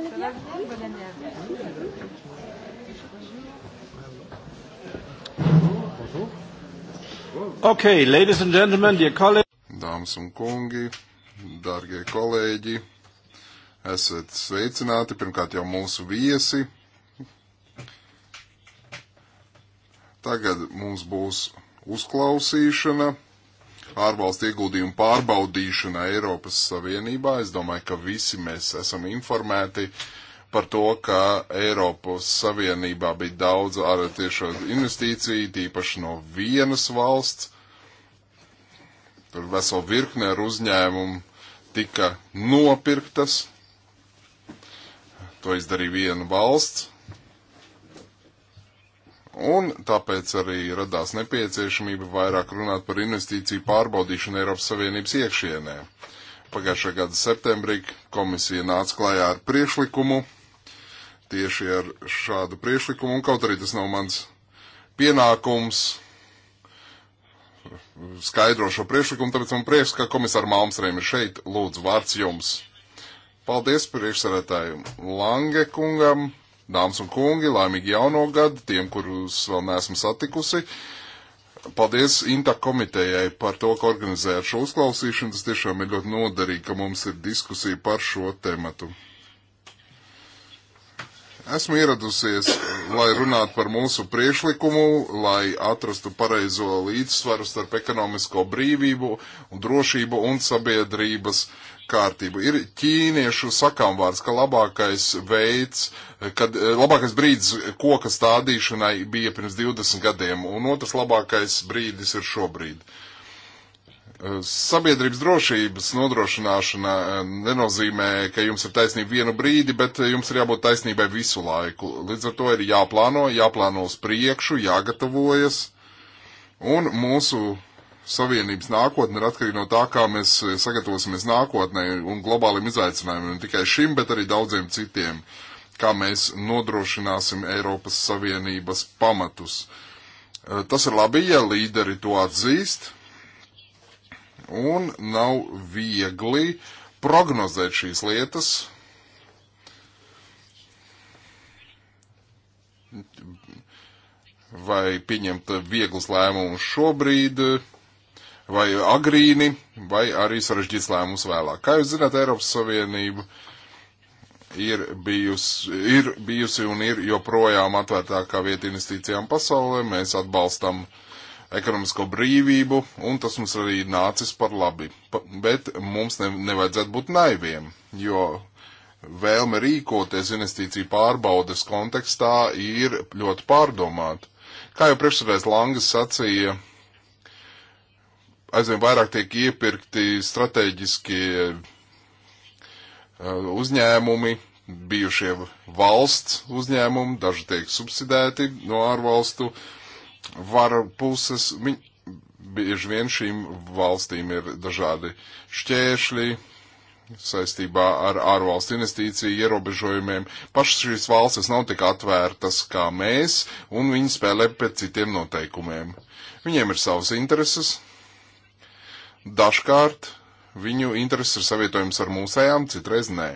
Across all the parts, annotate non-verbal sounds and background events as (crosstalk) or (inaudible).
allez bien oui. Bonne année à vous. Bonjour. Okay, ladies and gentlemen, dear colleagues. Dāmas un kungi, dārgie kolēģi, esat sveicināti. Pirmkārt jau mūsu viesi. Tagad mums būs uzklausīšana ārvalstu ieguldījumu pārbaudīšana Eiropas Savienībā. Es domāju, ka visi mēs esam informēti par to, ka Eiropas Savienībā bija daudz ārtiešo investīciju, tīpaši no vienas valsts. Tur vesela virkne ar uzņēmumu tika nopirktas. To izdarīja viena valsts Un tāpēc arī radās nepieciešamība vairāk runāt par investīciju pārbaudīšanu Eiropas Savienības iekšienē. Pagājušā gada septembrī komisija nāca klajā ar priešlikumu, tieši ar šādu priešlikumu, un kaut arī tas nav mans pienākums skaidro šo priešlikumu, tāpēc man prieks, ka komisāra Malmstrēm ir šeit. Lūdzu, vārds jums. Paldies priekšsarētāju Lange kungam Dāmas un kungi, laimīgi jauno gadu tiem, kurus vēl neesmu satikusi. Paldies Inta komitejai par to, ka organizēja šo uzklausīšanu. Tas tiešām ir ļoti noderīgi, ka mums ir diskusija par šo tematu. Esmu ieradusies, eh, lai runātu par mūsu priešlikumu, lai atrastu pareizo līdzsvaru starp ekonomisko brīvību un drošību un sabiedrības kārtību. Ir ķīniešu sakāmvārds, ka labākais veids, eh, kad eh, labākais brīdis koka stādīšanai bija pirms 20 gadiem, un otrs labākais brīdis ir šobrīd. Uh, Sabiedrības drošības nodrošināšana eh, nenozīmē, ka jums ir taisnība vienu brīdi, bet eh, jums ir jābūt taisnībai visu laiku. Līdz ar to ir jāplāno, jāplāno uz priekšu, jāgatavojas, un mūsu savienības nākotne ir atkarīga no tā, kā mēs eh, sagatavosimies nākotnē un globāliem izaicinājumiem, ne tikai šim, bet arī daudziem citiem, kā mēs nodrošināsim Eiropas Savienības pamatus. Tas ir labi, ja līderi to atzīst, un nav viegli prognozēt šīs lietas. Vai pieņemt vieglus lēmumus šobrīd, vai agrīni, vai arī sarežģīts lēmumus vēlāk. Kā jūs zināt, Eiropas Savienība ir bijusi, ir bijusi un ir joprojām atvērtākā vieta investīcijām pasaulē. Mēs atbalstam uh, ekonomisko brīvību, un tas mums arī nācis par labi. Pa, bet mums ne, nevajadzētu būt naiviem, jo vēlme rīkoties investīciju pārbaudes kontekstā ir ļoti pārdomāta. Kā jau priekšsēdētājs Langas sacīja, aizvien vairāk tiek iepirkti strateģiski eh, uzņēmumi, bijušie valsts uzņēmumi, daži tiek subsidēti no ārvalstu uh, varu puses, viņ, bieži vien šīm valstīm ir dažādi šķēršļi saistībā ar ārvalstu investīciju ierobežojumiem. Pašas šīs valstis nav tik atvērtas kā mēs, un viņi spēlē pēc citiem noteikumiem. Viņiem ir savas intereses. Dažkārt viņu intereses ir savietojums ar mūsējām, citreiz nē.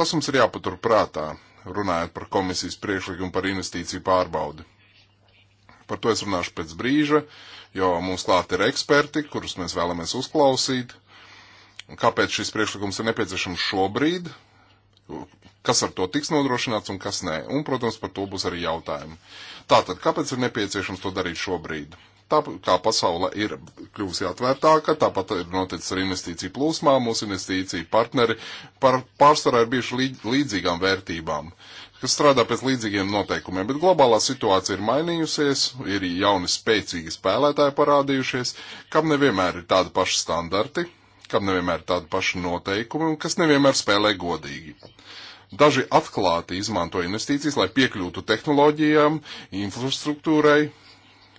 Tas mums ir jāpatur prātā, runājot par komisijas priekšlikumu par investīciju pārbaudi. Par to es runāšu pēc brīža, jo mums klāt ir eksperti, kurus mēs vēlamies uzklausīt. Kāpēc šis priekšlikums ir nepieciešams šobrīd? Kas ar to tiks nodrošināts un kas nē? Un, protams, par to būs arī jautājumi. Tātad, kāpēc ir nepieciešams to darīt šobrīd? Tā kā pasaule ir kļuvusi atvērtāka, tāpat ir noticis ar investīciju plūsmām, mūsu investīciju partneri par pārsvarā ir bijuši līdzīgām vērtībām. Uh, kas strādā pēc līdzīgiem noteikumiem, bet globālā situācija ir mainījusies, ir jauni spēcīgi spēlētāji parādījušies, kam nevienmēr ir tādi paši standarti, kam nevienmēr ir tādi paši noteikumi un kas nevienmēr spēlē godīgi. Daži atklāti izmanto investīcijas, lai piekļūtu tehnoloģijām, infrastruktūrai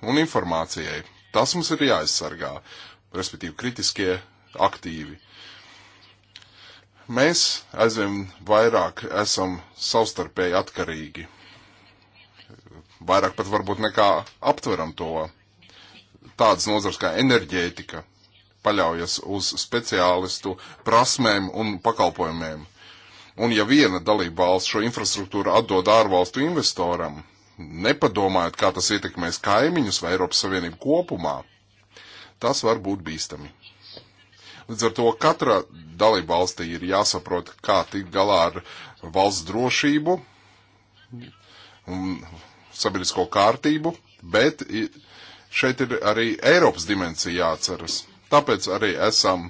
un informācijai. Tas mums ir jāaizsargā, respektīvi kritiskie aktīvi. Mēs aizvien vairāk esam savstarpēji atkarīgi. Vairāk pat varbūt nekā aptveram to. Tādas nozars kā enerģētika paļaujas uz speciālistu prasmēm un pakalpojumiem. Un ja viena dalība valsts šo infrastruktūru atdod ārvalstu investoram, nepadomājot, kā tas ietekmēs kaimiņus vai Eiropas Savienību kopumā, tas var būt bīstami. Līdz ar to katra dalība valstī ir jāsaprot, kā tikt galā ar valsts drošību un sabiedrisko kārtību, bet šeit ir arī Eiropas dimensija jāatceras. Tāpēc arī esam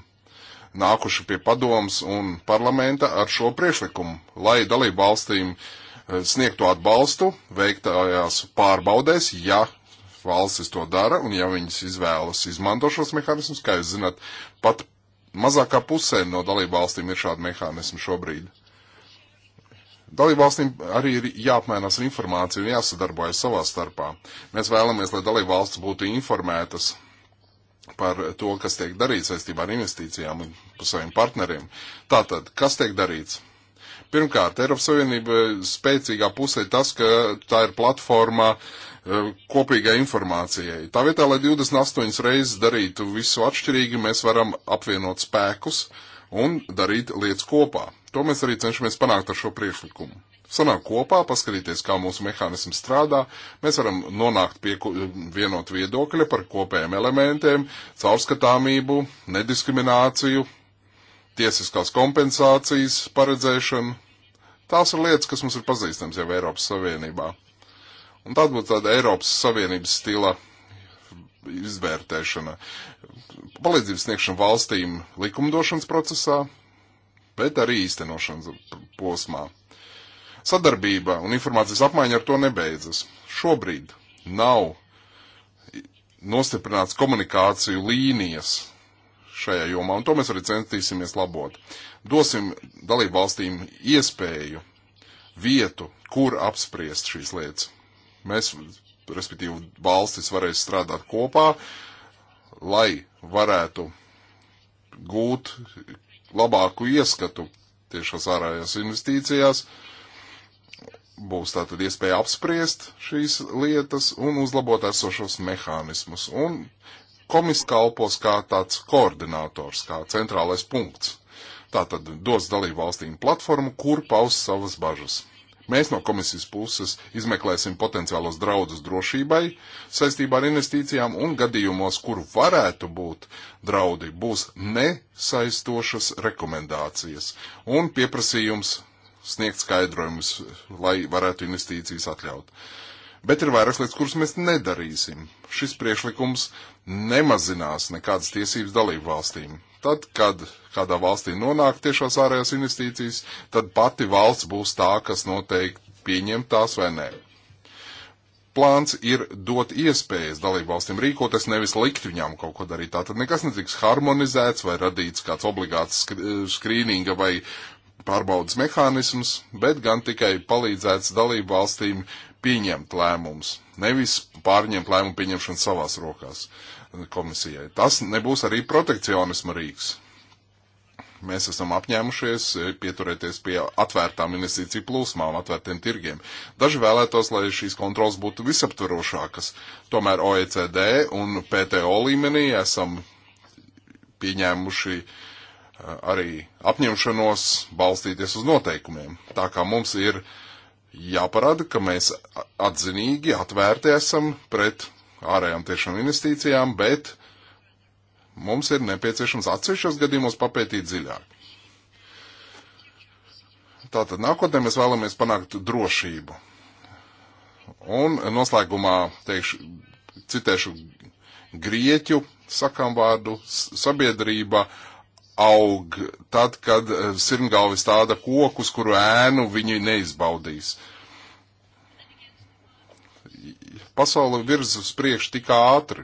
nākuši pie padomas un parlamenta ar šo priešlikumu, lai dalību valstīm e, sniegtu atbalstu veiktājās pārbaudēs, ja valstis to dara un ja viņas izvēlas izmanto šos mehānismus, kā jūs zināt, pat Mazākā pusē no dalībvalstīm ir šādi mehānismi šobrīd. Dalībvalstīm arī ir jāapmainās ar informāciju un jāsadarbojas savā starpā. Mēs vēlamies, lai dalībvalstis būtu informētas par to, kas tiek darīts saistībā ar investīcijām un par saviem partneriem. Tātad, kas tiek darīts? Pirmkārt, Eiropas Savienība spēcīgā pusē tas, ka tā ir platforma uh, Um, kopīgai informācijai. Tā vietā, lai 28 reizes darītu visu atšķirīgi, mēs varam apvienot spēkus un darīt lietas kopā. To mēs arī cenšamies panākt ar šo priekšlikumu. Sanāk kopā, paskatīties, kā mūsu mehānisms strādā. Mēs varam nonākt pie vienot viedokļa par kopējiem elementiem, caurskatāmību, nediskrimināciju, tiesiskās kompensācijas paredzēšanu. Tās ir lietas, kas mums ir pazīstams jau Eiropas Savienībā. Un tāda būtu tāda Eiropas Savienības stila izvērtēšana. Palīdzības sniegšana valstīm likumdošanas procesā, bet arī īstenošanas posmā. Sadarbība un informācijas apmaiņa ar to nebeidzas. Šobrīd nav nostiprināts komunikāciju līnijas šajā jomā, un to mēs arī centīsimies labot. Dosim dalību valstīm iespēju, vietu, kur apspriest šīs lietas. Mēs, respektīvi, valstis varēs strādāt kopā, lai varētu gūt labāku ieskatu tiešās ārējās investīcijās. Būs tātad iespēja apspriest šīs lietas un uzlabot esošos mehānismus. Un komis kalpos kā tāds koordinators, kā centrālais punkts. Tātad dos dalību valstīm platformu, kur paust savas bažas. Mēs no komisijas puses izmeklēsim potenciālos draudus drošībai saistībā ar investīcijām un gadījumos, kur varētu būt draudi, būs nesaistošas rekomendācijas un pieprasījums sniegt skaidrojumus, lai varētu investīcijas atļaut. Bet ir vairākas lietas, kuras mēs nedarīsim. Šis priešlikums nemazinās nekādas tiesības dalību valstīm. Tad, kad kādā valstī nonāk tiešās ārējās investīcijas, tad pati valsts būs tā, kas noteikti pieņem tās vai nē. Plāns ir dot iespējas dalībvalstīm rīkoties, nevis likt viņām kaut ko darīt. Tātad nekas netiks harmonizēts vai radīts kāds obligāts skrīninga vai pārbaudas mehānisms, bet gan tikai palīdzēts dalībvalstīm pieņemt lēmumus, nevis pārņemt lēmumu pieņemšanu savās rokās komisijai. Tas nebūs arī protekcionisma rīks. Mēs esam apņēmušies eh, pieturēties pie atvērtām investīciju plūsmām, atvērtiem tirgiem. Daži vēlētos, lai šīs kontrols būtu visaptvarošākas. Tomēr OECD un PTO līmenī esam pieņēmuši eh, arī apņemšanos balstīties uz noteikumiem. Tā kā mums ir jāparāda, ka mēs atzinīgi, atvērti esam pret ārējām tiešām investīcijām, bet mums ir nepieciešams atsevišķos gadījumos papētīt dziļāk. Tātad nākotnē mēs vēlamies panākt drošību. Un noslēgumā teikšu, citēšu grieķu sakām vārdu sabiedrība aug tad, kad eh, sirmgalvis tāda kokus, kuru ēnu viņi neizbaudīs. Uh, Pasaule virz uz priekšu tik ātri.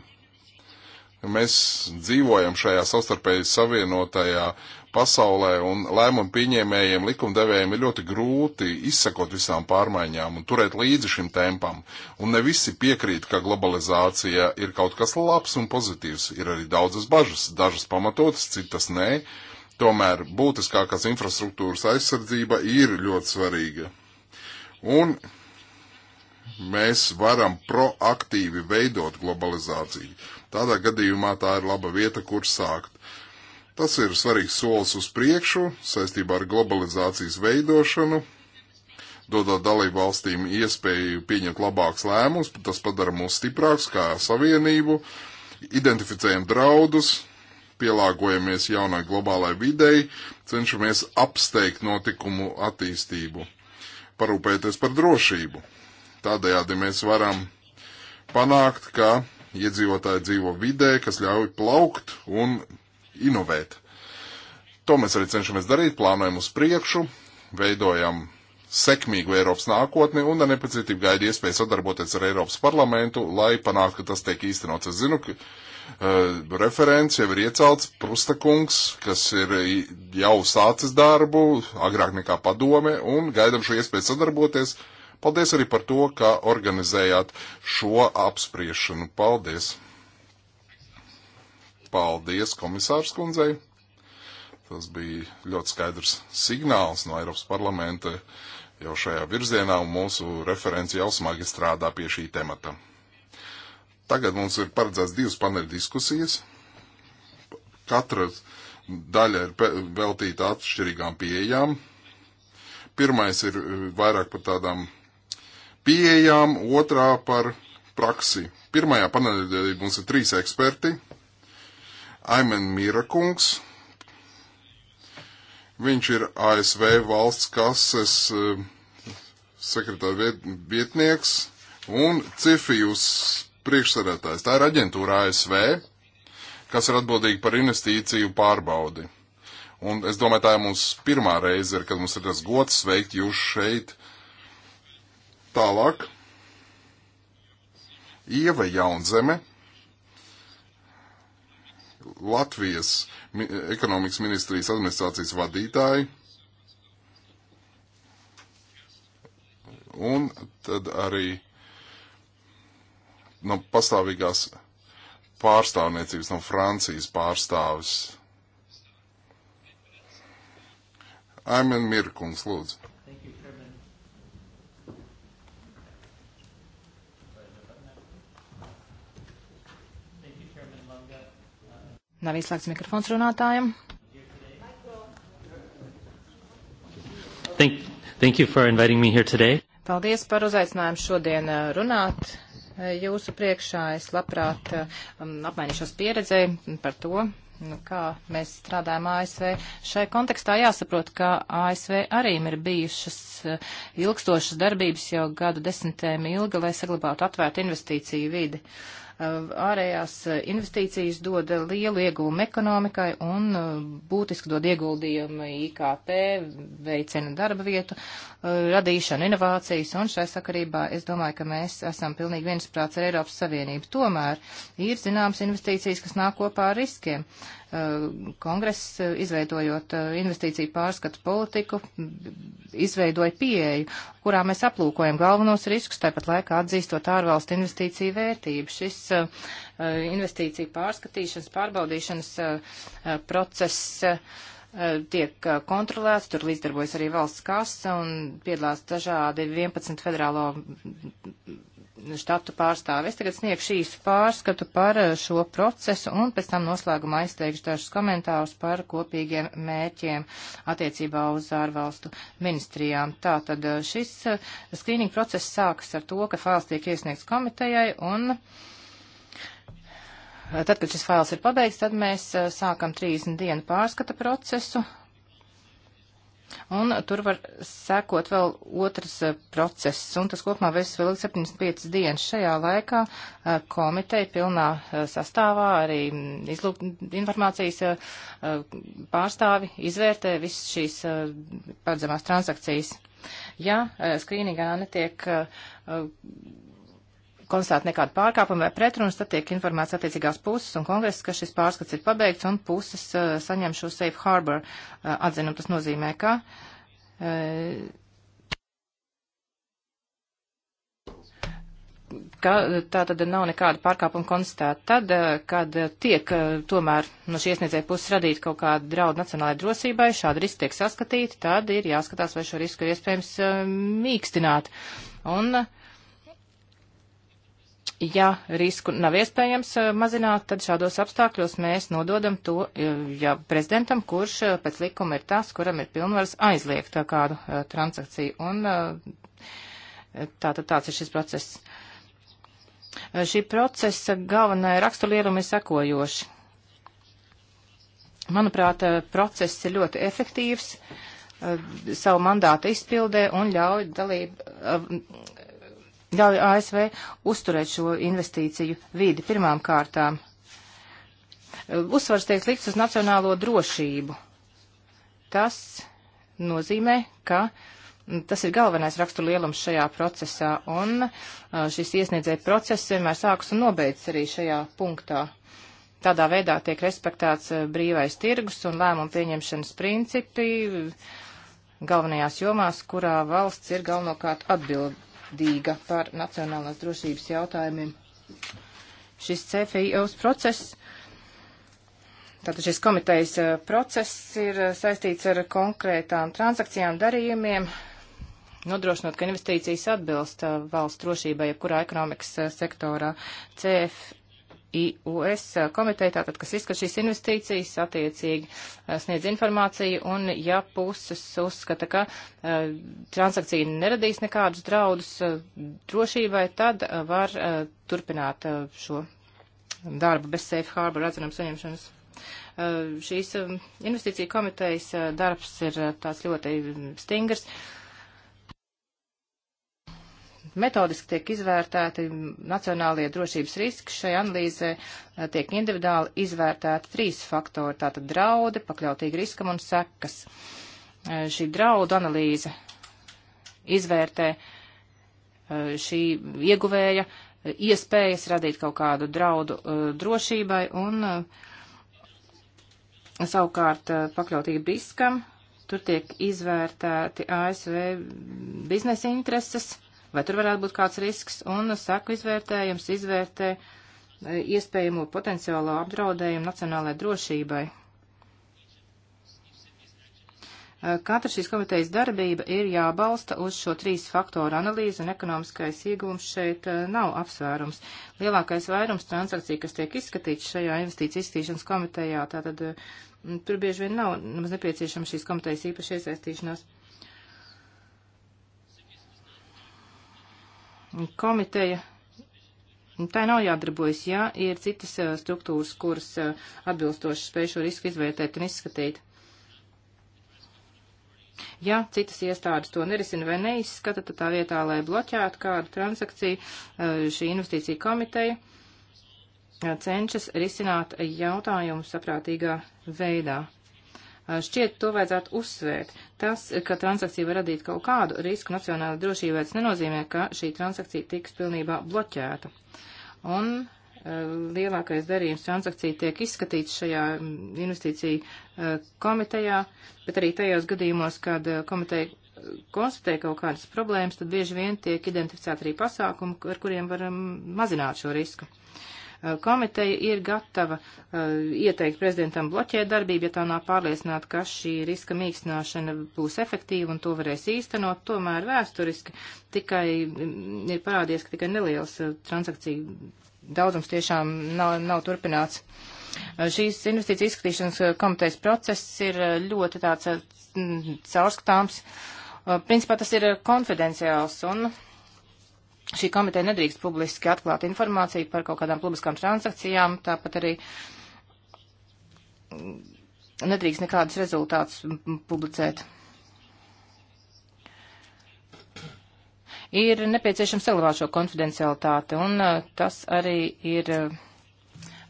Mēs dzīvojam šajā savstarpēji savienotajā pasaulē, un lēmumu pieņēmējiem, likumdevējiem ir ļoti grūti izsekot visām pārmaiņām un turēt līdzi šim tempam. Un ne visi piekrīt, ka globalizācija ir kaut kas labs un pozitīvs. Ir arī daudzas bažas, dažas pamatotas, citas nē. Tomēr būtiskākās infrastruktūras aizsardzība ir ļoti svarīga. Un mēs varam proaktīvi veidot globalizāciju. Tādā gadījumā tā ir laba vieta, kur sākt. Tas ir svarīgs solis uz priekšu saistībā ar globalizācijas veidošanu, dodot dalību valstīm iespēju pieņemt labākus lēmumus, tas padara mūs stiprākus kā savienību, identificējam draudus, pielāgojamies jaunai globālai videi, cenšamies apsteigt notikumu attīstību, parūpēties par drošību. Tādējādi mēs varam panākt, ka iedzīvotāji dzīvo vidē, kas ļauj plaukt un inovēt. To mēs arī cenšamies darīt, plānojam uz priekšu, veidojam sekmīgu Eiropas nākotni un ar nepacietību gaidu iespēju sadarboties ar Eiropas parlamentu, lai panāktu, ka tas tiek īstenots. Es zinu, ka uh, referents jau ir iecelts Prustakungs, kas ir jau sācis darbu, agrāk nekā padome, un gaidam šo iespēju sadarboties. Uh, Paldies arī par to, ka organizējāt šo apspriešanu. Paldies! Paldies komisārs kundzei! Tas bija ļoti skaidrs signāls no Eiropas parlamenta jau šajā virzienā, un mūsu referents jau smagi strādā pie šī temata. Tagad mums ir paredzēts divas paneļa diskusijas. Katra daļa ir veltīta atšķirīgām pieejām. Pirmais ir eh, vairāk par tādām pieejām, otrā par praksi. Pirmajā paneļā mums ir trīs eksperti. Aimen Mīrakungs. Viņš ir ASV valsts kases eh, sekretāra viet, vietnieks un Cifijus priekšsarētājs. Tā ir aģentūra ASV, kas ir atbildīga par investīciju pārbaudi. Un es domāju, tā ir mūsu pirmā reize, kad mums ir tas gods sveikt jūs šeit Tālāk. Ieva Jaunzeme, Latvijas ekonomikas ministrijas administrācijas vadītāji. Un tad arī no pastāvīgās pārstāvniecības, no Francijas pārstāvis. Aimen Mirkungs, lūdzu. Nav izslēgts mikrofons runātājam. Thank, thank you for inviting me here today. Paldies par uzaicinājumu šodien uh, runāt uh, jūsu priekšā. Es labprāt uh, um, apmainīšos pieredzei par to, nu, kā mēs strādājam ASV. Šai kontekstā jāsaprot, ka ASV arī ir bijušas ilgstošas darbības jau gadu desmitēm ilgi, lai saglabātu atvērtu investīciju vidi. Uh, ārējās investīcijas dod lielu ieguvumu ekonomikai un uh, būtiski dod ieguldījumu IKP, veicina darba vietu, uh, radīšanu, inovācijas, un šai sakarībā es domāju, ka mēs esam pilnīgi viensprāts ar Eiropas Savienību. Tomēr ir zināmas investīcijas, kas nāk kopā ar riskiem. Uh, Eh, kongress, eh, izveidojot eh, investīciju pārskatu politiku, izveidoja pieeju, kurā mēs aplūkojam galvenos riskus, tāpat laikā atzīstot ārvalstu investīciju vērtību. Šis investīciju pārskatīšanas, pārbaudīšanas process tiek kontrolēts, tur līdzdarbojas arī valsts kasa un piedalās dažādi 11 federālo štatu pārstāvi. Es tagad sniegšu īsu pārskatu par eh, šo procesu un pēc tam noslēgumā izteikšu dažus komentārus par kopīgiem mērķiem attiecībā uz ārvalstu ministrijām. Tātad eh, šis eh, skrīninga process sākas ar to, ka fails tiek iesniegts komitejai un. Tad, kad šis fails ir pabeigts, tad mēs sākam 30 dienu pārskata procesu, Un tur var sekot vēl otrs uh, process, un tas kopumā viss vēl ir 75 dienas. Šajā laikā uh, komiteja pilnā uh, sastāvā arī mm, izlūk informācijas pārstāvi izvērtē visas šīs paredzamās transakcijas. Ja skrīningā netiek konstatēt nekādu pārkāpumu vai pretrunu, tad tiek informēts attiecīgās puses un kongress, ka šis pārskats ir pabeigts un puses uh, saņem šo safe harbor uh, atzinumu. Tas nozīmē, ka. Uh, ka tā tad nav nekāda pārkāpuma konstatēta. Tad, uh, kad tiek uh, tomēr no šī iesniedzēja puses radīta kaut kāda drauda nacionālajai drosībai, šāda riska tiek saskatīta, tad ir jāskatās, vai šo risku ir iespējams uh, mīkstināt. Un uh, ja risku nav iespējams eh, mazināt, tad šādos apstākļos mēs nododam to eh, ja prezidentam, kurš eh, pēc likuma ir tas, kuram ir pilnvaras aizliegt kādu uh, transakciju. Un uh, tā tad tāds ir šis process. Uh, šī procesa galvenai raksturlielumi ir sekojoši. Manuprāt, process ir ļoti efektīvs savu mandātu izpildē un ļauj dalību ļauj ASV uzturēt šo investīciju vidi pirmām kārtām. Uh, uzsvars tiek likts uz nacionālo drošību. Tas nozīmē, ka mm, tas ir galvenais rakstur lielums šajā procesā, un uh, šis iesniedzēja process vienmēr sāks un nobeidz arī šajā punktā. Tādā veidā tiek respektēts uh, brīvais tirgus un lēmumu pieņemšanas principi galvenajās jomās, kurā valsts ir galvenokārt atbild, atbildīga par nacionālās drošības jautājumiem. Šis CFIOS process, tātad šis komitejas eh, process ir eh, saistīts ar konkrētām transakcijām, darījumiem, nodrošinot, ka investīcijas atbilst eh, valsts drošībai, jebkurā ekonomikas sektorā. CF IUS komiteja, tātad, kas izskat šīs investīcijas, attiecīgi eh, sniedz informāciju, un ja puses uzskata, ka uh, transakcija neradīs nekādus draudus uh, drošībai, tad uh, var turpināt šo darbu bez safe harbor atzinuma saņemšanas. Šīs investīcija komitejas darbs ir tāds ļoti stingrs metodiski tiek izvērtēti nacionālie drošības riski. Šai analīzē eh, tiek individuāli izvērtēti trīs faktori - tātad draudi, pakļautīgi riskam un sekas. Eh, šī draudu analīze izvērtē eh, šī ieguvēja iespējas radīt kaut kādu draudu drošībai un savukārt pakļautīgi riskam tur tiek izvērtēti ASV biznesa intereses, vai tur varētu būt kāds risks, un seku izvērtējums izvērtē e, iespējamo potenciālo apdraudējumu nacionālajai drošībai. E, Katra šīs komitejas darbība ir jābalsta uz šo trīs faktoru analīzi, un ekonomiskais iegūms šeit e, nav apsvērums. Lielākais vairums transakciju, kas tiek izskatīts šajā investīciju izskatīšanas komitejā, tātad tur bieži vien nav nemaz nepieciešama šīs komitejas īpaši iesaistīšanās. Uh, komiteja. Tā nav jādarbojas, ja ir citas eh, struktūras, kuras eh, atbilstoši spēj šo risku izvērtēt un izskatīt. Ja citas iestādes to nerisina vai neizskata, tad tā vietā, lai bloķētu kādu transakciju, eh, šī investīcija komiteja cenšas risināt jautājumu saprātīgā veidā. Eh, šķiet, to vajadzētu uzsvērt. Tas, ka transakcija var radīt kaut kādu risku nacionāla drošībai, tas nenozīmē, ka šī transakcija tiks pilnībā bloķēta. Un uh, lielākais darījums transakcija tiek izskatīts šajā mm, investīciju uh, komitejā, bet arī tajos gadījumos, kad uh, komiteja konstatē kaut kādas problēmas, tad bieži vien tiek identificēti arī pasākumi, ar kuriem varam mm, mazināt šo risku. Uh, Eh, komiteja ir gatava eh, ieteikt prezidentam bloķēt darbību, ja tā nav pārliecināta, ka šī riska mīkstināšana būs efektīva un to varēs īstenot. Tomēr vēsturiski tikai mm, ir parādījies, ka tikai neliels eh, transakciju daudzums tiešām nav, nav turpināts. Šīs investīcijas izskatīšanas komitejas process ir ļoti tāds mm, caurskatāms. Principā tas ir konfidenciāls un Šī komiteja nedrīkst publiski atklāt informāciju par kaut kādām publiskām transakcijām, tāpat arī nedrīkst nekādus rezultātus publicēt. Ir nepieciešams saglabāt šo konfidencialitāti, un uh, tas arī ir uh,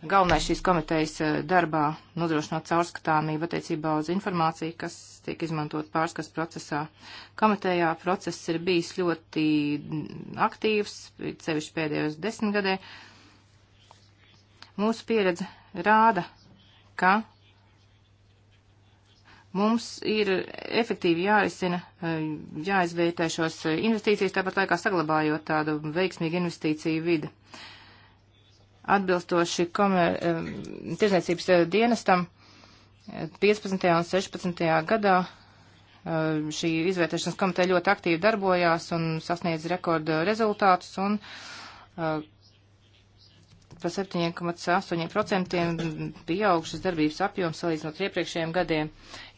galvenais šīs komitejas eh, darbā nodrošināt caurskatāmību attiecībā uz informāciju, kas tiek izmantot pārskas procesā. Komitejā process ir bijis ļoti mm, aktīvs, sevišķi pēdējos desmitgadē. Mūsu pieredze rāda, ka mums ir efektīvi jārisina, eh, jāizvērtē šos eh, investīcijas, tāpat laikā saglabājot tādu veiksmīgu investīciju vidi. Uh, atbilstoši komer, tirzniecības eh, dienestam 15. Eh, un 16. gadā eh, šī izvērtēšanas komiteja ļoti aktīvi darbojās un sasniedz rekordu rezultātus un par 7,8% pieaugšas darbības apjoms salīdzinot ar iepriekšējiem gadiem.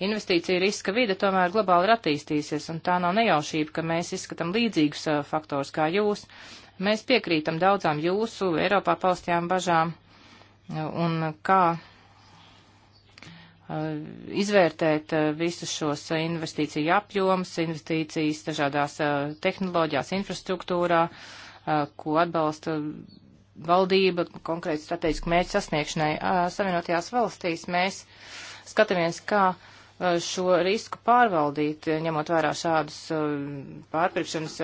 Investīcija riska vide tomēr globāli ir attīstīsies, un tā nav nejaušība, ka mēs izskatām līdzīgus faktorus kā jūs. Uh, Mēs piekrītam daudzām jūsu Eiropā paustajām bažām e, un kā e, izvērtēt e, visus šos investīciju apjomus, investīcijas dažādās tehnoloģijās, infrastruktūrā, ko atbalsta valdība konkrēti strateģisku mērķu sasniegšanai. Savienotajās valstīs mēs skatāmies, kā uh, Uh, šo risku pārvaldīt, uh, ņemot vērā šādus uh, pārpirkšanas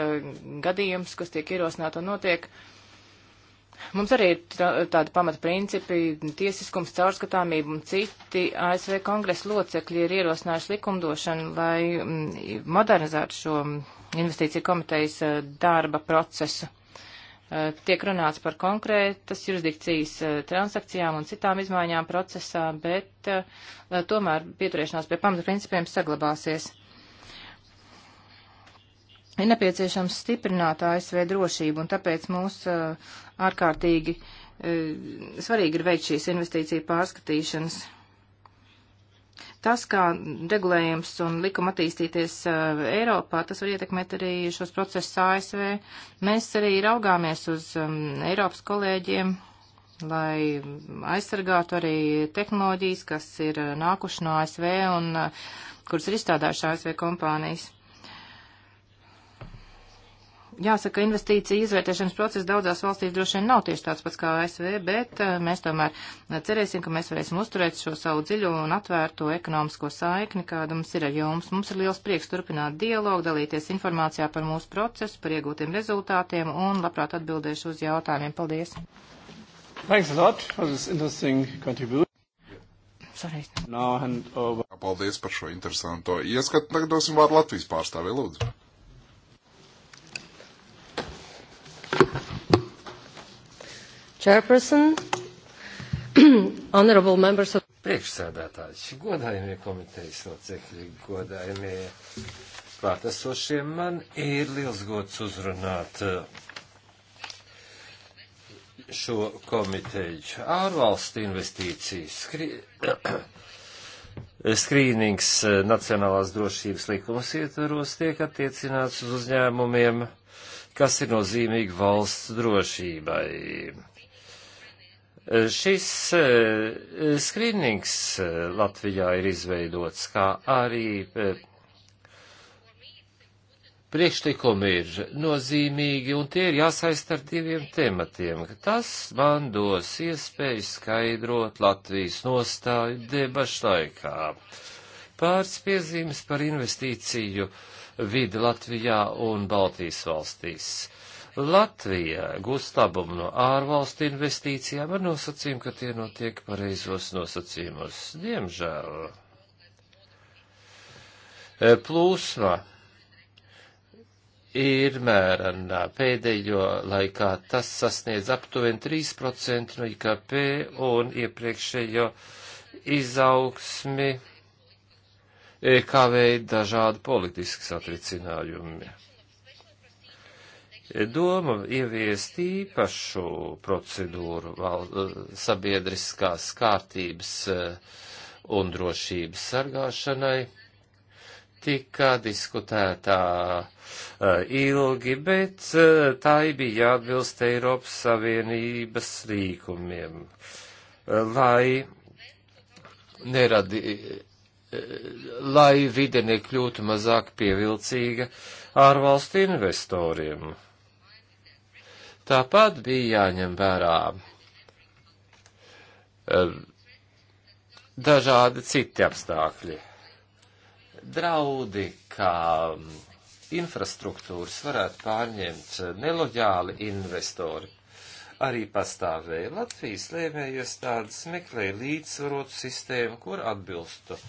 gadījumus, kas tiek ierosināti un notiek. Mums arī ir tādi pamatprincipi - tiesiskums, caurskatāmība un citi ASV kongresa locekļi ir ierosinājuši likumdošanu, lai mm, modernizētu šo investīciju komitejas darba procesu. Eh, tiek runāts par konkrētas jurisdikcijas eh, transakcijām un citām izmaiņām procesā, bet eh, tomēr pieturēšanās pie pamata principiem saglabāsies. Ir nepieciešams stiprināt ASV drošību, un tāpēc mūs ārkārtīgi svarīgi ir veikt šīs investīciju pārskatīšanas tas, kā regulējums un likuma attīstīties uh, Eiropā, tas var ietekmēt arī šos procesus ASV. Mēs arī raugāmies uz um, Eiropas kolēģiem, lai aizsargātu arī tehnoloģijas, kas ir uh, nākuši no ASV un uh, kuras ir izstrādājuši ASV kompānijas. Jāsaka, investīcija izvērtēšanas process daudzās valstīs droši vien nav tieši tāds pats kā ASV, bet eh, mēs tomēr eh, cerēsim, ka mēs varēsim uzturēt šo savu dziļo un atvērto ekonomisko saikni, kāda mums ir ar jums. Mums ir liels prieks turpināt dialogu, dalīties informācijā par mūsu procesu, par iegūtiem rezultātiem un labprāt atbildēšu uz jautājumiem. Paldies! Thanks a lot for this interesting contribution. Sorry. Now hand over. Paldies par šo interesanto ieskatu. Tagad dosim vārdu Latvijas pārstāvē, lūdzu. Chairperson, (clears throat) honorable members of priekšsēdētājs, godājumie komitejas locekļi, godājumie klātesošie, man ir liels gods uzrunāt eh, šo komiteju. Ārvalstu investīcijas, skrī... (clears throat) skrīnings eh, nacionālās drošības likumus ietveros tiek attiecināts uz uzņēmumiem kas ir nozīmīgi valsts drošībai. Šis eh, skrīnings eh, Latvijā ir izveidots, kā arī eh, priekšlikumi ir nozīmīgi, un tie ir jāsaista ar diviem tematiem. Tas man dos iespēju skaidrot Latvijas nostāju debašu laikā. Pāris piezīmes par investīciju uh, vidi Latvijā un Baltijas valstīs. Latvija gūst labumu no ārvalstu investīcijām ar nosacījumu, ka tie notiek pareizos nosacījumus. Diemžēl e, plūsma ir mērena. Pēdējo laikā tas sasniedz aptuveni 3% no IKP un iepriekšējo izaugsmi E kavēja dažādi politiski satricinājumi. E Doma ieviest īpašu procedūru val, e, sabiedriskās kārtības un drošības sargāšanai tika diskutētā ilgi, bet tā bija jāatbilst Eiropas Savienības rīkumiem, lai neradi, lai vide nekļūtu mazāk pievilcīga ārvalstu investoriem. Tāpat bija jāņem vērā eh, dažādi citi apstākļi. Draudi, kā mm, infrastruktūras varētu pārņemt neloģāli investori, arī pastāvēja. Latvijas lēmējies tādas meklēja līdzsvarotu sistēmu, kur atbilstu uh,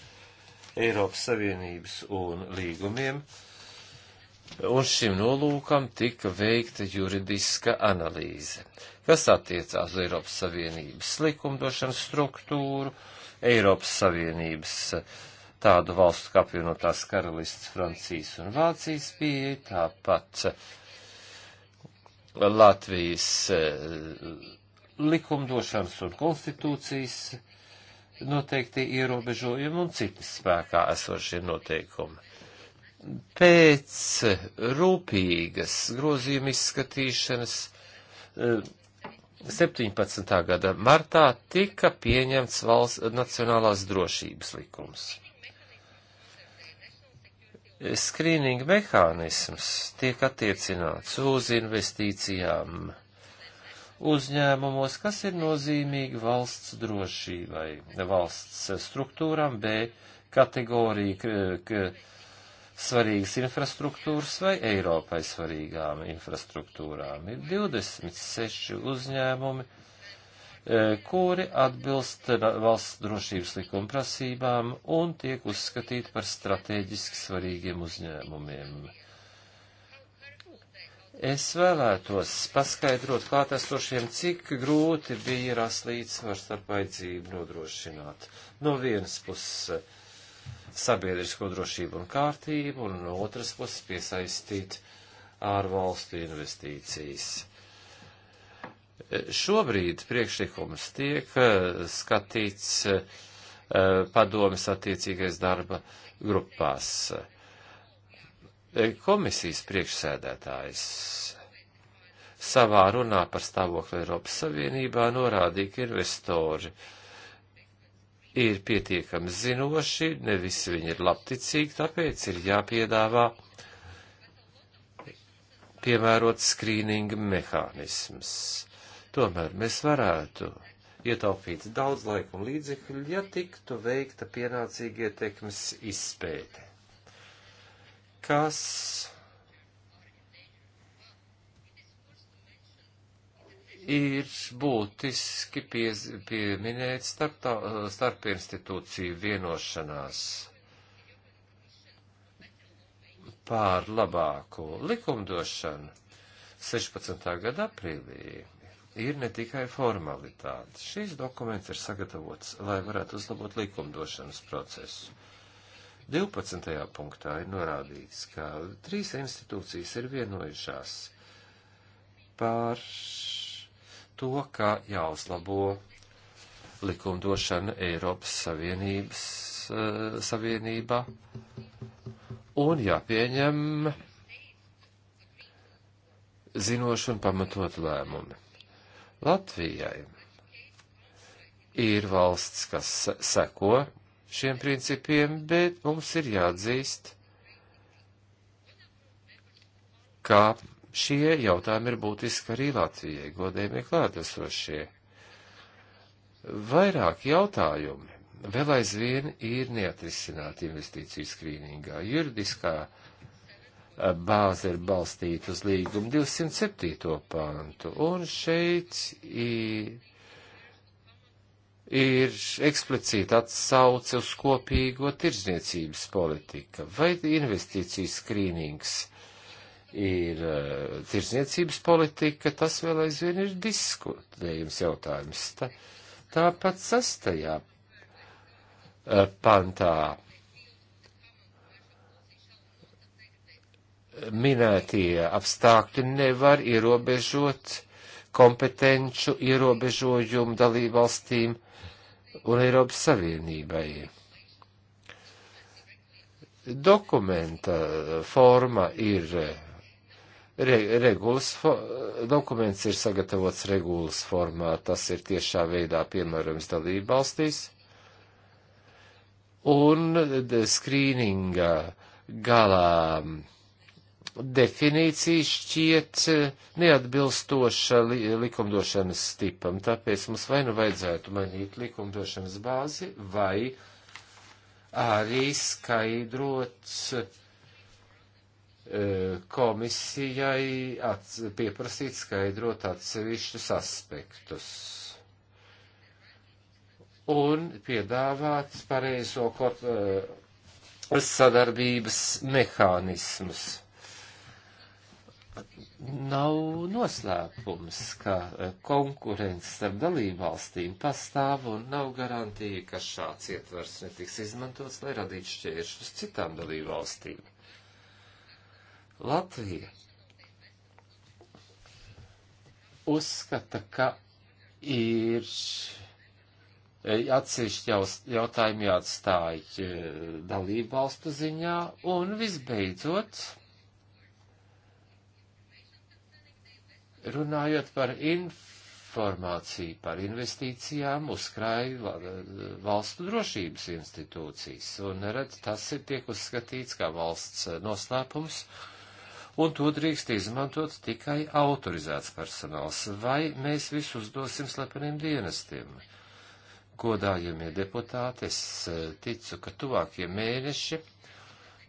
Eiropas Savienības un līgumiem, un šim nolūkam tika veikta juridiska analīze, kas attiecās uz Eiropas Savienības likumdošanas struktūru, Eiropas Savienības eh, tādu valstu kā apvienotās karalists Francijas un Vācijas pieeja, tāpat eh, Latvijas eh, likumdošanas un konstitūcijas noteikti ierobežojumi un citi spēkā esošie noteikumi. Pēc rūpīgas grozījuma izskatīšanas 17. Eh, gada martā tika pieņemts valsts nacionālās drošības likums. Skrīninga mehānisms tiek attiecināts uz investīcijām uzņēmumos, kas ir nozīmīgi valsts drošībai, valsts struktūram, B kategorija k, k, svarīgas infrastruktūras vai Eiropai svarīgām infrastruktūrām. Ir 26 uzņēmumi, e, kuri atbilst valsts drošības likuma prasībām un tiek uzskatīti par strateģiski svarīgiem uzņēmumiem. Es vēlētos paskaidrot klātesošiem, cik grūti bija rast līdzsvars starp aicību nodrošināt. No vienas puses sabiedrisko drošību un kārtību, un no otras puses piesaistīt ārvalstu investīcijas. Šobrīd priekšlikums tiek eh, skatīts eh, padomis attiecīgais darba grupās. E, komisijas priekšsēdētājs savā runā par stāvokli Eiropas Savienībā norādīja, ka investori ir pietiekami zinoši, ne visi viņi ir labticīgi, tāpēc ir jāpiedāvā piemērot skrīninga mehānisms. Tomēr mēs varētu ietaupīt daudz laika un līdzekļu, ja tiktu veikta pienācīgie tekmes izpēte kas ir būtiski piez, pieminēt starp, starp institūciju vienošanās pār labāku likumdošanu 16. gada aprīlī ir ne tikai formalitāte. Šīs dokuments ir sagatavots, lai varētu uzlabot likumdošanas procesu. 12. punktā ir norādīts, ka trīs institūcijas ir vienojušās par to, kā jāuzlabo likumdošana Eiropas Savienības uh, eh, Savienībā un jāpieņem zinoši un pamatot lēmumi. Latvijai ir valsts, kas seko šiem principiem, bet mums ir jāatzīst, ka šie jautājumi ir būtiski arī Latvijai, godējumie klātesošie. Vairāk jautājumi vēl aizvien ir neatrisināti investīciju skrīningā. Juridiskā bāze ir balstīta uz līgumu 207. pantu, un šeit ir ir eksplicīta atsauce uz kopīgo tirdzniecības politika vai investīciju skrīnings ir uh, eh, tirdzniecības politika, tas vēl aizvien ir diskutējums jautājums. Tā, tāpat sastajā uh, pantā eh, minētie apstākļi nevar ierobežot kompetenču ierobežojumu dalībvalstīm un Eiropas Savienībai. Dokumenta forma ir re, regulas, dokuments ir sagatavots regulas formā, tas ir tiešā veidā piemērams dalība valstīs, un skrīninga galā definīcija šķiet e, neatbilstoša li likumdošanas tipam, tāpēc mums vai nu vajadzētu mainīt likumdošanas bāzi, vai arī skaidrot e, komisijai ats, pieprasīt skaidrot atsevišķus aspektus un piedāvāt pareizo kor, e, sadarbības mehānismus nav noslēpums, ka e, konkurence starp dalībvalstīm pastāv un nav garantija, ka šāds ietvers netiks izmantots, lai radītu šķēršus citām dalībvalstīm. Latvija uzskata, ka ir e, atsevišķi jautājumi jāatstāj e, dalībvalstu ziņā un visbeidzot Runājot par informāciju par investīcijām, uzkrāja valstu drošības institūcijas, un redz, tas ir tiek uzskatīts kā valsts noslēpums, un to drīkst izmantot tikai autorizēts personāls, vai mēs visu uzdosim slepeniem dienestiem. Godājamie deputāti, es eh, ticu, ka tuvākie mēneši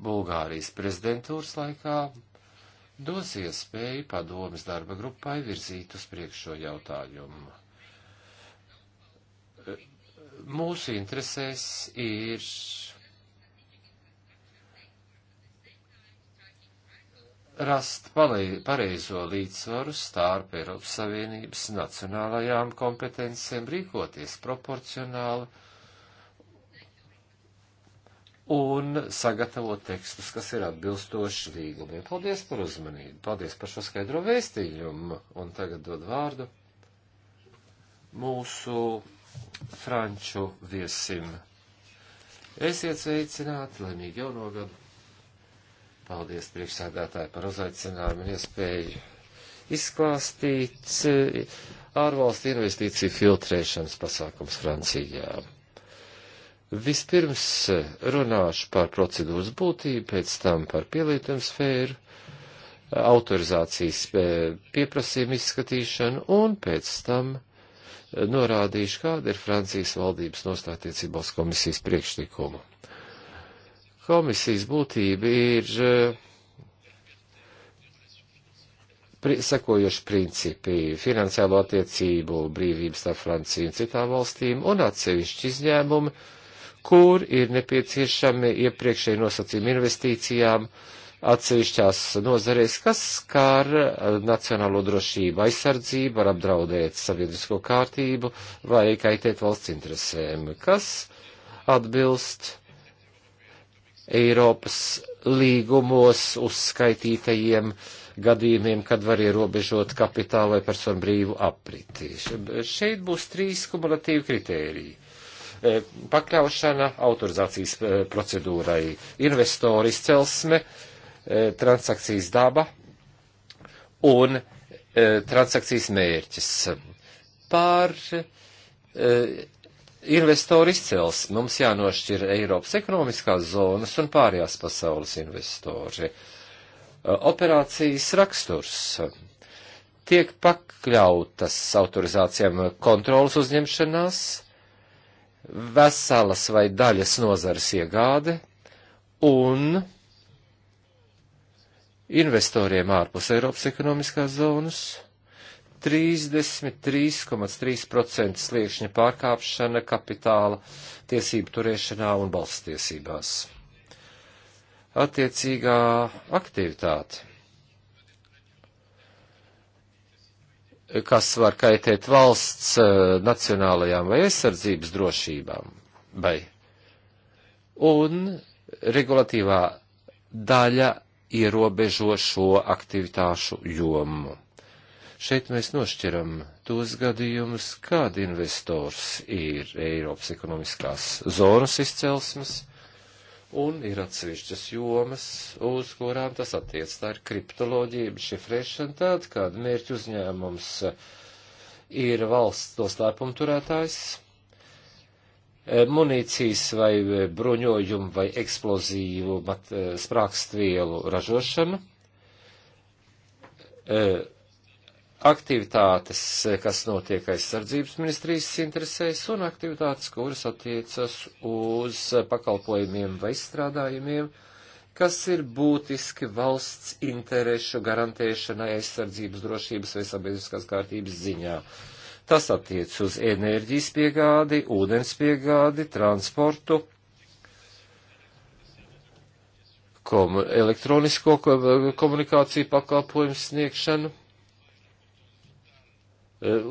Bulgārijas prezidentūras laikā dos iespēju padomas darba grupai virzīt uz priekšo jautājumu. Mūsu interesēs ir rast pareizo līdzsvaru starp Eiropas Savienības nacionālajām kompetencijām, rīkoties proporcionāli, un sagatavot tekstus, kas ir atbilstoši līgumiem. Paldies par uzmanību, paldies par šo skaidro vēstījumu, un tagad dod vārdu mūsu franču viesim. Esiet sveicināti, laimīgi jauno gadu. Paldies priekšsēdētāji par uzaicinājumu un iespēju izklāstīt ārvalstu investīciju filtrēšanas pasākums Francijā. Vispirms eh, runāšu par procedūras būtību, pēc tam par pielietojumu sfēru, autorizācijas eh, pieprasījumu izskatīšanu un pēc tam eh, norādīšu, kāda ir Francijas valdības nostātiecībās komisijas priekšlikumu. Komisijas būtība ir pri, sekojuši principi - finansiālo attiecību, brīvības starp Franciju un citām valstīm un atsevišķi izņēmumi kur ir nepieciešami iepriekšēji nosacījumi investīcijām atsevišķās nozarēs, kas skar eh, nacionālo drošību, aizsardzību, var apdraudēt sabiedrisko kārtību vai kaitēt valsts interesēm, kas atbilst Eiropas līgumos uzskaitītajiem gadījumiem, kad var ierobežot kapitālu vai personu brīvu apriti. Šeit būs trīs kumulatīvi kritēriji. E, pakļaušana autorizācijas e, procedūrai, investoru izcelsme, e, transakcijas daba un transakcijas mērķis. Par investoru izcelsmi mums jānošķir Eiropas ekonomiskās zonas un pārējās pasaules investori. Operācijas raksturs tiek pakļautas autorizācijām kontrolas uzņemšanās, veselas vai daļas nozares iegāde un investoriem ārpus Eiropas ekonomiskās zonas 33,3% sliekšņa pārkāpšana kapitāla tiesību turēšanā un balsts tiesībās. Attiecīgā aktivitāte kas var kaitēt valsts eh, nacionālajām vai aizsardzības drošībām. Vai. Un regulatīvā daļa ierobežo šo aktivitāšu jomu. Šeit mēs nošķiram tos gadījumus, kad investors ir Eiropas ekonomiskās zonas izcelsmes un ir atsevišķas jomas, uz kurām tas attiec. Tā ir kriptoloģija, šifrēšana tāda, kāda mērķa uzņēmums ir valsts to slēpumturētājs, munīcijas vai bruņojumu vai eksplozīvu sprākstvielu ražošana aktivitātes, kas notiek aizsardzības ministrijas interesēs, un aktivitātes, kuras attiecas uz pakalpojumiem vai izstrādājumiem, kas ir būtiski valsts interešu garantēšanai aizsardzības drošības vai sabiedriskās kārtības ziņā. Tas attiec uz enerģijas piegādi, ūdens piegādi, transportu, komu elektronisko komunikāciju pakalpojumu sniegšanu Eh,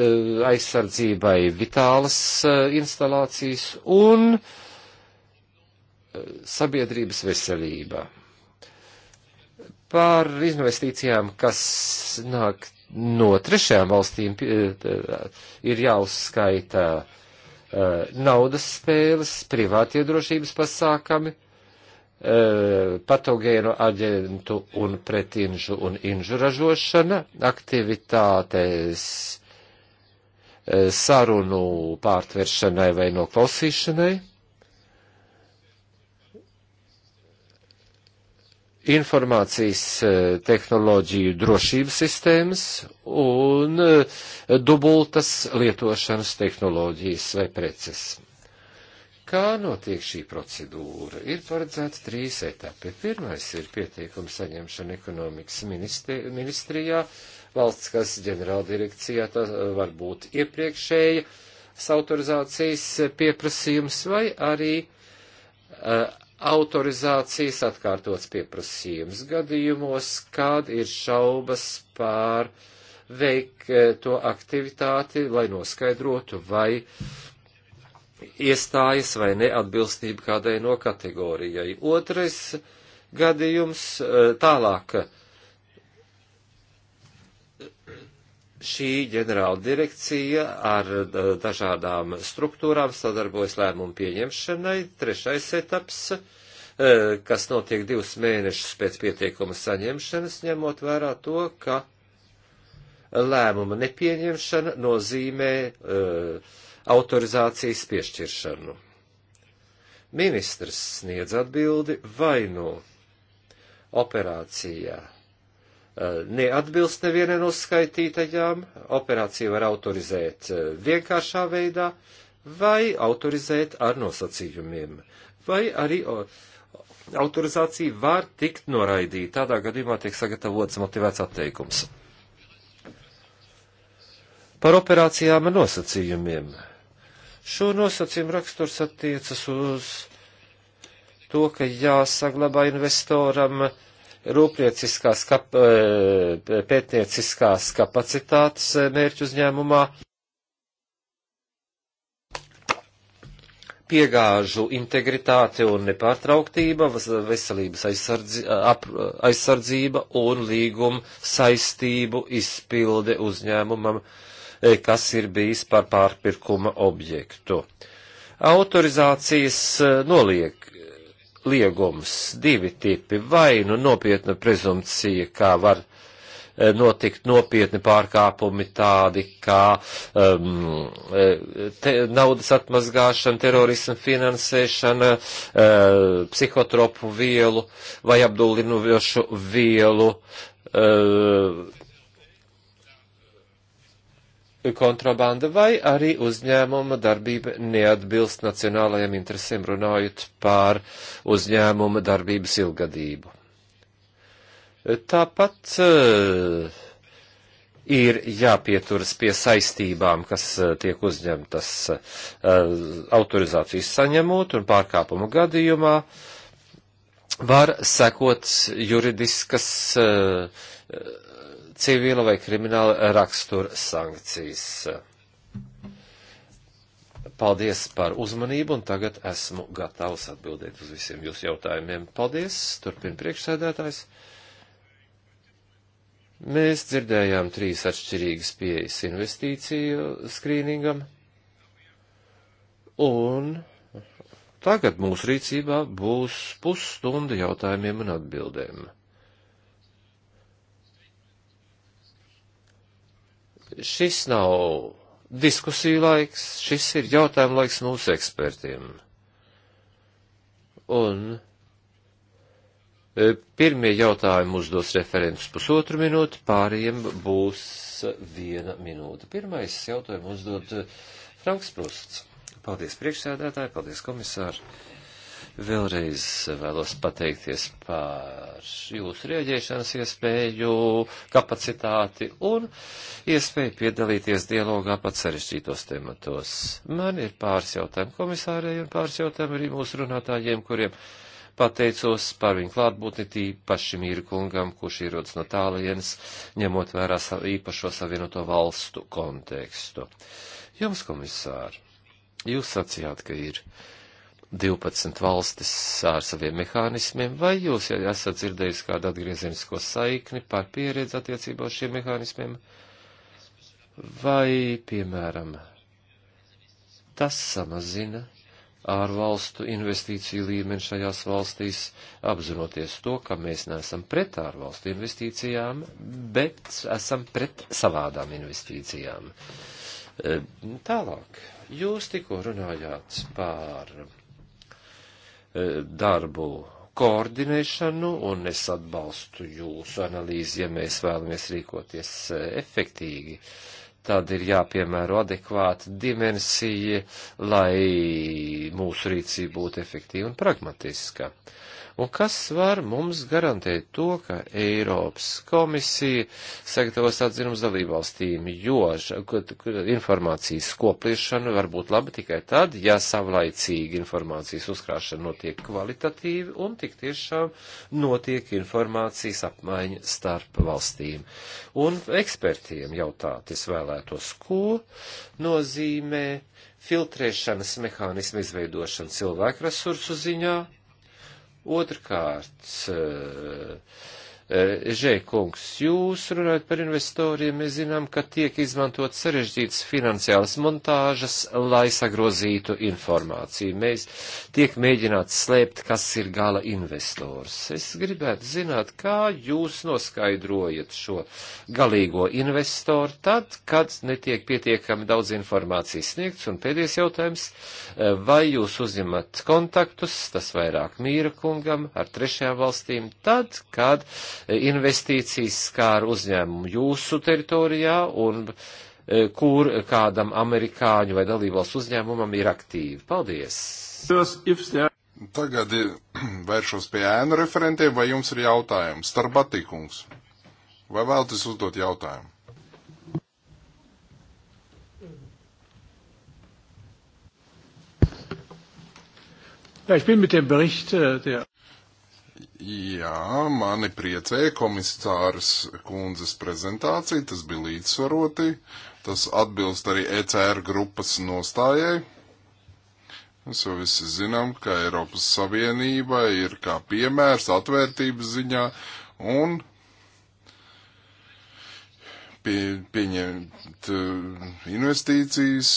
eh, aizsardzībai vitālas eh, instalācijas un sabiedrības veselība. Par investīcijām, kas nāk no trešajām valstīm, ir jāuzskaita naudas spēles, privātie drošības pasākumi E, patogēnu aģentu un pretinžu un inžu ražošana, aktivitātes e, sarunu pārtveršanai vai noklausīšanai, informācijas e, tehnoloģiju drošības sistēmas un dubultas lietošanas tehnoloģijas vai preces. Kā notiek šī procedūra? Ir paredzēts trīs etapi. Pirmais ir pieteikuma saņemšana ekonomikas ministri, ministrijā, valsts kas ģenerāldirekcijā, tas var būt iepriekšēja autorizācijas pieprasījums vai arī uh, autorizācijas atkārtots pieprasījums gadījumos, kad ir šaubas pār veikto e, aktivitāti, lai noskaidrotu, vai uh, iestājas vai neatbilstība kādai no kategorijai. Otrais gadījums e, tālāk. Šī ģenerāla direkcija ar e, dažādām struktūrām sadarbojas lēmumu pieņemšanai. Trešais etaps, e, kas notiek divus mēnešus pēc pietiekuma saņemšanas, ņemot vērā to, ka lēmuma nepieņemšana nozīmē uh, autorizācijas piešķiršanu. Ministrs sniedz atbildi vai nu eh, no operācijā neatbilst nevienai no skaitītajām, operāciju var autorizēt eh, vienkāršā veidā, vai autorizēt ar nosacījumiem, vai arī autorizācija var tikt noraidīta. Tādā gadījumā tiek sagatavots motivēts atteikums. Par operācijām ar nosacījumiem. Šo nosacījumu raksturs attiecas uz to, ka jāsaglabā investoram rūpnieciskās kap, eh, pētnieciskās kapacitātes eh, mērķu uzņēmumā, piegāžu integritāte un nepārtrauktība, veselības aizsardzi, ap, aizsardzība un līguma saistību izpilde uzņēmumam. Uh, E, kas ir bijis par pārpirkuma objektu. Autorizācijas e, noliek liegums divi tipi - vai nu nopietna prezumcija, kā var e, notikt nopietni pārkāpumi tādi kā um, te, naudas atmazgāšana, terorisma finansēšana, uh, psihotropu vielu vai apdullinojošu vielu uh, kontrabanda vai arī uzņēmuma darbība neatbilst nacionālajiem interesēm runājot pār uzņēmuma darbības ilgadību. Tāpat eh, ir jāpieturas pie saistībām, kas eh, tiek uzņemtas eh, autorizācijas saņemot un pārkāpumu gadījumā var sekot juridiskas uh, civila vai krimināla rakstura sankcijas. Paldies par uzmanību, un tagad esmu gatavs atbildēt uz visiem jūsu jautājumiem. Paldies, turpina priekšsēdētājs. Mēs dzirdējām trīs atšķirīgas pieejas investīciju skrīningam, un tagad mūsu rīcībā būs pusstunda jautājumiem un atbildēm. Šis nav diskusiju laiks, šis ir jautājumu laiks mūsu ekspertiem. Un e, pirmie jautājumi uzdos referents pusotru minūti, pāriem būs viena minūte. Pirmais jautājumu uzdod Franks Prusts. Paldies priekšsēdētāji, paldies komisāri. Vēlreiz vēlos pateikties par jūsu rieģēšanas iespēju, kapacitāti un iespēju piedalīties dialogā pat sarežģītos tematos. Man ir pāris jautājumu komisārei un pāris jautājumu arī mūsu runātājiem, kuriem pateicos par viņu klātbūtni tīpaši mīri kungam, kurš ierodas no tālienes, ņemot vērā savu īpašo savienoto valstu kontekstu. Jums, komisāri, jūs sacījāt, ka ir 12 valstis ar saviem mehānismiem, vai jūs jau esat dzirdējis kādu atgriezenisko saikni par pieredzi attiecībā uz šiem mehānismiem, vai, piemēram, tas samazina ārvalstu investīciju līmeni šajās valstīs, apzinoties to, ka mēs neesam pret ārvalstu investīcijām, bet esam pret savādām investīcijām. Ehm, tālāk, jūs tikko runājāt par E, darbu koordinēšanu, un es atbalstu jūsu analīzi, ja mēs vēlamies rīkoties e, efektīgi. Tad ir jāpiemēro adekvāta dimensija, lai mūsu rīcība būtu efektīva un pragmatiska. Uh, Un kas var mums garantēt to, ka Eiropas komisija sagatavos atzinums dalībvalstīm, jo informācijas kopliešana var būt laba tikai tad, ja savlaicīgi informācijas uzkrāšana notiek kvalitatīvi un tik tiešām notiek informācijas apmaiņa starp valstīm. Un ekspertiem jautāt es vēlētos, ko nozīmē filtrēšanas mehānismu izveidošana cilvēku resursu ziņā, Otrkārt, uh, Eh, Žēkungs, jūs runājat par investoriem, mēs zinām, ka tiek izmantot sarežģītas finansiālas montāžas, lai sagrozītu informāciju. Mēs tiek mēģināts slēpt, kas ir gala investors. Es gribētu zināt, kā jūs noskaidrojat šo galīgo investoru tad, kad netiek pietiekami daudz informācijas sniegts. Un pēdējais jautājums, eh, vai jūs uzņemat kontaktus, tas vairāk mīra kungam, ar trešajām valstīm, tad, kad investīcijas skāra uzņēmumu jūsu teritorijā un e, kur kādam amerikāņu vai dalībvalsts uzņēmumam ir aktīvi. Paldies! Tagad e, (clears throat) vēršos pie ēnu referentiem, vai jums ir jautājums? Starbatīkums. Vai vēlaties uzdot jautājumu? Ja, ich bin mit dem Bericht äh, der Jā, mani priecēja komisārs kundzes prezentācija, tas bija līdzsvaroti, tas atbilst arī ECR grupas nostājai. Mēs jau visi zinām, ka Eiropas Savienība ir kā piemērs atvērtības ziņā un pie, pieņemt uh, investīcijas,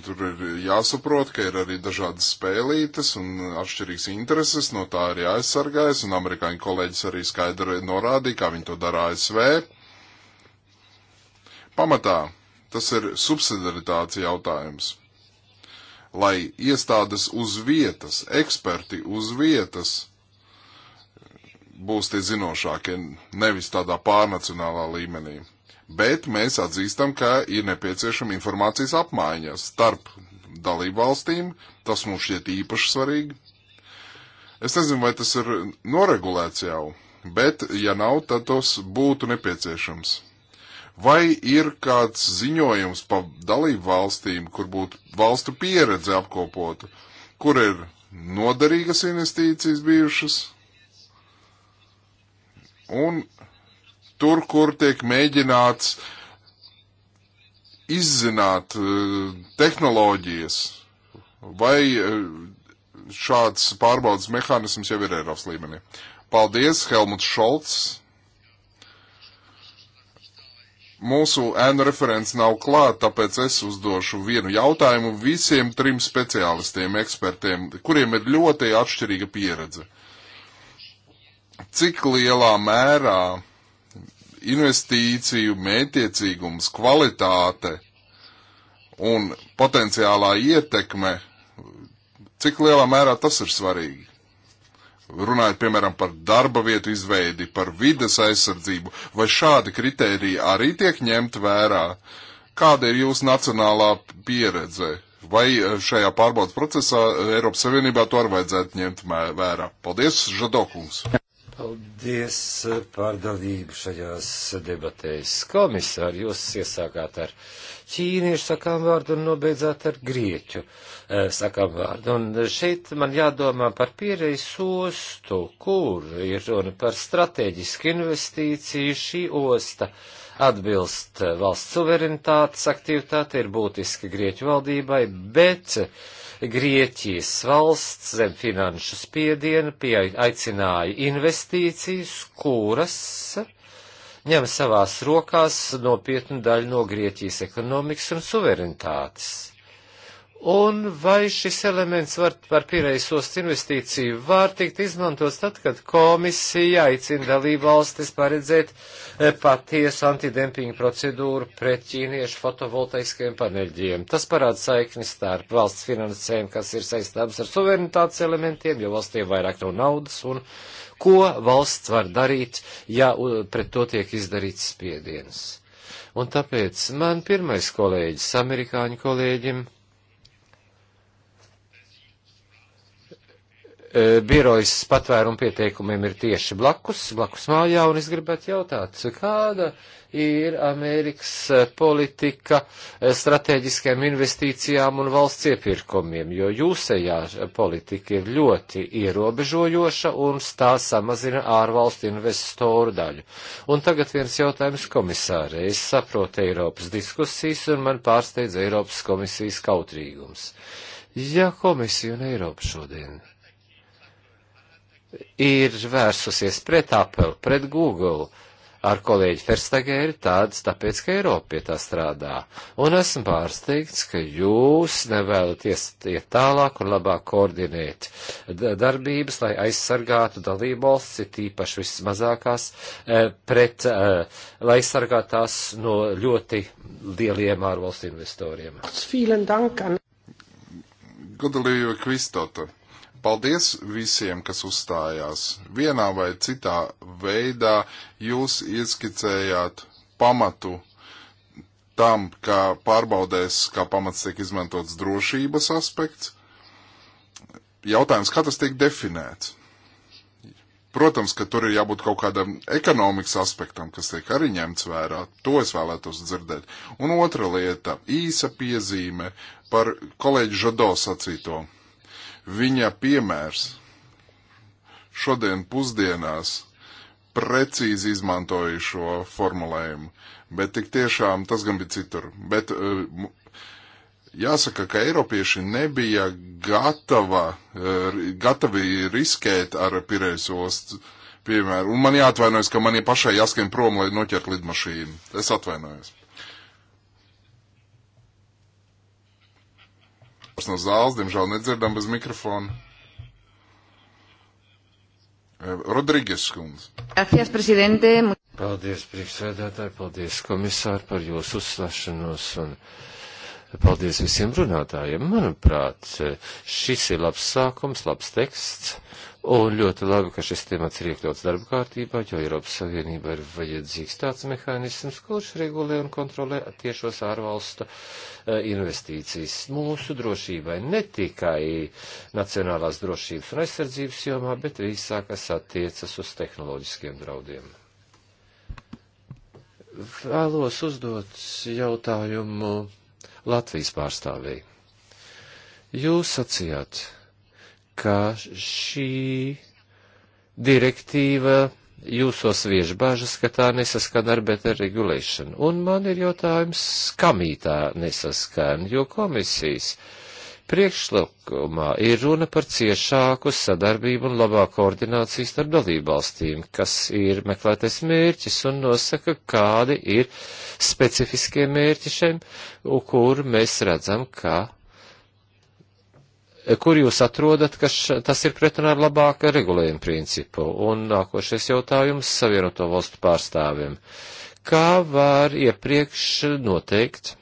Tur ir jāsaprot, ka ir arī dažādas spēlītes un atšķirīgas intereses, no tā arī aizsargājas, un amerikāņu kolēģis arī skaidri norādīja, kā viņi to dara ASV. Pamatā tas ir subsidaritātes jautājums. Lai iestādes uz vietas, eksperti uz vietas būs tie zinošākie, nevis tādā pārnacionālā līmenī bet mēs atzīstam, ka ir nepieciešama informācijas apmaiņa starp dalību valstīm. Tas mums šķiet īpaši svarīgi. Es nezinu, vai tas ir noregulēts jau, bet ja nav, tad tas būtu nepieciešams. Vai ir kāds ziņojums pa dalību valstīm, kur būtu valstu pieredze apkopota, kur ir noderīgas investīcijas bijušas un tur, kur tiek mēģināts izzināt eh, tehnoloģijas, vai eh, šāds pārbaudas mehānisms jau ir Eiropas līmenī. Paldies, Helmuts Šolts. Mūsu ēnu referents nav klāt, tāpēc es uzdošu vienu jautājumu visiem trim speciālistiem, ekspertiem, kuriem ir ļoti atšķirīga pieredze. Cik lielā mērā investīciju mētiecīgums, kvalitāte un potenciālā ietekme, cik lielā mērā tas ir svarīgi. Runājot, piemēram, par darba vietu izveidi, par vides aizsardzību, vai šādi kriteriji arī tiek ņemt vērā? Kāda ir jūsu nacionālā pieredze? Vai e, šajā pārbaudas procesā Eiropas Savienībā to arī vajadzētu ņemt vērā? Paldies, Žadokungs! Paldies eh, par dalību šajās debatēs. Komisāri, jūs iesākāt ar ķīniešu sakām vārdu un nobeidzāt ar grieķu eh, sakām vārdu. Un šeit man jādomā par pierejas ostu, kur ir runa par strateģisku investīciju šī osta atbilst eh, valsts suverenitātes aktivitāte, ir būtiski Grieķu valdībai, bet Grieķijas valsts zem finanšu spiediena pieaicināja investīcijas, kuras ņem savās rokās nopietnu daļu no Grieķijas ekonomikas un suverenitātes. Un vai šis elements var par Pireisos investīciju var tikt izmantots tad, kad komisija aicina dalību valstis paredzēt e, patiesu antidempingu procedūru pret ķīniešu fotovoltaiskiem paneļģiem? Tas parāda saikni starp valsts finansēm, kas ir saistāms ar suverenitātes elementiem, jo valstiem vairāk nav naudas, un ko valsts var darīt, ja pret to tiek izdarīts spiediens. Un tāpēc man pirmais kolēģis, amerikāņu kolēģim, Eh, birojas patvērumu pieteikumiem ir tieši blakus, blakus mājā, un es gribētu jautāt, kāda ir Amerikas eh, politika eh, strateģiskajām investīcijām un valsts iepirkumiem, jo jūsējā politika ir ļoti ierobežojoša un tā samazina ārvalstu investoru daļu. Un tagad viens jautājums komisārē. Es saprotu Eiropas diskusijas un man pārsteidz Eiropas komisijas kautrīgums. Ja komisija un Eiropa šodien ir vērsusies pret Apple, pret Google ar kolēģi Ferstagēri tāds, tāpēc, ka Eiropa pie tā strādā. Un esmu pārsteigts, ka jūs nevēlaties iet tālāk un labāk koordinēt darbības, lai aizsargātu dalībvalsts, ir tīpaši vismazākās, e, pret, e, lai aizsargātu tās no ļoti lieliem ārvalstu investoriem. Godalījo Kristota. Paldies visiem, kas uzstājās. Vienā vai citā veidā jūs ieskicējāt pamatu tam, kā pārbaudēs, kā pamats tiek izmantots drošības aspekts. Jautājums, kā tas tiek definēts? Protams, ka tur ir jābūt kaut kādam ekonomikas aspektam, kas tiek arī ņemts vērā. To es vēlētos dzirdēt. Un otra lieta - īsa piezīme par kolēģi Žado sacīto. Viņa piemērs šodien pusdienās precīzi izmantoja šo formulējumu, bet tik tiešām tas gan bija citur. Bet eh, jāsaka, ka Eiropieši nebija gatava, eh, gatavi riskēt ar Pirejas ostu piemēru. Un man jāatvainojas, ka man ir pašai jāskrien prom, lai noķertu lidmašīnu. Es atvainojos. ārpus no zāles, diemžēl nedzirdam bez mikrofona. Eh, Rodrīgas skundze. Paldies, priekšsēdētāji, paldies, komisāri, par jūsu uzstāšanos un paldies visiem runātājiem. Manuprāt, eh, šis ir labs sākums, labs teksts Un ļoti labi, ka šis temats ir iekļauts darba kārtībā, jo Eiropas Savienībā ir vajadzīgs tāds mehānisms, kurš regulē un kontrolē tiešos ārvalstu eh, investīcijas mūsu drošībai, ne tikai nacionālās drošības un aizsardzības jomā, bet visā, kas attiecas uz tehnoloģiskiem draudiem. Vēlos uzdot jautājumu Latvijas pārstāvēji. Jūs sacījāt, ka šī direktīva jūsos viež bažas, ka tā nesaskan ar better regulation. Un man ir jautājums, kam tā nesaskan, jo komisijas priekšlikumā ir runa par ciešāku sadarbību un labāku koordināciju starp dalībvalstīm, kas ir meklētais mērķis un nosaka, kādi ir specifiskie mērķi šiem, kur mēs redzam, ka kur jūs atrodat, ka š, tas ir pretrunā ar labāka regulējuma principu? Un nākošais jautājums savienoto valstu pārstāvim. Kā var iepriekš noteikt,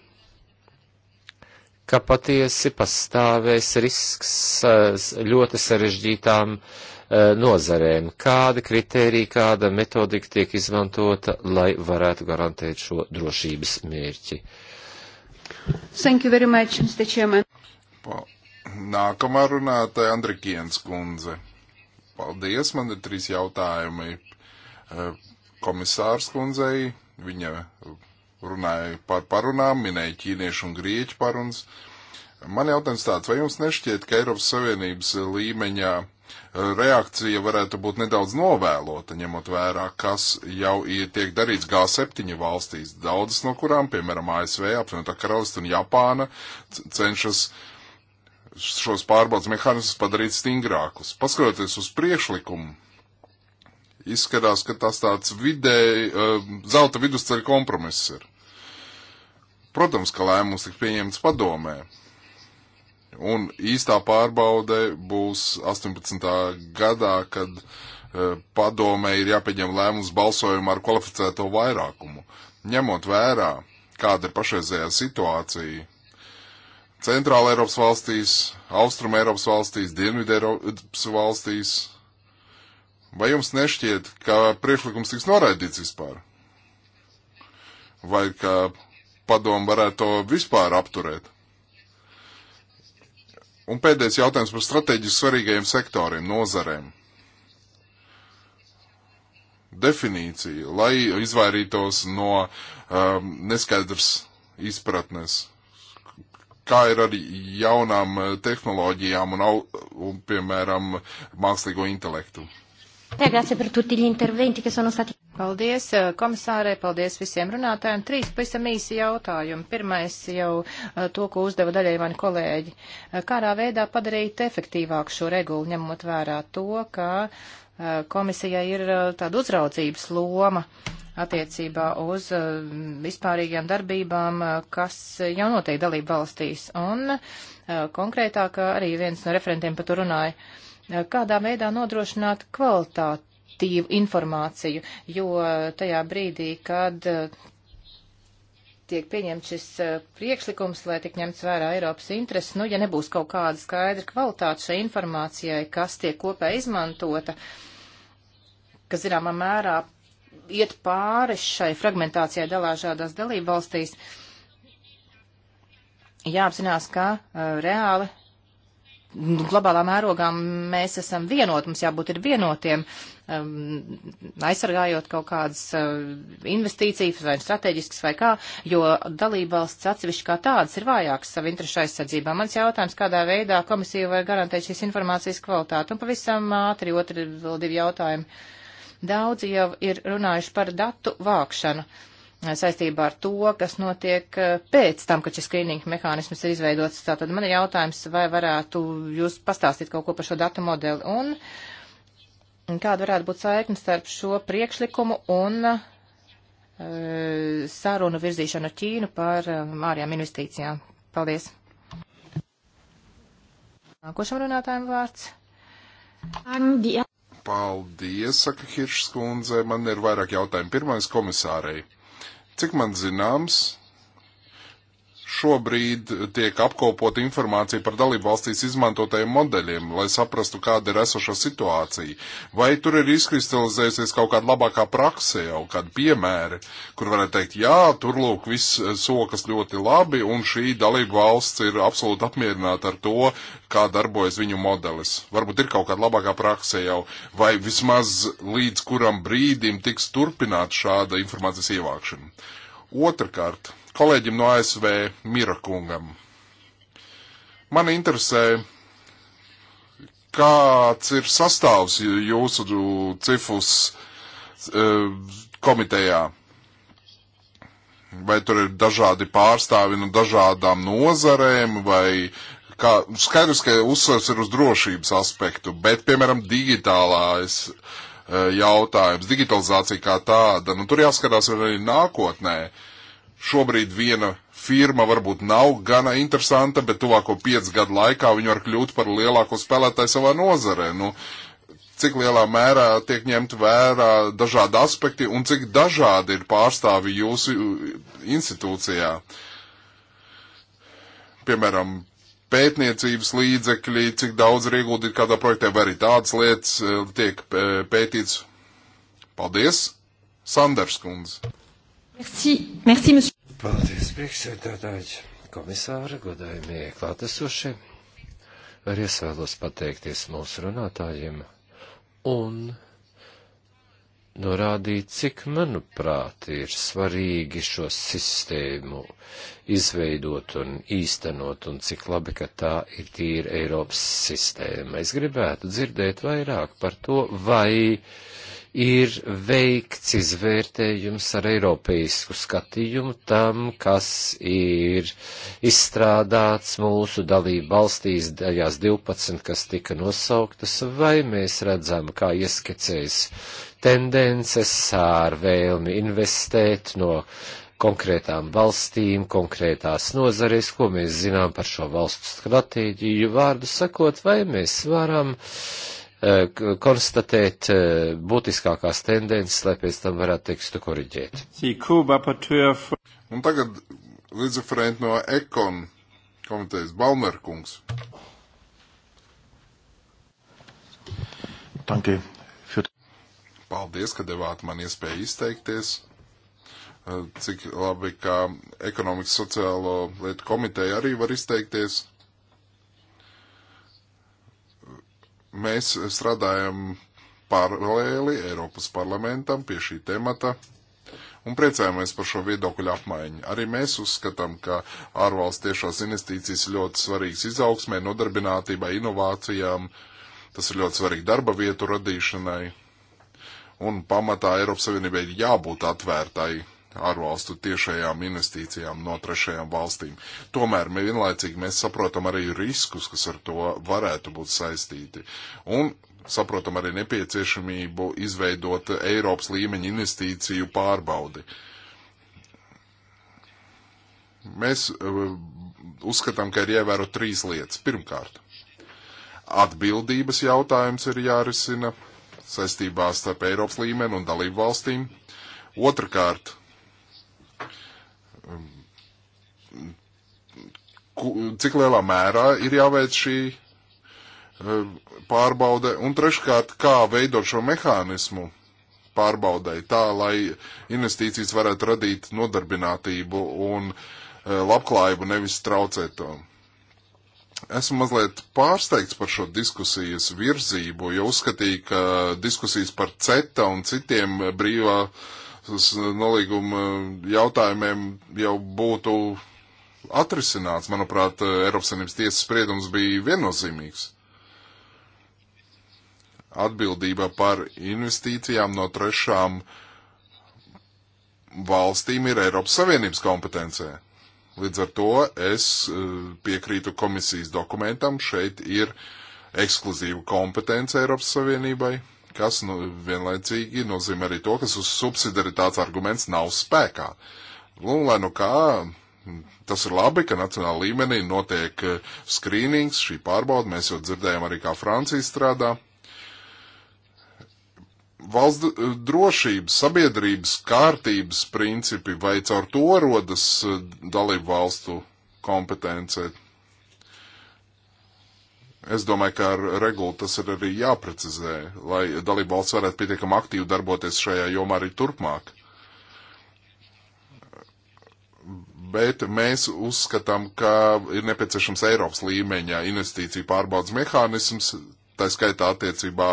ka patiesi pastāvēs risks e, ļoti sarežģītām e, nozarēm? Kāda kriterija, kāda metodika tiek izmantota, lai varētu garantēt šo drošības mērķi? Thank you very much, Mr. Chairman. Pa, Nākamā runātāja Andrikiens kundze. Paldies, man ir trīs jautājumi eh, komisārs kundzei. Viņa runāja par parunām, minēja ķīniešu un grieķu parunas. Man jautājums tāds, vai jums nešķiet, ka Eiropas Savienības līmeņā eh, reakcija varētu būt nedaudz novēlota, ņemot vērā, kas jau ir tiek darīts G7 valstīs, daudzas no kurām, piemēram, ASV, apvienotā karalista un Japāna, cenšas uh, šos pārbaudas mehānismus padarīt stingrākus. Paskatoties uz priekšlikumu, izskatās, ka tas tāds vidēji eh, zelta vidusceļa kompromiss ir. Protams, ka lēmums tiks pieņemts padomē, un īstā pārbaude būs 18. gadā, kad eh, padomē ir jāpieņem lēmums balsojumā ar kvalificēto vairākumu. Ņemot vērā, kāda ir pašreizējā situācija, Centrāla Eiropas valstīs, Austrum Eiropas valstīs, Dienvidu Eiropas valstīs. Vai jums nešķiet, ka priekšlikums tiks noraidīts vispār? Vai ka padomu varētu to vispār apturēt? Un pēdējais jautājums par strateģiski svarīgajiem sektoriem, nozarēm. Definīcija, lai izvairītos no um, neskaidrs izpratnes kā ir ar jaunām eh, tehnoloģijām un, un piemēram, mākslīgo intelektu. Paldies eh, komisārai, paldies visiem runātājiem. Trīs pavisam īsi jautājumi. Pirmais jau eh, to, ko uzdeva daļai mani kolēģi. Kādā veidā padarīt efektīvāku šo regulu, ņemot vērā to, ka komisijai ir tāda uzraudzības loma attiecībā uz uh, vispārīgām darbībām, uh, kas jau notiek dalība valstīs. Un uh, konkrētāk arī viens no referentiem par to runāja, kādā veidā nodrošināt kvalitātīvu informāciju, jo tajā brīdī, kad tiek pieņemts šis priekšlikums, lai tik ņemts vērā Eiropas intereses, nu, ja nebūs kaut kāda skaidra kvalitāte šai informācijai, kas tiek kopā izmantota, kas zināmā mērā iet pāri šai fragmentācijai dalāžādās dalību valstīs, jāapzinās, ka uh, reāli nu, globālā mērogā mēs esam vienoti, mums jābūt ir vienotiem, um, aizsargājot kaut kādas uh, investīcijas vai strateģiskas vai kā, jo dalībvalsts atsevišķi kā tādas ir vājākas savu interesu aizsardzībā. Mans jautājums, kādā veidā komisija var garantēt šīs informācijas kvalitāti? Un pavisam ātri otri vēl divi jautājumi. Uh, Daudzi jau ir runājuši par datu vākšanu eh, saistībā ar to, kas notiek eh, pēc tam, kad šis skrīninga mehānisms ir izveidots. Tātad man ir jautājums, vai varētu jūs pastāstīt kaut ko par šo datu modeli un kāda varētu būt saikne starp šo priekšlikumu un e, sarunu virzīšanu ar Ķīnu par ārējām investīcijām. Paldies! Nākošam runātājiem vārds. Andija. Paldies, saka Hiršs kundze. Man ir vairāk jautājumu. Pirmais komisārei. Cik man zināms, šobrīd tiek apkopota informācija par dalību valstīs izmantotajiem modeļiem, lai saprastu, kāda ir esoša situācija. Vai tur ir izkristalizējusies kaut kāda labākā prakse jau, kādi piemēri, kur varētu teikt, jā, tur lūk, viss eh, sokas ļoti labi, un šī dalību valsts ir absolūti apmierināta ar to, kā darbojas viņu modelis. Varbūt ir kaut kāda labākā prakse jau, vai vismaz līdz kuram brīdim tiks turpināt šāda informācijas ievākšana. Otrakārt, kolēģim no ASV Mirakungam. Man interesē, kāds ir sastāvs jūsu cifus e, komitejā? Vai tur ir dažādi pārstāvi no dažādām nozarēm, vai kā, skaidrs, ka uzsvers ir uz drošības aspektu, bet, piemēram, digitālais e, jautājums, digitalizācija kā tāda, nu tur jāskatās arī nākotnē. Uh, šobrīd viena firma varbūt nav gana interesanta, bet tuvāko piecu gadu laikā viņi var kļūt par lielāko spēlētāju savā nozarē. Nu, cik lielā mērā tiek ņemt vērā dažādi aspekti un cik dažādi ir pārstāvi jūsu institūcijā. Piemēram, pētniecības līdzekļi, cik daudz ir ieguldīti kādā projektā, vai arī tādas lietas eh, tiek eh, pētīts. Paldies, Sanders kundze! Merci, merci, monsieur. Paldies, priekšsēdētāji, komisāra, godājumie klātesošie. Arī es vēlos pateikties mūsu runātājiem un norādīt, cik, manuprāt, ir svarīgi šo sistēmu izveidot un īstenot, un cik labi, ka tā ir tīra Eiropas sistēma. Es gribētu dzirdēt vairāk par to, vai uh, ir veikts izvērtējums ar eiropeisku skatījumu tam, kas ir izstrādāts mūsu dalību valstīs, tajās 12, kas tika nosauktas, vai mēs redzam, kā ieskicējas tendences ar vēlmi investēt no konkrētām valstīm, konkrētās nozarēs, ko mēs zinām par šo valstu stratēģiju, vārdu sakot, vai mēs varam uh, Eh, konstatēt eh, būtiskākās tendences, lai pēc tam varētu tekstu koriģēt. Un tagad līdzreferenti no Ekon komitejas Balmerkungs. Tanki. Paldies, ka devāt man iespēju izteikties. Eh, cik labi, ka ekonomikas sociālo lietu komiteja arī var izteikties. mēs strādājam paralēli Eiropas parlamentam pie šī temata un priecājamies par šo viedokļu apmaiņu. Arī mēs uzskatām, ka ārvalsts tiešās investīcijas ļoti svarīgas izaugsmē, nodarbinātībai, inovācijām. Tas ir ļoti svarīgi darba vietu radīšanai. Un pamatā Eiropas Savienībai ir jābūt atvērtai ārvalstu tiešajām investīcijām no trešajām valstīm. Tomēr mēs vienlaicīgi mēs saprotam arī riskus, kas ar to varētu būt saistīti. Un saprotam arī nepieciešamību izveidot Eiropas līmeņa investīciju pārbaudi. Mēs uh, uzskatām, ka ir jāievēro trīs lietas. Pirmkārt, atbildības jautājums ir jārisina saistībā starp Eiropas līmeni un dalību valstīm. Otrakārt, cik lielā mērā ir jāveic šī e, pārbaude, un treškārt, kā veidot šo mehānismu pārbaudai, tā lai investīcijas varētu radīt nodarbinātību un e, labklājību, nevis traucēt to. Esmu mazliet pārsteigts par šo diskusijas virzību, jo uzskatīju, ka diskusijas par CETA un citiem brīvā nolīguma jautājumiem jau būtu atrisināts. Manuprāt, eh, Eiropas Savienības tiesas spriedums bija viennozīmīgs. Atbildība par investīcijām no trešām valstīm ir Eiropas Savienības kompetencē. Līdz ar to es eh, piekrītu komisijas dokumentam, šeit ir ekskluzīva kompetence Eiropas Savienībai, kas nu, vienlaicīgi nozīmē arī to, kas uz subsidaritātes arguments nav spēkā. Un, lai nu kā, Tas ir labi, ka nacionāla līmenī notiek eh, skrīnings, šī pārbauda, mēs jau dzirdējām arī, kā Francija strādā. Valsts eh, drošības, sabiedrības kārtības principi vai caur to rodas eh, dalību valstu kompetence. Es domāju, ka ar regulu tas ir arī jāprecizē, lai dalību valsts varētu pietiekam aktīvi darboties šajā jomā arī turpmāk. bet mēs uzskatām, ka ir nepieciešams Eiropas līmeņa investīciju pārbaudas mehānisms, tā skaitā attiecībā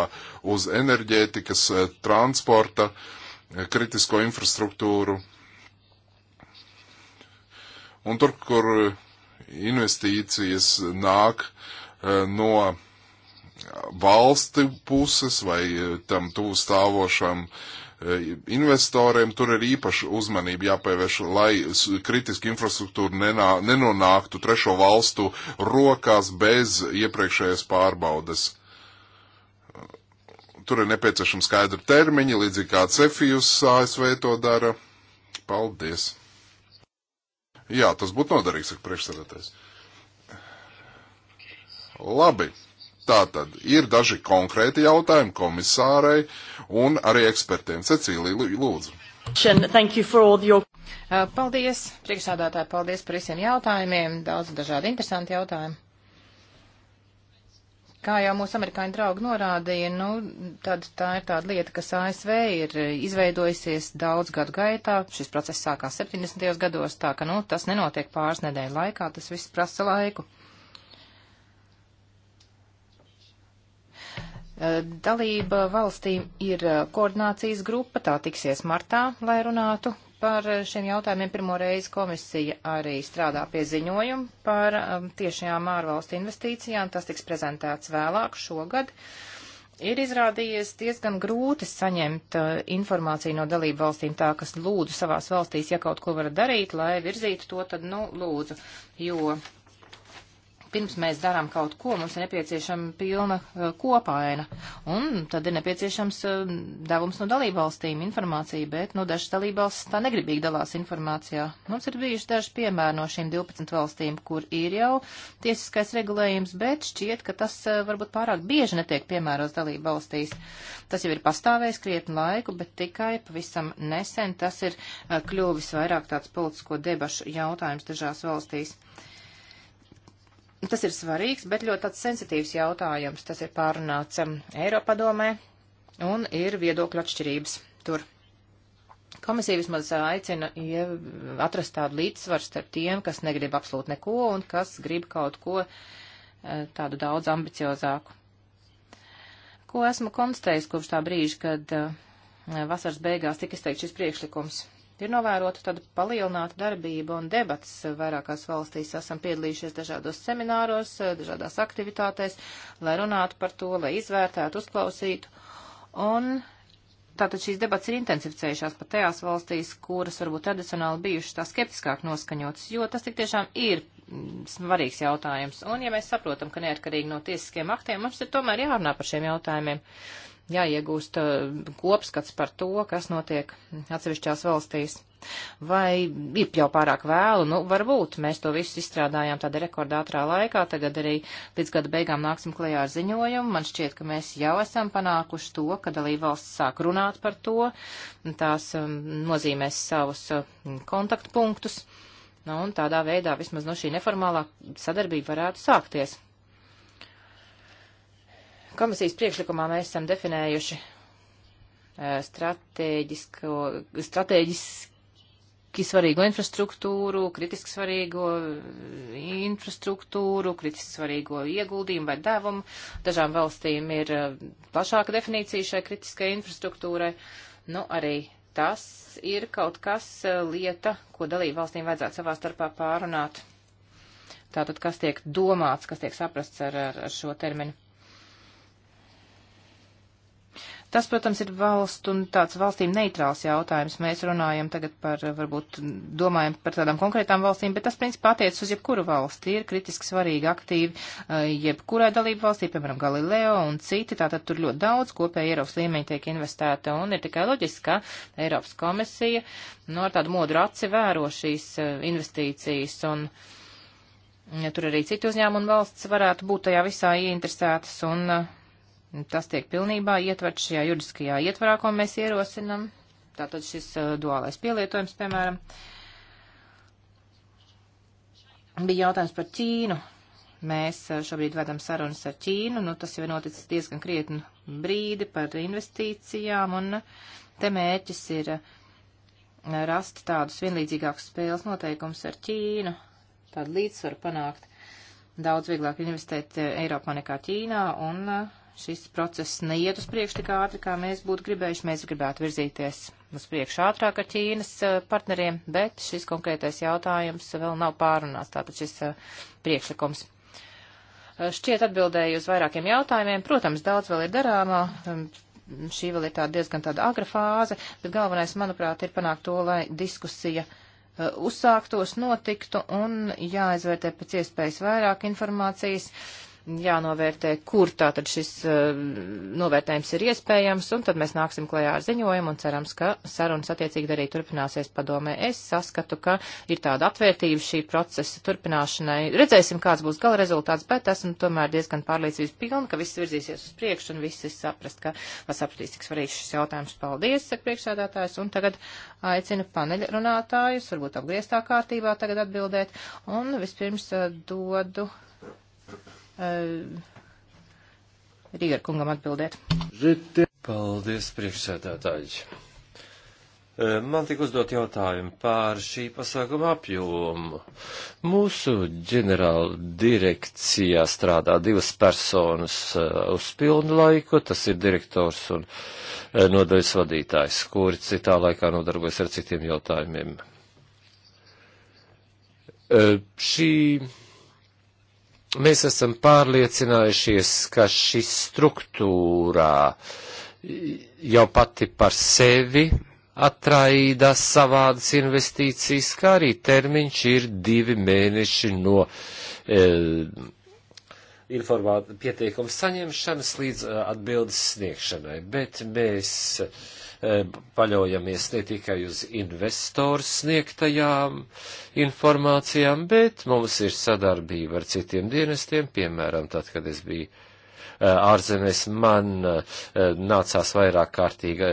uz enerģētikas, eh, transporta, eh, kritisko infrastruktūru. Un tur, kur investīcijas nāk eh, no valsti puses vai tam tūstāvošam uh, Eh, investoriem tur ir īpaša uzmanība jāpievērš, lai kritiski infrastruktūra nenā, nenonāktu trešo valstu rokās bez iepriekšējas pārbaudes. Eh, tur ir nepieciešama skaidra termiņa, līdzīgi kā Cefijus ASV to dara. Paldies! Jā, tas būtu noderīgs, saka priekšsēdētājs. Labi, tā tad ir daži konkrēti jautājumi komisārai. Uh, un arī ekspertiem. Cecīlija, lūdzu. Your... Uh, paldies, priekšsādātāji, paldies par visiem jautājumiem, daudz dažādi interesanti jautājumi. Kā jau mūsu amerikāņu draugi norādīja, nu, tad tā ir tāda lieta, kas ASV ir izveidojusies daudz gadu gaitā. Šis process sākās 70. gados, tā ka, nu, tas nenotiek pāris nedēļu laikā, tas viss prasa laiku. Dalība valstīm ir eh, koordinācijas grupa, tā tiksies martā, lai runātu par eh, šiem jautājumiem. Pirmo reizi komisija arī strādā pie ziņojuma par eh, tiešajām ārvalstu investīcijām. Tas tiks prezentēts vēlāk šogad. Ir izrādījies diezgan grūti saņemt informāciju no dalību valstīm tā, kas lūdzu savās valstīs, ja kaut ko var darīt, lai virzītu to, tad, nu, lūdzu, jo pirms mēs darām kaut ko, mums ir nepieciešama pilna uh, kopaina, un tad ir nepieciešams uh, devums no dalībvalstīm informācija, bet, nu, dažas dalībvalstis tā negribīgi dalās informācijā. Mums ir bijuši daži piemēri no šīm 12 valstīm, kur ir jau tiesiskais regulējums, bet šķiet, ka tas uh, varbūt pārāk bieži netiek piemēros dalībvalstīs. Tas jau ir pastāvējis krietni laiku, bet tikai pavisam nesen tas ir kļuvis vairāk tāds politisko debašu jautājums dažās valstīs. Uh, Tas ir svarīgs, bet ļoti tāds sensitīvs jautājums. Tas ir pārunāts um, Eiropadomē un ir viedokļu atšķirības tur. Komisija vismaz aicina ja atrast tādu līdzsvaru starp tiem, kas negrib absolūti neko un kas grib kaut ko uh, tādu daudz ambiciozāku. Ko esmu konstatējis kopš tā brīža, kad uh, vasaras beigās tika izteikts šis priekšlikums? ir novērota tāda palielināta darbība un debats vairākās valstīs. Esam piedalījušies dažādos semināros, dažādās aktivitātēs, lai runātu par to, lai izvērtētu, uzklausītu. Un tātad šīs debats ir intensificējušās pat tajās valstīs, kuras varbūt tradicionāli bijušas tā skeptiskāk noskaņotas, jo tas tik tiešām ir mm, svarīgs jautājums. Un ja mēs saprotam, ka neatkarīgi no tiesiskiem aktiem, mums ir tomēr jārunā par šiem jautājumiem jāiegūst uh, kopskats par to, kas notiek atsevišķās valstīs. Vai ir jau pārāk vēlu? Nu, varbūt mēs to visu izstrādājām tādā rekordātrā laikā, tagad arī līdz gada beigām nāksim klajā ar ziņojumu. Man šķiet, ka mēs jau esam panākuši to, ka dalībvalsts sāk runāt par to, tās um, nozīmēs savus uh, kontaktpunktus. Nu, un tādā veidā vismaz no šī neformālā sadarbība varētu sākties. Komisijas priekšlikumā mēs esam definējuši eh, stratēģiski svarīgo infrastruktūru, kritiski svarīgo eh, infrastruktūru, kritiski svarīgo ieguldījumu vai devumu. Dažām valstīm ir eh, plašāka definīcija šai kritiskai infrastruktūrai. Nu, arī tas ir kaut kas lieta, ko dalību valstīm vajadzētu savā starpā pārunāt. Tātad, kas tiek domāts, kas tiek saprasts ar, ar šo terminu. Tas, protams, ir valsts un tāds valstīm neitrāls jautājums. Mēs runājam tagad par, varbūt domājam par tādām konkrētām valstīm, bet tas, principā, attiecas uz jebkuru valsti. Ir kritiski svarīgi aktīvi eh, jebkurai dalību valstī, piemēram, Galileo un citi. Tātad tur ļoti daudz kopēja Eiropas līmeņa tiek investēta un ir tikai loģiski, ka Eiropas komisija no nu, ar tādu modru aci vēro šīs eh, investīcijas un. Ja tur arī citi uzņēmumi un valsts varētu būt tajā visā ieinteresētas, un uh, Tas tiek pilnībā ietverts šajā juridiskajā ietvarā, ko mēs ierosinam. Tātad šis uh, duālais pielietojums, piemēram, bija jautājums par Ķīnu. Mēs uh, šobrīd vedam sarunas ar Ķīnu, nu tas jau ir noticis diezgan krietnu brīdi par investīcijām, un uh, te mērķis ir uh, rast tādus vienlīdzīgākus spēles noteikumus ar Ķīnu, tādu līdzsvaru panākt. Daudz vieglāk investēt uh, Eiropā nekā Ķīnā, un uh, šis process neiet uz priekšu tik ātri, kā mēs būtu gribējuši. Mēs gribētu virzīties uz priekšu ātrāk ar Ķīnas eh, partneriem, bet šis konkrētais jautājums vēl nav pārunāts, tātad šis eh, priekšlikums. Eh, šķiet atbildēju uz vairākiem jautājumiem. Protams, daudz vēl ir darāmā. Ehm, šī vēl ir tāda diezgan tāda agra fāze, bet galvenais, manuprāt, ir panākt to, lai diskusija uzsāktos, notiktu un jāizvērtē pēc iespējas vairāk informācijas. Uh, jānovērtē, kur tātad šis uh, novērtējums ir iespējams, un tad mēs nāksim klajā ar ziņojumu un cerams, ka sarunas attiecīgi arī turpināsies padomē. Es saskatu, ka ir tāda atvērtība šī procesa turpināšanai. Redzēsim, kāds būs gala rezultāts, bet esmu tomēr diezgan pārliecības pilna, ka viss virzīsies uz priekšu un visi saprast, ka sapratīs, cik svarīgs šis jautājums. Paldies, saka priekšsēdētājs, un tagad aicinu paneļrunātājus, varbūt apgrieztā kārtībā tagad atbildēt, un vispirms uh, dodu. Thank you. Uh, Rīgar kungam atbildēt. Paldies, priekšsēdētāji. Uh, man tika uzdot jautājumu pār šī pasākuma apjomu. Mūsu ģenerāla direkcijā strādā divas personas uh, uz pilnu laiku, tas ir direktors un nodaļas vadītājs, kuri citā laikā nodarbojas ar citiem jautājumiem. Šī mēs esam pārliecinājušies, ka šī struktūrā jau pati par sevi atraida savādas investīcijas, kā arī termiņš ir divi mēneši no e, informā, pieteikuma saņemšanas līdz e, atbildes sniegšanai. Bet mēs. E, E, paļaujamies ne tikai uz investoru sniegtajām informācijām, bet mums ir sadarbība ar citiem dienestiem, piemēram, tad, kad es biju e, ārzemēs, man e, nācās vairāk kārtīgi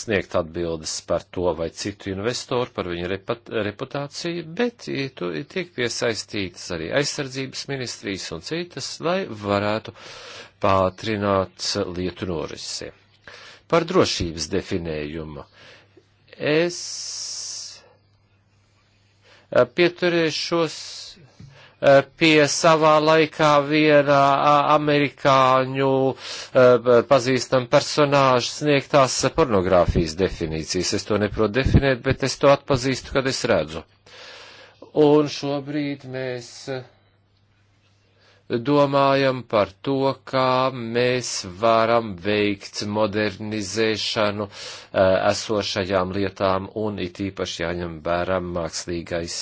sniegt atbildes par to vai citu investoru, par viņu reputāciju, bet tu, tiek piesaistītas arī aizsardzības ministrijas un citas, lai varētu pātrināt lietu norisi. Par drošības definējumu. Es eh, pieturēšos eh, pie savā laikā viena amerikāņu eh, pazīstama personāža sniegtās pornogrāfijas definīcijas. Es to neprotu definēt, bet es to atpazīstu, kad es redzu. Un šobrīd mēs. Uh, domājam par to, kā mēs varam veikt modernizēšanu eh, esošajām lietām un it īpaši jāņem vērā mākslīgais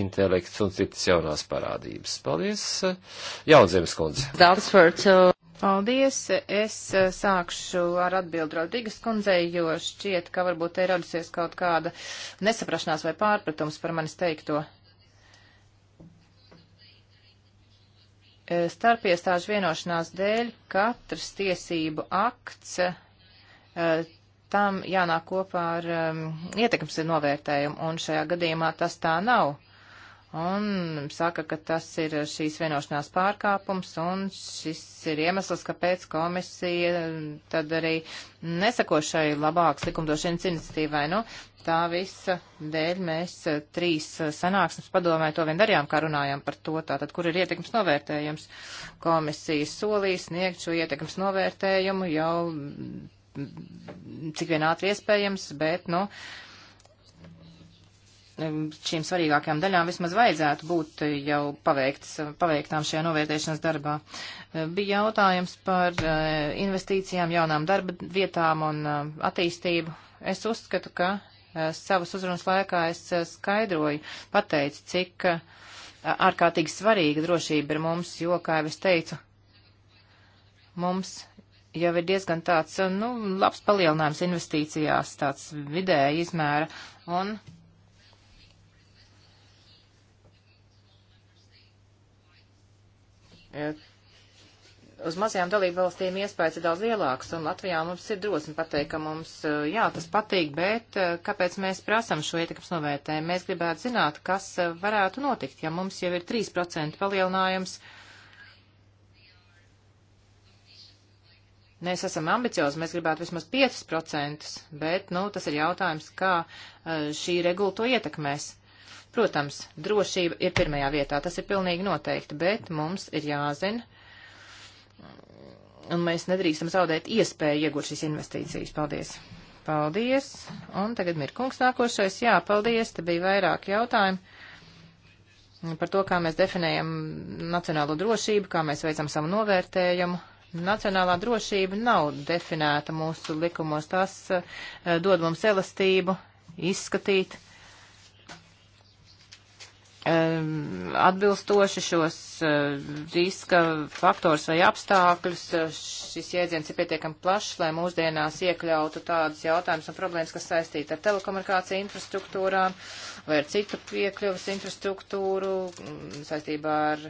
intelekts un citas jaunās parādības. Paldies, eh, Jaunzemes kundze. Paldies, es eh, sākšu ar atbildu Rodrigas kundzei, jo šķiet, ka varbūt te ir radusies kaut kāda nesaprašanās vai pārpratums par manis teikto. E, starpiestāžu vienošanās dēļ katrs tiesību akts e, tam jānāk kopā ar um, ietekmes novērtējumu, un šajā gadījumā tas tā nav un saka, ka tas ir šīs vienošanās pārkāpums, un šis ir iemesls, kāpēc komisija tad arī nesako šai labākas likumdošanas iniciatīvai. Nu, tā visa dēļ mēs trīs sanāksmes padomē to vien darījām, kā runājām par to, tātad, kur ir ietekmes novērtējums. Komisija solīs sniegt šo ietekmes novērtējumu jau cik vien ātri iespējams, bet, nu, uh, šīm svarīgākajām daļām vismaz vajadzētu būt jau paveikts, paveiktām šajā novērtēšanas darbā. Bija jautājums par e, investīcijām, jaunām darba vietām un e, attīstību. Es uzskatu, ka e, savas uzrunas laikā es skaidroju, pateicu, cik ārkārtīgi svarīga drošība ir mums, jo, kā jau es teicu, mums jau ir diezgan tāds, nu, labs palielinājums investīcijās, tāds vidēja izmēra, un Eh, uz mazajām dalībvalstīm iespējas ir daudz lielākas, un Latvijā mums ir drosme pateikt, ka mums, eh, jā, tas patīk, bet eh, kāpēc mēs prasam šo ietekmes novērtējumu? Mēs gribētu zināt, kas varētu notikt, ja mums jau ir 3% palielinājums. Mēs esam ambiciozi, mēs gribētu vismaz 5%, bet, nu, tas ir jautājums, kā šī regula to ietekmēs. Protams, drošība ir pirmajā vietā, tas ir pilnīgi noteikti, bet mums ir jāzina, un mēs nedrīkstam zaudēt iespēju iegūt šīs investīcijas. Paldies! Paldies! Un tagad Mirkungs nākošais. Jā, paldies, te bija vairāk jautājumu par to, kā mēs definējam nacionālo drošību, kā mēs veicam savu novērtējumu. Nacionālā drošība nav definēta mūsu likumos, tas uh, dod mums elastību izskatīt uh, atbilstoši šos eh, riska faktors vai apstākļus. Eh, šis jēdziens ir pietiekami plašs, lai mūsdienās iekļautu tādus jautājumus un problēmas, kas saistīti ar telekomunikāciju infrastruktūrām vai ar citu piekļuvas infrastruktūru saistībā ar,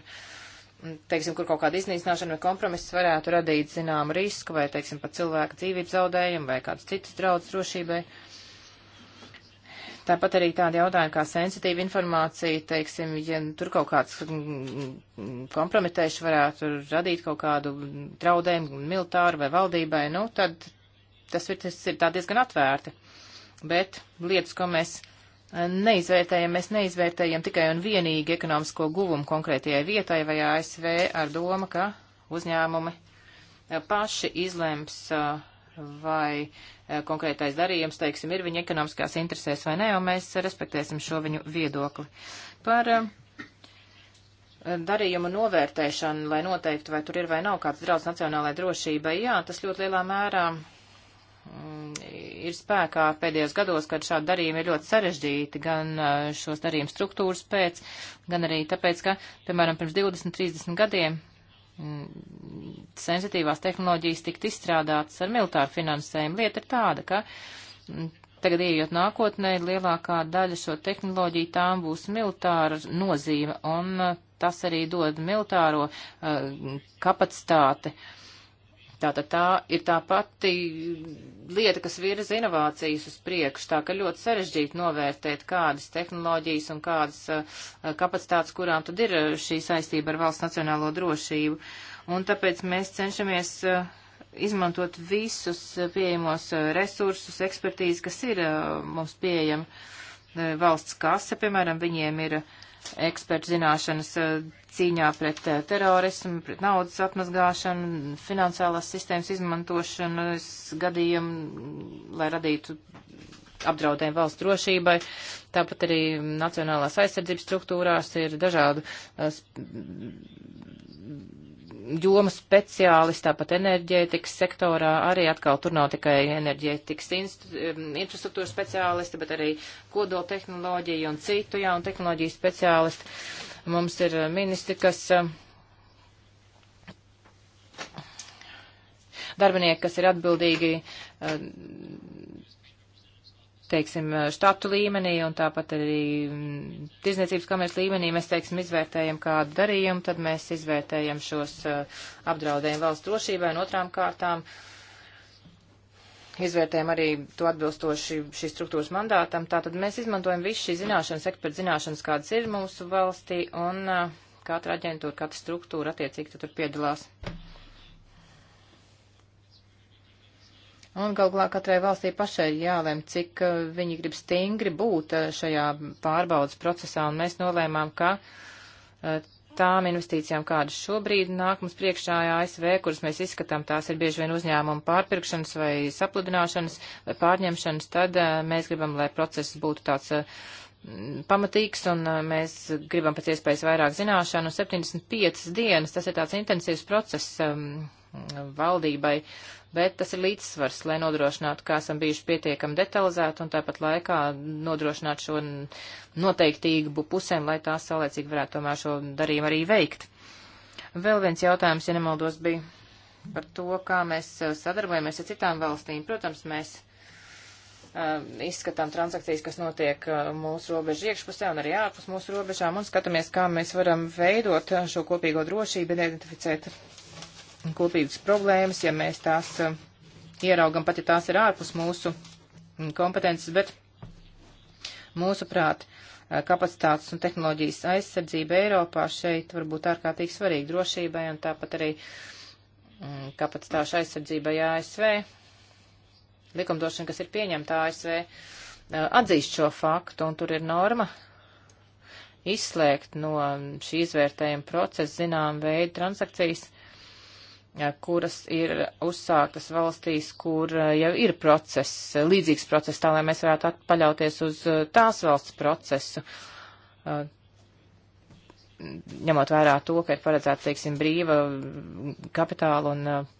teiksim, kur kaut kāda iznīcināšana vai kompromiss varētu radīt zināmu risku vai, teiksim, pat cilvēka dzīvības zaudējumu vai kādus citus draudus drošībai. Uh, Tāpat arī tādi jautājumi kā sensitīva informācija, teiksim, ja tur kaut kāds mm, mm, kompromitējuši varētu radīt kaut kādu draudējumu militāru vai valdībai, nu, tad tas ir, tas ir tā diezgan atvērti. Bet lietas, ko mēs neizvērtējam, mēs neizvērtējam tikai un vienīgi ekonomisko guvumu konkrētajai vietai vai ASV ar domu, ka uzņēmumi eh, paši izlems uh, vai eh, konkrētais darījums, teiksim, ir viņa ekonomiskās interesēs vai nē, un mēs respektēsim šo viņu viedokli. Par eh, darījumu novērtēšanu, lai noteiktu, vai tur ir vai nav kāds draudz nacionālajai drošībai, jā, tas ļoti lielā mērā mm, ir spēkā pēdējos gados, kad šādi darījumi ir ļoti sarežģīti, gan eh, šos darījumu struktūras pēc, gan arī tāpēc, ka, piemēram, pirms 20-30 gadiem sensitīvās tehnoloģijas tikt izstrādātas ar militāru finansējumu. Lieta ir tāda, ka tagad ieejot nākotnē, lielākā daļa šo tehnoloģiju tām būs militāra nozīme, un eh, tas arī dod militāro uh, kapacitāti uh, Tātad tā ir tā pati lieta, kas virza inovācijas uz priekšu, tā ka ļoti sarežģīti novērtēt, kādas tehnoloģijas un kādas uh, kapacitātes, kurām tad ir eh, šī saistība ar valsts nacionālo drošību. Un tāpēc mēs cenšamies uh, izmantot visus pieejamos resursus, ekspertīzi, kas ir uh, mums pieejama. Valsts kase, piemēram, viņiem ir uh, ekspertu zināšanas eh, cīņā pret eh, terorismu, pret naudas atmazgāšanu, finansiālās sistēmas izmantošanas gadījumu, lai radītu apdraudējumu valsts drošībai. Tāpat arī Nacionālās aizsardzības struktūrās ir dažādu eh, joma speciālisti, tāpat enerģētikas sektorā, arī atkal tur nav tikai enerģētikas infrastruktūra speciālisti, bet arī kodola tehnoloģija un citu jaunu tehnoloģiju speciālisti. Mums ir eh, ministri, kas. Eh, darbinieki, kas ir atbildīgi eh, teiksim, štatu līmenī un tāpat arī mm, tirzniecības kameras līmenī mēs, teiksim, izvērtējam kādu darījumu, tad mēs izvērtējam šos eh, apdraudējumu valsts drošībai un otrām kārtām. Izvērtējam arī to atbilstoši šīs struktūras mandātam. Tātad mēs izmantojam visu šīs zināšanas, eksperta zināšanas, kādas ir mūsu valstī, un eh, katra aģentūra, katra struktūra attiecīgi tur piedalās. Un galvā katrai valstī pašai ir jālem, cik eh, viņi grib stingri būt eh, šajā pārbaudas procesā, un mēs nolēmām, ka eh, tām investīcijām, kādas šobrīd nāk mums priekšā ASV, kuras mēs izskatām, tās ir bieži vien uzņēmuma pārpirkšanas vai sapludināšanas vai pārņemšanas, tad mēs gribam, lai process būtu tāds pamatīgs un mēs gribam pēc iespējas vairāk zināšanu. 75 dienas tas ir tāds intensīvs process um, valdībai bet tas ir līdzsvars, lai nodrošinātu, ka esam bijuši pietiekami detalizēti un tāpat laikā nodrošinātu šo noteiktību pusēm, lai tās saulēcīgi varētu tomēr šo darījumu arī veikt. Vēl viens jautājums, ja nemaldos, bija par to, kā mēs uh, sadarbojamies ar citām valstīm. Protams, mēs uh, izskatām transakcijas, kas notiek uh, mūsu robežu iekšpusē un arī ārpus mūsu robežām, un skatāmies, kā mēs varam veidot uh, šo kopīgo drošību, identificēt kultības problēmas, ja mēs tās eh, ieraugam, pat ja tās ir ārpus mūsu mm, kompetences, bet mūsuprāt, eh, kapacitātes un tehnoloģijas aizsardzība Eiropā šeit var būt ārkārtīgi svarīga drošībai un tāpat arī mm, kapacitāšu aizsardzībai ASV. Likumdošana, kas ir pieņemta ASV, eh, atzīst šo faktu, un tur ir norma izslēgt no šī izvērtējuma procesa zinām veidu transakcijas, kuras ir uzsāktas valstīs, kur eh, jau ir process, līdzīgs process, tā lai mēs varētu paļauties uz eh, tās valsts procesu, eh, ņemot vērā to, ka ir paredzēta, teiksim, brīva mm, kapitāla un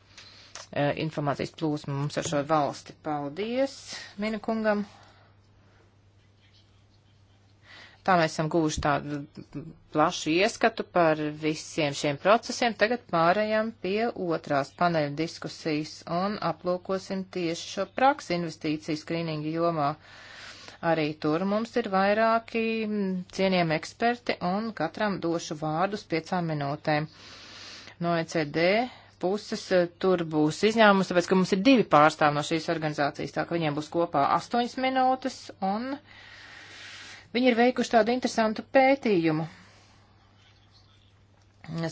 informācijas plūsma mums ar šo valsti. Paldies, Mina kungam. Tā mēs esam gūši tādu plašu ieskatu par visiem šiem procesiem. Tagad pārējām pie otrās paneļa diskusijas un aplūkosim tieši šo praksi investīciju skrīningu jomā. Arī tur mums ir vairāki cienījami eksperti un katram došu vārdus piecām minūtēm. No ECD puses e, tur būs izņēmums, tāpēc, ka mums ir divi pārstāvi no šīs organizācijas, tā ka viņiem būs kopā astoņas minūtes un. Uh, Viņi ir veikuši tādu interesantu pētījumu,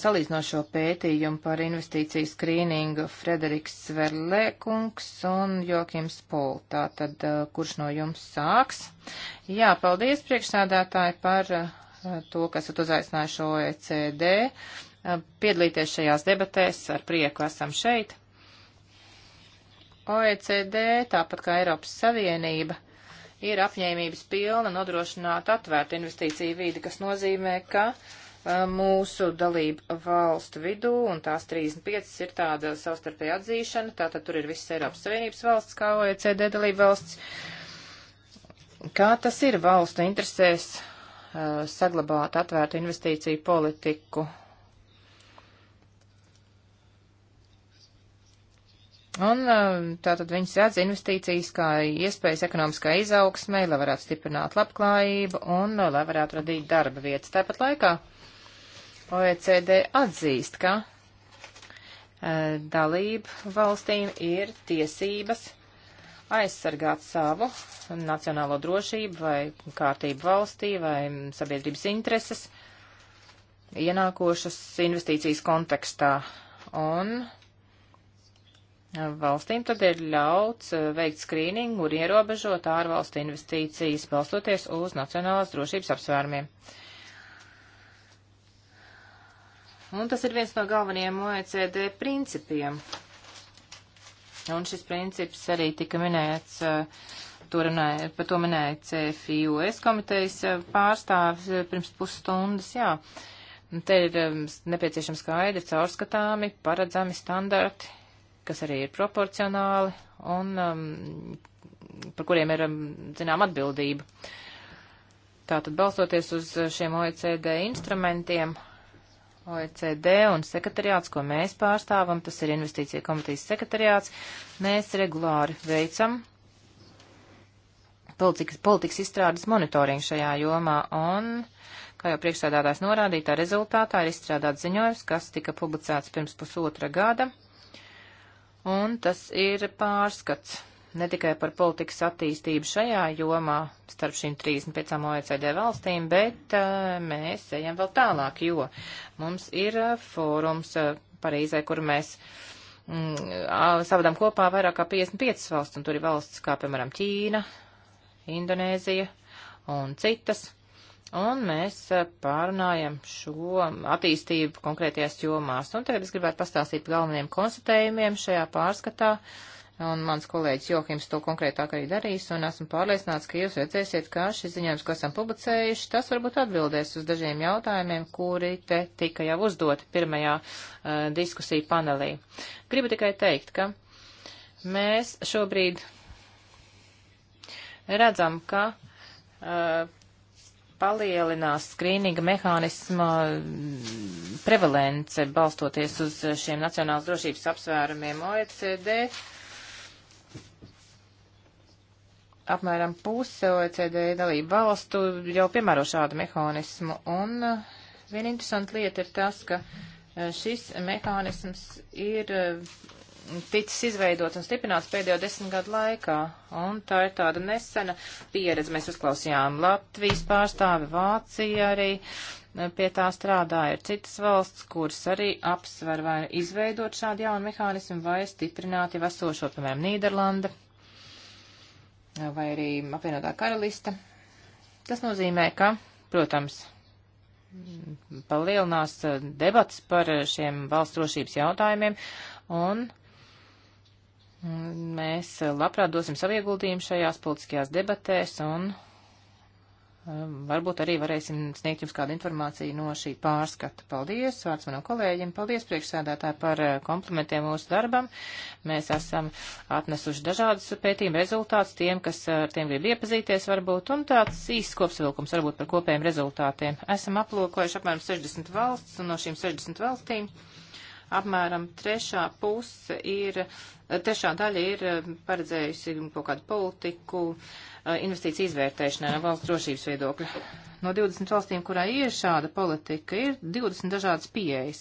salīdzinošo pētījumu par investīciju skrīningu Frederiks Sverlēkungs un Jokims Pol. Tātad, uh, kurš no jums sāks? Jā, paldies priekšsādātāji par uh, to, kas esat uzaicinājuši OECD uh, piedalīties šajās debatēs. Ar prieku esam šeit. OECD, tāpat kā Eiropas Savienība ir apņēmības pilna nodrošināt atvērtu investīciju vīdi, kas nozīmē, ka uh, mūsu dalību valstu vidū, un tās 35 ir tāda savstarpēja atzīšana, tātad tur ir visas Eiropas Savienības valsts, kā OECD dalība valsts. Kā tas ir valstu interesēs uh, saglabāt atvērtu investīciju politiku Un um, tātad viņas redz investīcijas kā iespējas ekonomiskai izaugsmai, lai varētu stiprināt labklājību un uh, lai varētu radīt darba vietas. Tāpat laikā OECD atzīst, ka uh, dalību valstīm ir tiesības aizsargāt savu nacionālo drošību vai kārtību valstī vai sabiedrības intereses ienākošas investīcijas kontekstā. Un valstīm tad ir ļauts eh, veikt skrīningu un ierobežot ārvalstu investīcijas, balstoties uz nacionālās drošības apsvērumiem. Un tas ir viens no galvenajiem OECD principiem. Un šis princips arī tika minēts, eh, to runāja, par to minēja CFIUS komitejas eh, pārstāvis pirms pusstundas, jā. Te ir nepieciešams skaidri, caurskatāmi, paredzami standarti, kas arī ir proporcionāli un um, par kuriem ir, um, zinām, atbildība. Tātad balstoties uz šiem OECD instrumentiem, OECD un sekretariāts, ko mēs pārstāvam, tas ir investīcija komitejas sekretariāts, mēs regulāri veicam politikas, politikas izstrādes monitoringu šajā jomā un, kā jau priekšsēdātājs norādīja, tā rezultātā ir izstrādāts ziņojums, kas tika publicēts pirms pusotra gada un tas ir pārskats ne tikai par politikas attīstību šajā jomā starp šīm 35 OECD valstīm, bet uh, mēs ejam vēl tālāk, jo mums ir uh, fórums uh, Parīzē, kur mēs mm, savadām kopā vairāk kā 55 valsts, un tur ir valsts kā, piemēram, Ķīna, Indonēzija un citas. Un mēs eh, pārunājam šo attīstību konkrētajās jomās. Un tagad es gribētu pastāstīt par galvenajiem konstatējumiem šajā pārskatā. Un mans kolēģis Johims to konkrētāk arī darīs, un esmu pārliecināts, ka jūs redzēsiet, ka šis ziņojums, ko esam publicējuši, tas varbūt atbildēs uz dažiem jautājumiem, kuri te tika jau uzdoti pirmajā uh, diskusiju panelī. Gribu tikai teikt, ka mēs šobrīd redzam, ka uh, palielinās skrīninga mehānisma prevalence, balstoties uz šiem nacionālas drošības apsvērumiem OECD. Apmēram puse OECD dalību valstu jau piemēro šādu mehānismu, un uh, viena interesanta lieta ir tas, ka uh, šis mehānisms ir uh, ticis izveidots un stiprināts pēdējo desmit gadu laikā. Un tā ir tāda nesena pieredze. Mēs uzklausījām Latvijas pārstāvi, Vācija arī e, pie tā strādāja. Ir citas valsts, kuras arī apsver vai izveidot šādu jaunu mehānismu vai stiprināt jau esošo, piemēram, Nīderlanda e, vai arī apvienotā karalista. Tas nozīmē, ka, protams, palielinās e, debats par šiem valsts drošības jautājumiem un Mēs labprāt dosim savu ieguldījumu šajās politiskajās debatēs un um, varbūt arī varēsim sniegt jums kādu informāciju no šī pārskata. Paldies, vārds manam kolēģim, paldies priekšsēdētāji par uh, komplementiem mūsu darbam. Mēs esam atnesuši dažādas pētījuma rezultātus tiem, kas uh, ar tiem grib iepazīties varbūt, un tāds īsts kopsvilkums varbūt par kopējiem rezultātiem. Esam aplūkojuši apmēram 60 valsts, un no šīm 60 valstīm apmēram trešā puse ir, trešā daļa ir eh, paredzējusi kaut kādu politiku eh, investīciju izvērtēšanai no valsts drošības viedokļa. No 20 valstīm, kurā ir šāda politika, ir 20 dažādas pieejas.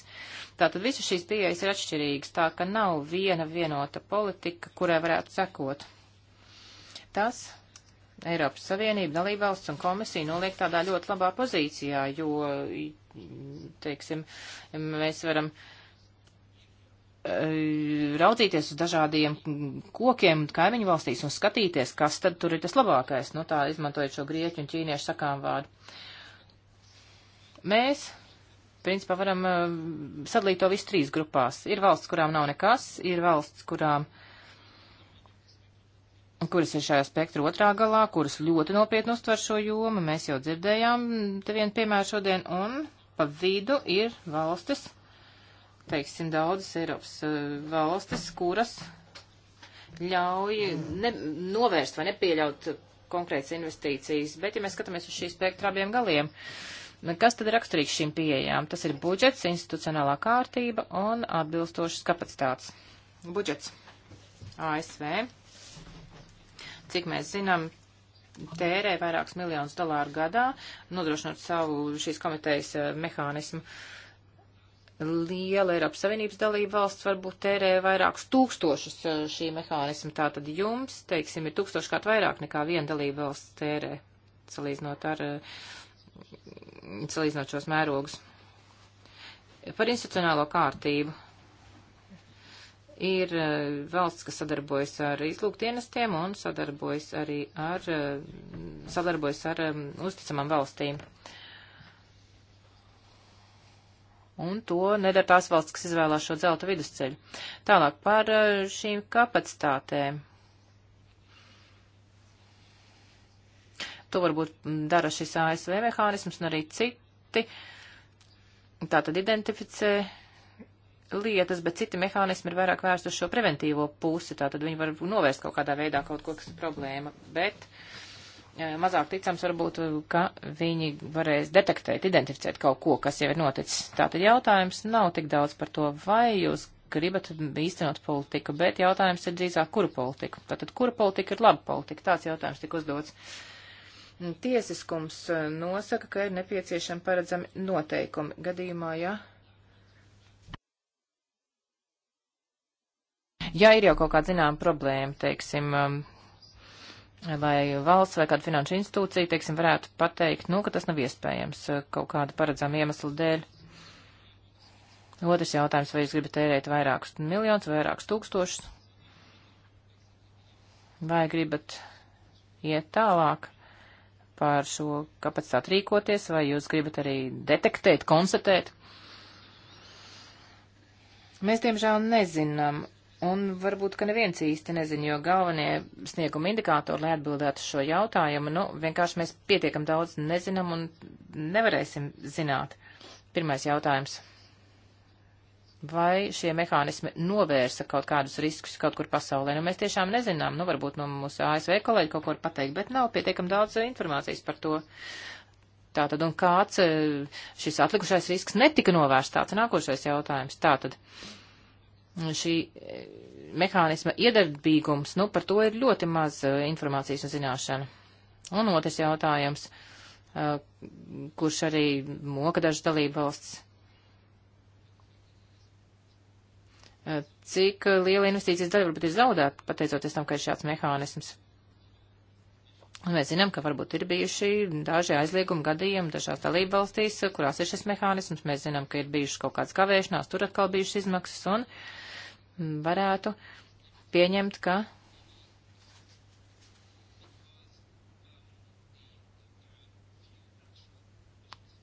Tātad visas šīs pieejas ir atšķirīgas, tā ka nav viena vienota politika, kurai varētu sekot. Tas Eiropas Savienība, dalībvalsts un komisija noliek tādā ļoti labā pozīcijā, jo, teiksim, mēs varam uh, Eh, raudzīties uz dažādiem kokiem kaimiņu valstīs un skatīties, kas tad tur ir tas labākais, nu tā izmantojot šo grieķu un ķīniešu sakām vārdu. Mēs, principā, varam eh, sadalīt to visu trīs grupās. Ir valsts, kurām nav nekas, ir valsts, kurām kuras ir šajā spektra otrā galā, kuras ļoti nopietni uztver šo jomu. Mēs jau dzirdējām te vienu piemēru šodien, un pa vidu ir valstis, teiksim, daudzas Eiropas uh, valstis, kuras ļauj ne, novērst vai nepieļaut konkrētas investīcijas. Bet, ja mēs skatāmies uz šī spektra abiem galiem, kas tad ir raksturīgs šīm pieejām? Tas ir budžets, institucionālā kārtība un atbilstošas kapacitātes. Budžets ASV, cik mēs zinām, tērē vairākus miljonus dolāru gadā, nodrošinot savu šīs komitejas eh, mehānismu. Uh, liela Eiropas Savienības dalība valsts varbūt tērē vairākus tūkstošus eh, šī mehānismu. Tātad jums, teiksim, ir tūkstoškārt vairāk nekā viena dalība valsts tērē, salīdzinot ar, eh, salīdzinot šos mērogus. Par institucionālo kārtību. Ir eh, valsts, kas sadarbojas ar izlūkdienestiem un sadarbojas arī ar, sadarbojas ar um, uzticamām valstīm. Uh, un to nedara tās valsts, kas izvēlās šo zelta vidusceļu. Tālāk par uh, šīm kapacitātēm. To varbūt dara šis ASV mehānisms un arī citi. Tā tad identificē lietas, bet citi mehānismi ir vairāk vērsti uz šo preventīvo pusi. Tā tad viņi var novērst kaut kādā veidā kaut ko, kas ir problēma. Bet uh, mazāk ticams varbūt, ka viņi varēs detektēt, identificēt kaut ko, kas jau ir noticis. Tātad jautājums nav tik daudz par to, vai jūs gribat īstenot politiku, bet jautājums ir drīzāk, kuru politiku. Tātad, kura politika ir laba politika? Tāds jautājums tika uzdots. Tiesiskums e, nosaka, ka ir nepieciešami paredzami noteikumi gadījumā, ja ja ir jau kaut kāda zināma problēma, teiksim, um, lai valsts vai kāda finanšu institūcija, teiksim, varētu pateikt, nu, ka tas nav iespējams eh, kaut kāda paredzama iemesla dēļ. Otrs jautājums, vai jūs gribat tērēt vairākus miljonus, vairākus tūkstošus, vai gribat iet tālāk par šo kapacitāti rīkoties, vai jūs gribat arī detektēt, konstatēt. Mēs, diemžēl, nezinām, Un varbūt, ka neviens īsti nezina, jo galvenie snieguma indikātori, lai atbildētu šo jautājumu, nu, vienkārši mēs pietiekam daudz nezinām un nevarēsim zināt. Pirmais jautājums. Vai šie mehānismi novērsa kaut kādus riskus kaut kur pasaulē? Nu, mēs tiešām nezinām, nu, varbūt no mūsu ASV kolēģi kaut ko ir pateikt, bet nav pietiekam daudz eh, informācijas par to. Tātad, un kāds eh, šis atlikušais risks netika novērsts? Tāds nākošais jautājums. Tātad. Uh, šī eh, mehānisma iedarbīgums, nu, par to ir ļoti maz eh, informācijas un zināšana. Un otrs jautājums, eh, kurš arī moka dažas dalība valsts. Cik liela investīcijas daļa varbūt ir zaudēta, pateicoties tam, ka ir šāds mehānisms? Un mēs zinām, ka varbūt ir bijuši daži aizliegumi gadījumi dažās dalībvalstīs, kurās ir šis mehānisms. Mēs zinām, ka ir bijušas kaut kādas kavēšanās, tur atkal bijušas izmaksas, un varētu pieņemt, ka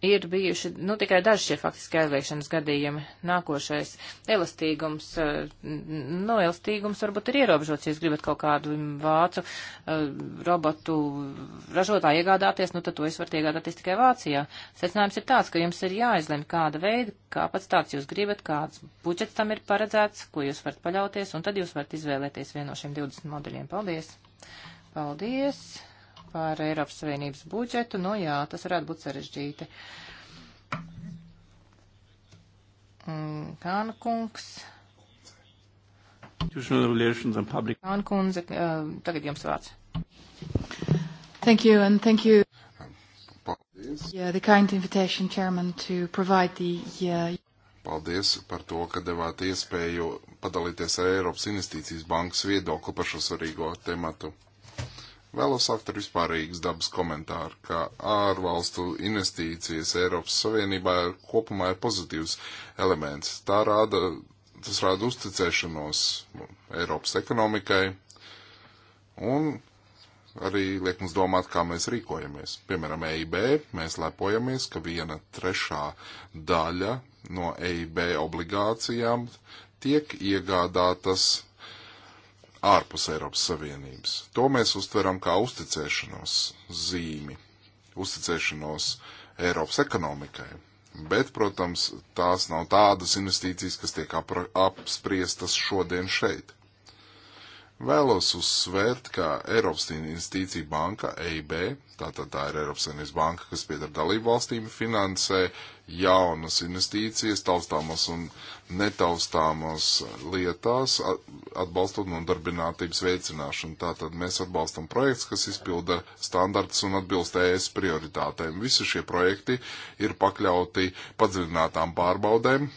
ir bijuši nu, tikai daži šie faktiski aizliekšanas gadījumi. Nākošais elastīgums, eh, nu, elastīgums varbūt ir ierobežots, ja jūs gribat kaut kādu vācu eh, robotu ražotāju iegādāties, nu, tad to jūs varat iegādāties tikai Vācijā. Secinājums ir tāds, ka jums ir jāizlemj, kāda veida, kāpēc tāds jūs gribat, kāds budžets tam ir paredzēts, ko jūs varat paļauties, un tad jūs varat izvēlēties vienu no šiem 20 modeļiem. Paldies! Paldies! par Eiropas Savienības budžetu. Nu jā, tas varētu būt sarežģīti. Mm, Kāna kungs. Kāna kundze, eh, tagad jums vārds. Thank you and thank you. Paldies. Yeah, the kind invitation, Chairman, to provide the. Yeah. Paldies par to, ka devāt iespēju padalīties ar Eiropas Investīcijas bankas viedokli par šo svarīgo tematu. Vēlos sākt ar vispārīgas dabas komentāru, ka ārvalstu investīcijas Eiropas Savienībā kopumā ir pozitīvs elements. Tā rāda, tas rāda uzticēšanos Eiropas ekonomikai un arī liek mums domāt, kā mēs rīkojamies. Piemēram, EIB, mēs lepojamies, ka viena trešā daļa no EIB obligācijām tiek iegādātas ārpus Eiropas Savienības. To mēs uztveram kā uzticēšanos zīmi, uzticēšanos Eiropas ekonomikai. Bet, protams, tās nav tādas investīcijas, kas tiek apra, apspriestas šodien šeit. Vēlos uzsvērt, ka Eiropas Investīcija banka, EIB, tātad tā ir Eiropas Savienības banka, kas piedara dalību valstīm, finansē jaunas investīcijas taustāmos un netaustāmos lietās, atbalstot nodarbinātības veicināšanu. Tātad mēs atbalstam projekts, kas izpilda standarts un atbilst ES prioritātēm. Visi šie projekti ir pakļauti padziļinātām pārbaudēm,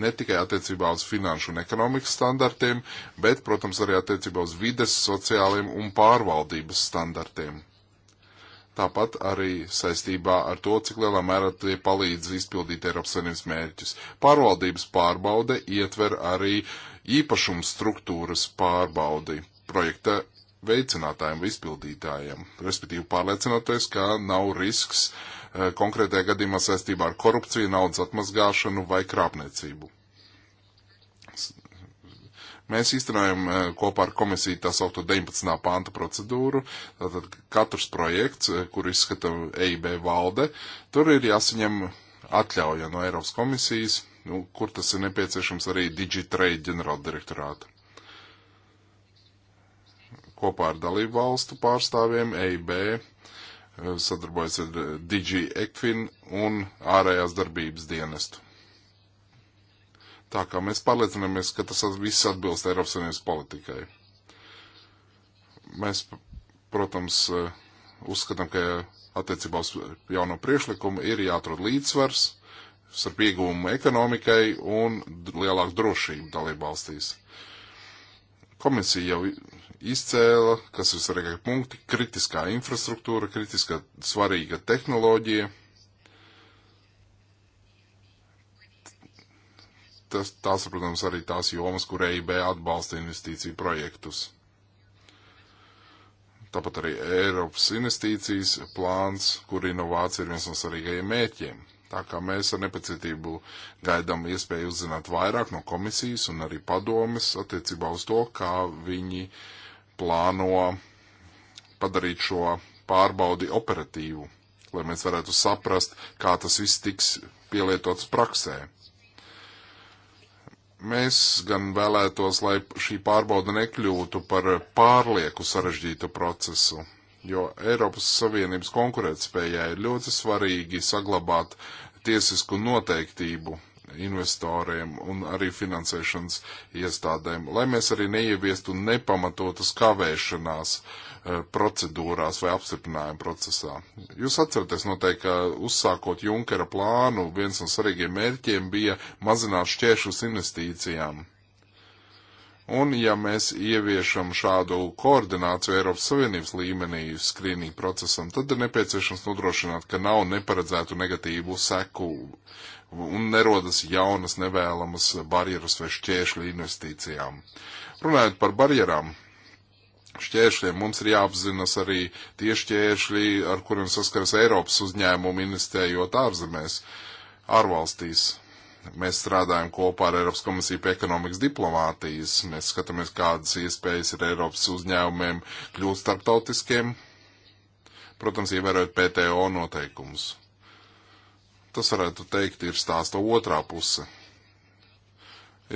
ne tikai attiecībā uz finanšu un ekonomikas standartiem, bet, protams, arī attiecībā uz vides, sociāliem un pārvaldības standartiem. Tāpat arī saistībā ar to, cik lielā mērā tie palīdz izpildīt Eiropas Savienības mērķus. Pārvaldības pārbaude ietver arī īpašumu struktūras pārbaudi projekta veicinātājiem, izpildītājiem, respektīvi pārliecinoties, ka nav risks uh, Eh, konkrētajā gadījumā saistībā ar korupciju, naudas atmazgāšanu vai krāpniecību. Mēs izstrādājam eh, kopā ar komisiju tā saukto 19. panta procedūru. Tātad katrs projekts, eh, kur izskata EIB valde, tur ir jāsaņem atļauja no Eiropas komisijas, nu, kur tas ir nepieciešams arī Digitrade ģenerāldirektorāta. Kopā ar dalību valstu pārstāvjiem EIB Eh, sadarbojas ar eh, DG Ekfin un ārējās darbības dienestu. Tā kā mēs pārliecinamies, ka tas viss atbilst Eiropas Savienības politikai. Mēs, protams, eh, uzskatām, ka attiecībā uz jauno priekšlikumu ir jāatrod līdzsvars starp iegūmu ekonomikai un lielāku drošību dalībvalstīs. Komisija jau izcēla, kas ir svarīgākie punkti - kritiskā infrastruktūra, kritiskā svarīga tehnoloģija. Tas, tās, protams, arī tās jomas, kur EIB atbalsta investīciju projektus. Tāpat arī Eiropas investīcijas plāns, kur inovācija ir viens no svarīgajiem mēķiem. Tā kā mēs ar nepacietību gaidām iespēju uzzināt vairāk no komisijas un arī padomes attiecībā uz to, kā viņi uh, plāno padarīt šo pārbaudi operatīvu, lai mēs varētu saprast, kā tas viss tiks pielietots praksē. Mēs gan vēlētos, lai šī pārbauda nekļūtu par pārlieku sarežģītu procesu, jo Eiropas Savienības konkurētspējai ir ļoti svarīgi saglabāt tiesisku noteiktību investoriem un arī finansēšanas iestādēm, lai mēs arī neieviestu nepamatotas kavēšanās e, procedūrās vai apstiprinājuma procesā. Jūs atceraties noteikti, ka uzsākot Junkera plānu, viens no svarīgiem mērķiem bija mazināt šķēršus investīcijām. Un ja mēs ieviešam šādu koordināciju Eiropas Savienības līmenī skrīningu procesam, tad ir nepieciešams nodrošināt, ka nav neparedzētu negatīvu seku uh, un nerodas jaunas nevēlamas barjeras vai šķēršļi investīcijām. Runājot par barjerām, šķēršļiem mums ir jāapzinas arī tie šķēršļi, ar kuriem saskaras Eiropas uzņēmumi investējot ārzemēs, ārvalstīs. Mēs strādājam kopā ar Eiropas komisiju pie ekonomikas diplomātijas. Mēs skatāmies, kādas iespējas ir Eiropas uzņēmumiem kļūt starptautiskiem, protams, ievērojot PTO noteikumus. Tas varētu teikt, ir stāsta otrā puse.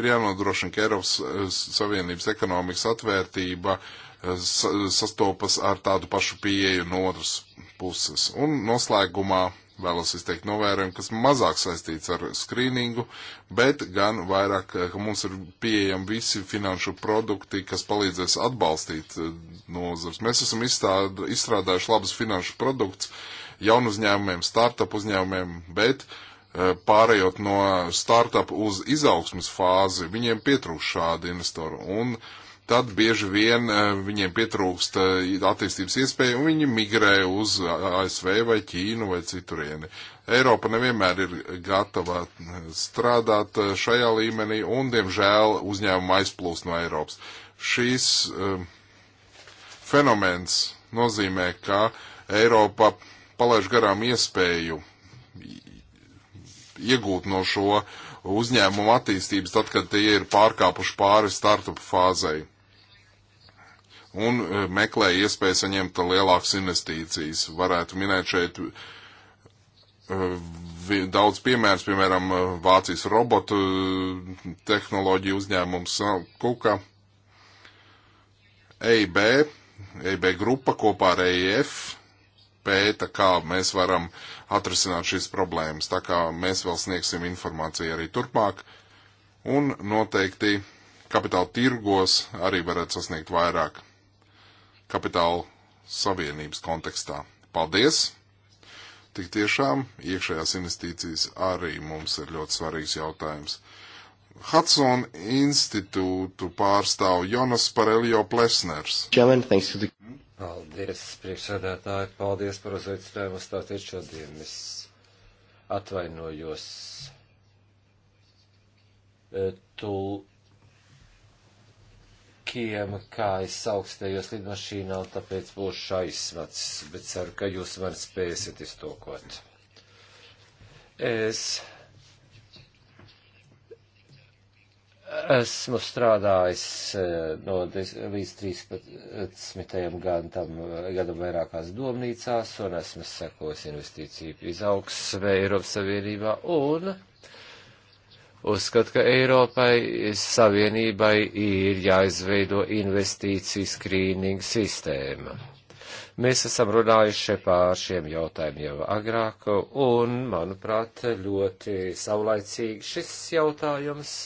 Ir jānodrošina, ka Eiropas eh, Savienības ekonomikas atvērtība eh, sastopas ar tādu pašu pieeju no otras puses. Un noslēgumā vēlos izteikt novērojumu, kas mazāk saistīts ar skrīningu, bet gan vairāk, eh, ka mums ir pieejami visi finanšu produkti, kas palīdzēs atbalstīt nozars. Mēs esam izstād, izstrādājuši labus finanšu produktus, jaunu uzņēmumiem, startup uzņēmumiem, bet e, pārējot no startup uz izaugsmas fāzi, viņiem pietrūkst šādi investori. Un tad bieži vien e, viņiem pietrūkst e, attīstības iespēja un viņi migrē uz ASV vai Ķīnu vai citurieni. Eiropa nevienmēr ir gatava strādāt šajā līmenī un, diemžēl, uzņēmuma aizplūst no Eiropas. Šīs uh, fenomens nozīmē, ka Eiropa palaiž garām iespēju iegūt no šo uzņēmumu attīstības, tad, kad tie ir pārkāpuši pāri startup fāzei un e, meklē iespēju saņemt lielākas investīcijas. Varētu minēt šeit e, daudz piemērs, piemēram, e, Vācijas robotu tehnoloģiju uzņēmums Kuka, EIB, EIB grupa kopā ar EIF pēta, kā mēs varam atrisināt šīs problēmas. Tā kā mēs vēl sniegsim informāciju arī turpmāk. Un noteikti kapitāla tirgos arī varētu sasniegt vairāk kapitāla savienības kontekstā. Paldies! Tik tiešām iekšējās investīcijas arī mums ir ļoti svarīgs jautājums. Hudson institūtu pārstāv Jonas Parelio Plesners. Chairman, thanks to the... Paldies, priekšsēdētāji, paldies par uzveicinājumu stāties šodien. Es atvainojos. E, tu kiem, kā es augstējos lidmašīnā, un tāpēc būšu aizsvats, bet ceru, ka jūs man spēsiet iztokot. Es Esmu strādājis eh, no des, līdz 13. Gadam, eh, gadam vairākās domnīcās un esmu sekos investīciju izaugsmē Eiropas Savienībā un uzskatu, ka Eiropai Savienībai ir jāizveido investīciju skrīninga sistēma. Mēs esam runājuši pār šiem jautājumiem jau agrāk, un, manuprāt, ļoti saulaicīgi šis jautājums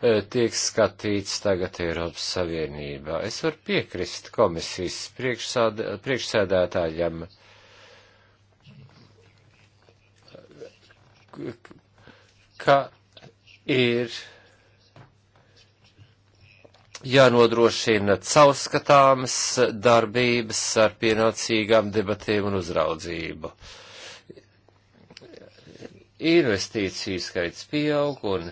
Eh, tiek skatīts tagad Eiropas Savienībā. Es varu piekrist komisijas priekšsēdētājiem. ka ir jānodrošina caurskatāmas darbības ar pienācīgām debatēm un uzraudzību. Investīciju skaits pieaug un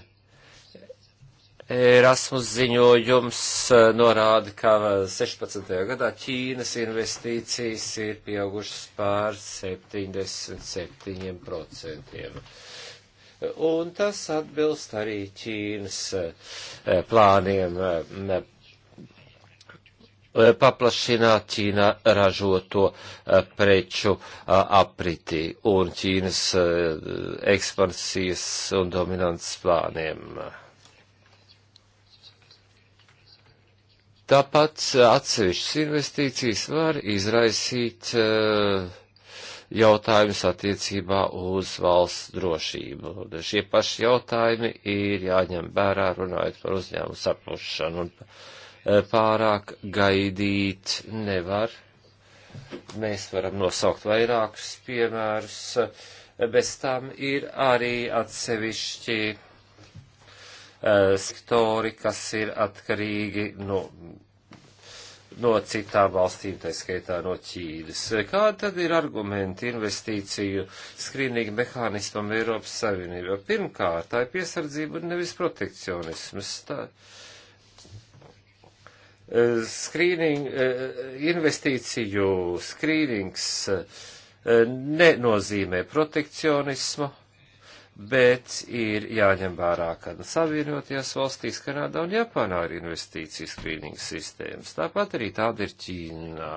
Erasmus ziņojums eh, norāda, ka 16. Eh, gadā Ķīnas investīcijas ir pieaugušas pār 77%. Un tas atbilst arī Ķīnas eh, plāniem paplašināt Ķīnā ražoto preču apriti un Ķīnas ekspansijas un dominants plāniem. Tāpat atsevišķas investīcijas var izraisīt eh, jautājumus attiecībā uz valsts drošību. Šie paši jautājumi ir jāņem vērā runājot par uzņēmumu saplušanu un eh, pārāk gaidīt nevar. Mēs varam nosaukt vairākus piemērus. Eh, bez tam ir arī atsevišķi Eh, sektori, kas ir atkarīgi no, no citām valstīm, tā skaitā no Ķīnas. Kādi tad ir argumenti investīciju skrīninga mehānismam Eiropas Savienībā? Pirmkārt, tā ir piesardzība un nevis protekcionisms. Tā, eh, Skrīning, eh, investīciju skrīnings nenozīmē protekcionismu, bet ir jāņem vērā, ka Savienotajās valstīs, Kanādā un Japānā ir investīcijas skrīninga sistēmas. Tāpat arī tāda ir Ķīnā.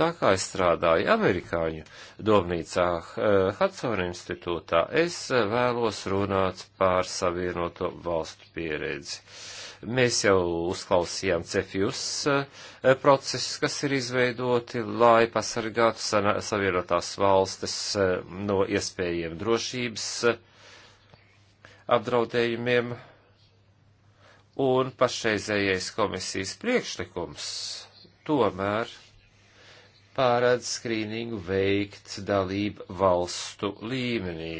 Tā kā es strādāju Amerikāņu domnīcā eh, Hudson institūtā, es eh, vēlos runāt par Savienoto valstu pieredzi. Uh, Mēs jau uzklausījām cefjus eh, procesus, kas ir izveidoti, lai pasargātu savienotās valstis eh, no iespējiem drošības eh, apdraudējumiem, un pašreizējais komisijas priekšlikums tomēr pārēdz skrīningu veikt dalību valstu līmenī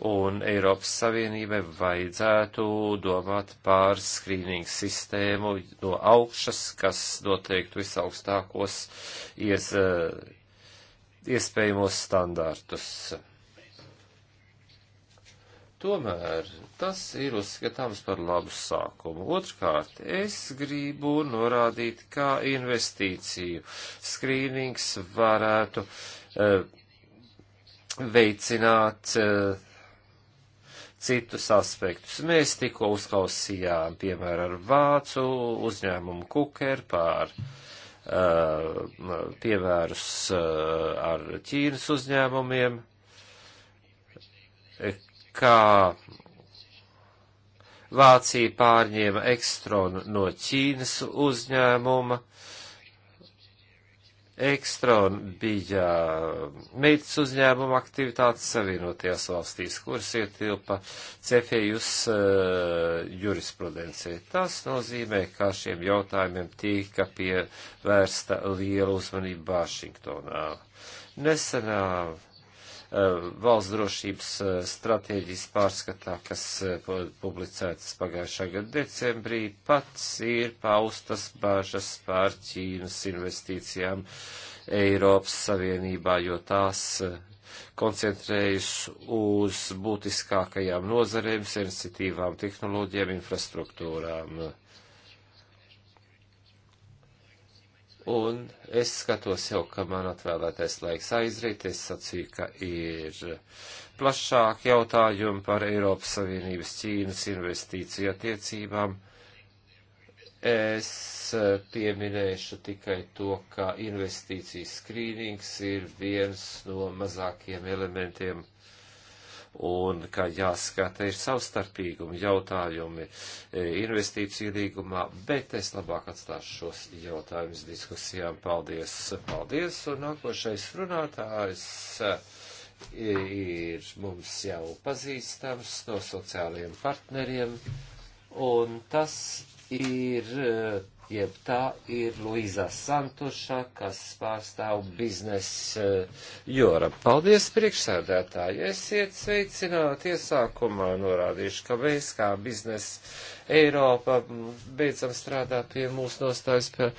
un Eiropas Savienībai vajadzētu domāt par skrīningu sistēmu no augšas, kas noteiktu visaugstākos ies, eh, iespējamos standārtus. Tomēr tas ir uzskatāms par labu sākumu. Otrkārt, es gribu norādīt, kā investīciju skrīnings varētu uh, veicināt uh, citus aspektus. Mēs tikko uzklausījām, piemēram, ar vācu uzņēmumu Kuker pār uh, piemērus uh, ar Ķīnas uzņēmumiem, kā Vācija pārņēma ekstronu no Ķīnas uzņēmuma Ekstron bija meitas uzņēmuma aktivitātes savienotajās valstīs, kuras ietilpa cefējus uh, eh, jurisprudencē. Tas nozīmē, ka šiem jautājumiem tika pievērsta liela uzmanība Vašingtonā. Nesenā Eh, valsts drošības eh, stratēģijas pārskatā, kas eh, publicētas pagājušā gada decembrī, pats ir paustas bāžas pār Ķīnas investīcijām Eiropas Savienībā, jo tās koncentrējas uz būtiskākajām nozarēm, sensitīvām tehnoloģijām, infrastruktūrām. Un es skatos jau, ka man atvēlētais laiks aizrīt, es sacīju, ka ir plašāk jautājumi par Eiropas Savienības Ķīnas investīciju attiecībām. Es eh, pieminēšu tikai to, ka investīcijas skrīnings ir viens no mazākiem elementiem un ka jāskata ir savstarpīgumi jautājumi e, investīciju līgumā, bet es labāk atstāšu šos jautājumus diskusijām. Paldies, paldies, un nākošais runātājs e, ir mums jau pazīstams no sociālajiem partneriem, un tas ir e, jeb tā ir Luīza Santuša, kas pārstāv biznesa jūra. Eh, Paldies, priekšsēdētāji! Esiet sveicināti! Iesākumā norādīšu, ka mēs kā biznesa Eiropa beidzam strādāt pie mūsu nostājas, par,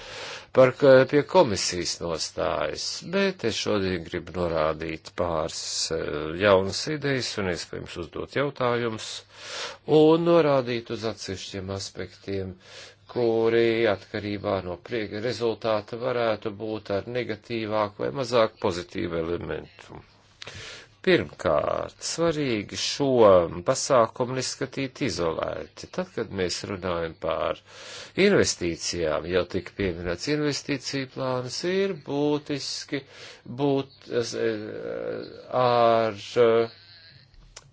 par, pie komisijas nostājas, bet es šodien gribu norādīt pāris eh, jaunas idejas un iespējams uzdot jautājumus un norādīt uz atsevišķiem aspektiem, kuri atkarībā no prieka rezultāta varētu būt ar negatīvāku vai mazāk pozitīvu elementu. Pirmkārt, svarīgi šo pasākumu neskatīt izolēti. Tad, kad mēs runājam par investīcijām, jau tik pieminēts investīciju plāns, ir būtiski būt e, ar e,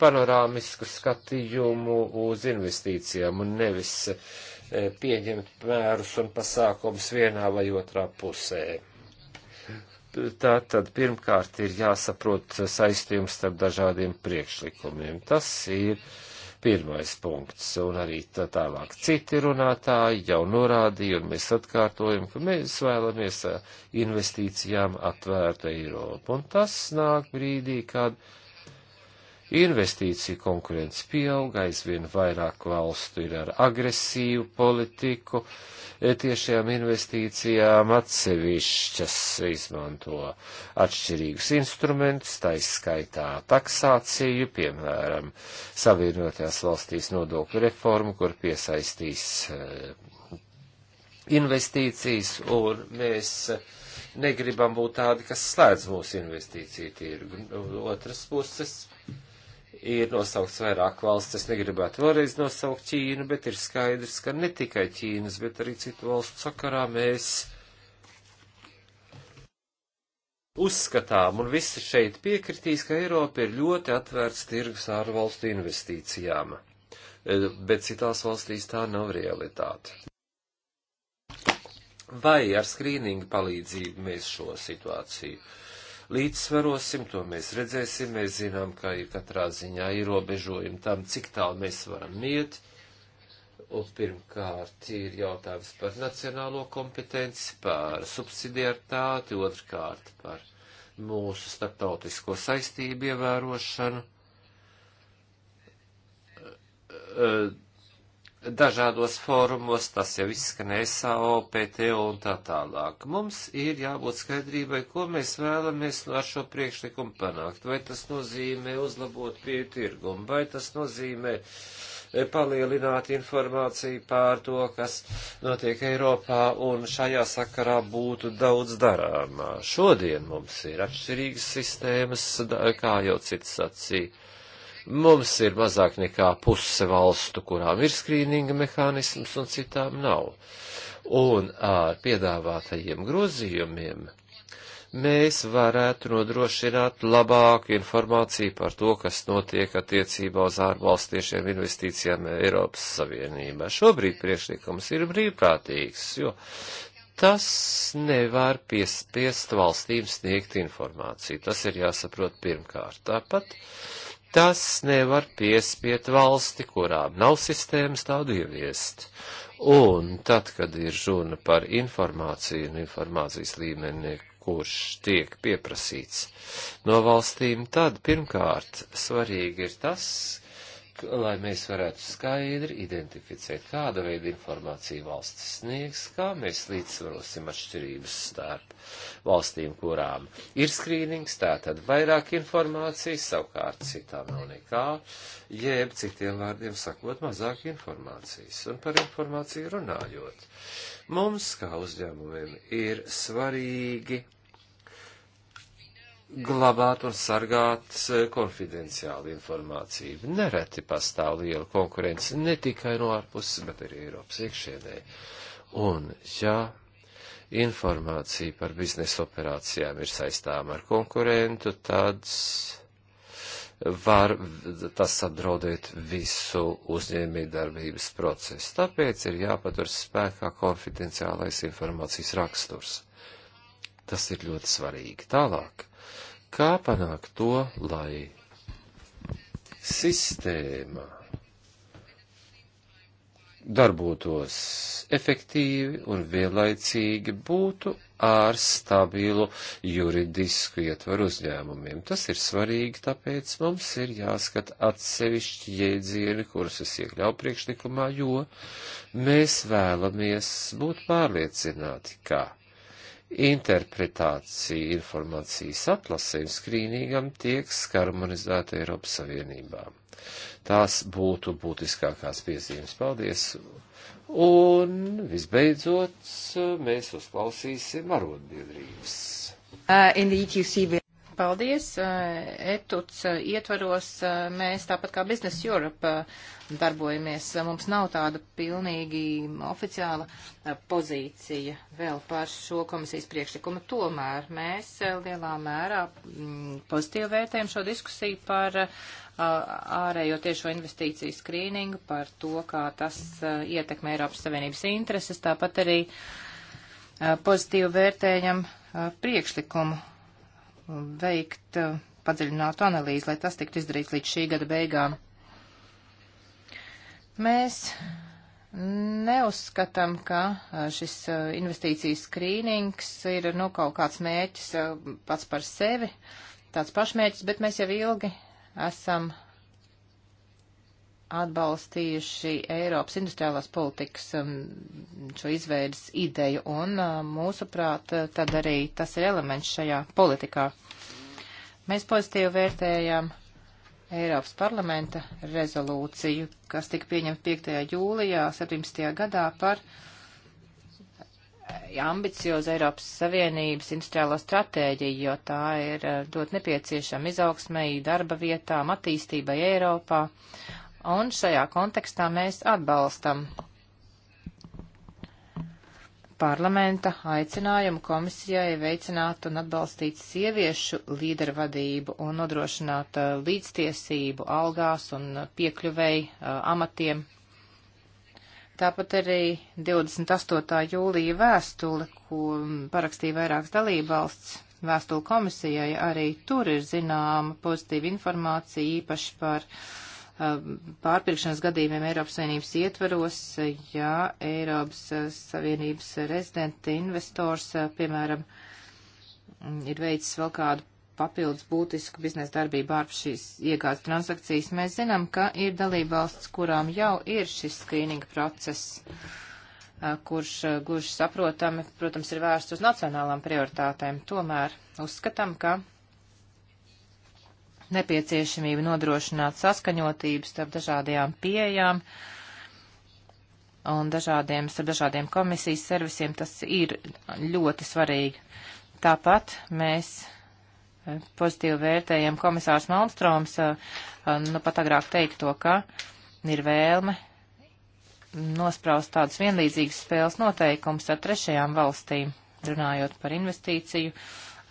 panorāmisku skatījumu uz investīcijām un nevis uh, E, pieņemt mērus un pasākums vienā vai otrā pusē. Tā tad pirmkārt ir jāsaprot saistījums starp dažādiem priekšlikumiem. Tas ir pirmais punkts, un arī tā tālāk citi runātāji jau norādīja, un mēs atkārtojam, ka mēs vēlamies e, investīcijām atvērtu Eiropu. Un tas nāk brīdī, kad. Uh, Investīcija konkurence pieauga, aizvien vairāk valstu ir ar agresīvu politiku, e, tiešajām investīcijām atsevišķas izmanto atšķirīgus instrumentus, taiskaitā taksāciju, piemēram, Savienotajās valstīs nodokļu reformu, kur piesaistīs e, investīcijas, un mēs negribam būt tādi, kas slēdz mūsu investīciju tirgu. Otras puses ir nosaukts vairāk valsts, es negribētu vēlreiz nosaukt Ķīnu, bet ir skaidrs, ka ne tikai Ķīnas, bet arī citu valstu sakarā mēs uzskatām, un visi šeit piekritīs, ka Eiropa ir ļoti atvērts tirgus ārvalstu investīcijām, e, bet citās valstīs tā nav realitāte. Vai ar skrīningu palīdzību mēs šo situāciju uh, līdzsvarosim, to mēs redzēsim, mēs zinām, ka ir katrā ziņā ierobežojumi tam, cik tālu mēs varam iet. Un pirmkārt ir jautājums par nacionālo kompetenci, par subsidiartāti, otrkārt par mūsu starptautisko saistību ievērošanu. Uh, uh, dažādos fórumos, tas jau izskanēja SAO, PTO un tā tālāk. Mums ir jābūt skaidrībai, ko mēs vēlamies ar šo priekšlikumu panākt. Vai tas nozīmē uzlabot pieeju tirgumu, vai tas nozīmē eh, palielināt informāciju pār to, kas notiek Eiropā, un šajā sakarā būtu daudz darāmā. Šodien mums ir atšķirīgas sistēmas, kā jau cits sacīja Mums ir mazāk nekā puse valstu, kurām ir skrīninga mehānisms un citām nav. Un ar piedāvātajiem grozījumiem mēs varētu nodrošināt labāku informāciju par to, kas notiek attiecībā uz ārvalstiešiem investīcijām Eiropas Savienībā. Šobrīd priekšlikums ir brīvprātīgs, jo tas nevar piespiest valstīm sniegt informāciju. Tas ir jāsaprot pirmkārt. Tāpat Tas nevar piespiet valsti, kurām nav sistēmas tādu ieviest. Un tad, kad ir runa par informāciju un informācijas līmeni, kurš tiek pieprasīts no valstīm, tad pirmkārt svarīgi ir tas, lai mēs varētu skaidri identificēt, kāda veida informācija valsts sniegs, kā mēs līdzsvarosim atšķirības starp valstīm, kurām ir skrīnings, tātad vairāk informācijas, savukārt citām nav nekā, jeb citiem vārdiem sakot, mazāk informācijas. Un par informāciju runājot, mums kā uzņēmumiem ir svarīgi glabāt un sargāt eh, konfidenciālu informāciju. Nereti pastāv liela konkurence ne tikai no ārpuses, bet arī Eiropas iekšienē. Un, ja informācija par biznesa operācijām ir saistām ar konkurentu, tad var tas apdraudēt visu uzņēmību darbības procesu. Tāpēc ir jāpatur spēkā konfidenciālais informācijas raksturs. Tas ir ļoti svarīgi. Tālāk kā panākt to, lai sistēma darbotos efektīvi un vienlaicīgi būtu ar stabilu juridisku ietvaru uzņēmumiem. Tas ir svarīgi, tāpēc mums ir jāskata atsevišķi jēdzieni, kurus es iekļauju priekšlikumā, jo mēs vēlamies būt pārliecināti, ka interpretācija informācijas atlasēm skrīnīgam tiek skarmonizēta Eiropas Savienībā. Tās būtu būtiskākās piezīmes. Paldies! Un visbeidzot, mēs uzklausīsim arotbiedrības. Uh, paldies. Eh, Etuts eh, ietvaros eh, mēs tāpat kā Business Europe darbojamies. Mums nav tāda pilnīgi oficiāla pozīcija vēl par šo komisijas priekšlikumu. Tomēr mēs lielā mērā mm, pozitīvi vērtējam šo diskusiju par ārējo tiešo investīciju skrīningu, par to, kā tas ietekmē Eiropas Savienības intereses. Tāpat arī pozitīvi vērtējam priekšlikumu veikt eh, padziļinātu analīzi, lai tas tiktu izdarīts līdz šī gada beigām. Mēs neuzskatām, ka eh, šis eh, investīcijas skrīnings ir nu, kaut kāds mērķis pats par sevi, tāds pašmērķis, bet mēs jau ilgi esam atbalstījuši Eiropas industriālās politikas um, šo izveidas ideju, un uh, mūsuprāt, uh, tad arī tas ir elements šajā politikā. Mēs pozitīvi vērtējam Eiropas parlamenta rezolūciju, kas tika pieņemta 5. jūlijā 17. gadā par uh, ambiciozu Eiropas Savienības industriālo stratēģiju, jo tā ir ļoti nepieciešama izaugsmai, darba vietām, attīstībai Eiropā. Un šajā kontekstā mēs atbalstam parlamenta aicinājumu komisijai veicināt un atbalstīt sieviešu līdervadību un nodrošināt uh, līdztiesību algās un piekļuvēji uh, amatiem. Tāpat arī 28. jūlija vēstule, ko parakstīja vairākas dalībvalsts, vēstule komisijai, arī tur ir zināma pozitīva informācija īpaši par uh, Um, pārpirkšanas gadījumiem Eiropas Savienības ietvaros, ja Eiropas uh, Savienības rezidenta investors, uh, piemēram, ir veicis vēl kādu papildus būtisku biznesa darbību ārpus šīs iegādes transakcijas. Mēs zinām, ka ir dalībvalsts, kurām jau ir šis skrīninga process, uh, kurš gluži saprotami, protams, ir vērsts uz nacionālām prioritātēm. Tomēr uzskatām, ka nepieciešamību nodrošināt saskaņotību starp dažādajām pieejām un dažādiem, starp dažādiem komisijas servisiem. Tas ir ļoti svarīgi. Tāpat mēs eh, pozitīvi vērtējam komisārs Malmstroms, eh, eh, nu pat agrāk teikto, ka ir vēlme nospraust tādus vienlīdzīgus spēles noteikumus ar trešajām valstīm, runājot par investīciju uh,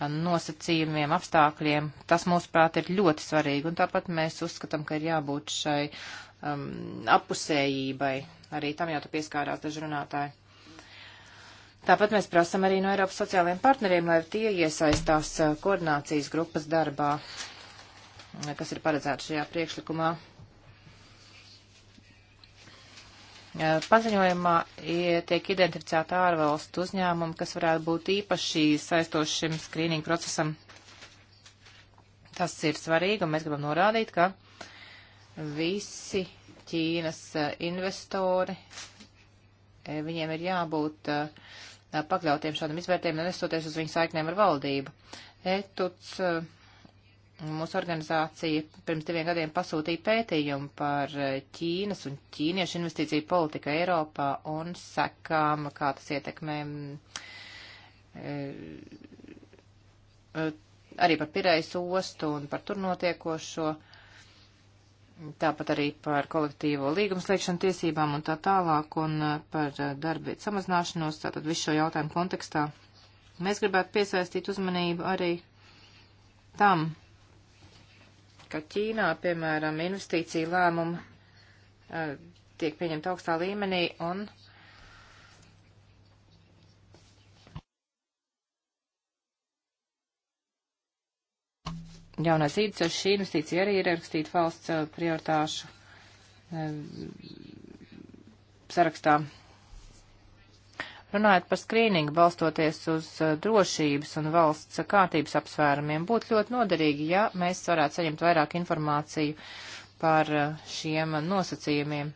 nosacījumiem, apstākļiem. Tas, mūsuprāt, ir ļoti svarīgi, un tāpat mēs uzskatām, ka ir jābūt šai um, apusējībai. Arī tam jau tu pieskārās daži runātāji. Tāpat mēs prasam arī no Eiropas sociālajiem partneriem, lai tie iesaistās uh, koordinācijas grupas darbā, kas ir paredzēta šajā priekšlikumā. Paziņojumā tiek identificēta ārvalstu uzņēmumi, kas varētu būt īpaši saistoši šim skrīningu procesam. Tas ir svarīgi, un mēs gribam norādīt, ka visi Ķīnas investori, viņiem ir jābūt pakļautiem šādam izvērtējumam, nestoties uz viņu saiknēm ar valdību. Etuts Mūsu organizācija pirms diviem gadiem pasūtīja pētījumu par eh, Ķīnas un ķīniešu investīciju politiku Eiropā un sekām, kā tas ietekmē mm, eh, eh, arī par Pirejas ostu un par tur notiekošo, tāpat arī par kolektīvo līgumu slēgšanu tiesībām un tā tālāk un par darbvietu samazināšanos, tātad visu šo jautājumu kontekstā. Mēs gribētu piesaistīt uzmanību arī tam, ka Ķīnā, piemēram, investīcija lēmumi uh, tiek pieņemta augstā līmenī un jaunais īdceļš šī investīcija arī ir rakstīta valsts eh, prioritāšu um, sarakstā. Runājot par skrīningu, balstoties uz uh, drošības un valsts kārtības apsvērumiem, būtu ļoti noderīgi, ja mēs varētu saņemt vairāk informāciju par uh, šiem nosacījumiem.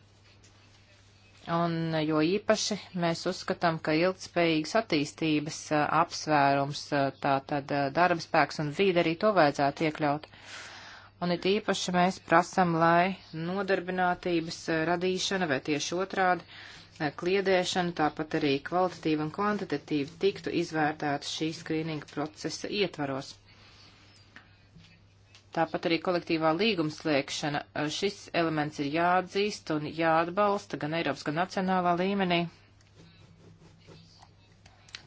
Un uh, jo īpaši mēs uzskatām, ka ilgspējīgas attīstības apsvērums, tātad darba spēks un vīde arī to vajadzētu iekļaut. Un it īpaši mēs prasam, lai nodarbinātības radīšana vai tieši otrādi kliedēšanu, tāpat arī kvalitatīvi un kvantitatīvi tiktu izvērtēta šī skrīninga procesa ietvaros. Tāpat arī kolektīvā līgumslēgšana. Šis elements ir jāatzīst un jāatbalsta gan Eiropas, gan nacionālā līmenī.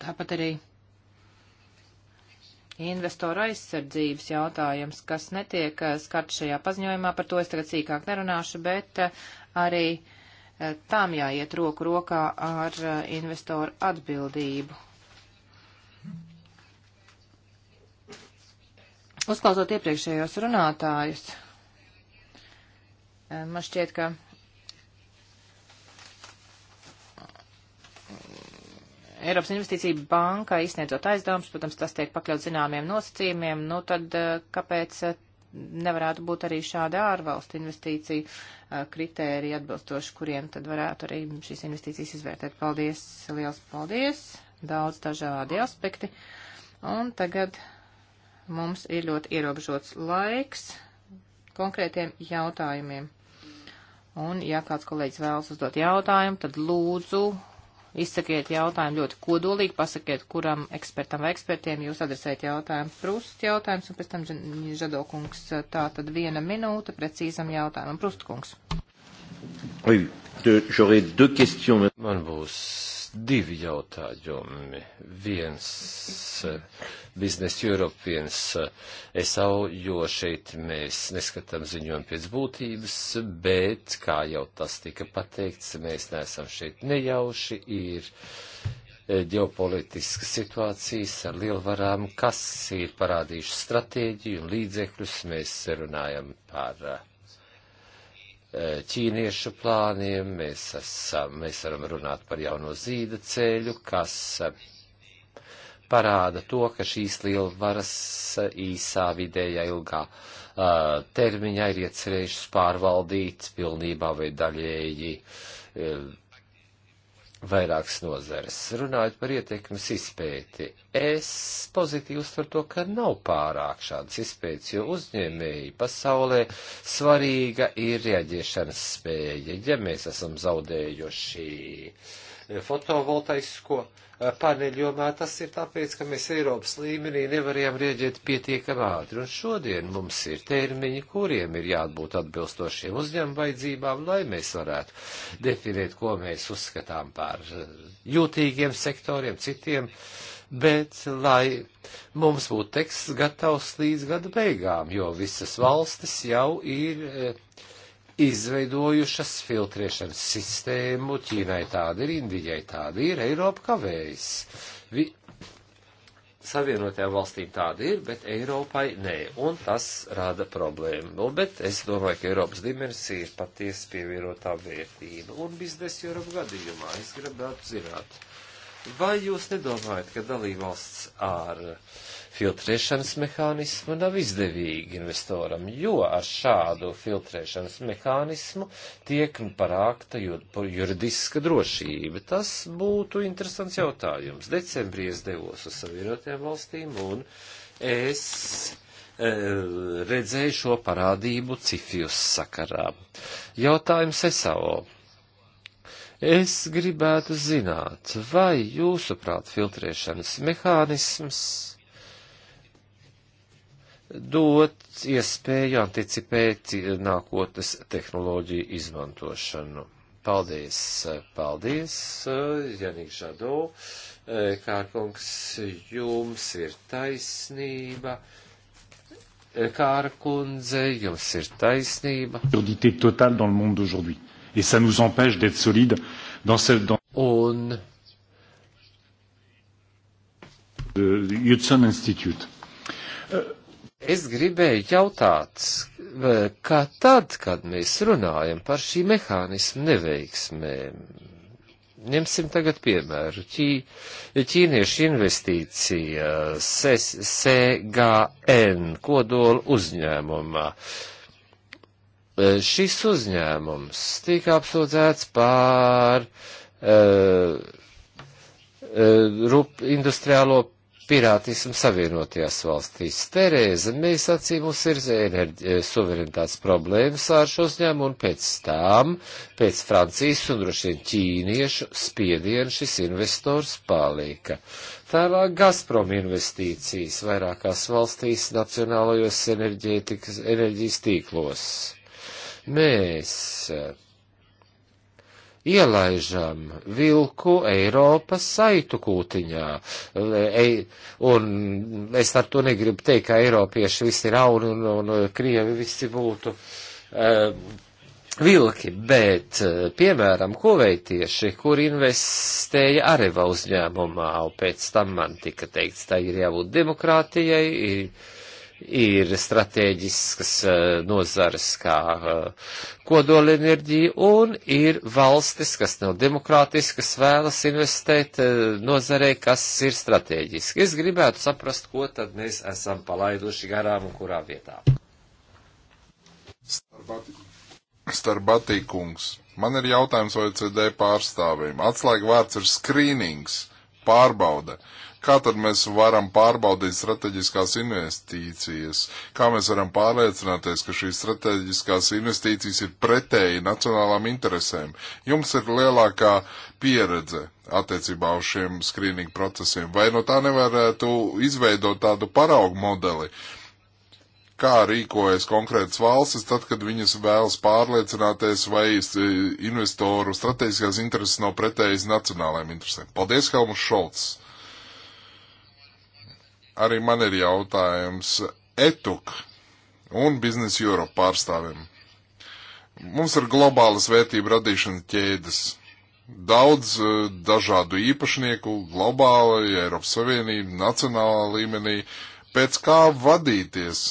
Tāpat arī investoru aizsardzības jautājums, kas netiek skarts šajā paziņojumā, par to es tagad sīkāk nerunāšu, bet arī uh, Eh, tām jāiet roku rokā ar eh, investoru atbildību. Uzklausot iepriekšējos runātājus, eh, man šķiet, ka Eiropas Investīcija banka izsniedzot aizdevumus, protams, tas tiek pakļaut zināmiem nosacījumiem, nu tad kāpēc nevarētu būt arī šāda ārvalstu investīcija uh, kritērija atbilstoši, kuriem tad varētu arī šīs investīcijas izvērtēt. Paldies, liels paldies, daudz dažādi aspekti. Un tagad mums ir ļoti ierobežots laiks konkrētiem jautājumiem. Un, ja kāds kolēģis vēlas uzdot jautājumu, tad lūdzu izsakiet jautājumu ļoti kodolīgi, pasakiet, kuram ekspertam vai ekspertiem jūs adresējat jautājumu. Prust jautājums un pēc tam Žadokungs tā tad viena minūte precīzam jautājumam. Prust kungs. Man būs divi jautājumi. Viens eh, Business Europe, viens eh, SAO, jo šeit mēs neskatām ziņojumu pēc būtības, bet, kā jau tas tika pateikts, mēs neesam šeit nejauši, ir eh, ģeopolitiskas situācijas ar lielvarām, kas ir parādījuši stratēģiju un līdzekļus. Mēs runājam par uh, E, ķīniešu plāniem, mēs, esam, mēs varam runāt par jauno zīda ceļu, kas e, parāda to, ka šīs lielvaras e, īsā, vidējā, ilgā uh, termiņā ir iecerējušas pārvaldīt pilnībā vai daļēji uh, vairākas nozares. Runājot par ietekmes izpēti, es pozitīvi uztveru to, ka nav pārāk šādas izpētes, jo uzņēmēji pasaulē svarīga ir reaģēšanas spēja. Ja mēs esam zaudējuši uh, fotovoltaisko eh, paneļu jomā. Tas ir tāpēc, ka mēs Eiropas līmenī nevarējām rieģēt pietiekam ātri. Un šodien mums ir termiņi, kuriem ir jābūt atbilstošiem uzņēmu vajadzībām, lai mēs varētu definēt, ko mēs uzskatām par eh, jūtīgiem sektoriem, citiem bet lai mums būtu teksts gatavs līdz gada beigām, jo visas valstis jau ir eh, izveidojušas filtrēšanas sistēmu. Ķīnai tāda ir, Indijai tāda ir, Eiropa kavējas. Vi... Savienotajām valstīm tāda ir, bet Eiropai nē, un tas rada problēmu. Nu, bet es domāju, ka Eiropas dimensija ir patiesi pievienotā vērtība, un biznesa Eiropa gadījumā es gribētu zināt, vai jūs nedomājat, ka dalībvalsts ar uh, filtrēšanas mehānismu nav izdevīgi investoram, jo ar šādu filtrēšanas mehānismu tiek parākta juridiska drošība. Tas būtu interesants jautājums. Decembrī es devos uz Savienotajām valstīm un es e, redzēju šo parādību cifjus sakarā. Jautājums Esao. Es gribētu zināt, vai jūsuprāt filtrēšanas mehānisms dot iespēju anticipēt nākotnes tehnoloģiju izmantošanu. Paldies, paldies, Janīk Žado, Kārkungs, jums ir taisnība. Kāra kundze, jums ir taisnība. Un Hudson Institute. Euh, Es gribēju jautāt, kā tad, kad mēs runājam par šī mehānismu neveiksmēm, ņemsim tagad piemēru, ķī, ķīniešu investīcija CGN kodola uzņēmumā. E, šis uzņēmums tika apsūdzēts par uh, rup, industriālo pirātismu savienotajās valstīs. Terēza, mēs acīm mums ir enerģi, eh, suverenitātes problēmas ar šo uzņēmumu, un pēc tām, pēc Francijas un droši vien ķīniešu spiedienu šis investors palika. Tālāk Gazprom investīcijas vairākās valstīs nacionālajos enerģijas tīklos. Mēs eh, ielaižam vilku Eiropas saitu kūtiņā. Ei, e, un es ar to negribu teikt, ka Eiropieši visi ir auni un, un, un Krievi visi būtu um, vilki, bet, e, piemēram, kuveitieši, kur investēja Areva uzņēmumā, un pēc tam man tika teikts, tā ir jābūt demokrātijai, ir ir strateģiskas eh, nozares kā eh, kodolenerģija, un ir valstis, kas nav demokrātiskas, vēlas investēt eh, nozarē, kas ir strateģiski. Es gribētu saprast, ko tad mēs esam palaiduši garām un kurā vietā. Starbatī kungs, man ir jautājums OECD pārstāvim. Atslēgvārds ir skrīnings, pārbauda. Uh, Kā tad mēs varam pārbaudīt strateģiskās investīcijas? Kā mēs varam pārliecināties, ka šīs strateģiskās investīcijas ir pretēji nacionālām interesēm? Jums ir lielākā pieredze attiecībā uz šiem skrīningu procesiem. Vai no tā nevarētu izveidot tādu paraugu modeli? kā rīkojas konkrētas valstis, tad, kad viņas vēlas pārliecināties, vai e, investoru strateģiskās intereses nav pretējas nacionālajām interesēm. Paldies, Helmus Šolts! Arī man ir jautājums ETUK un Business Europe pārstāvim. Mums ir globālas vērtību radīšana ķēdes. Daudz eh, dažādu īpašnieku globāli, Eiropas Savienība, nacionālā līmenī, pēc kā vadīties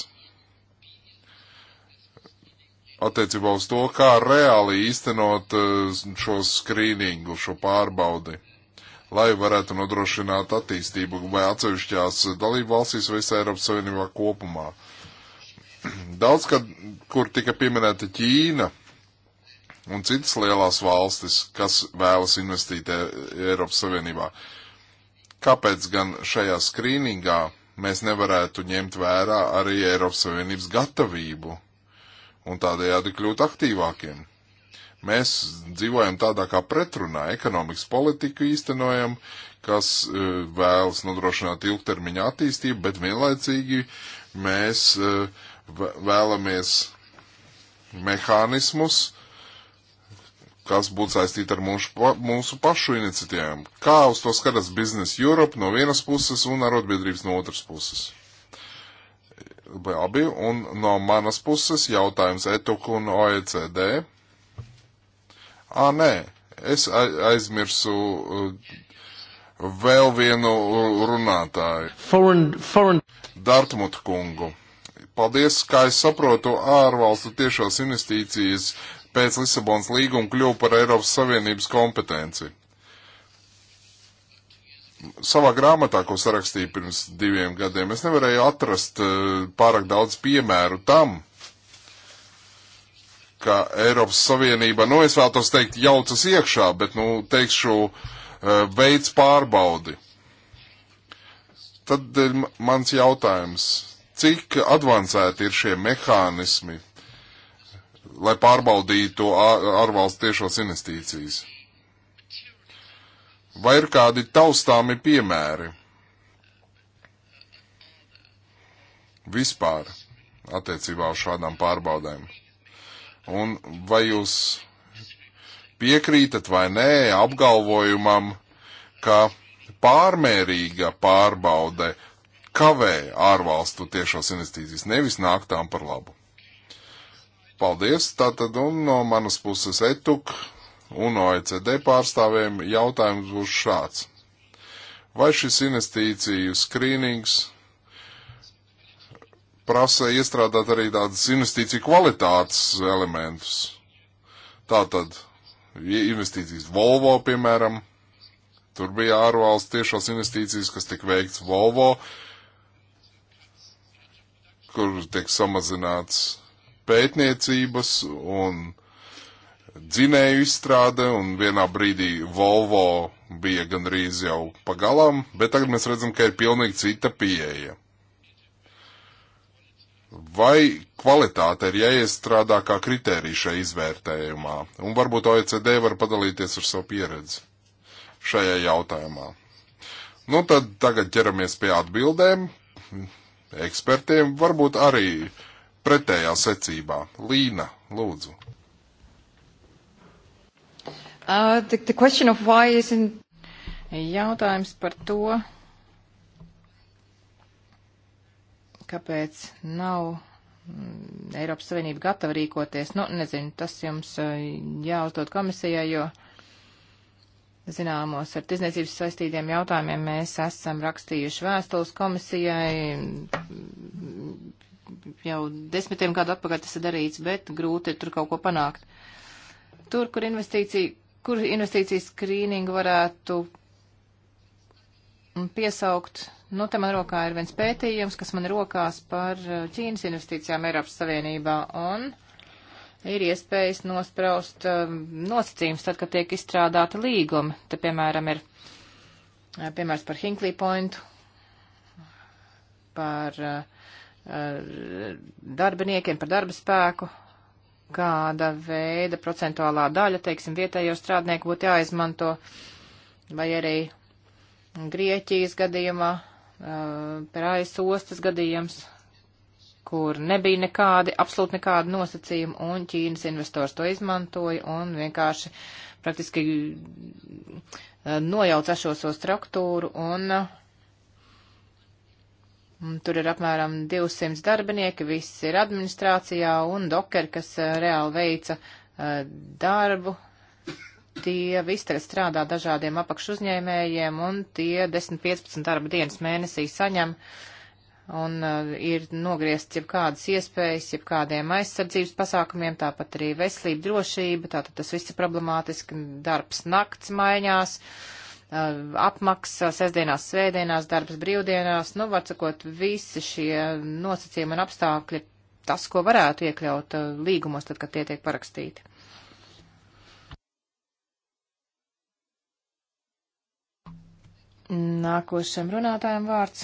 attiecībā uz to, kā reāli īstenot eh, šo skrīningu, šo pārbaudi lai varētu nodrošināt attīstību vai atsevišķās dalību valstīs vai visā Eiropas Savienībā kopumā. (clears throat) Daudz, kad, kur tika pieminēta Ķīna un citas lielās valstis, kas vēlas investīt e, Eiropas Savienībā. Kāpēc gan šajā skrīningā mēs nevarētu ņemt vērā arī Eiropas Savienības gatavību un tādējādi kļūt aktīvākiem? Mēs dzīvojam tādā kā pretrunā, ekonomikas politiku īstenojam, kas e, vēlas nodrošināt ilgtermiņa attīstību, bet vienlaicīgi mēs e, vēlamies mehānismus, kas būtu saistīti ar mūsu, mūsu pašu iniciatīvām. Kā uz to skatās Business Europe no vienas puses un arotbiedrības no otras puses? Abi, un no manas puses jautājums ETUK un OECD Ā, nē, es aizmirsu uh, vēl vienu runātāju. Foreign, foreign. Dartmut kungu. Paldies, kā es saprotu, ārvalstu tiešās investīcijas pēc Lisabonas līguma kļuva par Eiropas Savienības kompetenci. Savā grāmatā, ko sarakstīju pirms diviem gadiem, es nevarēju atrast uh, pārāk daudz piemēru tam, ka Eiropas Savienība, nu es vēlos teikt, jaucas iekšā, bet nu teikšu, eh, veids pārbaudi. Tad ir eh, mans jautājums, cik advancēti ir šie mehānismi, lai pārbaudītu ārvalstu tiešos investīcijas? Vai ir kādi taustāmi piemēri? Vispār attiecībā uz šādām pārbaudēm. Un vai jūs piekrītat vai nē apgalvojumam, ka pārmērīga pārbaude kavē ārvalstu tiešos investīcijas, nevis nāk tām par labu. Paldies, tātad un no manas puses etuk un OECD pārstāvjiem jautājums būs šāds. Vai šis investīciju skrīnings prasa iestrādāt arī tādas investīciju kvalitātes elementus. Tātad investīcijas Volvo, piemēram, tur bija ārvalsts tiešās investīcijas, kas tika veikts Volvo, kur tiek samazināts pētniecības un dzinēju izstrāde, un vienā brīdī Volvo bija gandrīz jau pagalām, bet tagad mēs redzam, ka ir pilnīgi cita pieeja. Vai kvalitāte ir jāiestrādā kā kritērija šajā izvērtējumā? Un varbūt OECD var padalīties ar savu pieredzi šajā jautājumā. Nu tad tagad ķeramies pie atbildēm. Ekspertiem varbūt arī pretējā secībā. Līna, lūdzu. Uh, the, the in... Jautājums par to, kāpēc nav mm, Eiropas Savienība gatava rīkoties. Nu, nezinu, tas jums eh, jāuzdod komisijai, jo zināmos ar tirzniecības saistītiem jautājumiem mēs esam rakstījuši vēstules komisijai. Jau desmitiem gadu atpakaļ tas ir darīts, bet grūti ir tur kaut ko panākt. Tur, kur investīcija, kur investīcija skrīningu varētu piesaukt Nu, te man rokā ir viens pētījums, kas man rokās par uh, Ķīnas investīcijām Eiropas Savienībā, un ir iespējas nospraust um, nosacījums tad, kad tiek izstrādāta līguma. Te, piemēram, ir uh, piemērs par Hinkley Pointu, par uh, darbiniekiem, par darba spēku, kāda veida procentuālā daļa, teiksim, vietējo strādnieku būtu jāizmanto, vai arī Grieķijas gadījumā Eh, Pērājas ostas gadījums, kur nebija nekādi, absolūti nekādi nosacījumi, un Ķīnas investors to izmantoja un vienkārši praktiski eh, nojauca šo struktūru, un, eh, un tur ir apmēram 200 darbinieki, viss ir administrācijā, un dokeri, kas reāli veica darbu, tie visi tagad strādā dažādiem apakšu uzņēmējiem un tie 10-15 darba dienas mēnesī saņem un uh, ir nogriezts jeb kādas iespējas, jeb kādiem aizsardzības pasākumiem, tāpat arī veselība, drošība, tātad tas viss ir problemātiski, darbs nakts maiņās, uh, apmaksa sestdienās, svētdienās, darbs brīvdienās, nu, var sakot, visi šie nosacījumi un apstākļi tas, ko varētu iekļaut uh, līgumos, tad, kad tie tiek parakstīti. Nākošam runātājam vārds.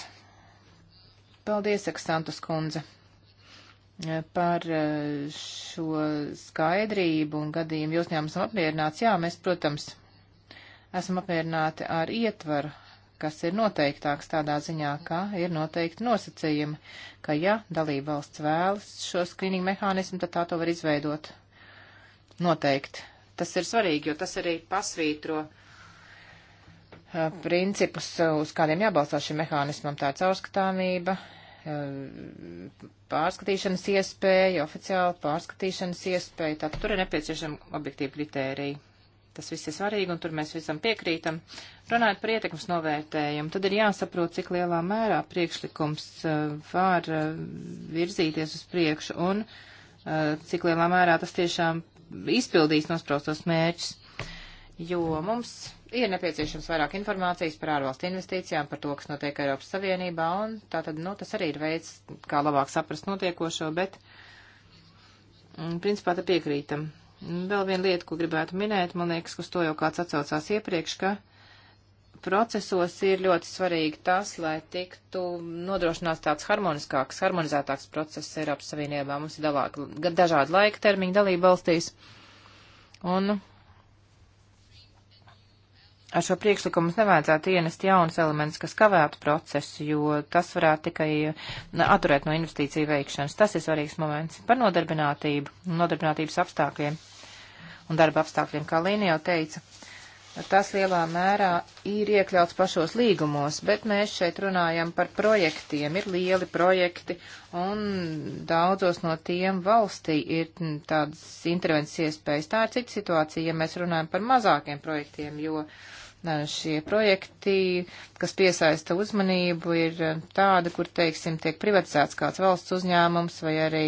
Paldies, Eksantus kundze, e, par e, šo skaidrību un gadījumu. Jūs ņēmums apmierināts, jā, mēs, protams, esam apmierināti ar ietvaru, kas ir noteiktāks tādā ziņā, ka ir noteikti nosacījumi, ka ja dalība valsts vēlas šo skrīningu mehānismu, tad tā to var izveidot. Noteikti. Tas ir svarīgi, jo tas arī pasvītro uh, Eh, principus, eh, uz kādiem jābalstās šim mehānismam, tā caurskatāmība, eh, pārskatīšanas iespēja, oficiāla pārskatīšanas iespēja, tātad tur ir nepieciešama objektīva kritērija. Tas viss ir svarīgi, un tur mēs visam piekrītam. Runājot par ietekmes novērtējumu, tad ir jāsaprot, cik lielā mērā priekšlikums var virzīties uz priekšu, un cik lielā mērā tas tiešām izpildīs nospraustos mērķus. Jo mums ir nepieciešams vairāk informācijas par ārvalstu investīcijām, par to, kas notiek Eiropas Savienībā, un tā tad, nu, tas arī ir veids, kā labāk saprast notiekošo, bet, mm, principā, te piekrītam. Vēl viena lieta, ko gribētu minēt, man liekas, uz to jau kāds atsaucās iepriekš, ka procesos ir ļoti svarīgi tas, lai tiktu nodrošināts tāds harmoniskāks, harmonizētāks process Eiropas Savienībā. Mums ir dalāk, dažādi laika termiņi dalība valstīs. Un ar šo priekšlikumu mums nevajadzētu ienest jaunas elements, kas kavētu procesu, jo tas varētu tikai atturēt no investīciju veikšanas. Tas ir svarīgs moments par nodarbinātību, nodarbinātības apstākļiem un darba apstākļiem, kā Līna jau teica. Tas lielā mērā ir iekļauts pašos līgumos, bet mēs šeit runājam par projektiem. Ir lieli projekti, un daudzos no tiem valstī ir tādas intervences iespējas. Tā ir cita situācija, ja mēs runājam par mazākiem projektiem, jo uh, šie projekti, kas piesaista uzmanību, ir tādi, kur, teiksim, tiek privatizēts kāds valsts uzņēmums vai arī,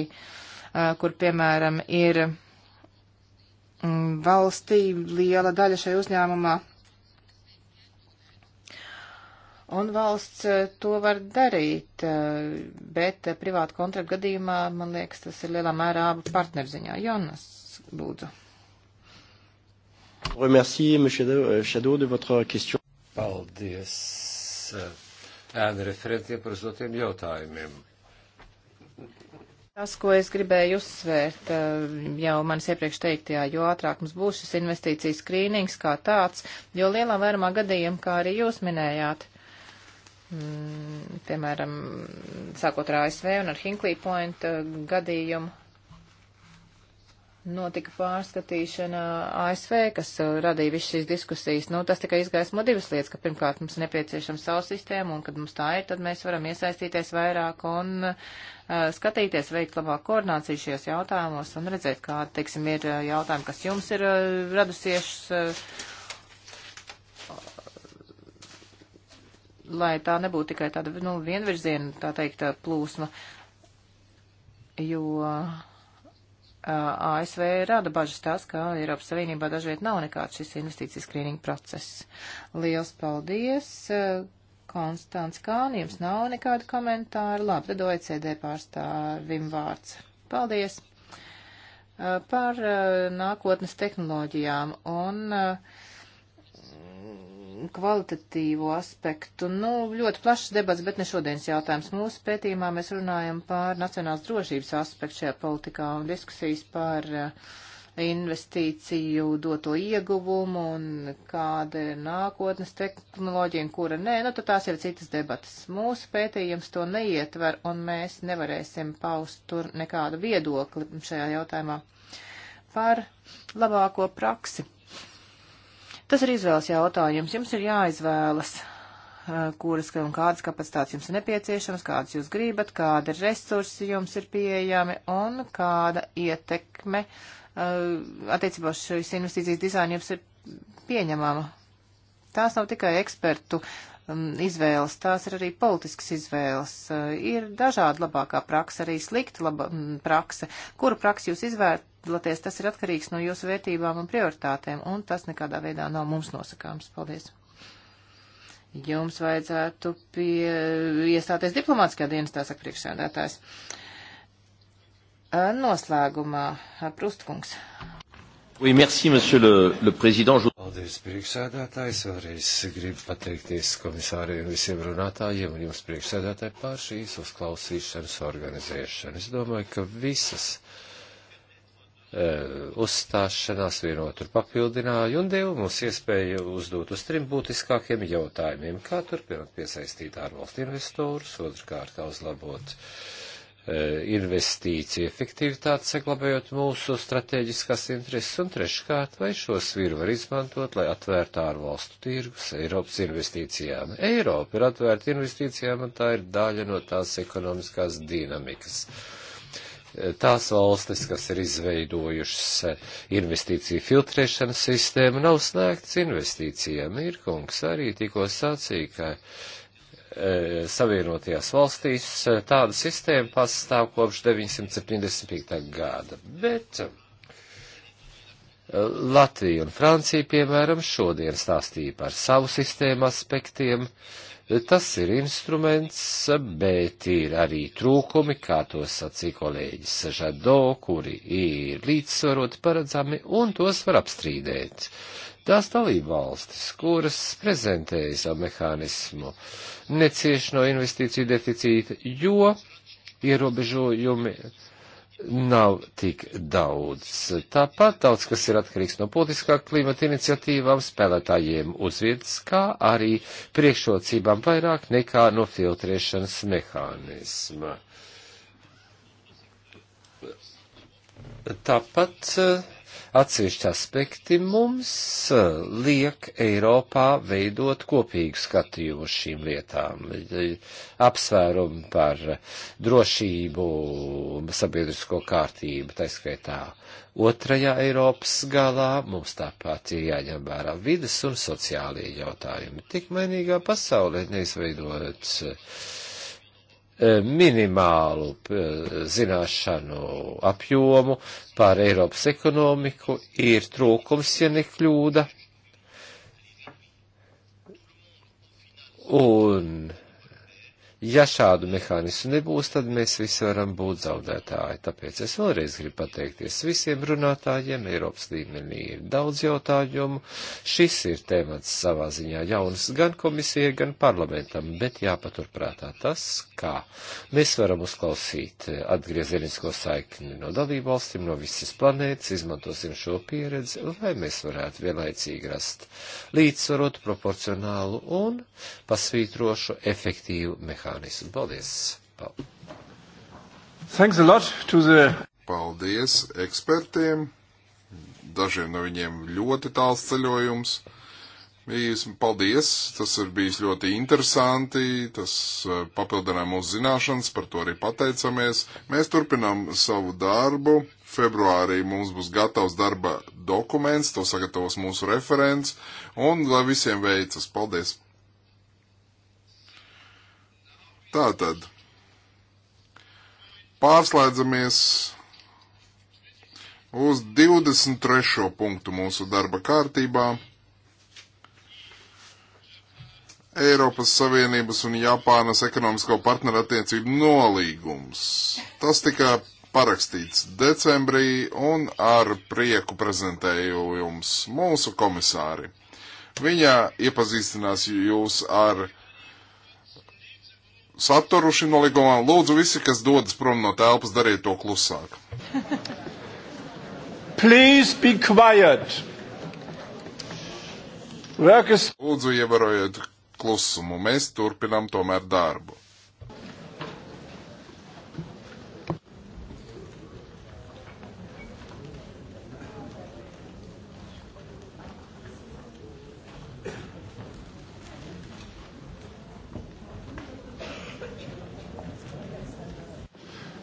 kur, piemēram, ir valstī liela daļa šai uzņēmumā. Un valsts to var darīt, bet privātu kontraktu gadījumā, man liekas, tas ir lielā mērā abu partnerziņā. Jonas, lūdzu. Remercier, monsieur Shadow, de votre question. Paldies euh, ēna referentiem par uzdotiem jautājumiem. Tas, ko es gribēju uzsvērt uh, jau manis iepriekš teiktajā, jo ātrāk mums būs šis investīcijas skrīnings kā tāds, jo lielā vairumā gadījumu, kā arī jūs minējāt, mm, piemēram, sākot ar ASV un ar Hinkley Point uh, gadījumu, notika pārskatīšana ASV, kas uh, radīja visu šīs diskusijas. Nu, tas tikai izgaismo divas lietas, ka pirmkārt mums nepieciešama savu sistēmu, un kad mums tā ir, tad mēs varam iesaistīties vairāk un uh, skatīties, veikt labāk koordināciju šajos jautājumos un redzēt, kāda, teiksim, ir uh, jautājumi, kas jums ir uh, radusies. Uh, lai tā nebūtu tikai tāda, nu, vienvirziena, tā teikt, uh, plūsma, jo uh, ASV rada bažas tās, ka Eiropas Savienībā dažviet nav nekāds šis investīcijas skrīninga process. Liels paldies! Konstants Kāni, jums nav nekādu komentāru. Labi, tad OECD pārstāvim vārds. Paldies! Par nākotnes tehnoloģijām un uh, kvalitatīvo aspektu. Nu, ļoti plašs debats, bet ne šodienas jautājums. Mūsu pētījumā mēs runājam par nacionālas drošības aspektu šajā politikā un diskusijas par eh, investīciju doto ieguvumu un kāda ir nākotnes tehnoloģija un kura nē, nu tad tās jau ir citas debatas. Mūsu pētījums to neietver un mēs nevarēsim paust tur nekādu viedokli šajā jautājumā par labāko praksi Tas ir izvēles jautājums. Jums ir jāizvēlas, eh, kuras un kādas kapacitātes jums ir nepieciešamas, kādas jūs gribat, kāda resursi jums ir pieejami un kāda ietekme eh, attiecībā uz šīs investīcijas dizainu jums ir pieņemama. Tās nav tikai ekspertu mm, izvēles, tās ir arī politiskas izvēles. Eh, ir dažādi labākā praksa, arī slikta laba mm, praksa. Kuru praksi jūs izvērt, piedalāties, tas ir atkarīgs no jūsu vērtībām un prioritātēm, un tas nekādā veidā nav mums nosakāms. Paldies! Jums vajadzētu pie, iestāties diplomātiskajā dienestā, saka priekšsēdētājs. Noslēgumā, Prustkungs. Oui, merci, monsieur le, le président. Je... Paldies, priekšsēdētājs. Vēlreiz gribu pateikties komisāriem visiem runātājiem un jums priekšsēdētāji pār šīs uzklausīšanas organizēšanu. Es domāju, ka visas Eh, uzstāšanās vienotru papildināja un deva mums iespēju uzdot uz trim būtiskākiem jautājumiem, kā turpināt piesaistīt ārvalstu investorus, otrkārt, kā uzlabot eh, investīciju efektivitāti, saglabājot mūsu strateģiskās intereses, un treškārt, vai šo sviru var izmantot, lai atvērtu ārvalstu tirgus Eiropas investīcijām. Eiropa ir atvērta investīcijām, un tā ir daļa no tās ekonomiskās dinamikas. Uh, tās valstis, kas ir izveidojušas eh, investīciju filtrēšanas sistēmu, nav sniegts investīcijām. Ir kungs arī tikko sacīja, ka e, Savienotajās valstīs eh, tāda sistēma pastāv kopš 975. gada, bet Latvija un Francija, piemēram, šodien stāstīja par savu sistēmu aspektiem, uh, Tas ir instruments, bet ir arī trūkumi, kā to sacīja kolēģis Žado, kuri ir līdzsvaroti paredzami un tos var apstrīdēt. Tās dalība valstis, kuras prezentēja savu mehānismu, necieš no investīciju deficīta, jo ierobežojumi nav tik daudz. Tāpat daudz, kas ir atkarīgs no politiskā klimata iniciatīvām, spēlētājiem uz vietas, kā arī priekšrocībām vairāk nekā no filtrēšanas mehānisma. Tāpat atsevišķi aspekti mums eh, liek Eiropā veidot kopīgu skatījumu uz šīm lietām. Apsvērumi par drošību, sabiedrisko kārtību, taiskaitā otrajā Eiropas galā mums tāpat ir jāņem vērā vidas un sociālie jautājumi. Tik mainīgā pasaulē neizveidot eh, E, minimālu e, zināšanu apjomu par Eiropas ekonomiku ir trūkums, ja ne kļūda. Un Ja šādu mehānismu nebūs, tad mēs visi varam būt zaudētāji. Tāpēc es vēlreiz gribu pateikties visiem runātājiem. Eiropas līmenī ir daudz jautājumu. Šis ir temats savā ziņā jauns gan komisijai, gan parlamentam, bet jāpaturprātā tas, kā mēs varam uzklausīt atgriezenisko saikni no dalību valstīm, no visas planētas, izmantosim šo pieredzi, lai mēs varētu vienlaicīgi rast līdzsvarotu, proporcionālu un pasvītrošu efektīvu mehānismu mehānismu. Paldies! Thanks a lot to the... Paldies ekspertiem! Dažiem no viņiem ļoti tāls ceļojums. Bijis, paldies! Tas ir bijis ļoti interesanti. Tas eh, papildināja mūsu zināšanas, par to arī pateicamies. Mēs turpinām savu darbu. Februārī mums būs gatavs darba dokuments, to sagatavos mūsu referents. Un lai visiem veicas! Paldies! Tātad pārslēdzamies uz 23. punktu mūsu darba kārtībā. Eiropas Savienības un Japānas ekonomisko partnerattiecību nolīgums. Tas tika parakstīts decembrī un ar prieku prezentēju jums mūsu komisāri. Viņa iepazīstinās jūs ar saturu šim nolīgumam. Lūdzu, visi, kas dodas prom no telpas, dariet to klusāk. (laughs) Please be quiet. Workers... Lūdzu, ievērojiet klusumu. Mēs turpinām tomēr darbu.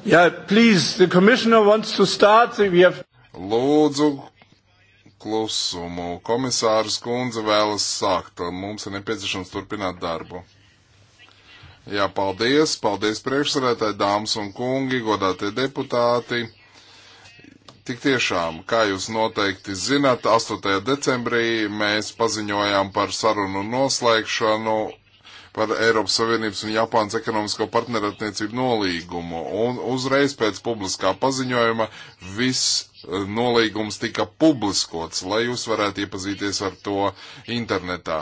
Yeah, please, the commissioner wants to start. We have... Lūdzu, klusumu. Komisārs kundze vēlas sākt. Mums ir nepieciešams turpināt darbu. Jā, paldies. Paldies priekšsarētāji, dāmas un kungi, godātie deputāti. Tik tiešām, kā jūs noteikti zinat, 8. decembrī mēs paziņojām par sarunu noslēgšanu par Eiropas Savienības un Japānas ekonomisko partnerattiecību nolīgumu. Un uzreiz pēc publiskā paziņojuma viss eh, nolīgums tika publiskots, lai jūs varētu iepazīties ar to internetā.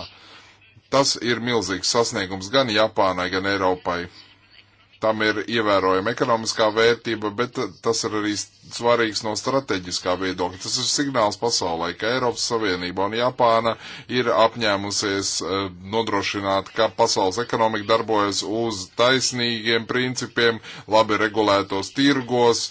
Tas ir milzīgs sasniegums gan Japānai, gan Eiropai tam ir ievērojama ekonomiskā vērtība, bet tas ir arī svarīgs no strateģiskā viedokļa. Tas ir signāls pasaulē, ka Eiropas Savienība un Japāna ir apņēmusies eh, nodrošināt, ka pasaules ekonomika darbojas uz taisnīgiem principiem, labi regulētos tirgos,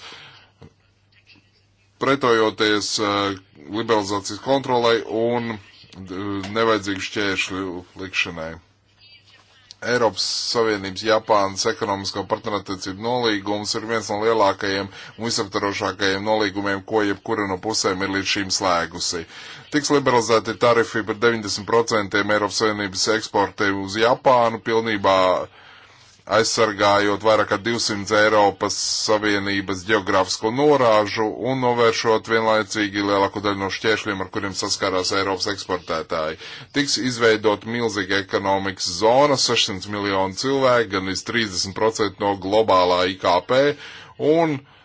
pretojoties eh, liberalizācijas kontrolai un eh, nevajadzīgu šķēršļu likšanai. Eiropas Savienības Japānas ekonomisko partnerattiecību nolīgums ir viens no lielākajiem un visaptarošākajiem nolīgumiem, ko jebkura no pusēm ir līdz šīm slēgusi. Tiks liberalizēti tarifi par 90% Eiropas Savienības eksportiem uz Japānu, pilnībā uh, aizsargājot vairāk kā 200 Eiropas Savienības geogrāfisko norāžu un novēršot vienlaicīgi lielāko daļu no šķēršļiem, ar kuriem saskārās Eiropas eksportētāji. Tiks izveidot milzīga ekonomikas zona, 600 miljonu cilvēku, gan iz 30% no globālā IKP un uh,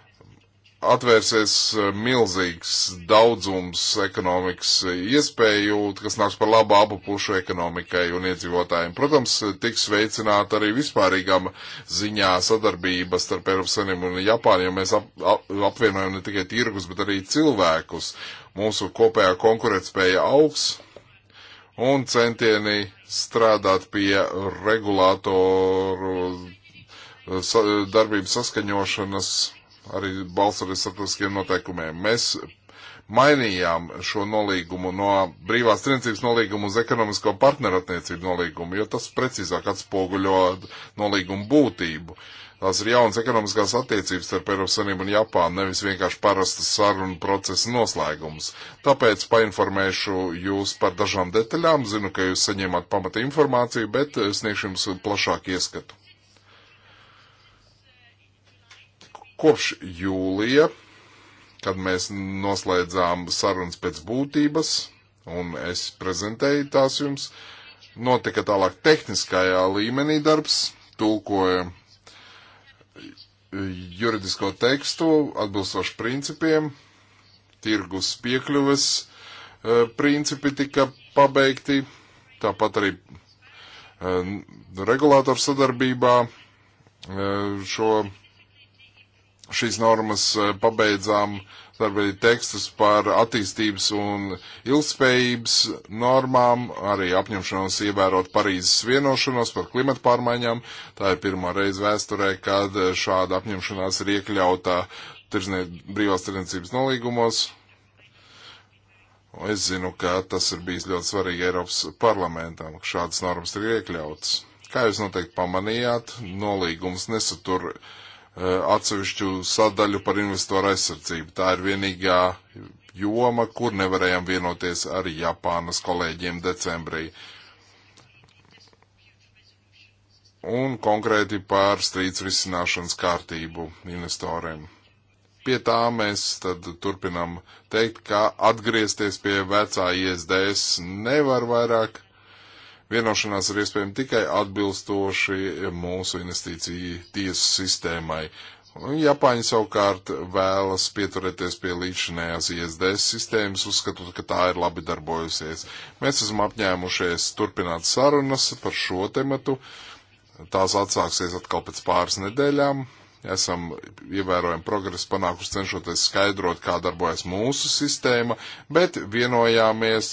atvērsies eh, milzīgs daudzums ekonomikas iespēju, kas nāks par labu abu pušu ekonomikai un iedzīvotājiem. Protams, tiks veicināta arī vispārīgām ziņā sadarbība starp Eiropas Savienību un Japānu, jo mēs ap, ap, apvienojam ne tikai tirgus, bet arī cilvēkus. Mūsu kopējā konkurētspēja augs un centieni strādāt pie regulātoru darbības saskaņošanas arī balsoties starptautiskiem noteikumiem. Mēs mainījām šo nolīgumu no brīvās tirdzniecības nolīgumu uz ekonomisko partnerattiecību nolīgumu, jo tas precīzāk atspoguļo nolīgumu būtību. Tās ir jaunas ekonomiskās attiecības starp Eiropas Savienību un Japānu, nevis vienkārši parastas sarunu procesa noslēgums. Tāpēc painformēšu jūs par dažām detaļām. Zinu, ka jūs saņēmāt pamata informāciju, bet sniegšu jums plašāku ieskatu. Kopš jūlija, kad mēs noslēdzām sarunas pēc būtības, un es prezentēju tās jums, notika tālāk tehniskajā līmenī darbs, tulkoja juridisko tekstu atbilstoši principiem, tirgus piekļuves e, principi tika pabeigti, tāpat arī e, regulātoru sadarbībā e, šo šīs normas eh, pabeidzām arī tekstus par attīstības un ilgspējības normām, arī apņemšanos ievērot Parīzes vienošanos par klimatu pārmaiņām. Tā ir pirmā reize vēsturē, kad eh, šāda apņemšanās ir iekļauta tirznie, brīvās tirdzniecības nolīgumos. Es zinu, ka tas ir bijis ļoti svarīgi Eiropas parlamentam, ka šādas normas ir iekļautas. Kā jūs noteikti pamanījāt, nolīgums nesatur uh, E, atsevišķu sadaļu par investoru aizsardzību. Tā ir vienīgā joma, kur nevarējām vienoties ar Japānas kolēģiem decembrī. Un konkrēti par strīdus risināšanas kārtību investoriem. Pie tā mēs tad turpinam teikt, ka atgriezties pie vecā ISDS nevar vairāk Vienošanās ir iespējama tikai atbilstoši mūsu investīciju tiesu sistēmai. Japāņi savukārt vēlas pieturēties pie līdzinējās ISDS sistēmas, uzskatot, ka tā ir labi darbojusies. Mēs esam apņēmušies turpināt sarunas par šo tematu. Tās atsāksies atkal pēc pāris nedēļām. Esam ievērojami progresu panākuši cenšoties skaidrot, kā darbojas mūsu sistēma, bet vienojāmies,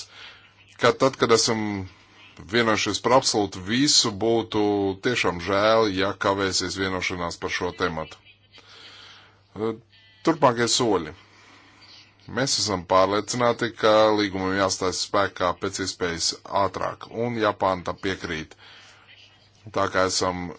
ka tad, kad esam vienošies par absolūti visu, būtu tiešām žēl, ja kavēsies vienošanās par šo tematu. E, turpmākie soļi. Mēs esam pārliecināti, ka līgumam jāstājas spēkā pēc iespējas ātrāk, un Japāna tam piekrīt. Tā kā esam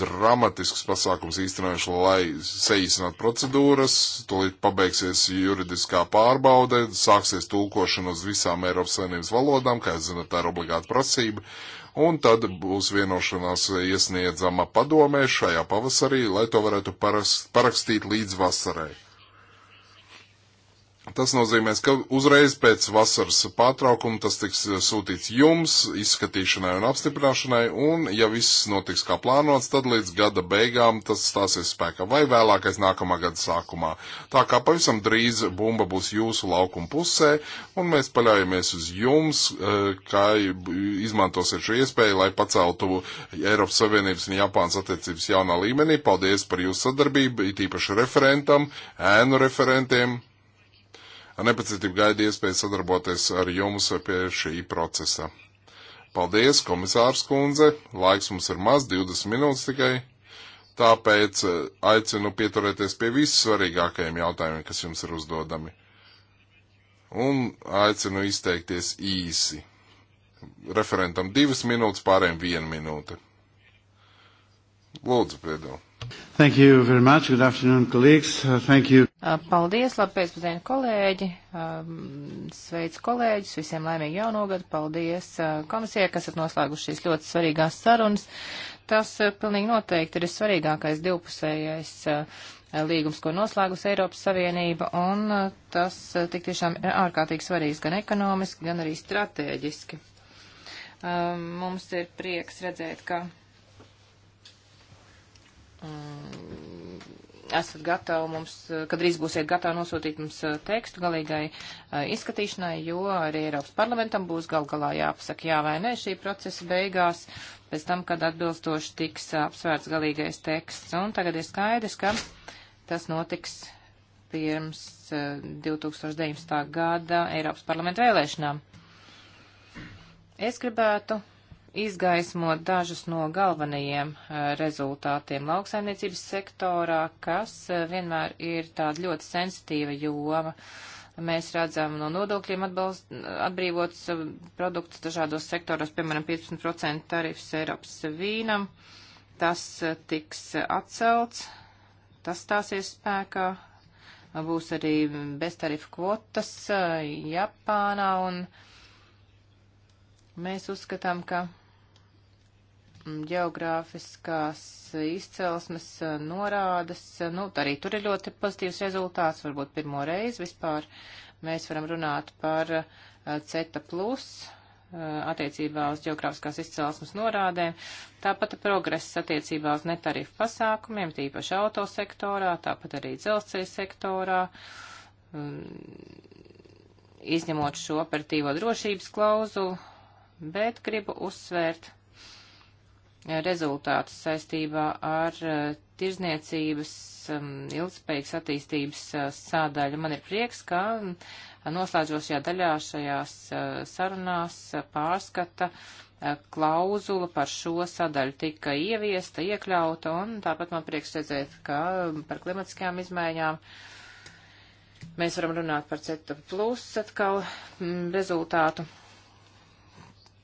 dramatisks pasākums īstenojuši, lai saīsinātu procedūras, tolīt pabeigsies juridiskā pārbaude, sāksies tulkošana uz visām Eiropas Savienības valodām, kā jūs zināt, tā ir obligāta prasība, un tad būs vienošanās iesniedzama padomē šajā pavasarī, lai to varētu parakstīt līdz vasarai. Tas nozīmē, ka uzreiz pēc vasaras pārtraukuma tas tiks eh, sūtīts jums, izskatīšanai un apstiprināšanai, un, ja viss notiks kā plānots, tad līdz gada beigām tas stāsies spēkā vai vēlākais nākamā gada sākumā. Tā kā pavisam drīz bumba būs jūsu laukuma pusē, un mēs paļaujamies uz jums, eh, kā izmantosiet šo iespēju, lai paceltu Eiropas Savienības un Japānas attiecības jaunā līmenī. Paldies par jūsu sadarbību, it īpaši referentam, ēnu referentiem Ar nepacietību gaidu iespēju sadarboties ar jums pie šī procesa. Paldies, komisārs kundze, laiks mums ir maz, 20 minūtes tikai. Tāpēc eh, aicinu pieturēties pie vissvarīgākajiem jautājumiem, kas jums ir uzdodami. Un aicinu izteikties īsi. Referentam divas minūtes, pārējiem viena minūte. Lūdzu, piedo. Thank you very much. Good afternoon, colleagues. Thank you. Uh, paldies, labi pēcpazienu kolēģi, um, sveic kolēģis, visiem laimīgi jaunogadu, paldies uh, komisijai, kas ir noslēguši šīs ļoti svarīgās sarunas. Tas uh, pilnīgi noteikti ir svarīgākais divpusējais līgums, ko noslēgus Eiropas Savienība, un tas tik tiešām ir ārkārtīgi svarīgs gan ekonomiski, gan arī strateģiski. Um, mums ir prieks redzēt, ka um, esat gatavi mums, kad drīz būsiet gatavi nosūtīt mums eh, tekstu galīgai eh, izskatīšanai, jo arī Eiropas parlamentam būs gal galā jāpasaka jā vai nē šī procesa beigās, pēc tam, kad atbilstoši tiks apsvērts galīgais teksts. Un tagad ir skaidrs, ka tas notiks pirms 2019. Eh, gada Eiropas parlamenta vēlēšanām. Es gribētu izgaismot dažus no galvenajiem eh, rezultātiem lauksaimniecības sektorā, kas eh, vienmēr ir tāda ļoti sensitīva joma. Mēs redzam no nodokļiem atbalst, atbrīvots eh, produktus dažādos sektoros, piemēram, 15% tarifs Eiropas vīnam. Tas tiks atcelts, tas stāsies spēkā. Būs arī beztarifu kvotas Japānā un. Uh, Mēs uzskatām, ka geogrāfiskās izcelsmes eh, norādes, eh, nu, arī tur ir ļoti pozitīvs rezultāts, varbūt pirmo reizi vispār mēs varam runāt par eh, CETA plus attiecībā uz geogrāfiskās izcelsmes norādēm, tāpat progress attiecībā uz netarifu pasākumiem, tīpaši autosektorā, tāpat arī dzelzceļa sektorā, mm, izņemot šo operatīvo drošības klauzulu, bet gribu uzsvērt eh, rezultātus saistībā ar eh, tirzniecības mm, ilgspējīgas attīstības eh, sādaļu. Man ir prieks, ka mm, noslēdzošajā daļā šajās sarunās pārskata klauzula par šo sadaļu tika ieviesta, iekļauta, un tāpat man prieks redzēt, ka mm, par klimatiskajām izmaiņām mēs varam runāt par CETA plus atkal rezultātu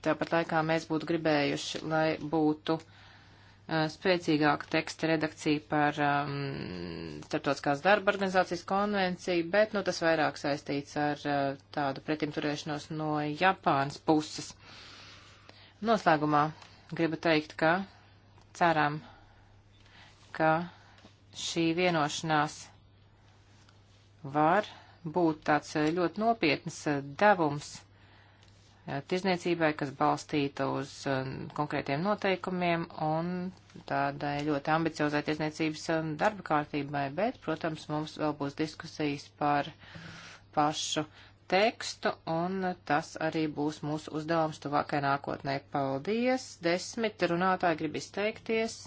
tāpat laikā mēs būtu gribējuši, lai būtu uh, spēcīgāka teksta redakcija par um, starptautiskās darba organizācijas konvenciju, bet nu, tas vairāk saistīts ar uh, tādu pretimturēšanos no Japānas puses. Noslēgumā gribu teikt, ka ceram, ka šī vienošanās var būt tāds uh, ļoti nopietns uh, devums Eh, tirzniecībai, kas balstīta uz eh, konkrētiem noteikumiem un tādai ļoti ambiciozai tirzniecības eh, darba kārtībai, bet, protams, mums vēl būs diskusijas par pašu tekstu, un tas arī būs mūsu uzdevums tuvākai nākotnē. Paldies! Desmit runātāji grib izteikties.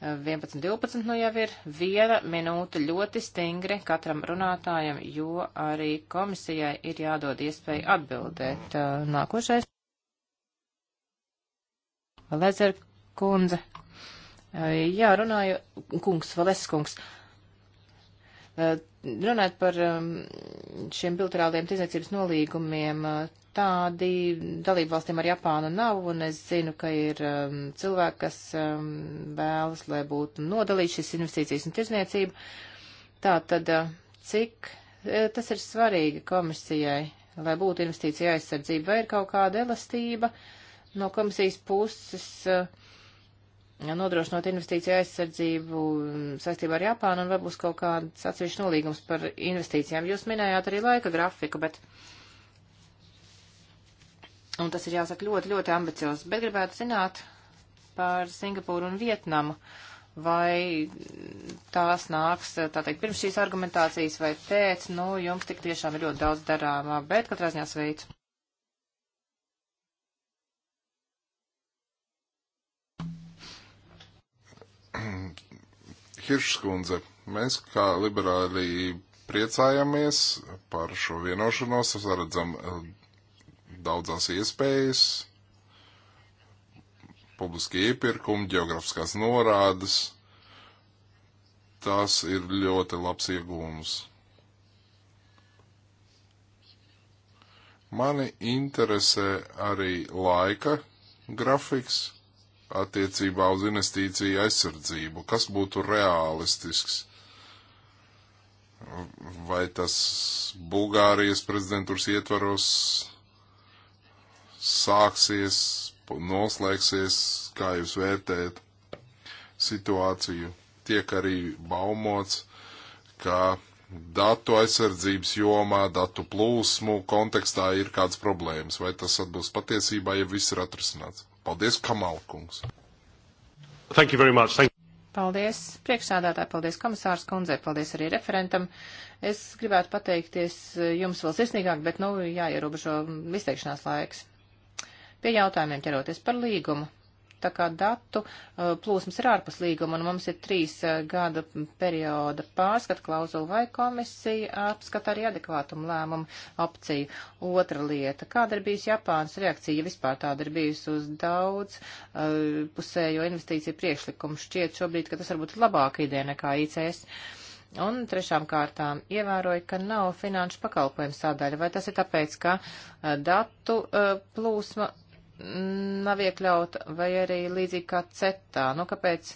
11, 12 nu jau ir viena minūte ļoti stingri katram runātājam, jo arī komisijai ir jādod iespēja atbildēt. Uh, nākošais. Lezer kundze. Uh, jā, runāju, kungs, Valeskungs. kungs. Runāt par um, šiem bilaterāliem tirdzniecības nolīgumiem, uh, tādi dalību valstīm ar Japānu nav, un es zinu, ka ir um, cilvēki, kas um, vēlas, lai būtu nodalīts šis investīcijas un tirdzniecība. Tā tad, uh, cik uh, tas ir svarīgi komisijai, lai būtu investīcija aizsardzība, vai ir kaut kāda elastība no komisijas puses? Uh, nodrošinot investīciju aizsardzību saistībā ar Japānu un vai būs kaut kāds atsevišķs nolīgums par investīcijām. Jūs minējāt arī laika grafiku, bet. Un tas ir jāsaka ļoti, ļoti ambiciozs. Bet gribētu zināt par Singapūru un Vietnamu. Vai tās nāks, tā teikt, pirms šīs argumentācijas vai pēc, nu, jums tik tiešām ir ļoti daudz darāmā, bet katrā ziņā sveicu. (clears throat) Hiršskundze, mēs kā liberāli priecājamies par šo vienošanos, redzam eh, daudzās iespējas, publiskie iepirkumi, geografiskās norādes. Tas ir ļoti labs iegūms. Mani interesē arī laika grafiks attiecībā uz investīciju aizsardzību. Kas būtu realistisks? Vai tas Bulgārijas prezidentūras ietvaros sāksies, noslēgsies, kā jūs vērtējat situāciju? Tiek arī baumots, ka datu aizsardzības jomā, datu plūsmu kontekstā ir kādas problēmas. Vai tas atbilst patiesībā, ja viss ir atrisināts? Paldies, Kamalkungs. Thank you very much. Thank Paldies priekšsādātāji, paldies komisārs kundzei, paldies arī referentam. Es gribētu pateikties eh, jums vēl sirsnīgāk, bet, nu, jāierobežo izteikšanās laiks. Pie jautājumiem ķeroties par līgumu. Tā kā datu uh, plūsmas ir ārpus līguma un mums ir trīs uh, gada perioda pārskata klauzula vai komisija apskata arī adekvātumu lēmumu opciju. Otra lieta. Kāda ir bijusi Japānas reakcija, ja vispār tāda ir bijusi uz daudz uh, pusējo investīciju priekšlikumu? Šķiet šobrīd, ka tas varbūt ir labāka ideja nekā ICS. Un trešām kārtām ievēroju, ka nav finanšu pakalpojumu sadaļa. Vai tas ir tāpēc, ka datu plūsma nav iekļauta, vai arī līdzīgi kā CETA, nu kāpēc,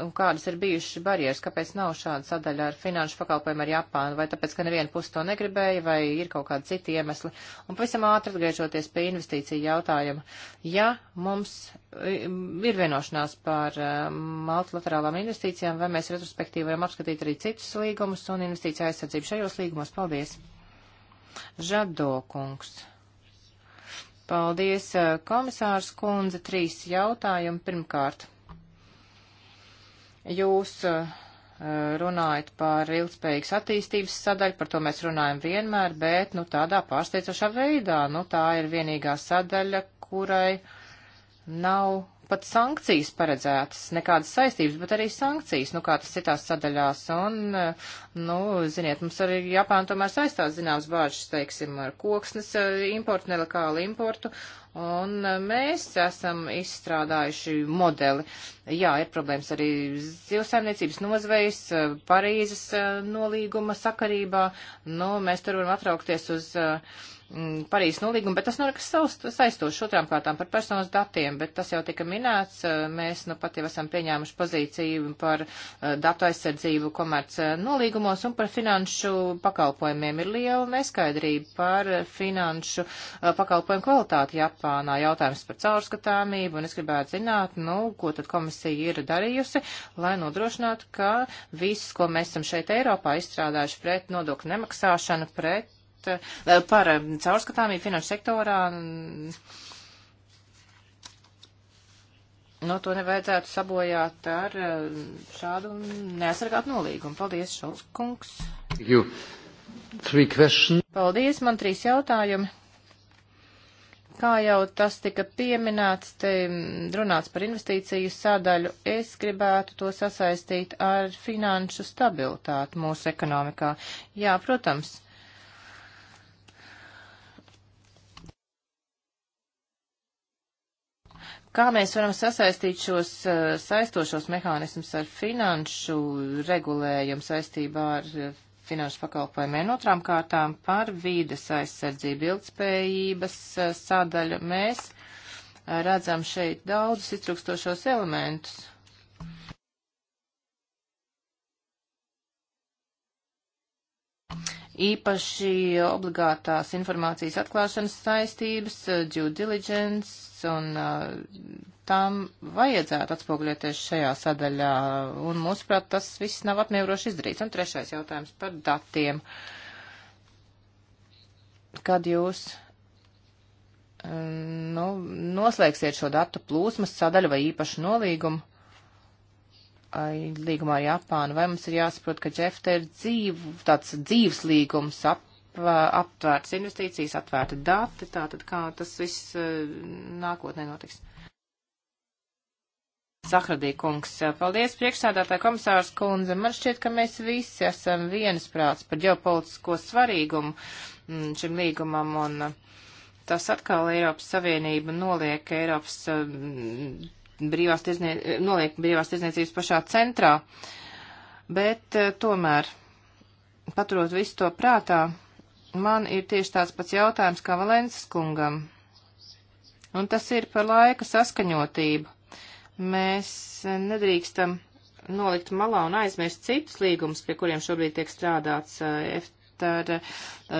nu kādas ir bijušas barjeras, kāpēc nav šāda sadaļa ar finanšu pakalpojumu ar Japānu, vai tāpēc, ka neviena puse to negribēja, vai ir kaut kādi citi iemesli. Un pavisam ātri atgriežoties pie investīciju jautājuma, ja mums eh, ir vienošanās par eh, multilaterālām investīcijām, vai mēs retrospektīvi varam apskatīt arī citus līgumus un investīciju aizsardzību šajos līgumos. Paldies! Žadokungs. kungs. Paldies, eh, komisārs kundze. Trīs jautājumi. Pirmkārt, jūs eh, runājat par ilgspējīgas attīstības sadaļu, par to mēs runājam vienmēr, bet, nu, tādā pārsteidzošā veidā, nu, tā ir vienīgā sadaļa, kurai nav pat sankcijas paredzētas, nekādas saistības, bet arī sankcijas, nu kā tas citās sadaļās. Un, eh, nu, ziniet, mums arī Japāna tomēr saistās zināms bāžas, teiksim, ar koksnes eh, importu, nelegālu importu. Un eh, mēs esam izstrādājuši modeli. Jā, ir problēmas arī zivsaimniecības nozvejas, Parīzes nolīguma sakarībā. Nu, mēs tur varam atraukties uz. Uh, Mm, Parīzes nolīgumu, bet tas nav nekas saistošs otrām kārtām par personas datiem, bet tas jau tika minēts, eh, mēs nu pat jau esam pieņēmuši pozīciju par eh, datu aizsardzību komerc eh, nolīgumos un par finanšu pakalpojumiem ir liela neskaidrība par finanšu pakalpojumu kvalitāti Japānā, jautājums par caurskatāmību un es gribētu zināt, nu, ko tad komisija ir darījusi, lai nodrošinātu, ka viss, ko mēs esam šeit Eiropā izstrādājuši pret nodokļu nemaksāšanu, pret pret, eh, par eh, caurskatāmību finanšu sektorā. No nu, to nevajadzētu sabojāt ar eh, šādu neaizsargātu nolīgumu. Paldies, Šols kungs. Paldies, man trīs jautājumi. Kā jau tas tika pieminēts, te runāts par investīciju sadaļu, es gribētu to sasaistīt ar finanšu stabilitāti mūsu ekonomikā. Jā, protams, Kā mēs varam sasaistīt šos eh, saistošos mehānismus ar finanšu regulējumu saistībā ar eh, finanšu pakalpojumiem? Otrām kārtām par vīdes aizsardzību ilgspējības eh, sadaļu mēs redzam šeit daudzus iztrukstošos elementus. īpaši obligātās informācijas atklāšanas saistības, due diligence un tām vajadzētu atspoguļoties šajā sadaļā. Un mūsuprāt, tas viss nav apmieroši izdarīts. Un trešais jautājums par datiem. Kad jūs nu, noslēgsiet šo datu plūsmas sadaļu vai īpašu nolīgumu? līgumā ar Japānu, vai mums ir jāsaprot, ka ģefta ir dzīv, tāds dzīves līgums, ap, aptvērts investīcijas, atvērta dati, tātad kā tas viss nākotnē notiks? Sahradī kungs, paldies priekšsādātāja komisārs kundze. Man šķiet, ka mēs visi esam viensprāts par ģeopolitisko svarīgumu mm, šim līgumam un tas atkal Eiropas Savienība noliek Eiropas brīvās tirzniecības, noliek brīvās tirzniecības pašā centrā, bet eh, tomēr, paturot visu to prātā, man ir tieši tāds pats jautājums kā Valences kungam, un tas ir par laika saskaņotību. Mēs eh, nedrīkstam nolikt malā un aizmirst citus līgumus, pie kuriem šobrīd tiek strādāts eh, ar eh,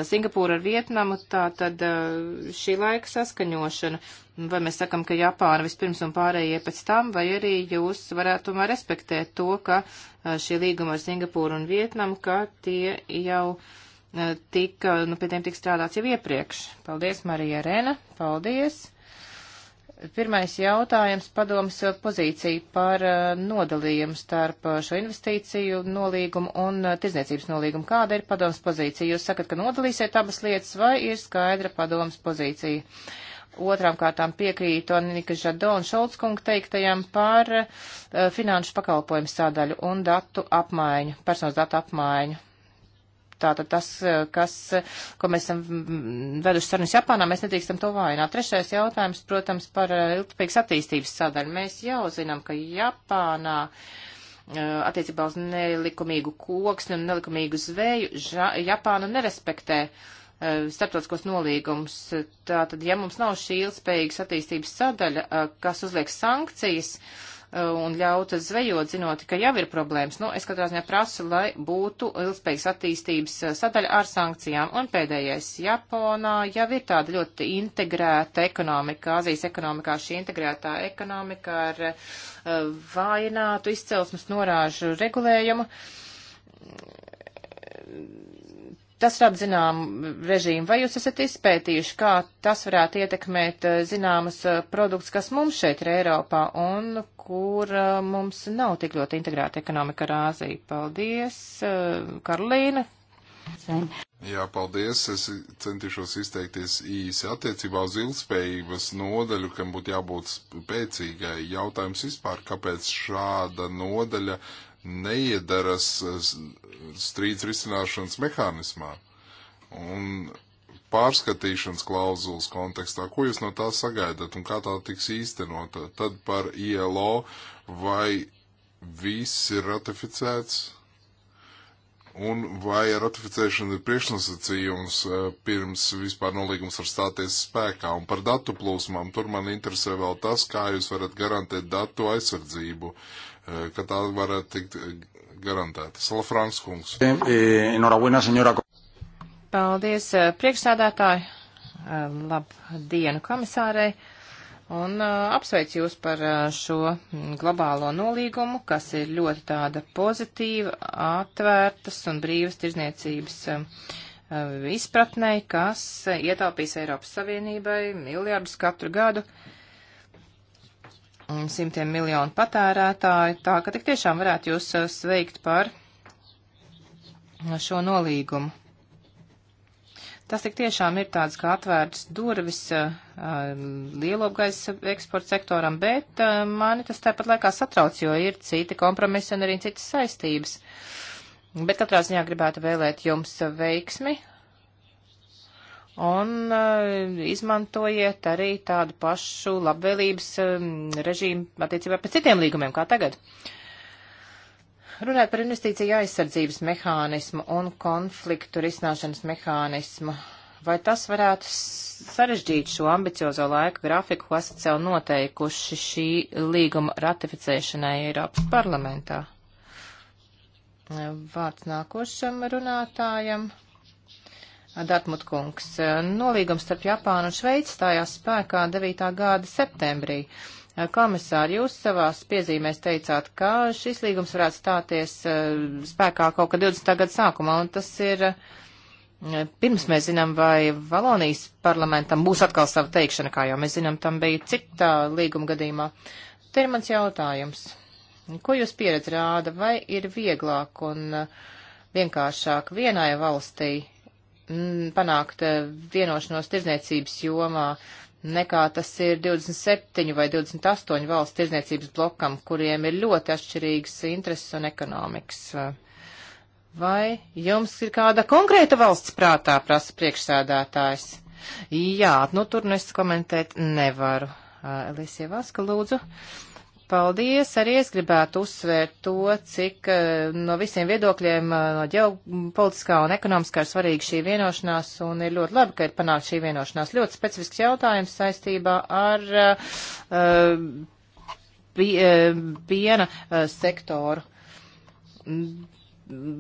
Singapūru, ar Vietnamu, tā tad eh, šī laika saskaņošana. Vai mēs sakam, ka Japāna vispirms un pārējie pēc tam, vai arī jūs varētu tomēr respektēt to, ka eh, šie līguma ar Singapūru un Vietnamu, ka tie jau tika, nu, pie tiem tika strādāts jau iepriekš. Paldies, Marija Rena, paldies. Pirmais jautājums - padomas pozīcija par eh, nodalījumu starp eh, šo investīciju nolīgumu un eh, tirzniecības nolīgumu. Kāda ir padomas pozīcija? Jūs sakat, ka nodalīsiet abas lietas, vai ir skaidra padomas pozīcija? Otrām kārtām piekrītu Anika Žado un Šolckunga teiktajam par finanšu pakalpojumu sādaļu un datu apmaiņu, personas datu apmaiņu. Tātad tas, eh, kas, ko mēs esam veduši sarunas Japānā, mēs nedrīkstam to vājināt. Trešais jautājums, protams, par eh, ilgspējīgas attīstības sadaļu. Mēs jau zinām, ka Japānā eh, attiecībā uz nelikumīgu koksni un nelikumīgu zveju ža, Japāna nerespektē starptautiskos nolīgumus. Tātad, ja mums nav šī ilgspējīgas attīstības sadaļa, kas uzliek sankcijas, uh, Uh, un ļaut zvejot, zinot, ka jau ir problēmas. Nu, es katrā ziņā prasu, lai būtu ilgspējīgas attīstības uh, sadaļa ar sankcijām. Un pēdējais, Japonā jau ir tāda ļoti integrēta ekonomika, Azijas ekonomikā šī integrētā ekonomika ar uh, vājinātu izcelsmes norāžu regulējumu tas rada zinām režīmu. Vai jūs esat izpētījuši, kā tas varētu ietekmēt eh, zināmas eh, produkts, kas mums šeit ir Eiropā un kur eh, mums nav tik ļoti integrēta ekonomika ar Āziju? Paldies, Karolīna. Jā, paldies. Es centīšos izteikties īsi attiecībā uz ilgspējības nodaļu, kam būtu jābūt spēcīgai. Jautājums vispār, kāpēc šāda nodaļa uh, neiedaras eh, strīds risināšanas mehānismā un pārskatīšanas klauzulas kontekstā. Ko jūs no tā sagaidat un kā tā tiks īstenota? Tad par ILO vai viss ir ratificēts? un vai ratificēšana ir priekšnosacījums eh, pirms vispār nolīgums var stāties spēkā. Un par datu plūsmām tur man interesē vēl tas, kā jūs varat garantēt datu aizsardzību Eh, ka tā varētu tikt eh, garantēta. Salafrāns kungs. Eh, Paldies, priekšsādātāji. Labdienu komisārei. Un apsveicu jūs par šo globālo nolīgumu, kas ir ļoti tāda pozitīva, atvērtas un brīvas tirzniecības izpratnei, kas ietaupīs Eiropas Savienībai miljardus katru gadu. Uh, simtiem miljonu patērētāju, tā ka tik tiešām varētu jūs eh, sveikt par šo nolīgumu. Tas tik tiešām ir tāds kā atvērts durvis uh, eh, lielopgais eksporta sektoram, bet uh, mani tas tāpat laikā satrauc, jo ir citi kompromisi un arī citas saistības. Bet katrā ziņā gribētu vēlēt jums veiksmi un uh, izmantojiet arī tādu pašu labvēlības um, režīmu attiecībā pret citiem līgumiem, kā tagad. Runājot par investīciju aizsardzības mehānismu un konfliktu risināšanas mehānismu, vai tas varētu sarežģīt šo ambiciozo laika grafiku, ko esat sev noteikuši šī līguma ratificēšanai Eiropas parlamentā? Vārds nākošam runātājam. Dartmut kungs. Nolīgums starp Japānu un Šveici stājās spēkā 9. gada septembrī. Komisāri, jūs savās piezīmēs teicāt, ka šis līgums varētu stāties eh, spēkā kaut kad 20. gada sākumā, un tas ir eh, pirms mēs zinām, vai Valonijas parlamentam būs atkal sava teikšana, kā jau mēs zinām, tam bija citā līguma gadījumā. Te ir mans jautājums. Ko jūs pieredze rāda, vai ir vieglāk un eh, vienkāršāk vienai valstī Mm, panākt eh, vienošanos tirzniecības jomā, nekā tas ir 27 vai 28 valsts tirzniecības blokam, kuriem ir ļoti atšķirīgas intereses un ekonomikas. Vai jums ir kāda konkrēta valsts prātā, prasa priekšsēdētājs? Jā, nu tur nu es komentēt nevaru. Eh, Elisija Vaska, lūdzu. Uh, Paldies! Arī es gribētu uzsvērt to, cik eh, no visiem viedokļiem, eh, no ģeopolitiskā un ekonomiskā ir svarīga šī vienošanās, un ir ļoti labi, ka ir panākt šī vienošanās. Ļoti specifisks jautājums saistībā ar uh, piena uh, sektoru.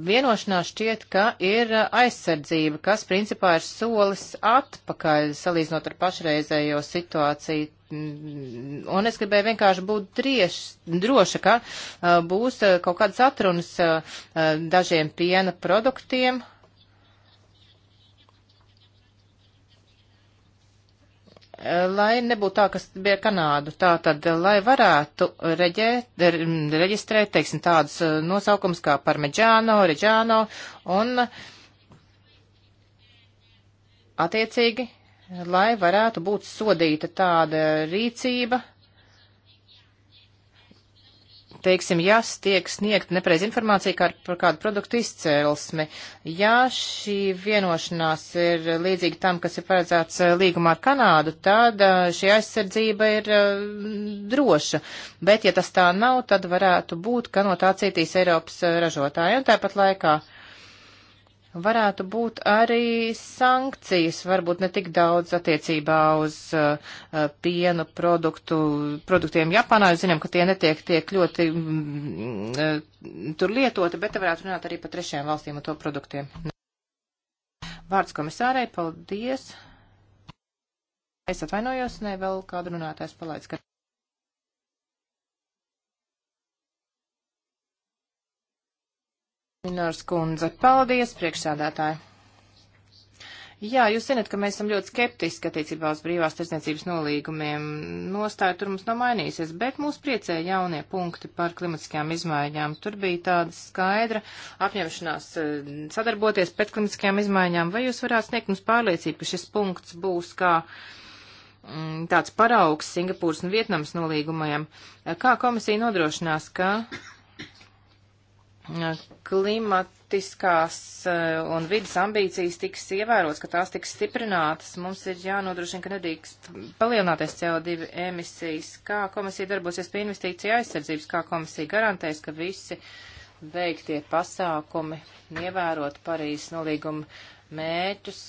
Vienošanās šķiet, ka ir aizsardzība, kas principā ir solis atpakaļ salīdzinot ar pašreizējo situāciju un es gribēju vienkārši būt drieš, droša, ka uh, būs uh, kaut kādas atrunas uh, uh dažiem piena produktiem. Uh, lai nebūtu tā, kas bija Kanādu, tā tad, uh, lai varētu reģēt, reģistrēt, teiksim, tādus nosaukums kā parmeģāno, reģāno un attiecīgi lai varētu būt sodīta tāda rīcība, teiksim, ja tiek sniegt nepreiz informācija kā par kādu produktu izcēlesmi, ja šī vienošanās ir līdzīga tam, kas ir paredzēts eh, līgumā ar Kanādu, tad eh, šī aizsardzība ir eh, droša. Bet, ja tas tā nav, tad varētu būt, ka no tā cietīs Eiropas ražotāji. Un tāpat laikā uh, varētu būt arī sankcijas, varbūt ne tik daudz attiecībā uz uh, pienu produktu, produktiem Japānā. Jūs zinām, ka tie netiek tiek ļoti mm, uh, tur lietoti, bet te varētu runāt arī par trešajām valstīm un to produktiem. Vārds komisārei, paldies. Es atvainojos, ne vēl kādu runātājs palaids. Minors kundze, paldies, priekšsādātāji. Jā, jūs zinat, ka mēs esam ļoti skeptiski attiecībā uz brīvās tirsniecības nolīgumiem. Nostāja tur mums nav mainīsies, bet mūs priecē jaunie punkti par klimatiskajām izmaiņām. Tur bija tāda skaidra apņemšanās eh, sadarboties pret klimatiskajām izmaiņām. Vai jūs varētu sniegt mums pārliecību, ka šis punkts būs kā mm, tāds paraugs Singapūras un Vietnams nolīgumajam? Kā komisija nodrošinās, ka klimatiskās eh, un vidas ambīcijas tiks ievērots, ka tās tiks stiprinātas. Mums ir jānodrošina, ka nedrīkst palielināties CO2 emisijas. Kā komisija darbosies pie investīcija aizsardzības, kā komisija garantēs, ka visi veiktie pasākumi ievērot Parīzes nolīguma mērķus.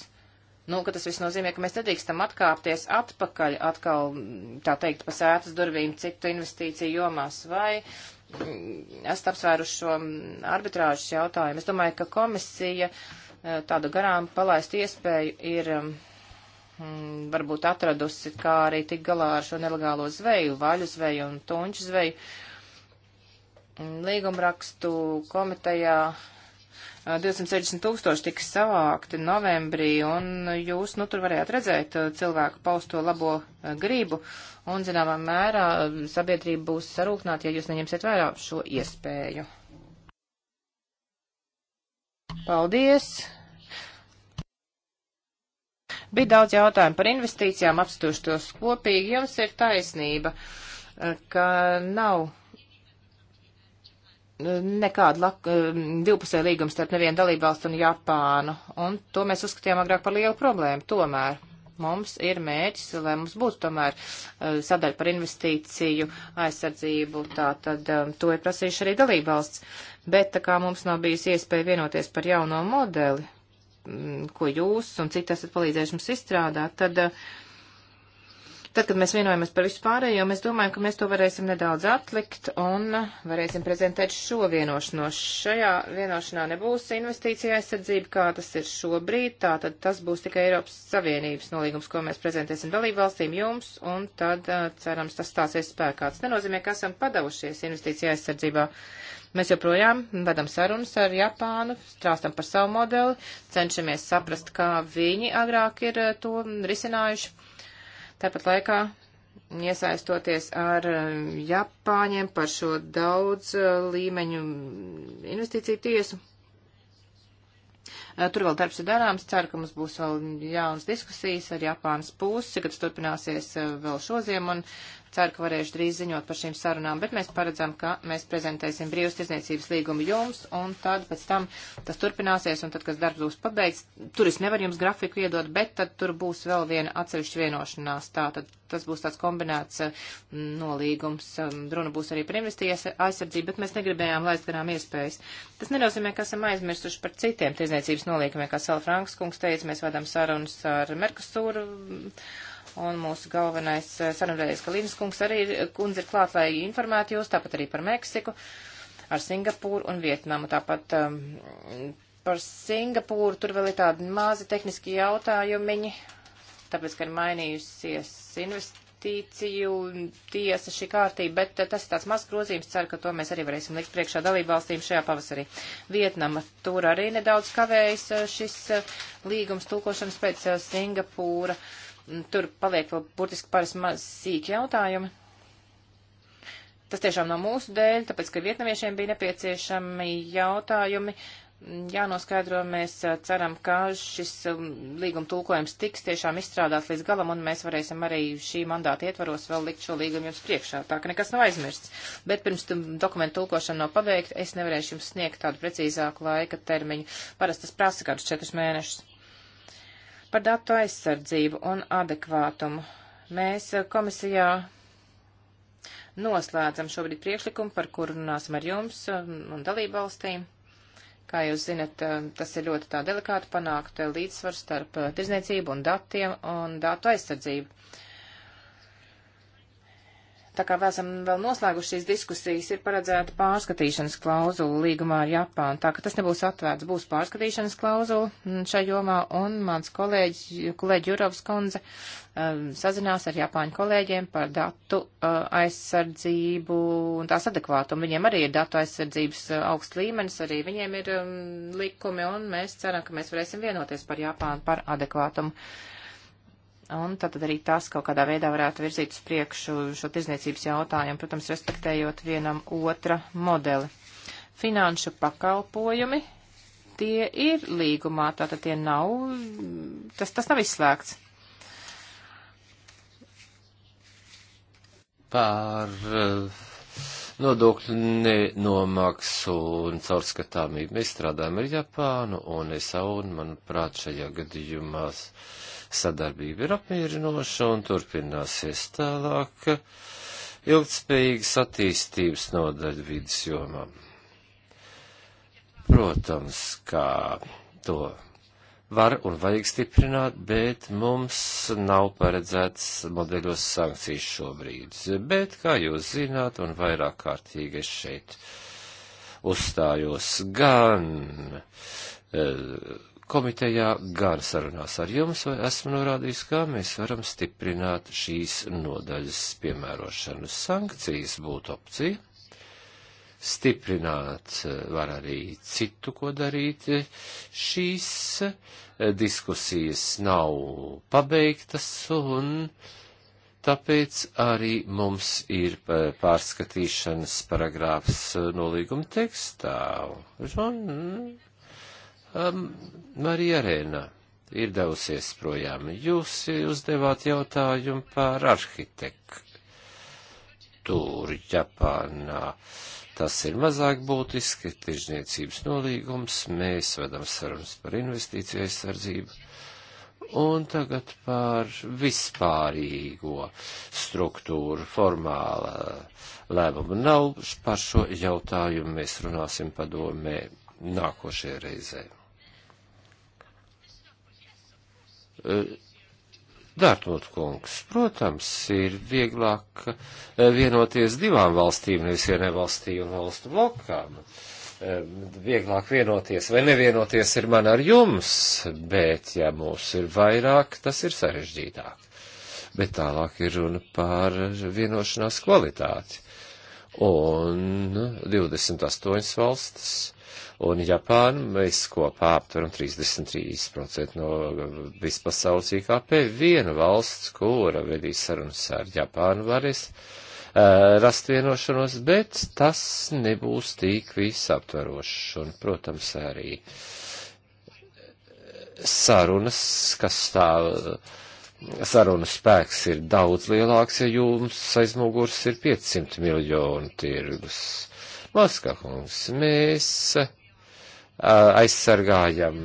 Nu, ka tas viss nozīmē, ka mēs nedrīkstam atkāpties atpakaļ atkal, tā teikt, pa sētas durvīm citu investīciju jomās vai uh, Mm, esat apsvēruši šo mm, arbitrāžas jautājumu. Es domāju, ka komisija eh, tādu garām palaistu iespēju ir mm, varbūt atradusi, kā arī tik galā ar šo nelegālo zveju, vaļu zveju un tunču zveju. Līgumrakstu komitejā 260 tūkstoši tika savākti novembrī, un jūs, nu, tur varējāt redzēt cilvēku pausto labo gribu, un, zināmā mērā, sabiedrība būs sarūknāta, ja jūs neņemsiet vērā šo iespēju. Paldies! Bija daudz jautājumu par investīcijām, apstūšos kopīgi. Jums ir taisnība, ka nav nekāda lak, um, divpusē līguma starp nevienu dalībvalstu un Japānu, un to mēs uzskatījām agrāk par lielu problēmu. Tomēr mums ir mērķis, lai mums būtu tomēr uh, sadaļa par investīciju aizsardzību, tā tad um, to ir prasījuši arī dalībvalsts. Bet tā kā mums nav bijusi iespēja vienoties par jauno modeli, mm, ko jūs un citi esat palīdzējuši mums izstrādāt, tad uh, Tad, kad mēs vienojamies par visu pārējo, mēs domājam, ka mēs to varēsim nedaudz atlikt un varēsim prezentēt šo vienošanos. Šajā vienošanā nebūs investīcija aizsardzība, kā tas ir šobrīd, tātad tas būs tikai Eiropas Savienības nolīgums, ko mēs prezentēsim dalību valstīm jums, un tad uh, cerams tas stāsies spēkā. Tas nenozīmē, ka esam padavušies investīcija aizsardzībā. Mēs joprojām vedam sarunas ar Japānu, strāstam par savu modeli, cenšamies saprast, kā viņi agrāk ir uh, to risinājuši. Tāpat laikā iesaistoties ar eh, Japāņiem par šo daudz eh, līmeņu investīciju tiesu. Eh, tur vēl darbs ir darāms, ceru, ka mums būs vēl jaunas diskusijas ar Japānas pusi, kad turpināsies vēl šoziem, un Ceru, ka varēšu drīz ziņot par šīm sarunām, bet mēs paredzam, ka mēs prezentēsim brīvas tirzniecības līgumu jums, un tad pēc tam tas turpināsies, un tad, kas darbs būs pabeigts, tur es nevaru jums grafiku iedot, bet tad tur būs vēl viena atsevišķa vienošanās. Tātad tas būs tāds kombinēts eh, nolīgums. Um, runa būs arī par investīcijas aizsardzību, bet mēs negribējām laist garām iespējas. Tas nenozīmē, ka esam aizmirsuši par citiem tirzniecības nolīgumiem, kā Sela Franks kungs teica, mēs vadām sarunas ar Merkusūru Un mūsu galvenais eh, sarunvedējs Kalīnas kungs arī ir, kundze ir klāt, lai informētu jūs, tāpat arī par Meksiku, ar Singapūru un Vietnamu. Tāpat um, par Singapūru tur vēl ir tādi mazi tehniski jautājumiņi, tāpēc, ka ir mainījusies investīcija investīciju tiesa šī kārtība, bet eh, tas ir tāds mazs grozījums, ceru, ka to mēs arī varēsim likt priekšā dalībvalstīm šajā pavasarī. Vietnama tur arī nedaudz kavējas eh, šis līgums tulkošanas pēc Singapūra. Uh, Tur paliek vēl burtiski pāris maz sīki jautājumi. Tas tiešām nav mūsu dēļ, tāpēc, ka vietnamiešiem bija nepieciešami jautājumi. Jānoskaidro, mēs uh, ceram, ka šis um, līguma tulkojums tiks tiešām izstrādāts līdz galam, un mēs varēsim arī šī mandāta ietvaros vēl likt šo līgumu jums priekšā, tā ka nekas nav aizmirsts. Bet pirms dokumentu tulkošana nav pabeigta, es nevarēšu jums sniegt tādu precīzāku laika termiņu. Parasti tas prasa kādus četrus mēnešus. Par datu aizsardzību un adekvātumu. Mēs eh, komisijā noslēdzam šobrīd priekšlikumu, par kuru runāsim ar jums eh, un dalību valstīm. Kā jūs zinat, eh, tas ir ļoti tā delikāti panākt līdzsvaru starp tirzniecību un datiem un datu aizsardzību. Tā kā vēl esam vēl noslēguši šīs diskusijas, ir paredzēta pārskatīšanas klauzula līgumā ar Japānu, tā ka tas nebūs atvērts, būs pārskatīšanas klauzula mm, šai jomā, un mans kolēģi, kolēģi Jurovs kundze um, sazinās ar Japāņu kolēģiem par datu uh, aizsardzību un tās adekvātumu. Viņiem arī ir datu aizsardzības uh, augsts līmenis, arī viņiem ir um, likumi, un mēs ceram, ka mēs varēsim vienoties par Japānu par adekvātumu. Uh, Un tad arī tas kaut kādā veidā varētu virzīt uz priekšu šo tirzniecības jautājumu, protams, respektējot vienam otra modeli. Finanšu pakalpojumi, tie ir līgumā, tātad tie nav, tas, tas nav izslēgts. Par eh, nodokļu nenomaksu un caurskatāmību mēs strādājam ar Japānu un es un, manuprāt, šajā gadījumās. Uh, sadarbība ir apmierinoša un turpināsies tālāk ilgtspējīgas attīstības nodaļa vidas jomā. Protams, kā to var un vajag stiprināt, bet mums nav paredzēts modeļos sankcijas šobrīd. Bet, kā jūs zināt, un vairāk kārtīgi es šeit uzstājos gan uh, komitejā gara sarunās ar jums, vai esmu norādījis, kā mēs varam stiprināt šīs nodaļas piemērošanu. Sankcijas būtu opcija, stiprināt eh, var arī citu, ko darīt. Šīs eh, diskusijas nav pabeigtas un. Tāpēc arī mums ir eh, pārskatīšanas paragrāfs nolīguma tekstā. Un Um, Marija Arēna ir devusies projām. Jūs uzdevāt jautājumu par arhitektūru Japānā. Tas ir mazāk būtiski, tirzniecības nolīgums, mēs vedam sarunas par investīciju aizsardzību. Un tagad par vispārīgo struktūru formāla lēmumu nav. Par šo jautājumu mēs runāsim padomē nākošajā reizē. Dārtot kungs, protams, ir vieglāk eh, vienoties divām valstīm, nevis vienai valstī un valstu blokām. Eh, vieglāk vienoties vai nevienoties ir man ar jums, bet ja mūs ir vairāk, tas ir sarežģītāk. Bet tālāk ir runa par vienošanās kvalitāti. Un 28 valstis un Japānu mēs kopā aptveram 33% no vispasaules IKP. Viena valsts, kura vedīs sarunas ar Japānu, varēs uh, rast vienošanos, bet tas nebūs tik visaptverošs un, protams, arī sarunas, kas stāv. Uh, sarunu spēks ir daudz lielāks, ja jums aiz muguras ir 500 miljonu tirgus. Maskahungs, mēs Uh, aizsargājam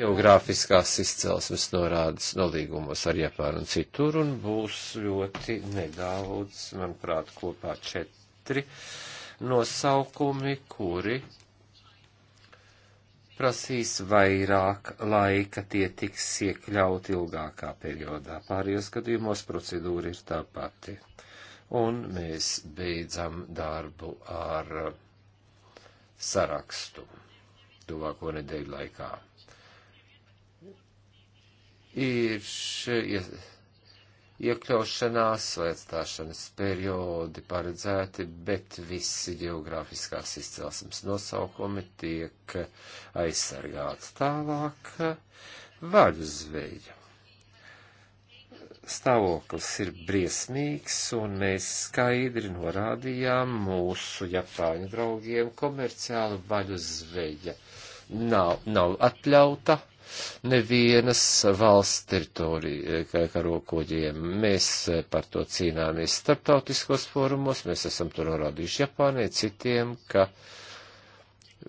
geogrāfiskās izcelsmes norādes nolīgumos ar Japānu un citur, un būs ļoti nedaudz, manuprāt, kopā četri nosaukumi, kuri prasīs vairāk laika, tie tiks iekļauti ilgākā periodā. Pārējos gadījumos procedūra ir tā pati. Un mēs beidzam darbu ar sarakstu tuvāko nedēļu laikā. Ir iekļaušanās vai atstāšanas periodi paredzēti, bet visi geogrāfiskās izcelsmes nosaukumi tiek aizsargāti tālāk vaļu zveju stāvoklis ir briesmīgs, un mēs skaidri norādījām mūsu japāņu draugiem komerciālu baļu zveja. Nav, nav atļauta nevienas valsts teritorija eh, karokoģiem. Mēs eh, par to cīnāmies starptautiskos fórumos, mēs esam to norādījuši Japānai, citiem, ka uh,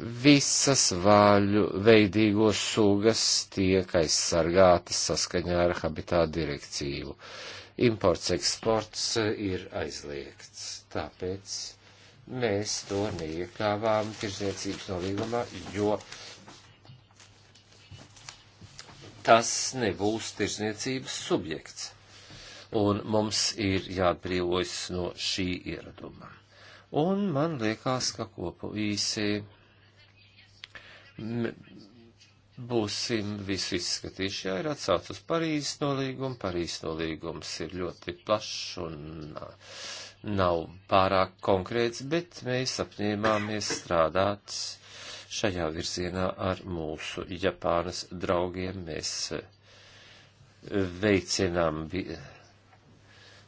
visas vāļu veidīgo sugas tiek aizsargātas saskaņā ar habitā direktīvu. Imports eksports eh, ir aizliegts, tāpēc mēs to neiekāvām tirzniecības nolīgumā, jo tas nebūs tirzniecības subjekts. Un mums ir jāatbrīvojas no šī ieraduma. Un man liekas, ka kopu īsi būsim visu izskatījuši. Jā, ir atsauc uz Parīzes nolīgumu. Parīzes nolīgums ir ļoti plašs un nav pārāk konkrēts, bet mēs apņēmāmies strādāt šajā virzienā ar mūsu Japānas draugiem. Mēs veicinām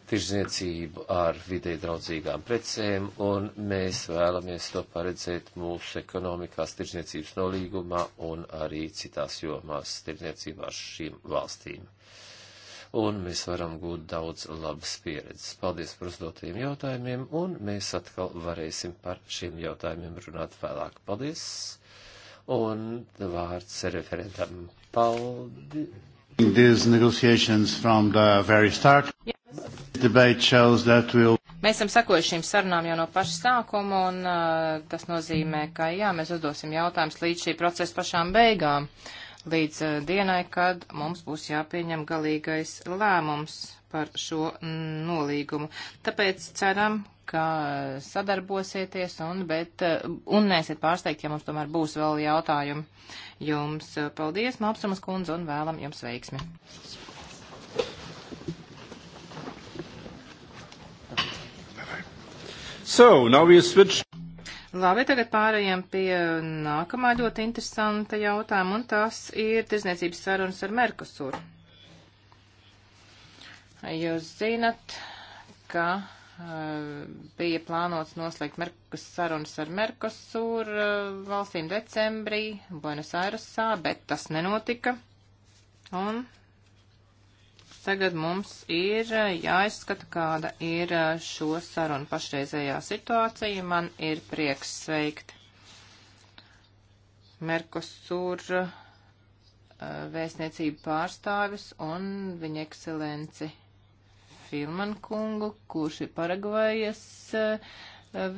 tirzniecību ar vidē draudzīgām precēm, un mēs vēlamies to paredzēt mūsu ekonomikās, tirzniecības nolīgumā un arī citās jomās tirzniecībā ar šīm valstīm. Un mēs varam gūt daudz labas pieredzes. Paldies par uzdotajiem jautājumiem, un mēs atkal varēsim par šiem jautājumiem runāt vēlāk. Paldies! Un vārds referentam. Paldies! These negotiations from the very start. We'll... Mēs esam sakojuši šīm sarunām jau no paša sākuma, un uh, tas nozīmē, ka jā, mēs uzdosim jautājumus līdz šī procesa pašām beigām, līdz uh, dienai, kad mums būs jāpieņem galīgais lēmums par šo mm, nolīgumu. Tāpēc ceram, ka uh, sadarbosieties un, bet, uh, un nesiet pārsteigti, ja mums tomēr būs vēl jautājumi. Jums uh, paldies, Mapsumas kundze, un vēlam jums veiksmi! So, now we switch. Labi, tagad pārējām pie nākamā ļoti interesanta jautājuma, un tas ir tirzniecības sarunas ar Merkusuru. Jūs zinat, ka uh, bija plānots noslēgt Merkus sarunas ar Merkusuru uh, eh, valstīm decembrī Buenos Airesā, bet tas nenotika. Un Tagad mums ir eh, jāizskata, kāda ir eh, šo sarunu pašreizējā situācija. Man ir prieks sveikt Merkosur eh, vēstniecību pārstāvis un viņa ekscelenci Filman kungu, kurš ir Paragvajas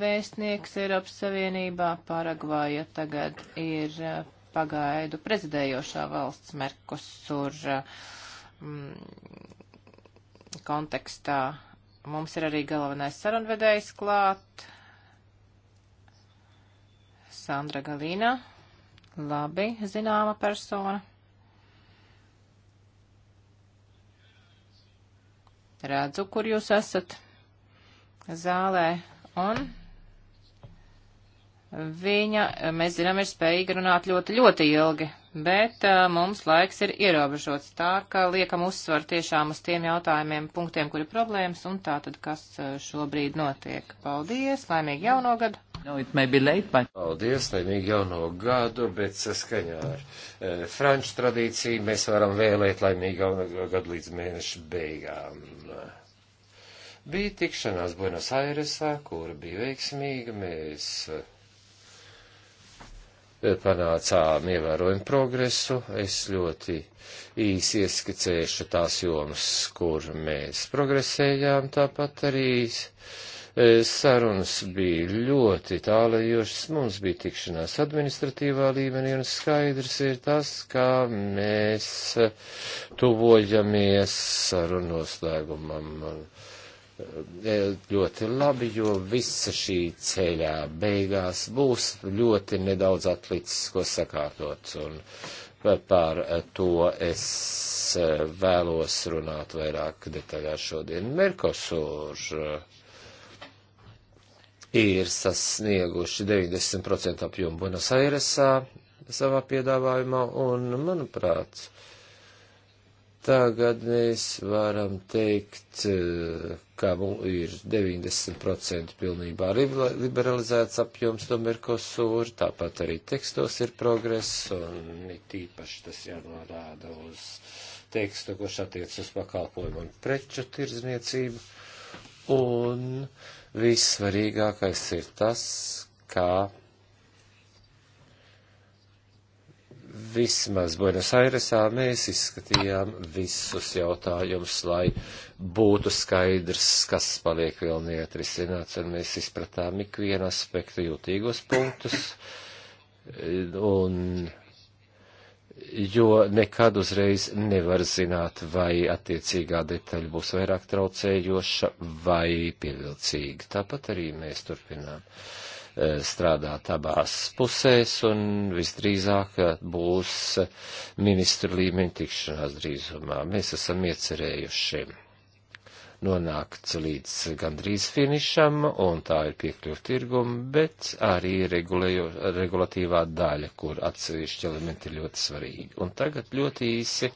vēstnieks Eiropas Savienībā. Paragvaja tagad ir pagaidu prezidējošā valsts Merkosur. Uh, mm, kontekstā. Mums ir arī galvenais sarunvedējs klāt. Sandra Galīna, labi zināma persona. Redzu, kur jūs esat zālē, un viņa, mēs zinām, ir spējīga runāt ļoti, ļoti ilgi bet uh, mums laiks ir ierobežots tā, ka liekam uzsvaru tiešām uz tiem jautājumiem, punktiem, kuri ir problēmas, un tā tad, kas uh, šobrīd notiek. Paldies, laimīgi jauno gadu! No, late, but... Paldies, laimīgi jauno gadu, bet saskaņā ar e, franču tradīciju mēs varam vēlēt laimīgi jauno gadu līdz mēneša beigām. Bija tikšanās Buenos Airesā, kura bija veiksmīga, mēs. E, panācām ievērojumu progresu. Es ļoti īsi ieskicēšu tās jomas, kur mēs progresējām. Tāpat arī e, sarunas bija ļoti tālajošas. Mums bija tikšanās administratīvā līmenī un skaidrs ir tas, kā mēs tuvojamies sarunu noslēgumam. Un, Eh, ļoti labi, jo visa šī ceļā beigās būs ļoti nedaudz atlicis, ko sakārtot. Un par eh, to es eh, vēlos runāt vairāk detaļā šodien. Merkosūrs ir sasnieguši 90% apjomu Buenos Airesā savā piedāvājumā, un, manuprāt, tagad mēs varam teikt, ka ir 90% pilnībā liberalizēts apjoms no Merkosūra, tāpat arī tekstos ir progress, un tīpaši tas jānorāda uz tekstu, kurš attiec uz pakalpojumu un preču tirdzniecību, un vissvarīgākais ir tas, kā vismaz Buenos Airesā mēs izskatījām visus jautājumus, lai būtu skaidrs, kas paliek vēl neatrisināts, un mēs izpratām ikvienu aspektu jūtīgos punktus, un, jo nekad uzreiz nevar zināt, vai attiecīgā detaļa būs vairāk traucējoša vai pievilcīga. Tāpat arī mēs turpinām e, strādāt abās pusēs un visdrīzāk būs ministru līmeņa tikšanās drīzumā. Mēs esam iecerējuši šiem nonākt līdz gandrīz finišam, un tā ir piekļuva tirgumu, bet arī regulējo, regulatīvā daļa, kur atsevišķi elementi ir ļoti svarīgi. Un tagad ļoti īsi,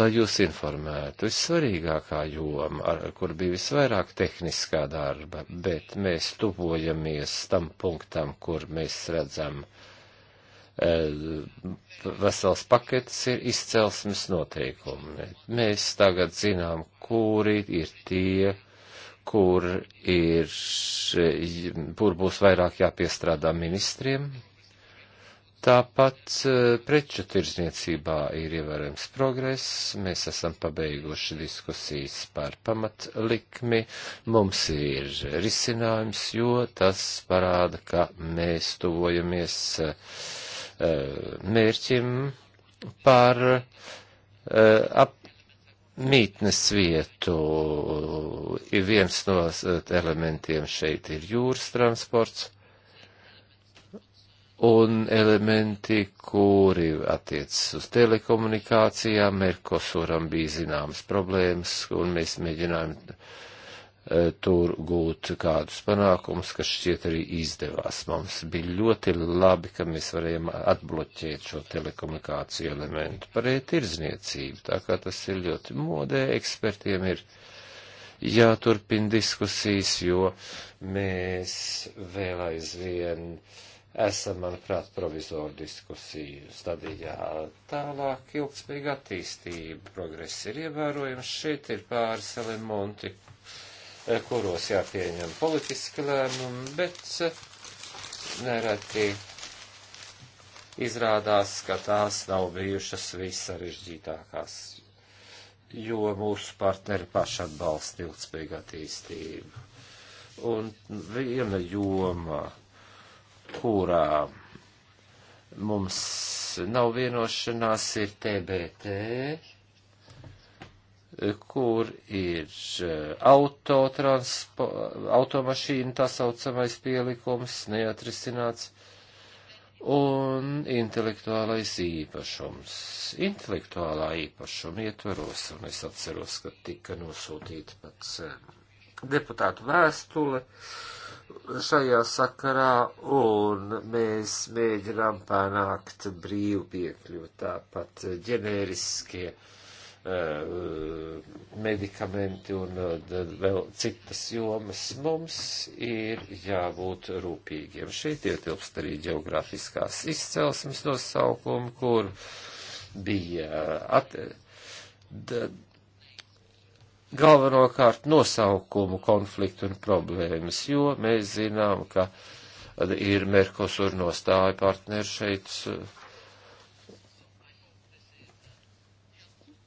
lai jūs informētu, vissvarīgākā joma, ar, kur bija visvairāk tehniskā darba, bet mēs tuvojamies tam punktam, kur mēs redzam, Eh, vesels pakets ir izcelsmes noteikumi. Mēs tagad zinām, kuri ir tie, kur ir, kur būs vairāk jāpiestrādā ministriem. Tāpat eh, preču tirzniecībā ir ievērojams progress, mēs esam pabeiguši diskusijas par pamatlikmi, mums ir risinājums, jo tas parāda, ka mēs tuvojamies uh, Eh, mērķim par eh, ap, mītnes vietu. Ir viens no eh, elementiem šeit ir jūras transports un elementi, kuri attiecas uz telekomunikācijām. Merkosuram bija zināmas problēmas, un mēs mēģinājām E, tur gūt kādus panākumus, kas šķiet arī izdevās. Mums bija ļoti labi, ka mēs varējām atbloķēt šo telekomunikāciju elementu par e-tirzniecību, tā kā tas ir ļoti modē, ekspertiem ir jāturpina diskusijas, jo mēs vēl aizvien esam, manuprāt, provizoru diskusiju stadijā. Tālāk ilgspējīga attīstība, progress ir ievērojams, šeit ir pāris elementi, Eh, kuros jāpieņem politiski lēmumi, bet eh, nereti izrādās, ka tās nav bijušas vissarežģītākās, jo mūsu partneri paši atbalsta ilgspējīgu attīstību. Un viena joma, kurā mums nav vienošanās, ir TBT kur ir eh, automašīna, tā saucamais pielikums, neatrisināts, un intelektuālais īpašums. Intelektuālā īpašuma ietvaros, un es atceros, ka tika nosūtīta pats eh, deputātu vēstule šajā sakarā, un mēs mēģinām panākt brīvu piekļuvu tāpat ģenēriskie Uh, medikamenti un uh, vēl citas jomas, mums ir jābūt rūpīgiem. Šeit ietilpst arī geogrāfiskās izcelsmes nosaukumi, kur bija uh, at, da, galvenokārt nosaukumu konfliktu un problēmas, jo mēs zinām, ka ir Merkosur nostāja partneri šeit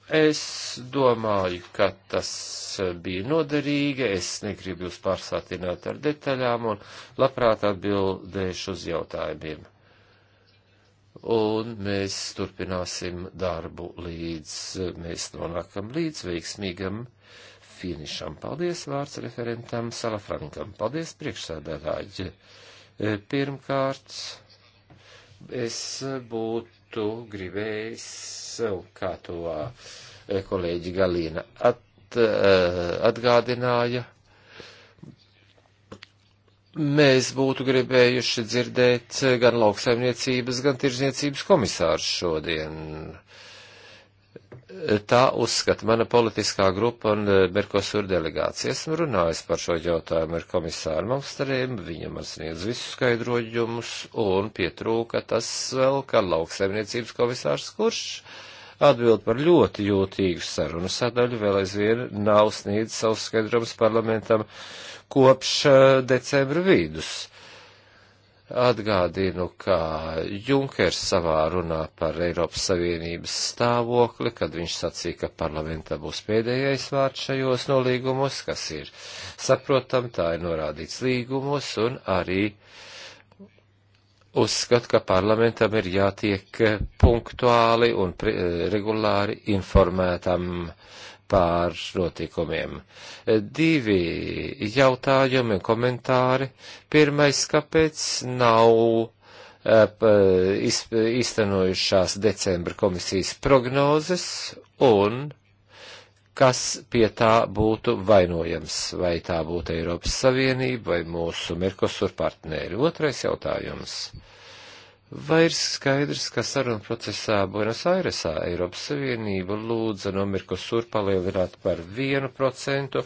Es domāju, ka tas bija noderīgi, es negribu jūs pārsātināt ar detaļām un labprāt atbildēšu uz jautājumiem. Un mēs turpināsim darbu līdz mēs nonākam līdz veiksmīgam finišam. Paldies vārds referentam Salafrankam. Paldies priekšsēdētāji. Pirmkārt, es būtu būtu gribējis, kā to eh, kolēģi Galīna at, eh, atgādināja, mēs būtu gribējuši dzirdēt gan lauksaimniecības, gan tirzniecības komisārs šodien tā uzskata mana politiskā grupa un e, Merkosur delegācija. Esmu runājis par šo jautājumu ar komisāru Malmstariem, viņam man sniedz visus skaidrojumus, un pietrūka tas vēl, ka lauksaimniecības komisārs, kurš atbild par ļoti jūtīgu sarunu sadaļu, vēl aizvien nav sniedz savus skaidrojumus parlamentam kopš e, decembra vidus. Uh, Atgādinu, ka Junkers savā runā par Eiropas Savienības stāvokli, kad viņš sacīja, ka parlamentā būs pēdējais vārds šajos nolīgumos, kas ir saprotam, tā ir norādīts līgumos, un arī uzskat, ka parlamentam ir jātiek punktuāli un regulāri informētam uh, pār notikumiem. Divi jautājumi un komentāri. Pirmais, kāpēc nav eh, iztenojušās decembra komisijas prognozes un kas pie tā būtu vainojams, vai tā būtu Eiropas Savienība vai mūsu Merkosur partneri. Otrais jautājums. Uh, Vai ir skaidrs, ka saruna procesā Buenos Airesā Eiropas Savienība lūdza no Mirkosur palielināt par vienu procentu,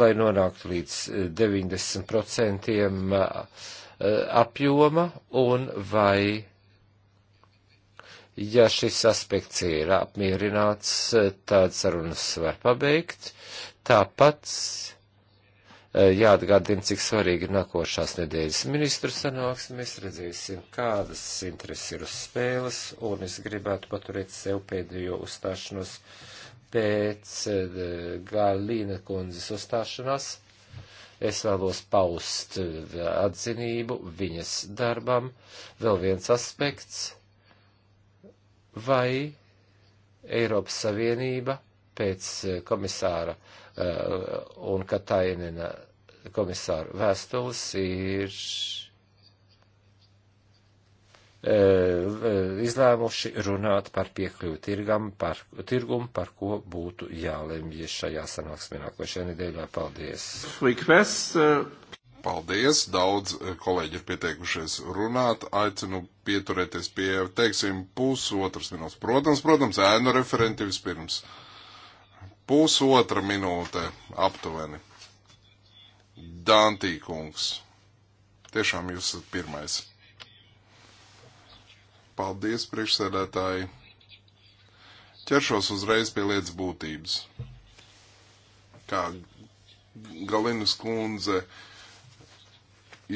lai nonāktu līdz 90% eh, apjoma, un vai, ja šis aspekts ir apmierināts, eh, tad sarunas var pabeigt. Tāpat Eh, jāatgādina, cik svarīgi ir nākošās nedēļas ministru sanāksmes, redzēsim, kādas intereses ir uz spēles, un es gribētu paturēt sev pēdējo uzstāšanos pēc eh, Galīna kundzes uzstāšanās. Es vēlos paust eh, atzinību viņas darbam. Vēl viens aspekts. Vai Eiropas Savienība pēc komisāra uh, Eh, un Katainina komisāru vēstules ir eh, izlēmuši runāt par piekļuvu tirgam, par tirgumu, par ko būtu jālemj šajā sanāksmē nākošajā nedēļā. Paldies! Eh. Paldies! Daudz kolēģi ir pieteikušies runāt. Aicinu pieturēties pie, teiksim, pusotras minūtes. Protams, protams, ēnu referenti vispirms. Uh, Pusotra minūte aptuveni. Dantī kungs. Tiešām jūs esat pirmais. Paldies, priekšsēdētāji. Ķeršos uzreiz pie lietas būtības. Kā Galinas kundze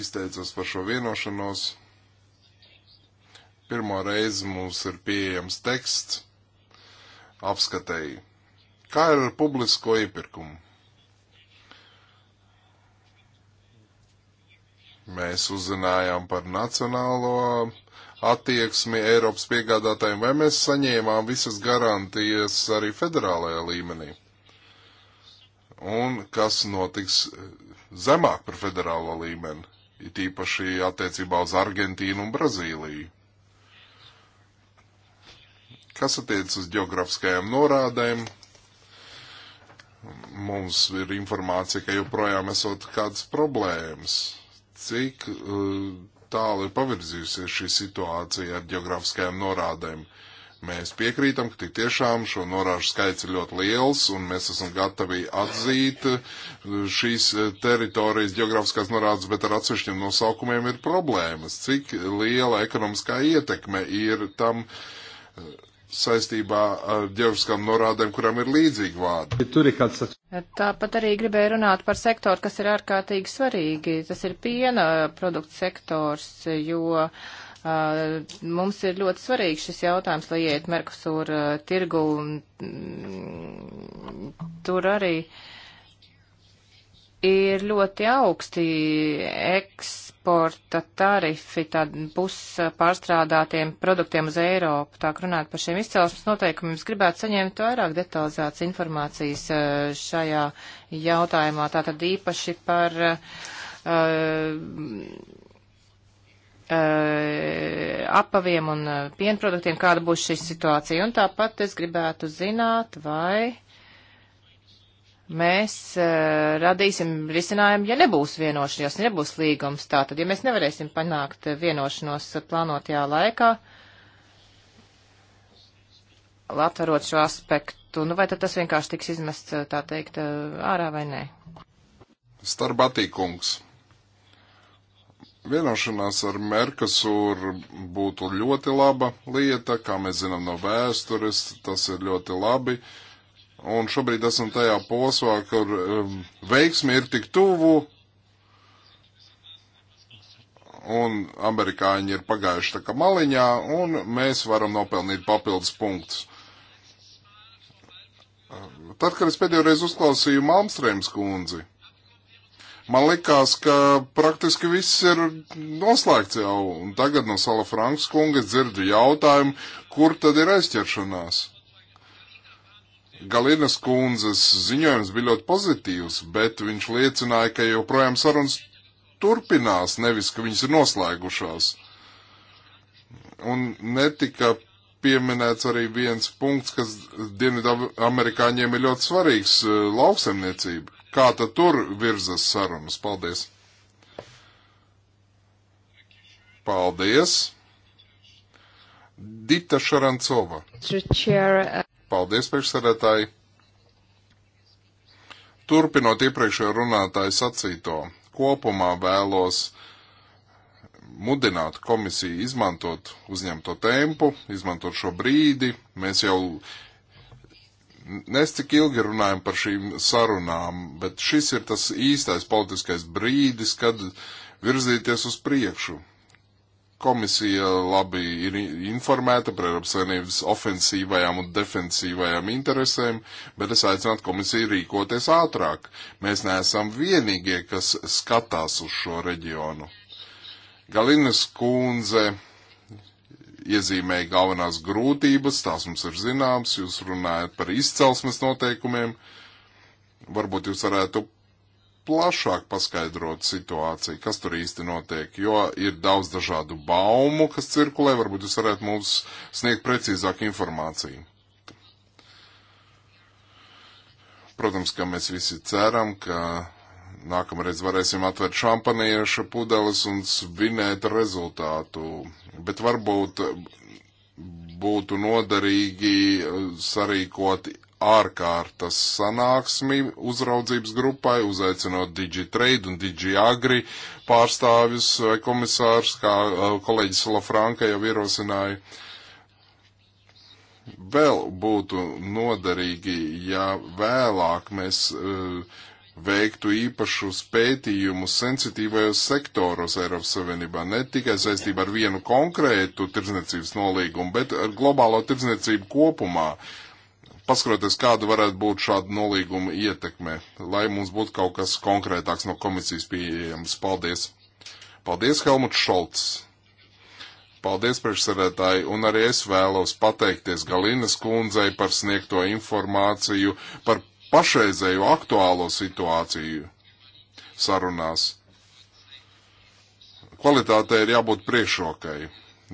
izteicās par šo vienošanos. Pirmo reizi mums ir pieejams teksts apskatēji Kā ir ar publisko iepirkumu? Mēs uzzinājām par nacionālo attieksmi Eiropas piegādātājiem, vai mēs saņēmām visas garantijas arī federālajā līmenī? Un kas notiks zemāk par federālo līmeni, it īpaši attiecībā uz Argentīnu un Brazīliju? Kas attiec uz geografiskajām norādēm, mums ir informācija, ka joprojām esot kādas problēmas. Cik eh, tālu ir pavirzījusies šī situācija ar geogrāfiskajām norādēm? Mēs piekrītam, ka tik tiešām šo norāžu skaits ir ļoti liels, un mēs esam gatavi atzīt eh, šīs eh, teritorijas geogrāfiskās norādes, bet ar atsevišķiem nosaukumiem ir problēmas. Cik liela ekonomiskā ietekme ir tam, uh, saistībā ar ģeogrāfiskām norādēm, kurām ir līdzīgi vārdi. Tāpat arī gribēju runāt par sektoru, kas ir ārkārtīgi svarīgi. Tas ir piena produktu sektors, jo mums ir ļoti svarīgs šis jautājums, lai iet Merkusūra tirgu. Mm, tur arī uh, ir ļoti augsti eksporta tarifi puspārstrādātiem produktiem uz Eiropu. Tā kā runāt par šiem izcelsmes noteikumiem, es gribētu saņemt vairāk detalizētas informācijas eh, šajā jautājumā, tātad īpaši par uh, uh, apaviem un pienproduktiem, kāda būs šī situācija. Un tāpat es gribētu zināt, vai mēs uh, radīsim risinājumu, ja nebūs vienošanos, ja nebūs līgums. Tātad, ja mēs nevarēsim panākt vienošanos plānotajā laikā, atverot šo aspektu, nu vai tad tas vienkārši tiks izmests, eh, tā teikt, eh, ārā vai nē? Starbatīkungs. Vienošanās ar Merkasūru būtu ļoti laba lieta, kā mēs zinām no vēstures, tas ir ļoti labi. Uh, un šobrīd esam tajā posmā, kur um, veiksmi ir tik tuvu, un amerikāņi ir pagājuši tā kā maliņā, un mēs varam nopelnīt papildus punktus. Tad, kad es pēdējo reizi uzklausīju Malmstrēms kundzi, man likās, ka praktiski viss ir noslēgts jau, un tagad no Sala Franks kunga dzirdu jautājumu, kur tad ir aizķeršanās. Galinas kundzes ziņojums bija ļoti pozitīvs, bet viņš liecināja, ka joprojām sarunas turpinās, nevis ka viņas ir noslēgušās. Un netika pieminēts arī viens punkts, kas Dienvidu amerikāņiem ir ļoti svarīgs eh, - lauksemniecība. Kā tad tur virzas sarunas? Paldies! Paldies! Dita Šarancova. Paldies, priekšsēdētāji! Turpinot iepriekšējo runātāju sacīto, kopumā vēlos mudināt komisiju izmantot uzņemto tempu, izmantot šo brīdi. Mēs jau nes cik ilgi runājam par šīm sarunām, bet šis ir tas īstais politiskais brīdis, kad virzīties uz priekšu. Komisija labi ir informēta par Eiropas Savienības ofensīvajām un defensīvajām interesēm, bet es aicinātu komisiju rīkoties ātrāk. Mēs neesam vienīgie, kas skatās uz šo reģionu. Galinas kundze iezīmēja galvenās grūtības, tās mums ir zināmas, jūs runājat par izcelsmes noteikumiem. Varbūt jūs varētu plašāk paskaidrot situāciju, kas tur īsti notiek, jo ir daudz dažādu baumu, kas cirkulē, varbūt jūs varētu mums sniegt precīzāku informāciju. Protams, ka mēs visi ceram, ka nākamreiz varēsim atvērt šampanieša pudeles un svinēt rezultātu, bet varbūt būtu noderīgi sarīkot ārkārtas sanāksmi uzraudzības grupai, uzaicinot DigiTrade un DigiAgri pārstāvis vai eh, komisārs, kā eh, kolēģis Lafranka jau ierosināja. Vēl būtu noderīgi, ja vēlāk mēs uh, veiktu īpašus pētījumus sensitīvajos sektoros Eiropas Savienībā, ne tikai saistībā ar vienu konkrētu tirdzniecības nolīgumu, bet ar globālo tirdzniecību kopumā. Uh, paskatoties, kāda varētu būt šāda nolīguma ietekme, lai mums būtu kaut kas konkrētāks no komisijas pieejams. Paldies! Paldies, Helmuts Šolts! Paldies, priekšsēdētāji, un arī es vēlos pateikties Galinas kundzei par sniegto informāciju par pašreizējo aktuālo situāciju sarunās. Kvalitātei ir jābūt priekšrokai,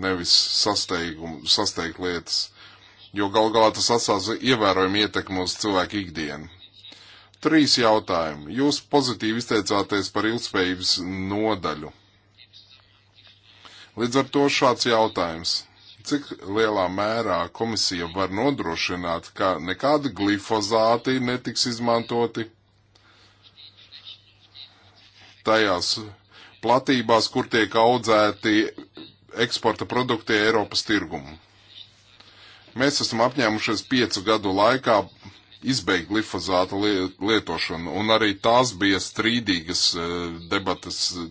nevis sasteigt lietas jo gal galā tas atstās ievērojumu ietekmu uz cilvēku ikdienu. Trīs jautājumi. Jūs pozitīvi izteicāties par ilgspējības nodaļu. Līdz ar to šāds jautājums. Cik lielā mērā komisija var nodrošināt, ka nekādi glifozāti netiks izmantoti tajās platībās, kur tiek audzēti eksporta produkti Eiropas tirgumu? Mēs esam apņēmušies piecu gadu laikā izbeigt glifozāta lietošanu, un arī tās bija strīdīgas eh, debatas eh,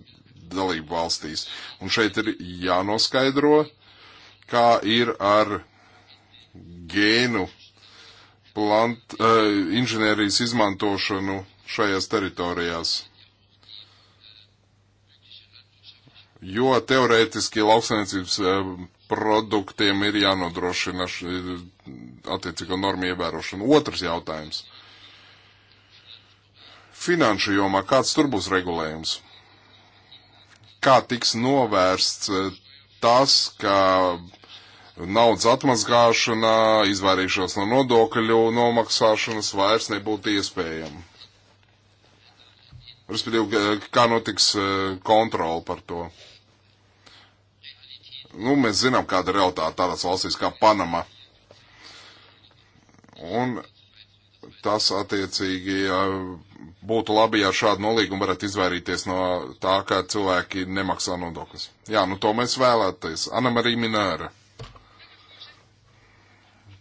dalību valstīs. Un šeit ir jānoskaidro, kā ir ar gēnu plant, uh, inženierijas izmantošanu šajās teritorijās. Jo teorētiski lauksainiecības uh, produktiem ir jānodrošina attiecīgo normu ievērošana. Otrs jautājums. Finanšu jomā kāds tur būs regulējums? Kā tiks novērsts e, tas, ka naudas atmazgāšana, izvairīšanās no nodokļu nomaksāšanas vairs nebūtu iespējama? Respektīvi, e, kā notiks e, kontrola par to? Nu, mēs zinām, kāda ir realitāte tādās valstīs kā Panama. Un tas attiecīgi būtu labi, ja šādu nolīgumu varētu izvairīties no tā, ka cilvēki nemaksā nodokļus. Jā, nu to mēs vēlēties. Anna Marija Minēra.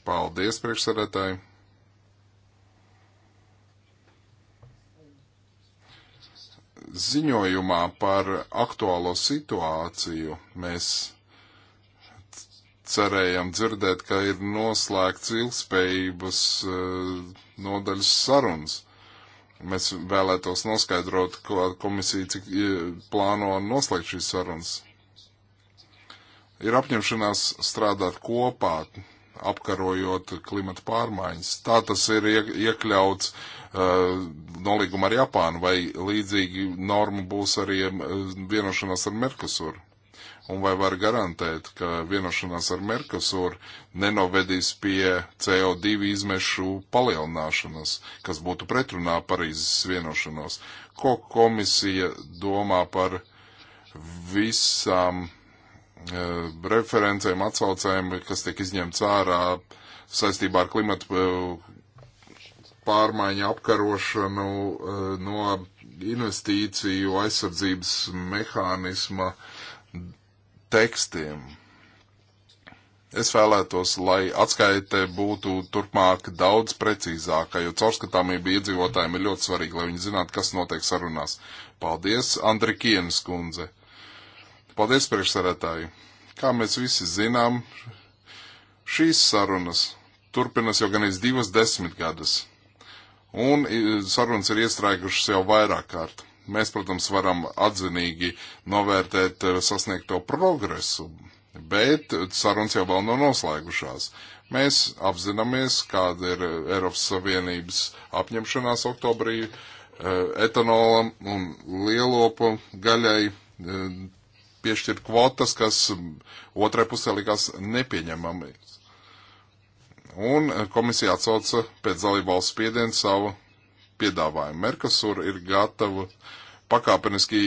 Paldies, priekšsarētāji. Ziņojumā par aktuālo situāciju mēs cerējām dzirdēt, ka ir noslēgts ilgspējības eh, nodaļas sarunas. Mēs vēlētos noskaidrot, ko komisija cik plāno noslēgt šīs sarunas. Ir apņemšanās strādāt kopā, apkarojot klimata pārmaiņas. Tā tas ir iekļauts uh, eh, nolīguma ar Japānu, vai līdzīgi norma būs arī eh, vienošanās ar Merkusuru un vai var garantēt, ka vienošanās ar Merkosur nenovedīs pie CO2 izmešu palielināšanas, kas būtu pretrunā Parīzes vienošanos? Ko komisija domā par visām uh, referencēm, atsaucēm, kas tiek izņemts ārā saistībā ar klimatu uh, pārmaiņu apkarošanu uh, no investīciju aizsardzības mehānisma uh, tekstiem. Es vēlētos, lai atskaite būtu turpmāk daudz precīzāka, jo caurskatāmība iedzīvotājiem ir ļoti svarīga, lai viņi zinātu, kas notiek sarunās. Paldies, Andri Kienas kundze. Paldies, priekšsarētāji. Kā mēs visi zinām, šīs sarunas turpinās jau gan iz divas desmitgades, un sarunas ir iestrēgušas jau vairāk kārt. Mēs, protams, varam atzinīgi novērtēt eh, sasniegto progresu, bet sarunas jau vēl nav noslēgušās. Mēs apzināmies, kāda ir eh, Eiropas Savienības apņemšanās oktobrī eh, etanolam un lielopu gaļai piešķirt kvotas, kas otrai pusē likās nepieņemami. Un komisija atsauca pēc dalībvalsts spiedienu savu piedāvājumu. Merkasur ir gatava pakāpeniski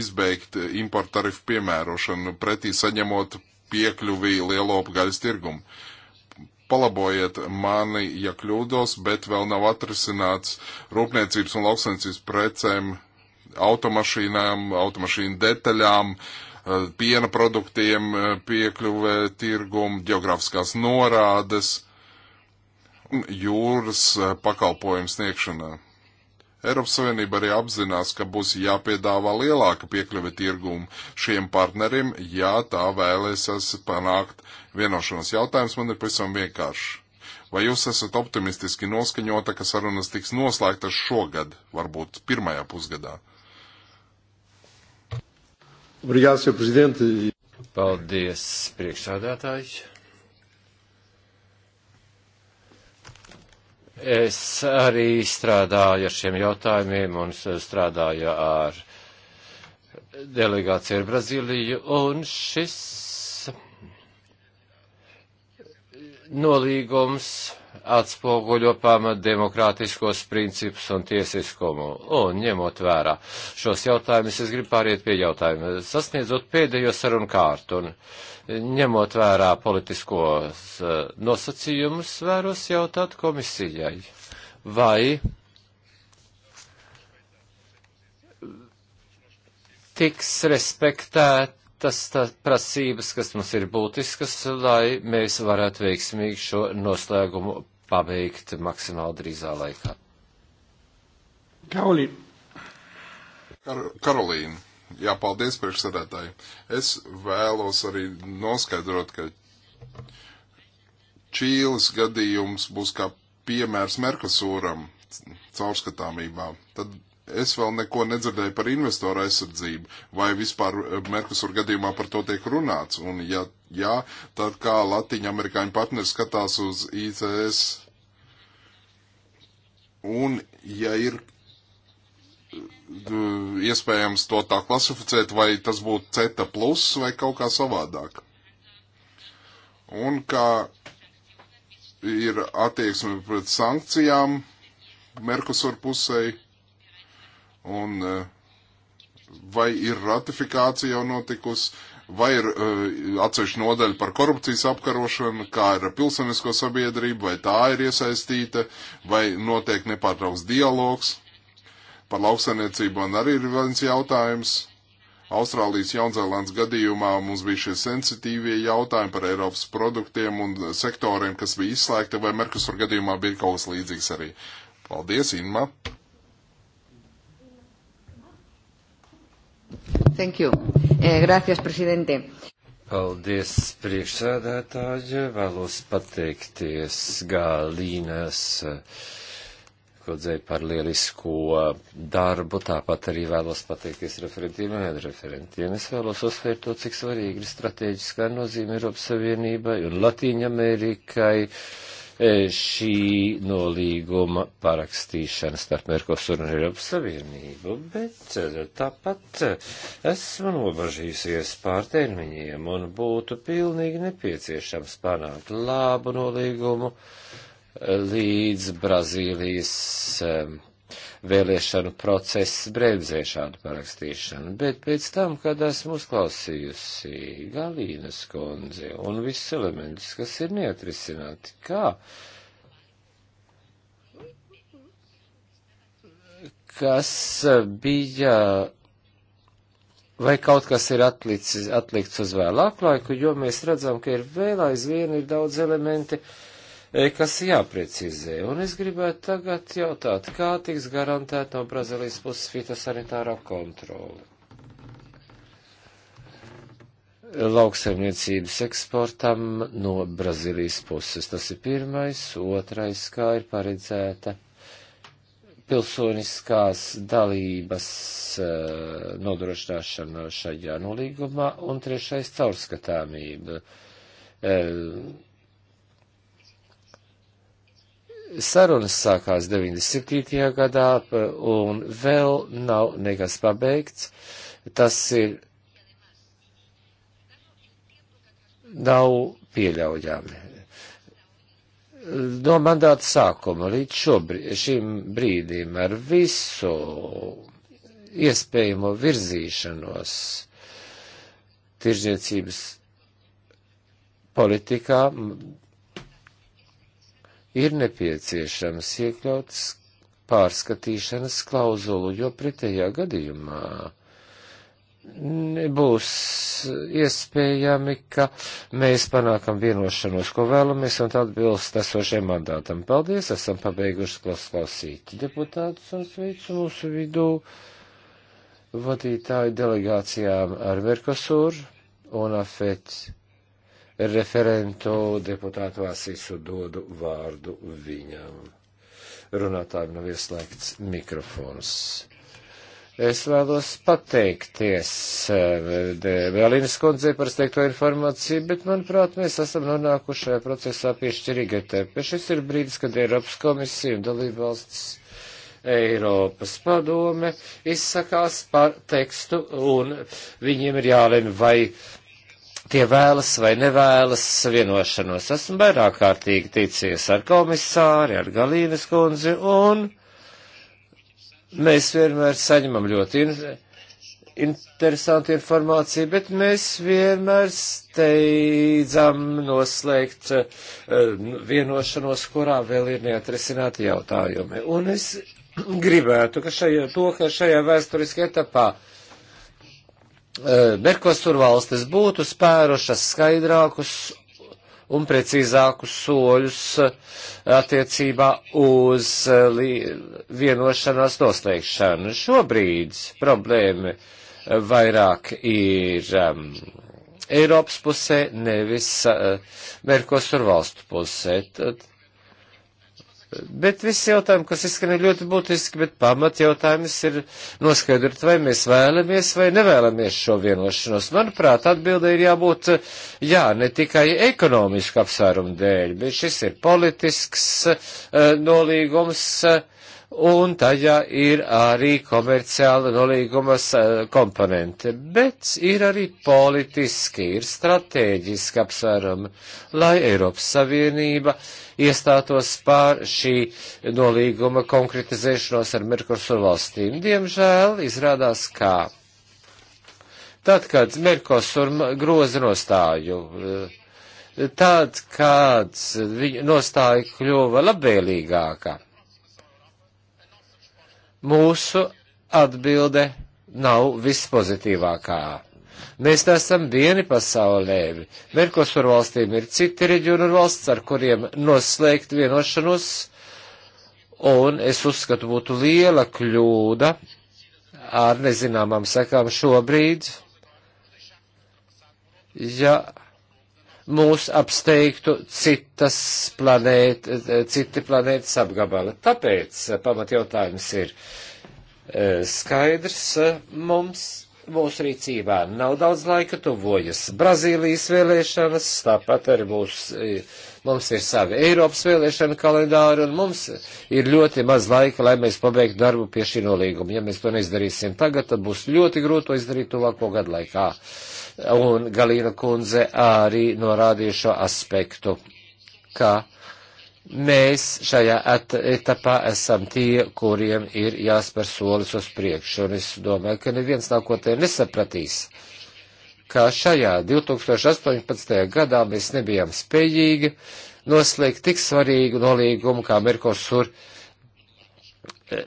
izbeigt importu tarifu piemērošanu pretī saņemot piekļuvī lielopu gaļas tirgumu. Palabojiet mani, ja kļūdos, bet vēl nav atrisināts rūpniecības un lauksainicības precēm, automašīnām, automašīnu detaļām, eh, piena produktiem eh, piekļuvē tirgumu, geogrāfiskās norādes, jūras eh, pakalpojumu sniegšanā Eiropas Savienība arī apzinās, ka būs jāpiedāvā lielāka piekļuve tirgumu šiem partneriem, ja tā vēlēsies panākt vienošanos. Jautājums man ir pavisam vienkāršs. Vai jūs esat optimistiski noskaņota, ka sarunas tiks noslēgtas šogad, varbūt pirmajā pusgadā? Obrigado, Sr. Presidente. Paldies, priekšsādātājs. Es arī strādāju ar šiem jautājumiem un strādāju ar delegāciju ar Brazīliju, un šis nolīgums atspoguļo pamat demokrātiskos principus un tiesiskumu. Un, ņemot vērā šos jautājumus, es gribu pāriet pie jautājuma, sasniedzot pēdējo sarunu kārtu. Un, uh, ņemot vērā politiskos eh, nosacījumus, vēros jautāt komisijai, vai tiks respektētas prasības, kas mums ir būtiskas, lai mēs varētu veiksmīgi šo noslēgumu pabeigt maksimāli drīzā laikā. Kaulī. Kar Karolīna. Jā, paldies priekšsēdētāji. Es vēlos arī noskaidrot, ka Čīles gadījums būs kā piemērs Merkosūram caurskatāmībā. Tad es vēl neko nedzirdēju par investoru aizsardzību, vai vispār eh, Merkusur gadījumā par to tiek runāts, un ja jā, tad kā Latīņa amerikāņu partneri skatās uz ICS, un ja ir iespējams to tā klasificēt, vai tas būtu CETA plus vai kaut kā savādāk. Un kā ir attieksme pret sankcijām Merkusur pusei, un eh, vai ir ratifikācija jau notikusi, vai ir eh, atsevišķa nodaļa par korupcijas apkarošanu, kā ir pilsonisko sabiedrību, vai tā ir iesaistīta, vai notiek nepārtrauks dialogs Par lauksaimniecību man arī ir viens jautājums. Austrālijas Jaunzēlandes gadījumā mums bija šie sensitīvie jautājumi par Eiropas produktiem un sektoriem, kas bija izslēgti, vai Merkusur gadījumā bija kaut kas līdzīgs arī. Paldies, Inma! Thank you. Eh, gracias, presidente. Paldies, priekšsēdētāji. Vēlos pateikties Gālīnas. Uh, kodzei par lielisko darbu, tāpat arī vēlos pateikties referentiem un referentiem. Es vēlos uzsvērt to, cik svarīgi ir strateģiskā nozīme Eiropas Savienībai un Latīņamerikai e, šī nolīguma parakstīšana starp Merkosur un Eiropas Savienību, bet e, tāpat esmu nobažījusies pār termiņiem un būtu pilnīgi nepieciešams panākt labu nolīgumu līdz Brazīlijas eh, vēlēšanu procesa bremzēšanu parakstīšanu, bet pēc tam, kad esmu uzklausījusi Galīnas kundzi un visus elementus, kas ir neatrisināti, kā kas bija, vai kaut kas ir atlicis, atlikts uz vēlāku laiku, jo mēs redzam, ka ir vēl aizvien ir daudz elementi, uh, E, kas jāprecizē. Un es gribētu tagad jautāt, kā tiks garantēta no Brazīlijas puses fitosanitārā kontrola? lauksaimniecības eksportam no Brazīlijas puses. Tas ir pirmais, otrais, kā ir paredzēta pilsoniskās dalības e, nodrošināšana šajā nolīgumā, un trešais caurskatāmība e, Sarunas sākās 97. gadā un vēl nav nekas pabeigts. Tas ir nav pieļaujami. No mandāta sākuma līdz šobrīd, šim brīdim ar visu iespējamo virzīšanos tirzniecības politikā ir nepieciešams iekļaut pārskatīšanas klauzulu, jo pretējā gadījumā nebūs iespējami, ka mēs panākam vienošanos, ko vēlamies, un tā atbilst esošajam mandātam. Paldies, esam pabeiguši klas klausīt deputātus un sveicu mūsu vidū vadītāju delegācijām ar Merkosūru un Afet referentu deputātu Vāsīsu dodu vārdu viņam. Runātājiem nav ieslēgts mikrofons. Es vēlos pateikties Vēlīnas eh, kundzei par steigto informāciju, bet, manuprāt, mēs esam nonākuši šajā procesā piešķirīga tepe. Šis ir brīdis, kad Eiropas komisija un dalībvalsts Eiropas padome izsakās par tekstu, un viņiem ir jālem, vai tie vēlas vai nevēlas vienošanos. Esmu vairāk kārtīgi ticies ar komisāri, ar Galīnas kundzi, un mēs vienmēr saņemam ļoti in interesantu informāciju, bet mēs vienmēr steidzam noslēgt uh, vienošanos, kurā vēl ir neatrisināti jautājumi. Un es (clears throat) gribētu, ka šajā, to, ka šajā vēsturiskajā etapā uh, Eh, Merkosur valstis būtu spērušas skaidrākus un precīzākus soļus eh, attiecībā uz eh, vienošanās noslēgšanu. Šobrīd problēma vairāk ir um, Eiropas pusē, nevis uh, Merkosur valstu pusē. Tad, Bet visi jautājumi, kas izskan, ir ļoti būtiski, bet pamat jautājums ir noskaidrot, vai mēs vēlamies vai nevēlamies šo vienošanos. Manuprāt, atbilde ir jābūt, jā, ne tikai ekonomisku apsvērumu dēļ, bet šis ir politisks eh, nolīgums, eh, un tajā ir arī komerciāla nolīgumas eh, komponente. Bet ir arī politiski, ir strateģiski apsvērumi, lai Eiropas Savienība iestātos pār šī nolīguma konkretizēšanos ar Merkursur valstīm. Diemžēl izrādās, kā. Tad, kad Merkursur groza nostāju, eh, tad, kad viņa nostāja kļuva labvēlīgāka, mūsu atbilde nav vispozitīvākā. Mēs neesam vieni pasaulē. Merkosur valstīm ir citi reģionu valsts, ar kuriem noslēgt vienošanos, un es uzskatu būtu liela kļūda ar nezināmām sekām šobrīd, ja mūs apsteigtu citas planēt, citi planētas apgabali. Tāpēc pamatjautājums ir eh, skaidrs eh, mums mūsu rīcībā nav daudz laika, tuvojas Brazīlijas vēlēšanas, tāpat arī būs, e, mums ir savi Eiropas vēlēšana kalendāri, un mums ir ļoti maz laika, lai mēs pabeigtu darbu pie šī nolīguma. Ja mēs to neizdarīsim tagad, tad būs ļoti grūti to izdarīt tuvāko gadu laikā. Un Galīna kundze arī norādīja šo aspektu, ka mēs šajā etapā esam tie, kuriem ir jāspēr solis uz priekšu, un es domāju, ka neviens nākotnē nesapratīs, ka šajā 2018. gadā mēs nebijām spējīgi noslēgt tik svarīgu nolīgumu kā Merkosur e,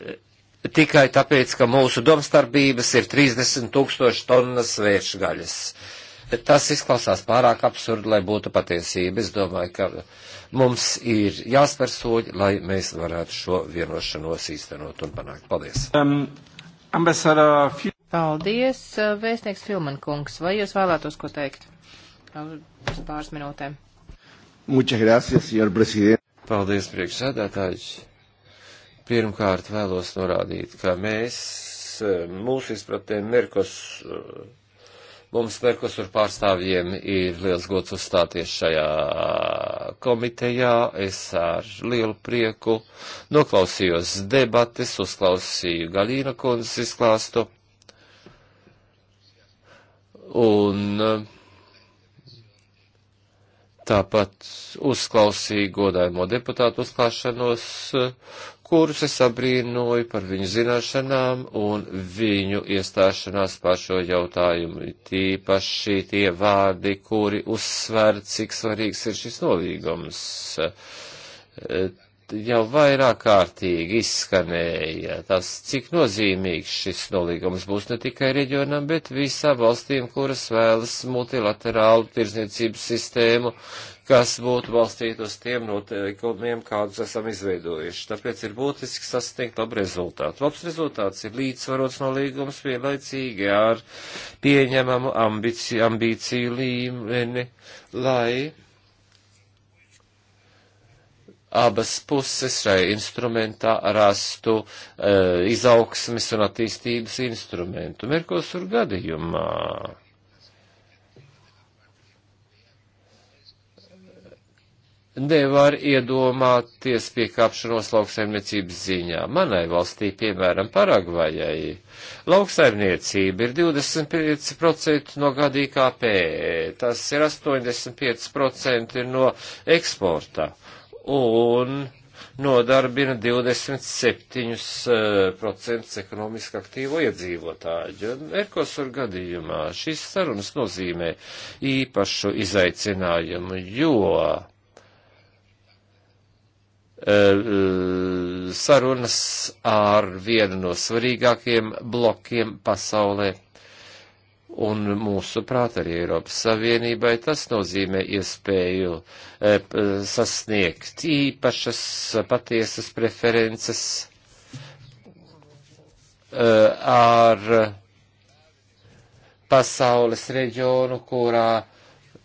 tikai tāpēc, ka mūsu domstarbības ir 30 tūkstoši tonnas vēršgaļas. gaļas bet tas izklausās pārāk absurdi, lai būtu patiesība. Es domāju, ka mums ir jāspēr soļi, lai mēs varētu šo vienošanos īstenot un panākt. Paldies! Um, ambasada... Paldies, uh, vēstnieks Filmankungs. Vai jūs vēlētos ko teikt? Uh, uz pāris minūtēm. Muchas gracias, señor presidente. Paldies, priekšsēdētājs. Pirmkārt vēlos norādīt, ka mēs uh, mūsu izpratē Merkos Mums Merkosur pārstāvjiem ir liels gods uzstāties šajā komitejā. Es ar lielu prieku noklausījos debates, uzklausīju Galīna kundzes izklāstu. Un tāpat uzklausīju godājumo deputātu uzklāšanos kurus es abrīnoju par viņu zināšanām un viņu iestāšanās par šo jautājumu. Tīpaši tie vārdi, kuri uzsver, cik svarīgs ir šis novīgums. Eh, jau vairāk kārtīgi izskanēja tas, cik nozīmīgs šis nolīgums būs ne tikai reģionam, bet visām valstīm, kuras vēlas multilaterālu tirzniecības sistēmu kas būtu balstīti uz tiem noteikumiem, kādus esam izveidojuši. Tāpēc ir būtiski sasniegt labu rezultātu. Labs rezultāts ir līdzsvarots no līgums vienlaicīgi ar pieņemamu ambici, ambīciju līmeni, lai abas puses šai instrumentā rastu e, izaugsmes un attīstības instrumentu. Merkosur gadījumā nevar iedomāties piekāpšanos lauksaimniecības ziņā. Manai valstī, piemēram, Paragvajai, lauksaimniecība ir 25% no gada IKP, tas ir 85% no eksporta un nodarbina 27% eh, ekonomiski aktīvo iedzīvotāju. Erkosur gadījumā šīs sarunas nozīmē īpašu izaicinājumu, jo Eh, eh, sarunas ar vienu no svarīgākiem blokiem pasaulē. Un mūsu prāt arī Eiropas Savienībai tas nozīmē iespēju e, sasniegt īpašas patiesas preferences e, ar pasaules reģionu, kurā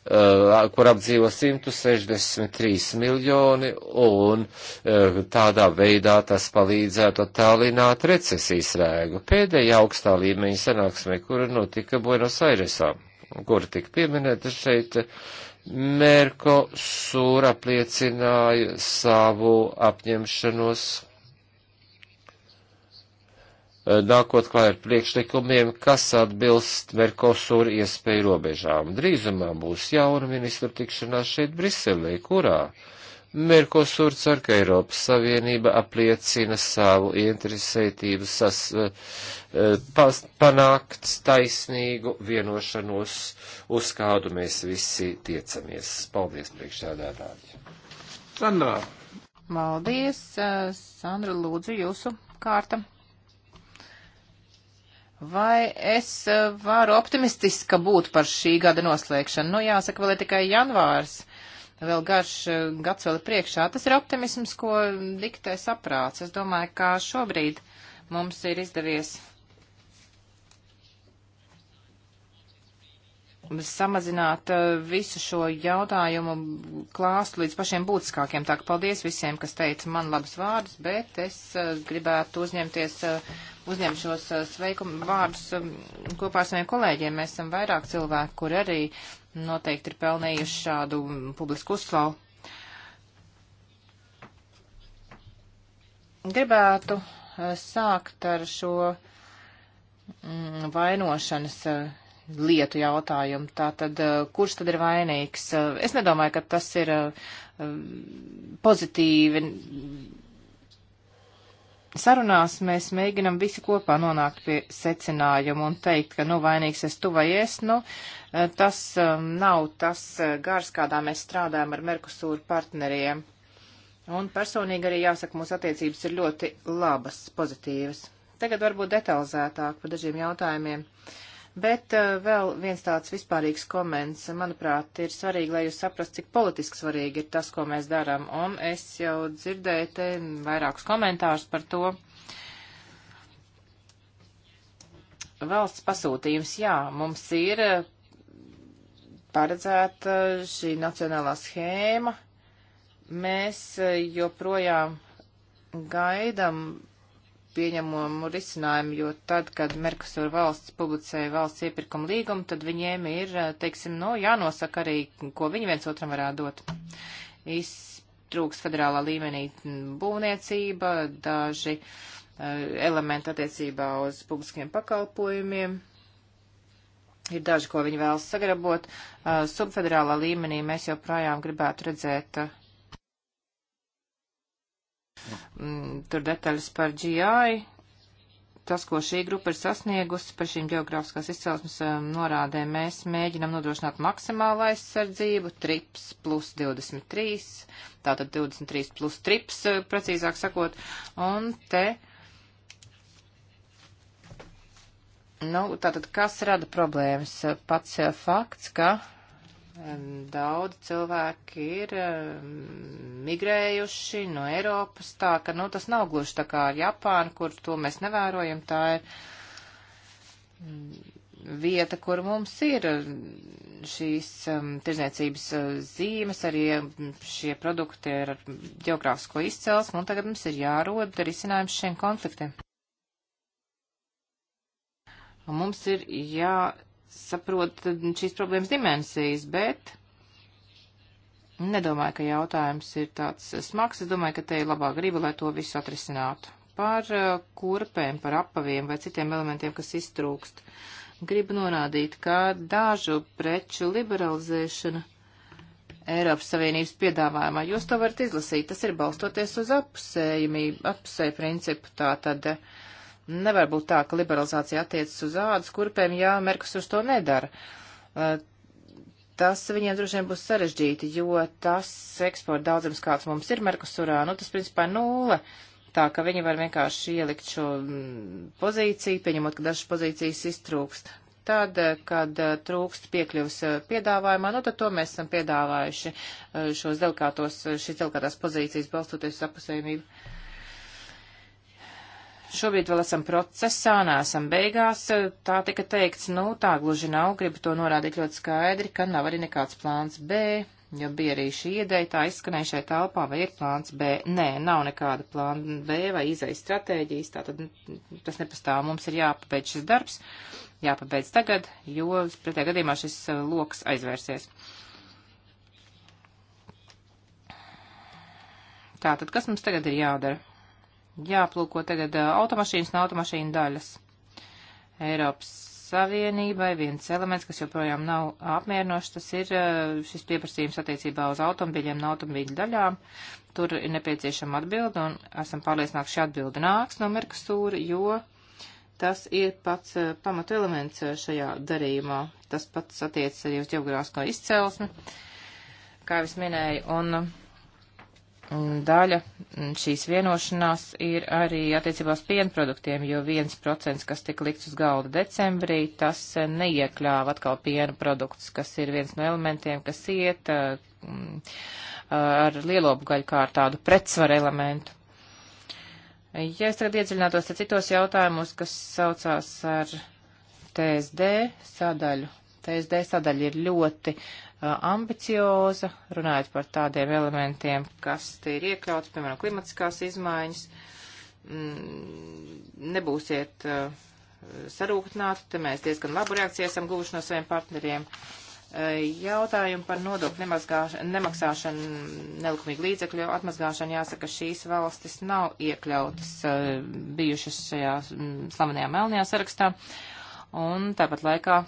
Uh, kur apdzīvo 163 miljoni, un uh, tādā veidā tas palīdzētu attālināt recesijas rēgu. Pēdējā augstā līmeņa sanāksmē, kura notika Buenos Airesā, kur tika pieminēta šeit, Merko sūra apliecināja savu apņemšanos Eh, nākot klāt ar priekšlikumiem, kas atbilst Merkosūra iespēju robežām. Drīzumā būs jauna ministra tikšanās šeit Briselē, kurā Merkosūra cer, ka Eiropas Savienība apliecina savu interesētību sas, eh, eh, pas, panākt taisnīgu vienošanos, uz kādu mēs visi tiecamies. Paldies, priekšsēdētāji! Sandra! Paldies, Sandra, lūdzu jūsu kārta. Vai es eh, varu optimistiska būt par šī gada noslēgšanu? Nu, jāsaka, vēl ir tikai janvārs, vēl garš eh, gads vēl ir priekšā. Tas ir optimisms, ko diktē saprāts. Es domāju, kā šobrīd mums ir izdevies samazināt eh, visu šo jautājumu klāstu līdz pašiem būtiskākiem. Tā ka paldies visiem, kas teica man labas vārdas, bet es gribētu uzņemties uzņemšos eh, sveikumu vārdus um, kopā ar saviem kolēģiem. Mēs esam vairāk cilvēki, kuri arī noteikti ir pelnījuši šādu um, publisku uzslavu. Gribētu eh, sākt ar šo mm, vainošanas eh, lietu jautājumu. Tātad, kurš tad ir vainīgs? Es nedomāju, ka tas ir pozitīvi sarunās mēs mēģinam visi kopā nonākt pie secinājumu un teikt, ka, nu, vainīgs es tu vai es, nu, eh, tas um, nav tas eh, gars, kādā mēs strādājam ar Merkusūru partneriem. Un personīgi arī jāsaka, mūsu attiecības ir ļoti labas, pozitīvas. Tagad varbūt detalizētāk par dažiem jautājumiem. Uh, Bet eh, vēl viens tāds vispārīgs koments, manuprāt, ir svarīgi, lai jūs saprastu, cik politiski svarīgi ir tas, ko mēs darām. Un es jau dzirdēju te vairākus komentārus par to. Valsts pasūtījums, jā, mums ir eh, paredzēta eh, šī nacionālā schēma. Mēs joprojām gaidam pieņemamu risinājumu, jo tad, kad Merkusur valsts publicēja valsts iepirkuma līgumu, tad viņiem ir, eh, teiksim, no nu, jānosaka arī, ko viņi viens otram varētu dot. Iztrūks federālā līmenī būvniecība, daži uh, elementi attiecībā uz publiskiem pakalpojumiem. Ir daži, ko viņi vēlas sagrabot. Uh, subfederālā līmenī mēs joprojām gribētu redzēt uh, Mm, tur detaļas par GI, tas, ko šī grupa ir sasniegusi par šīm geogrāfiskās izcelsmes um, norādēm, mēs mēģinam nodrošināt maksimālu aizsardzību, trips plus 23, tātad 23 plus trips, uh, precīzāk sakot, un te. Nu, tātad, kas rada problēmas? Pats uh, fakts, ka daudz cilvēki ir migrējuši no Eiropas, tā ka, nu, tas nav gluži tā kā ar Japānu, kur to mēs nevērojam, tā ir mm, vieta, kur mums ir mm, šīs um, tirzniecības uh, eh, zīmes, arī šie produkti ir ar geogrāfisko izcelsmu, un tagad mums ir jārod risinājums šiem konfliktiem. Un mums ir jā. Ja, saprot šīs problēmas dimensijas, bet nedomāju, ka jautājums ir tāds smags. Es domāju, ka te ir labā griba, lai to visu atrisinātu. Par uh, kurpēm, par apaviem vai citiem elementiem, kas iztrūkst, gribu norādīt, ka dažu preču liberalizēšana Eiropas Savienības piedāvājumā. Jūs to varat izlasīt, tas ir balstoties uz apusējumību, apusēju principu. Tātad Nevar būt tā, ka liberalizācija attiecas uz ādas kurpēm, ja Merkusurs to nedara. Uh, tas viņiem droši vien būs sarežģīti, jo tas eksporta daudzums, kāds mums ir Merkusurā, nu tas principā nulle. Tā ka viņi var vienkārši ielikt šo mm, pozīciju, pieņemot, ka dažas pozīcijas iztrūkst. Tad, eh, kad eh, trūkst piekļuvs eh, piedāvājumā, nu tad to mēs esam piedāvājuši šos delikātos, šīs delikātās pozīcijas balstoties uz apusējumību. Šobrīd vēl esam procesā, neesam beigās. Tā tika teikts, nu tā gluži nav, gribu to norādīt ļoti skaidri, ka nav arī nekāds plāns B, jo bija arī šī ideja, tā izskanēja šai telpā, vai ir plāns B. Nē, nav nekāda plāna B vai izejas stratēģijas, tātad tas nepastāv, mums ir jāpabeidz šis darbs, jāpabeidz tagad, jo pretējā gadījumā šis uh, loks aizvērsies. Tātad, kas mums tagad ir jādara? jāplūko tagad automašīnas un automašīnu daļas. Eiropas Savienībai viens elements, kas joprojām nav apmierinošs, tas ir šis pieprasījums attiecībā uz automobiļiem un automobīļu daļām. Tur ir nepieciešama atbilda, un esam pārliecināti, šī atbilda nāks no Merkusūra, jo tas ir pats pamatu elements šajā darījumā. Tas pats attiecas arī uz geogrāfisko izcelsmi, kā jau es minēju, un daļa mm, šīs vienošanās ir arī attiecībā uz pienproduktiem, jo viens procents, kas tika likts uz galda decembrī, tas eh, neiekļāva atkal piena produktus, kas ir viens no elementiem, kas iet eh, mm, eh, ar lielopgaļu kā ar tādu pretsvaru elementu. Ja es tagad iedziļinātos citos jautājumos, kas saucās ar TSD sadaļu, TSD sadaļa ir ļoti uh, ambicioza, runājot par tādiem elementiem, kas te ir iekļauts, piemēram, klimatiskās izmaiņas. Mm, nebūsiet sarūktināti, te mēs diezgan labu reakciju esam guvuši no saviem partneriem. Jautājumu par nodokļu nemaksāšanu, nelikumīgu līdzekļu atmazgāšanu, jāsaka, šīs valstis nav iekļautas bijušas šajā mm, slavenajā melnajā sarakstā. Un tāpat laikā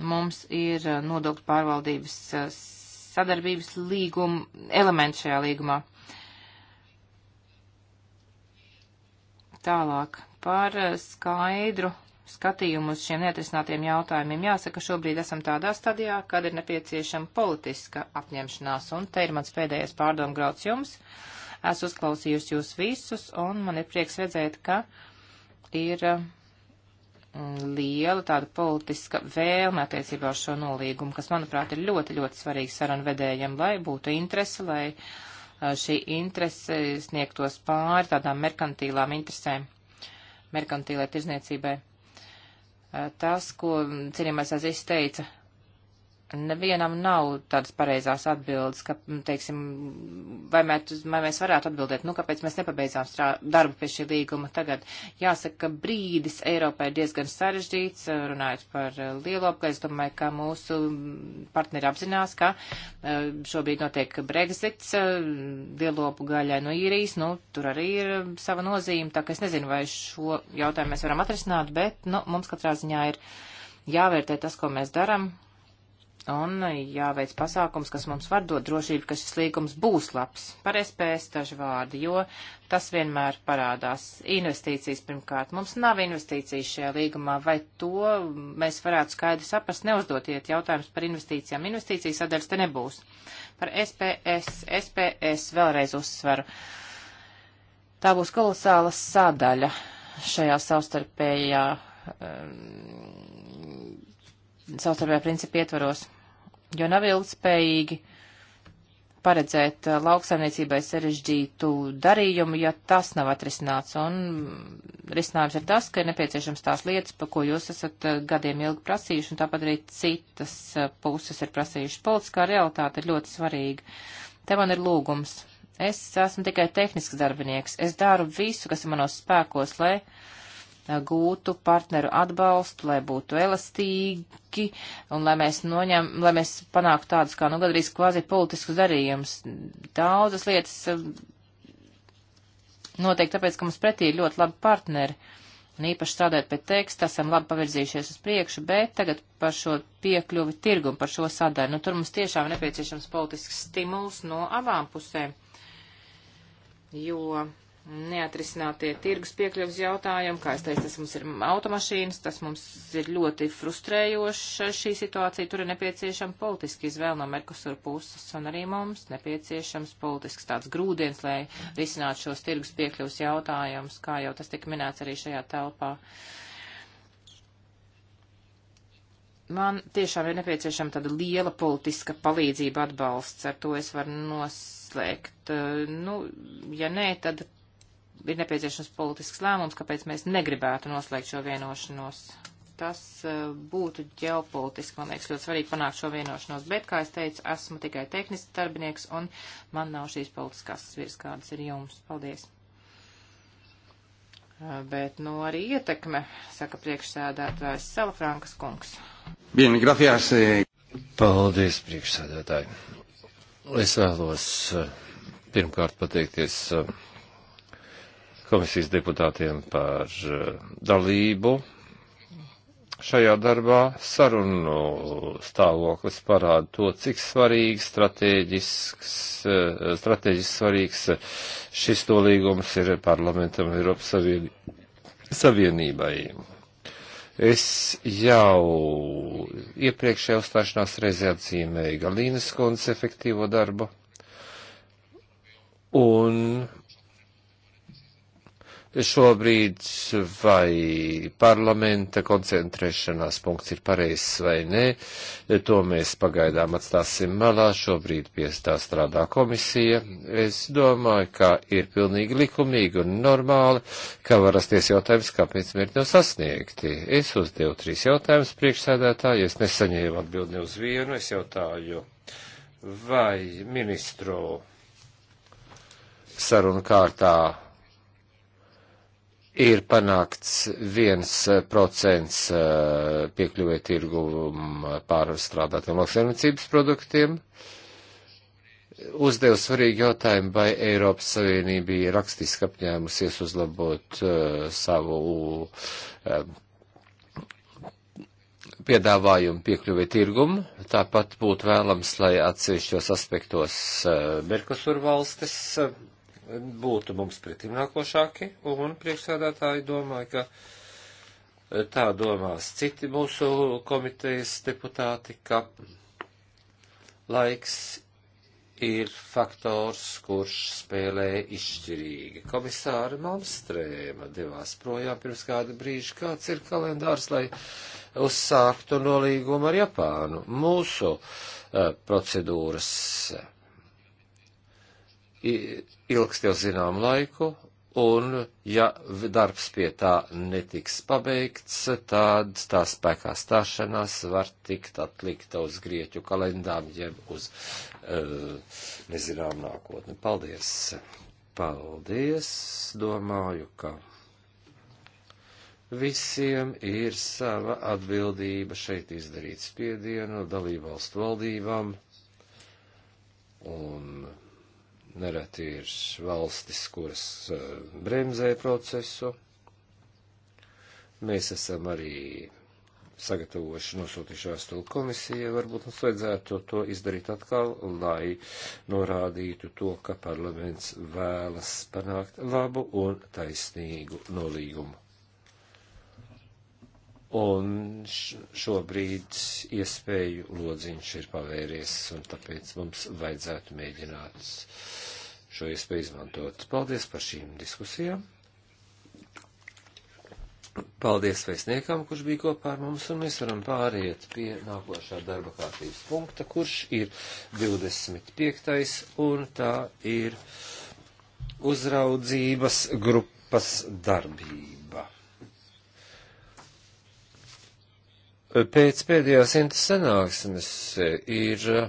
mums ir uh, nodokļu pārvaldības uh, sadarbības līguma elements šajā līgumā. Tālāk par uh, skaidru skatījumu uz šiem neatrisinātiem jautājumiem. Jāsaka, šobrīd esam tādā stadijā, kad ir nepieciešama politiska apņemšanās, un te ir mans pēdējais pārdomgrauds jums. Es uzklausījusi jūs visus, un man ir prieks redzēt, ka ir uh, liela tāda politiska vēlme attiecībā uz šo nolīgumu, kas, manuprāt, ir ļoti, ļoti svarīgs sarunvedējiem, lai būtu interese, lai šī interese sniegtos pāri tādām merkantīlām interesēm, merkantīlai tirzniecībai. Tas, ko cienījamais aiz izteica Nevienam nav tādas pareizās atbildes, ka, teiksim, vai, mēt, vai mēs varētu atbildēt, nu, kāpēc mēs nepabeidzām strā, darbu pie šī līguma tagad. Jāsaka, ka brīdis Eiropā ir diezgan sarežģīts, eh, runājot par eh, lielopku. Es domāju, ka mūsu partneri apzinās, ka eh, šobrīd notiek Brexits, lielopu gaļai no īrijas, nu, tur arī ir sava nozīme, tā ka es nezinu, vai šo jautājumu mēs varam atrisināt, bet, nu, mums katrā ziņā ir jāvērtē tas, ko mēs darām un jāveic pasākums, kas mums var dot drošību, ka šis līgums būs labs. Par SPS daži vārdi, jo tas vienmēr parādās. Investīcijas pirmkārt. Mums nav investīcijas šajā līgumā, vai to mēs varētu skaidri saprast, neuzdotiet jautājumus par investīcijām. Investīcijas sadaļas te nebūs. Par SPS, SPS vēlreiz uzsveru. Tā būs kolosāla sadaļa šajā savstarpējā um, savstarpējā principa ietvaros, jo nav ilgspējīgi paredzēt uh, lauksaimniecībai sarežģītu darījumu, ja tas nav atrisināts. Un risinājums ir tas, ka ir nepieciešams tās lietas, pa ko jūs esat uh, gadiem ilgi prasījuši, un tāpat arī citas uh, puses ir prasījušas. Politiskā realitāte ir ļoti svarīga. Te man ir lūgums. Es esmu tikai tehnisks darbinieks. Es daru visu, kas ir manos spēkos, lai uh, Eh, gūtu partneru atbalstu, lai būtu elastīgi un lai mēs, noņem, lai mēs panāktu tādus kā, nu, gadrīz kvazi politiskus darījumus. Daudzas lietas eh, noteikti tāpēc, ka mums pretī ir ļoti labi partneri. Un īpaši strādājot pie teksta, esam labi pavirzījušies uz priekšu, bet tagad par šo piekļuvi tirgu un par šo sadaļu. Nu, tur mums tiešām nepieciešams politisks stimuls no abām pusēm, jo neatrisinātie tirgus piekļuvs jautājumi, kā es teicu, tas mums ir automašīnas, tas mums ir ļoti frustrējoša šī situācija, tur ir nepieciešama politiska izvēle no Merkusur puses, un arī mums nepieciešams politisks tāds grūdienis, lai risinātu šos tirgus piekļuvs jautājumus, kā jau tas tika minēts arī šajā telpā. Man tiešām ir nepieciešama tāda liela politiska palīdzība atbalsts, ar to es varu noslēgt. Nu, ja nē, tad ir nepieciešams politisks lēmums, kāpēc mēs negribētu noslēgt šo vienošanos. Tas uh, būtu ģeopolitiski, man liekas, ļoti svarīgi panākt šo vienošanos, bet, kā es teicu, esmu tikai tehnisks darbinieks un man nav šīs politiskās svirs, kādas ir jums. Paldies! Uh, bet, nu, arī ietekme, saka priekšsēdētājs Salafrankas kungs. Bien, gracias. Eh. Paldies, priekšsēdētāji. Es vēlos pirmkārt pateikties uh, komisijas deputātiem par eh, dalību šajā darbā. Sarunu stāvoklis parāda to, cik svarīgs strateģisks, eh, strateģisks svarīgs šis to līgums ir parlamentam Eiropas Savienībai. Es jau iepriekšējā uzstāšanās reizē atzīmēju Galīnas kundzes efektīvo darbu, un šobrīd, vai parlamenta koncentrēšanās punkts ir pareizs vai nē, to mēs pagaidām atstāsim malā, šobrīd pie tā strādā komisija. Es domāju, ka ir pilnīgi likumīgi un normāli, ka var rasties jautājums, kāpēc mērķi nav sasniegti. Es uzdevu trīs jautājumus priekšsēdētāji, es nesaņēmu atbildi uz vienu, es jautāju, vai ministru sarunu kārtā ir panākts viens eh, procents eh, piekļuvē tirgumu pārstrādātiem lauksaimniecības produktiem. Uzdev svarīgi jautājumu, vai Eiropas Savienība ir rakstiski apņēmusies uzlabot uh, savu uh, piedāvājumu piekļuvē tirgumu. Tāpat būtu vēlams, lai atsevišķos aspektos uh, Merkosur valstis uh, būtu mums pretim nākošāki, un priekšsēdētāji domāja, ka e, tā domās citi mūsu komitejas deputāti, ka laiks ir faktors, kurš spēlē izšķirīgi. Komisāra Malmstrēma devās projām pirms kāda brīža. Kāds ir kalendārs, lai uzsāktu nolīgumu ar Japānu? Mūsu uh, procedūras uh, ilgs jau zināmu laiku, un ja darbs pie tā netiks pabeigts, tad tā spēkā stāšanās var tikt atlikta uz grieķu kalendām, jeb uz uh, nezinām nākotni. Paldies! Paldies! Domāju, ka visiem ir sava atbildība šeit izdarīt spiedienu dalībvalstu valdībām un nereti ir valstis, kuras eh, bremzē procesu. Mēs esam arī sagatavojuši nosūtīšu vēstuli komisijai, varbūt mums vajadzētu to izdarīt atkal, lai norādītu to, ka parlaments vēlas panākt labu un taisnīgu nolīgumu un šobrīd iespēju lodziņš ir pavēries, un tāpēc mums vajadzētu mēģināt šo iespēju izmantot. Paldies par šīm diskusijām. Paldies vēstniekam, kurš bija kopā ar mums, un mēs varam pāriet pie nākošā darba kārtības punkta, kurš ir 25. un tā ir uzraudzības grupas darbība. Pēc pēdējās intas sanāksmes e, ir e,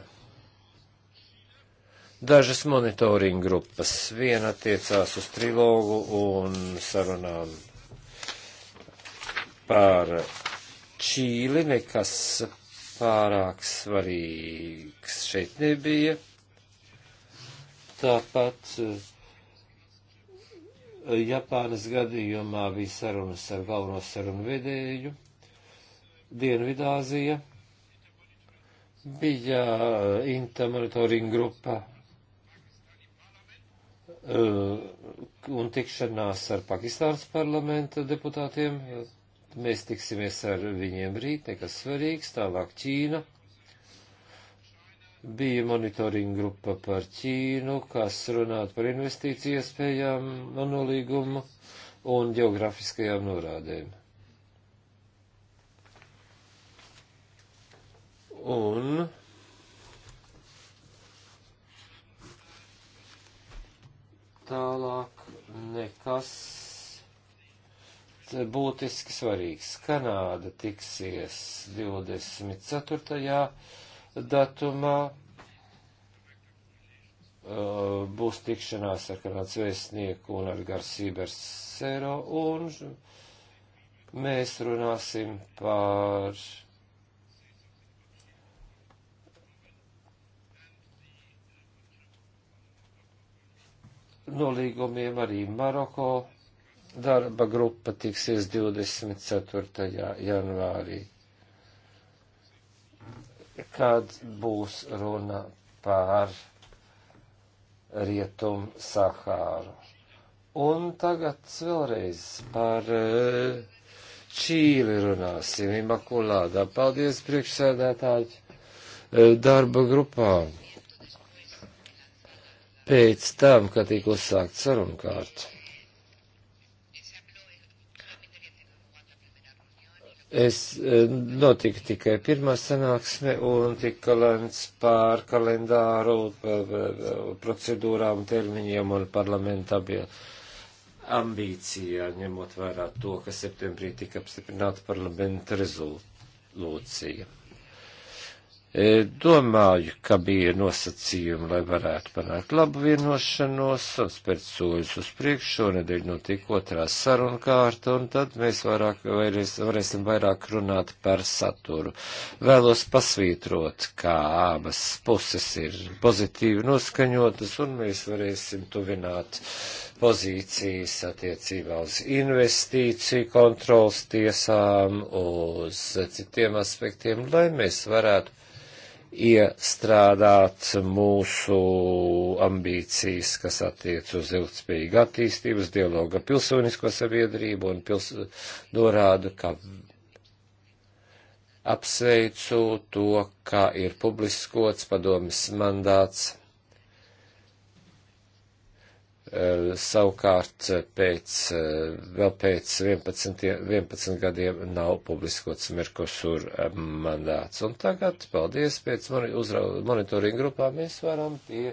dažas monitoringa grupas. Viena attiecās uz trilogu un sarunām par Čīli, nekas pārāk svarīgs šeit nebija. Tāpat e, Japānas gadījumā bija sarunas ar galveno sarunu vedēju. Dienvidāzija bija eh, Inta monitoringa grupa eh, un tikšanās ar Pakistānas parlamenta deputātiem. Mēs tiksimies ar viņiem rīt, nekas svarīgs. Tālāk Ķīna. Bija monitoringa grupa par Ķīnu, kas runātu par investīciju iespējām, manolīgumu un geografiskajām norādēm. Un tālāk nekas būtiski svarīgs. Kanāda tiksies 24. datumā. Uh, būs tikšanās ar Kanādas vēstnieku un ar Garsībers Sero, un mēs runāsim par nolīgumiem arī Maroko darba grupa tiksies 24. janvārī, kad būs runa pār Rietum Sahāru. Un tagad vēlreiz par eh, Čīli runāsim, Imakulādā. Paldies, priekšsēdētāji, eh, darba grupām pēc tam, kad tika uzsākt sarunu kārtu. Es e, notika tikai pirmā sanāksme un tika lēmts pār kalendāru, e, e, procedūrām, termiņiem un parlamenta ambīcijā, ņemot vērā to, ka septembrī tika apstiprināta parlamenta rezolūcija. E, domāju, ka bija nosacījumi, lai varētu panākt labu vienošanos, spērt soļus uz priekšu, šonedēļ notika otrā saruna kārta, un tad mēs vairāk, vairēs, varēsim vairāk runāt par saturu. Vēlos pasvītrot, kā abas puses ir pozitīvi noskaņotas, un mēs varēsim tuvināt pozīcijas attiecībā uz investīciju kontrols tiesām, uz citiem aspektiem, lai mēs varētu iestrādāt mūsu ambīcijas, kas attiec uz ilgspējīgu attīstības dialogu ar pilsonisko sabiedrību un pils, norādu, ka apsveicu to, kā ir publiskots padomis mandāts Eh, savukārt eh, pēc, eh, vēl pēc 11, 11 gadiem nav publiskots Merkosur mandāts. Un tagad, paldies, pēc monitoringa grupā mēs varam pie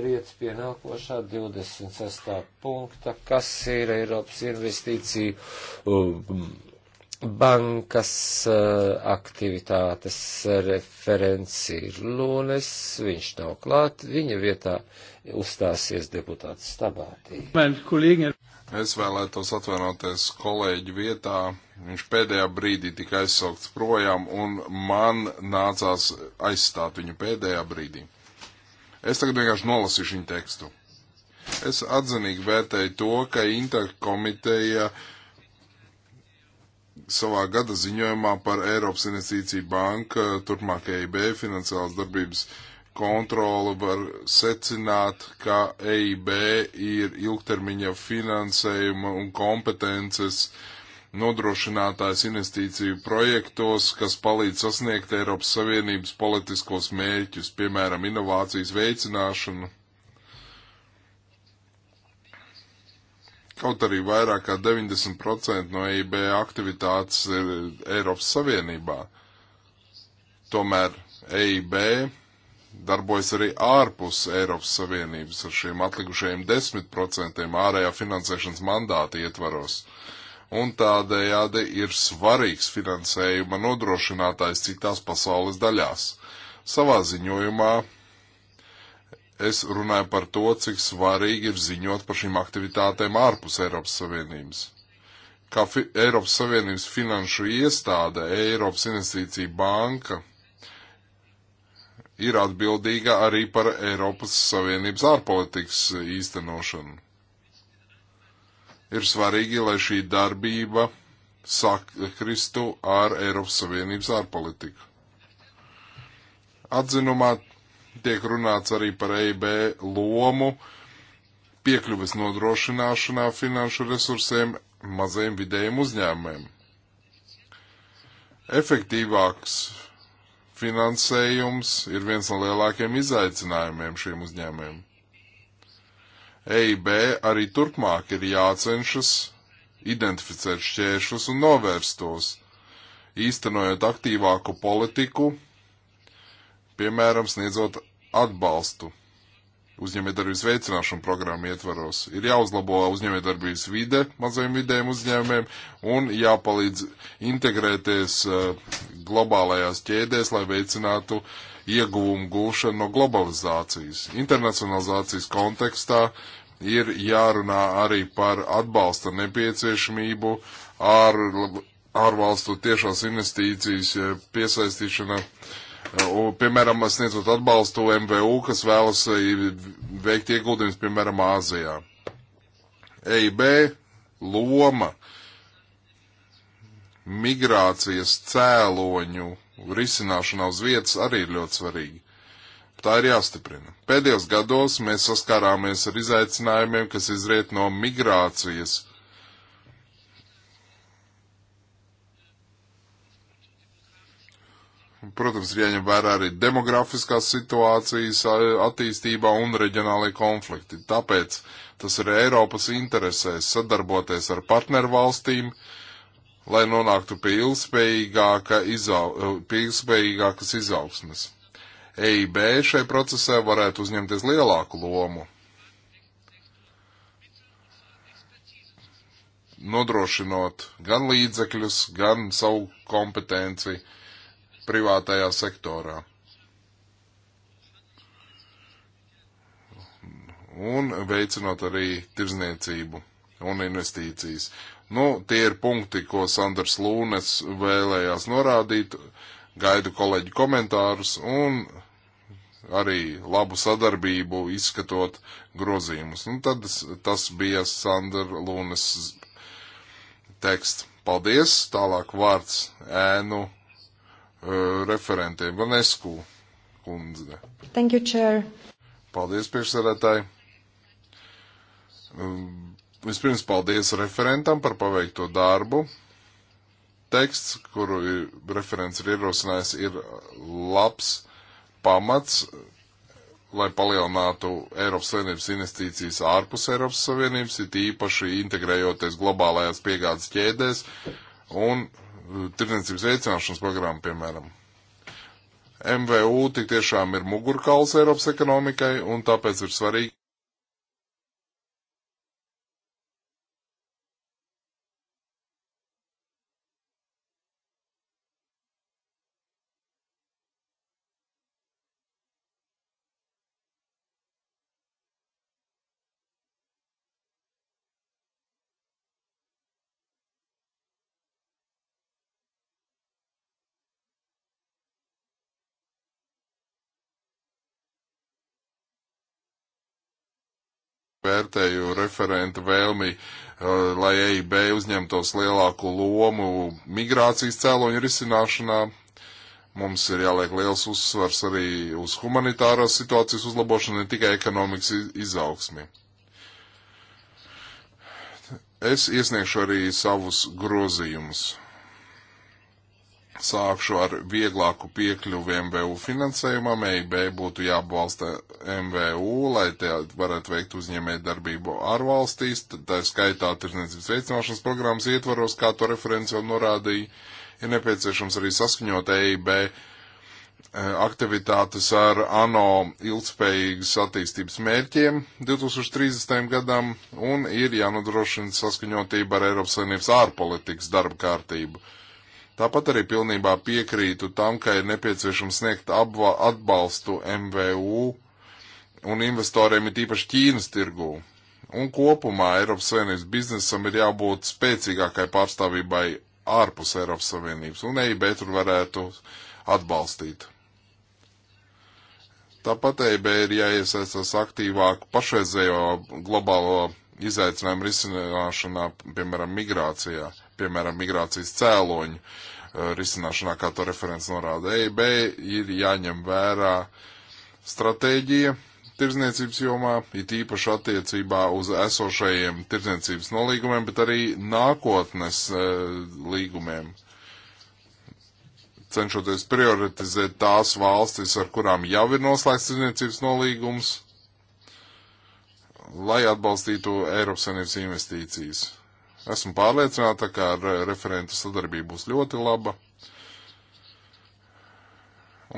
riet pie nākošā 26. punkta, kas ir Eiropas investīciju um, bankas aktivitātes referenci ir Lūnes, viņš nav klāt, viņa vietā uzstāsies deputāts Stabātī. Es vēlētos atvainoties kolēģi vietā. Viņš pēdējā brīdī tika aizsaukts projām, un man nācās aizstāt viņu pēdējā brīdī. Es tagad vienkārši nolasīšu viņa tekstu. Es atzinīgi vērtēju to, ka interkomiteja savā gada ziņojumā par Eiropas investīciju banka turpmākajai B finansiālas darbības uh, kontroli var secināt, ka EIB ir ilgtermiņa finansējuma un kompetences nodrošinātājs investīciju projektos, kas palīdz sasniegt Eiropas Savienības politiskos mērķus, piemēram, inovācijas veicināšanu. Kaut arī vairāk kā 90% no EIB aktivitātes ir Eiropas Savienībā. Tomēr EIB darbojas arī ārpus Eiropas Savienības ar šiem atlikušajiem 10% ārējā finansēšanas mandāta ietvaros. Un tādējādi ir svarīgs finansējuma nodrošinātājs citās pasaules daļās. Savā ziņojumā es runāju par to, cik svarīgi ir ziņot par šīm aktivitātēm ārpus Eiropas Savienības. Kā fi Eiropas Savienības finanšu iestāde, Eiropas Investīcija banka ir atbildīga arī par Eiropas Savienības ārpolitikas īstenošanu. Ir svarīgi, lai šī darbība sakristu ar Eiropas Savienības ārpolitiku. Atzinumā tiek runāts arī par EIB lomu piekļuves nodrošināšanā finanšu resursiem mazajiem vidējiem uzņēmumiem. Efektīvāks finansējums ir viens no lielākajiem izaicinājumiem šiem uzņēmējiem. EIB arī turpmāk ir jācenšas identificēt šķēršus un novērst tos, īstenojot aktīvāku politiku, piemēram, sniedzot atbalstu uzņēmējdarbības veicināšanu programmu ietvaros. Ir jāuzlabo uzņēmējdarbības vide mazajiem vidējiem uzņēmumiem un jāpalīdz integrēties eh, globālajās ķēdēs, lai veicinātu ieguvumu gūšanu no globalizācijas. Internacionalizācijas kontekstā ir jārunā arī par atbalsta nepieciešamību ārvalstu tiešās investīcijas eh, piesaistīšana uh, piemēram, sniedzot atbalstu MVU, kas vēlas e, veikt ieguldījumus, piemēram, Āzijā. EIB loma migrācijas cēloņu risināšanā uz vietas arī ir ļoti svarīga. Tā ir jāstiprina. Pēdējos gados mēs saskārāmies ar izaicinājumiem, kas izriet no migrācijas Protams, ir jāņem vērā arī demografiskās situācijas attīstībā un reģionālai konflikti. Tāpēc tas ir Eiropas interesēs sadarboties ar partnervalstīm, lai nonāktu pie, ilgspējīgāka izau, e, pie ilgspējīgākas izaugsmes. EIB šai procesē varētu uzņemties lielāku lomu. nodrošinot gan līdzekļus, gan savu kompetenci privātajā sektorā. Un veicinot arī tirzniecību un investīcijas. Nu, tie ir punkti, ko Sanders Lūnes vēlējās norādīt. Gaidu kolēģi komentārus un arī labu sadarbību izskatot grozījumus. Nu, tad tas bija Sandra Lūnes teksts. Paldies! Tālāk vārds ēnu Eh, referentiem. Vanesku kundze. Thank you, chair. Paldies, priekšsēdētāji. Um, vispirms paldies referentam par paveikto darbu. Teksts, kuru referents ir ierosinājis, ir labs pamats, lai palielinātu Eiropas Savienības investīcijas ārpus Eiropas Savienības, it īpaši integrējoties globālajās piegādes ķēdēs un tirdzniecības veicināšanas programma, piemēram. MVU tik tiešām ir mugurkauls Eiropas ekonomikai, un tāpēc ir svarīgi vērtēju referenta vēlmi, uh, lai EIB uzņemtos lielāku lomu migrācijas cēloņu risināšanā. Mums ir jāliek liels uzsvars arī uz humanitārās situācijas uzlabošanu, ne tikai ekonomikas izaugsmi. Es iesniegšu arī savus grozījumus. Sākšu ar vieglāku piekļuvi MVU finansējumam. EIB būtu jābalsta MVU, lai tie varētu veikt uzņēmē darbību ārvalstīs. Tā skaitā tirzniecības veicināšanas programmas ietvaros, kā to referenci jau norādīja, ir nepieciešams arī saskaņot EIB e, aktivitātes ar ANO ilgspējīgas attīstības mērķiem 2030. gadam un ir jānodrošina saskaņotība ar Eiropas Savienības ārpolitikas darba kārtību. Tāpat arī pilnībā piekrītu tam, ka ir nepieciešams sniegt atbalstu MVU un investoriem ir tīpaši Ķīnas tirgū. Un kopumā Eiropas Savienības biznesam ir jābūt spēcīgākai pārstāvībai ārpus Eiropas Savienības, un EIB tur varētu atbalstīt. Tāpat EIB ir jāiesaistās aktīvāk pašreizējo globālo izaicinājumu risināšanā, piemēram, migrācijā piemēram, migrācijas cēloņu uh, risināšanā, kā to referents norāda EIB, ir jāņem vērā stratēģija tirzniecības jomā, it īpaši attiecībā uz esošajiem tirzniecības nolīgumiem, bet arī nākotnes uh, līgumiem cenšoties prioritizēt tās valstis, ar kurām jau ir noslēgts tirdzniecības nolīgums, lai atbalstītu Eiropas Savienības investīcijas. Esmu pārliecināta, ka ar referentu sadarbība būs ļoti laba.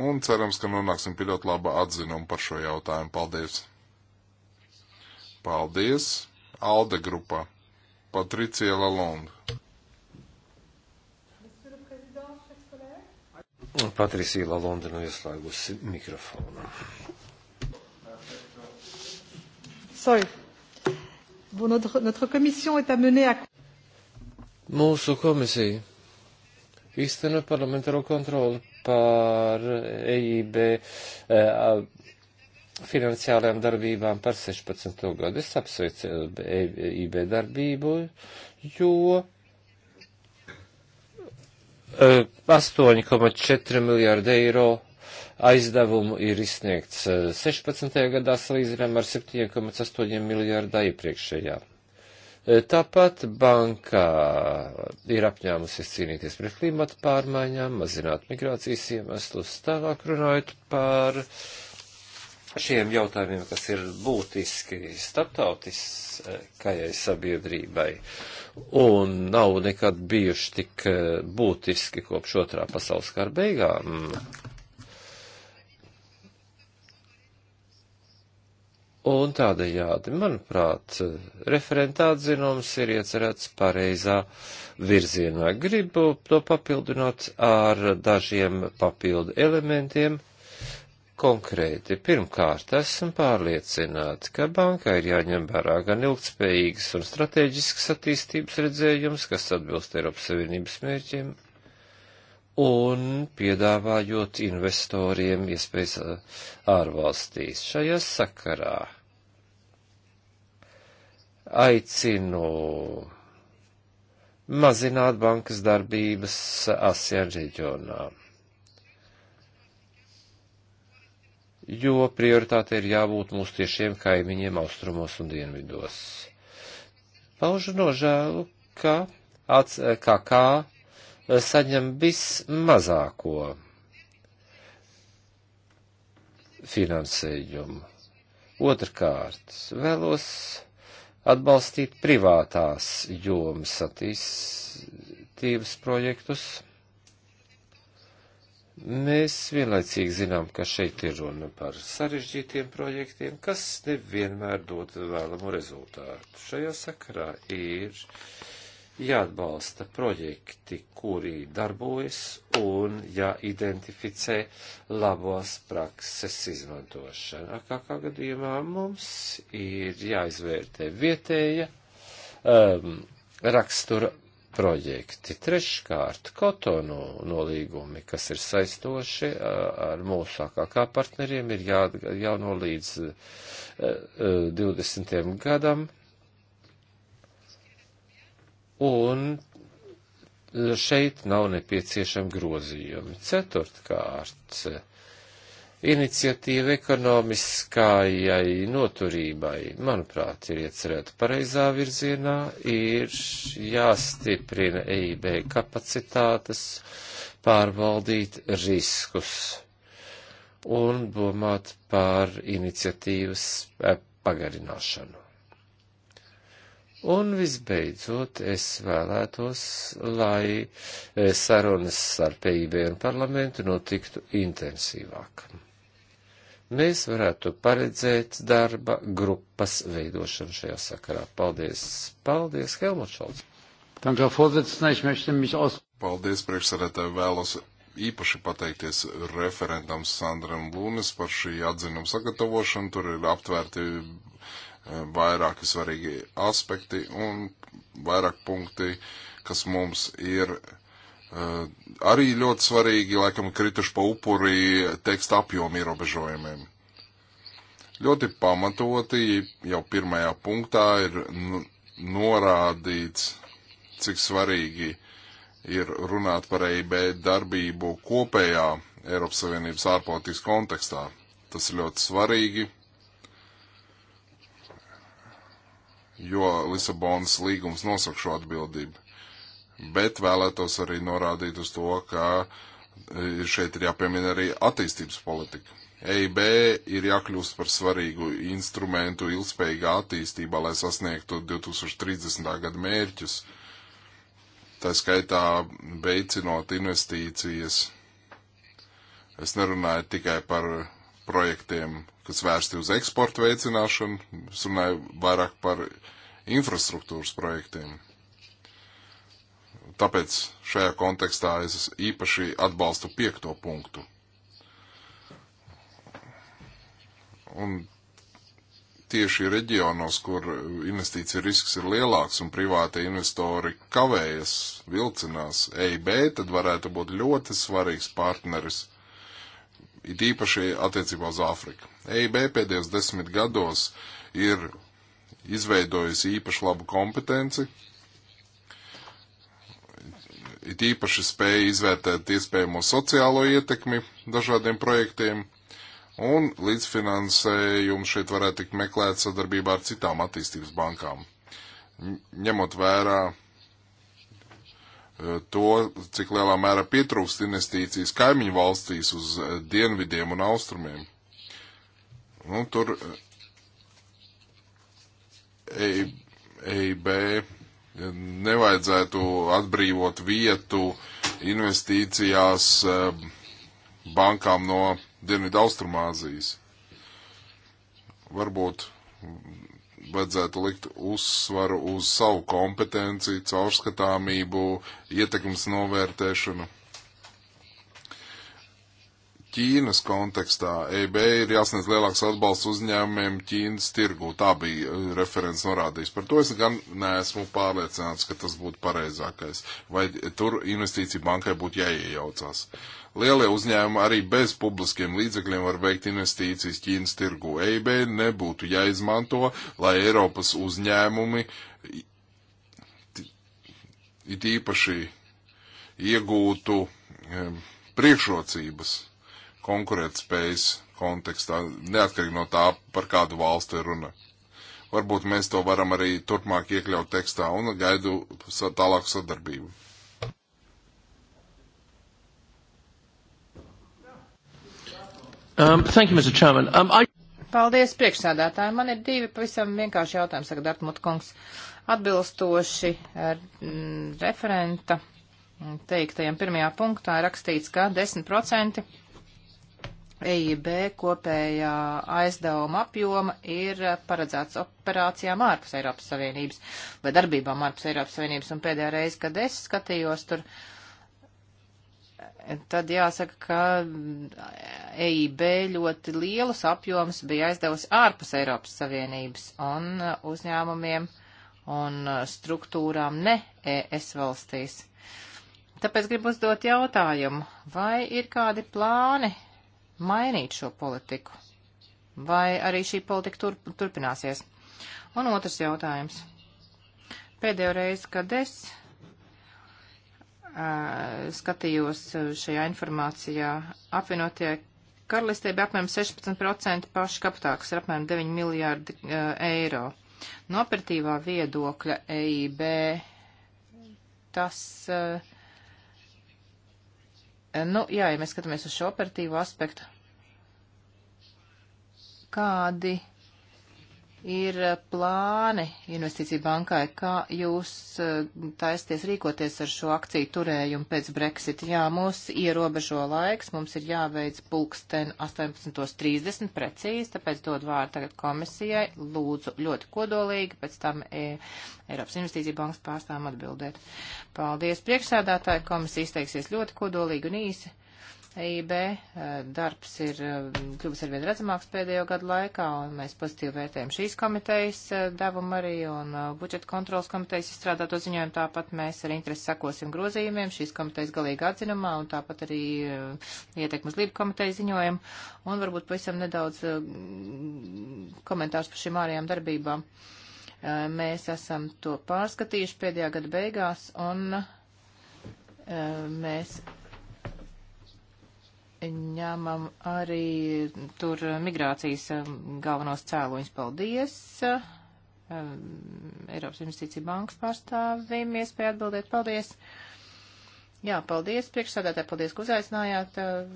Un cerams, ka nonāksim pie ļoti laba atzinuma par šo jautājumu. Paldies! Paldies! Alde grupā. Patricija Lalonde. Patricija Lalonde nav ieslēgusi mikrofonu. Sorry. Bon, notre, notre commission est amenée à... Mūsu komisija īsteno parlamentāro kontroli pār EIB eh, finansiālajām darbībām par 16. gadu. Es apsveicu EIB darbību, jo 8,4 eh, miljārdi eiro aizdevumu ir izsniegts 16. Eh, gadā salīdzinām ar 7,8 miljārdā iepriekšējā. Tāpat bankā ir apņēmusies cīnīties pret klimata pārmaiņām, mazināt migrācijas iemeslus, tālāk runājot par šiem jautājumiem, kas ir būtiski starptautiskajai sabiedrībai un nav nekad bijuši tik būtiski kopš otrā pasaules kara beigām. Un tādējādi, manuprāt, referenta atzinums ir iecerēts pareizā virzienā. Gribu to papildināt ar dažiem papildu elementiem. Konkrēti, pirmkārt, esmu pārliecināti, ka bankai ir jāņem vērā gan ilgtspējīgas un strateģiskas attīstības redzējums, kas atbilst Eiropas Savienības mērķiem, un piedāvājot investoriem iespējas ārvalstīs. Šajā sakarā aicinu mazināt bankas darbības ASEAN reģionā, jo prioritāte ir jābūt mūsu tiešiem kaimiņiem austrumos un dienvidos. Paužu nožēlu, ka ACKK saņem vismazāko finansējumu. Otrkārt, vēlos atbalstīt privātās jomas attīstības projektus. Mēs vienlaicīgi zinām, ka šeit ir runa par sarežģītiem projektiem, kas nevienmēr dod vēlamu rezultātu. Šajā sakarā ir uh, jāatbalsta projekti, kuri darbojas un jāidentificē labos prakses izmantošana. Akākā gadījumā mums ir jāizvērtē vietēja um, rakstura projekti. Treškārt, kotonu nolīgumi, kas ir saistoši ar mūsu akākā partneriem, ir jā, jānolīdz uh, 20. gadam un šeit nav nepieciešami grozījumi. Ceturtkārt, iniciatīva ekonomiskajai noturībai, manuprāt, ir iecerēta pareizā virzienā, ir jāstiprina EIB kapacitātes, pārvaldīt riskus un domāt par iniciatīvas eh, pagarināšanu. Un visbeidzot, es vēlētos, lai e, sarunas ar PIB un parlamentu notiktu intensīvāk. Mēs varētu paredzēt darba grupas veidošanu šajā sakarā. Paldies! Paldies, Helmut Šalds! Paldies, priekšsarētāji! Vēlos īpaši pateikties referentam Sandram Lūnes par šī atzinuma sagatavošanu. Tur ir aptvērti Eh, vairāki svarīgi aspekti un vairāk punkti, kas mums ir uh, arī ļoti svarīgi, laikam krituši pa upuri teksta apjomu ierobežojumiem. Ļoti pamatoti jau pirmajā punktā ir nu-, norādīts, cik svarīgi ir runāt par EIB darbību kopējā Eiropas Savienības ārpolitikas kontekstā. Tas ir ļoti svarīgi jo Lisabonas līgums nosaka šo atbildību. Bet vēlētos arī norādīt uz to, ka e, šeit ir jāpiemina arī attīstības politika. EIB ir jākļūst par svarīgu instrumentu ilgspējīgā attīstībā, lai sasniegtu 2030. gada mērķus, tā skaitā veicinot investīcijas. Es nerunāju tikai par projektiem, kas vērsti uz eksportu veicināšanu, es runāju vairāk par infrastruktūras projektiem. Tāpēc šajā kontekstā es īpaši atbalstu piekto punktu. Un tieši reģionos, kur investīcija risks ir lielāks un privāti investori kavējas, vilcinās EIB, tad varētu būt ļoti svarīgs partneris it īpaši attiecībā uz Āfriku. EIB pēdējos desmit gados ir izveidojusi īpaši labu kompetenci, it īpaši spēja izvērtēt iespējamo sociālo ietekmi dažādiem projektiem, un līdzfinansējums šeit varētu tikt meklēt sadarbībā ar citām attīstības bankām, ņemot vērā Eh, to, cik lielā mērā pietrūkst investīcijas kaimiņu valstīs uz eh, dienvidiem un austrumiem. Nu, tur EIB eh, e nevajadzētu atbrīvot vietu investīcijās bankām no Dienvidu Austrumāzijas. Varbūt vajadzētu likt uzsvaru uz savu kompetenci, caurskatāmību, ietekmes novērtēšanu. Ķīnas kontekstā EIB ir jāsniedz lielāks atbalsts uzņēmumiem Ķīnas tirgū. Tā bija eh, referents norādījis. Par to es gan neesmu pārliecināts, ka tas būtu pareizākais. Vai tur investīcija bankai būtu jāiejaucās. Uh, Lielie uzņēmumi arī bez publiskiem līdzekļiem var veikt investīcijas Ķīnas tirgu. EIB nebūtu jāizmanto, lai Eiropas uzņēmumi it īpaši iegūtu priekšrocības konkurētspējas kontekstā, neatkarīgi no tā, par kādu valstu ir runa. Varbūt mēs to varam arī turpmāk iekļaut tekstā un gaidu tālāku sadarbību. Um, thank you, Mr. Chairman. Um, I... Paldies, priekšsādātāji. Man ir divi pavisam vienkārši jautājumi, saka Dartmut kungs. Atbilstoši ar, er, m, mm, referenta teiktajam pirmajā punktā rakstīts, ka 10% EIB kopējā aizdevuma apjoma ir paredzēts operācijām ārpus Eiropas Savienības vai darbībām ārpus Eiropas Savienības. Un pēdējā reize, kad es skatījos, tur uh, tad jāsaka, ka EIB ļoti lielus apjomus bija aizdevusi ārpus Eiropas Savienības un uh, uzņēmumiem un uh, struktūrām ne ES valstīs. Tāpēc gribu uzdot jautājumu, vai ir kādi plāni mainīt šo politiku? Vai arī šī politika tur, turpināsies? Un otrs jautājums. Pēdējo reizi, kad es skatījos šajā informācijā apvienotie karalistē bija apmēram 16% pašu kapitāks ar apmēram 9 miljārdi uh, eiro. No operatīvā viedokļa EIB tas, uh, nu jā, ja mēs skatāmies uz šo operatīvo aspektu, kādi ir eh, plāni investīcija bankai, kā jūs eh, taisties rīkoties ar šo akciju turējumu pēc Brexit? Jā, mūs ierobežo laiks, mums ir jāveic pulksten 18.30 precīzi, tāpēc dod vārdu tagad komisijai, lūdzu ļoti kodolīgi, pēc tam e, Eiropas investīcija bankas pārstāvam atbildēt. Paldies, priekšsēdātāji, komisija izteiksies ļoti kodolīgi un īsi. EIB e, darbs ir e, kļuvis arvien redzamāks pēdējo gadu laikā, un mēs pozitīvi vērtējam šīs komitejas e, devumu arī, un budžeta kontrolas komitejas izstrādāto ziņojumu tāpat mēs ar interesi sekosim grozījumiem, šīs komitejas galīgi atzinumā, un tāpat arī ietekmas lība komiteja ziņojumu, un varbūt pavisam nedaudz komentārs par šīm ārējām darbībām. Mēs esam to pārskatījuši pēdējā gada beigās, un mēs ņemam arī tur migrācijas um, galvenos cēloņus. Paldies! Um, Eiropas Investīcija bankas pārstāvim iespēja atbildēt. Paldies! Jā, paldies priekšsādātāji, paldies, ka uzaicinājāt um,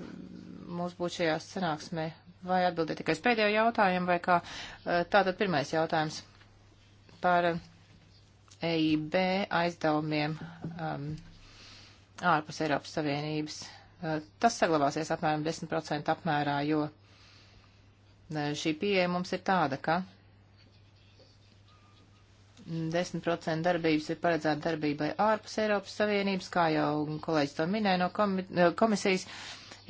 mūs būt šajā sanāksmē. Vai atbildēt tikai uz pēdējo jautājumu vai kā? Uh, tātad pirmais jautājums par EIB aizdevumiem um, ārpus Eiropas Savienības. Eh, tas saglabāsies apmēram 10% apmērā, jo eh, šī pieeja mums ir tāda, ka 10% darbības ir paredzēta darbībai ārpus Eiropas Savienības, kā jau kolēģis to minēja no komi eh, komisijas.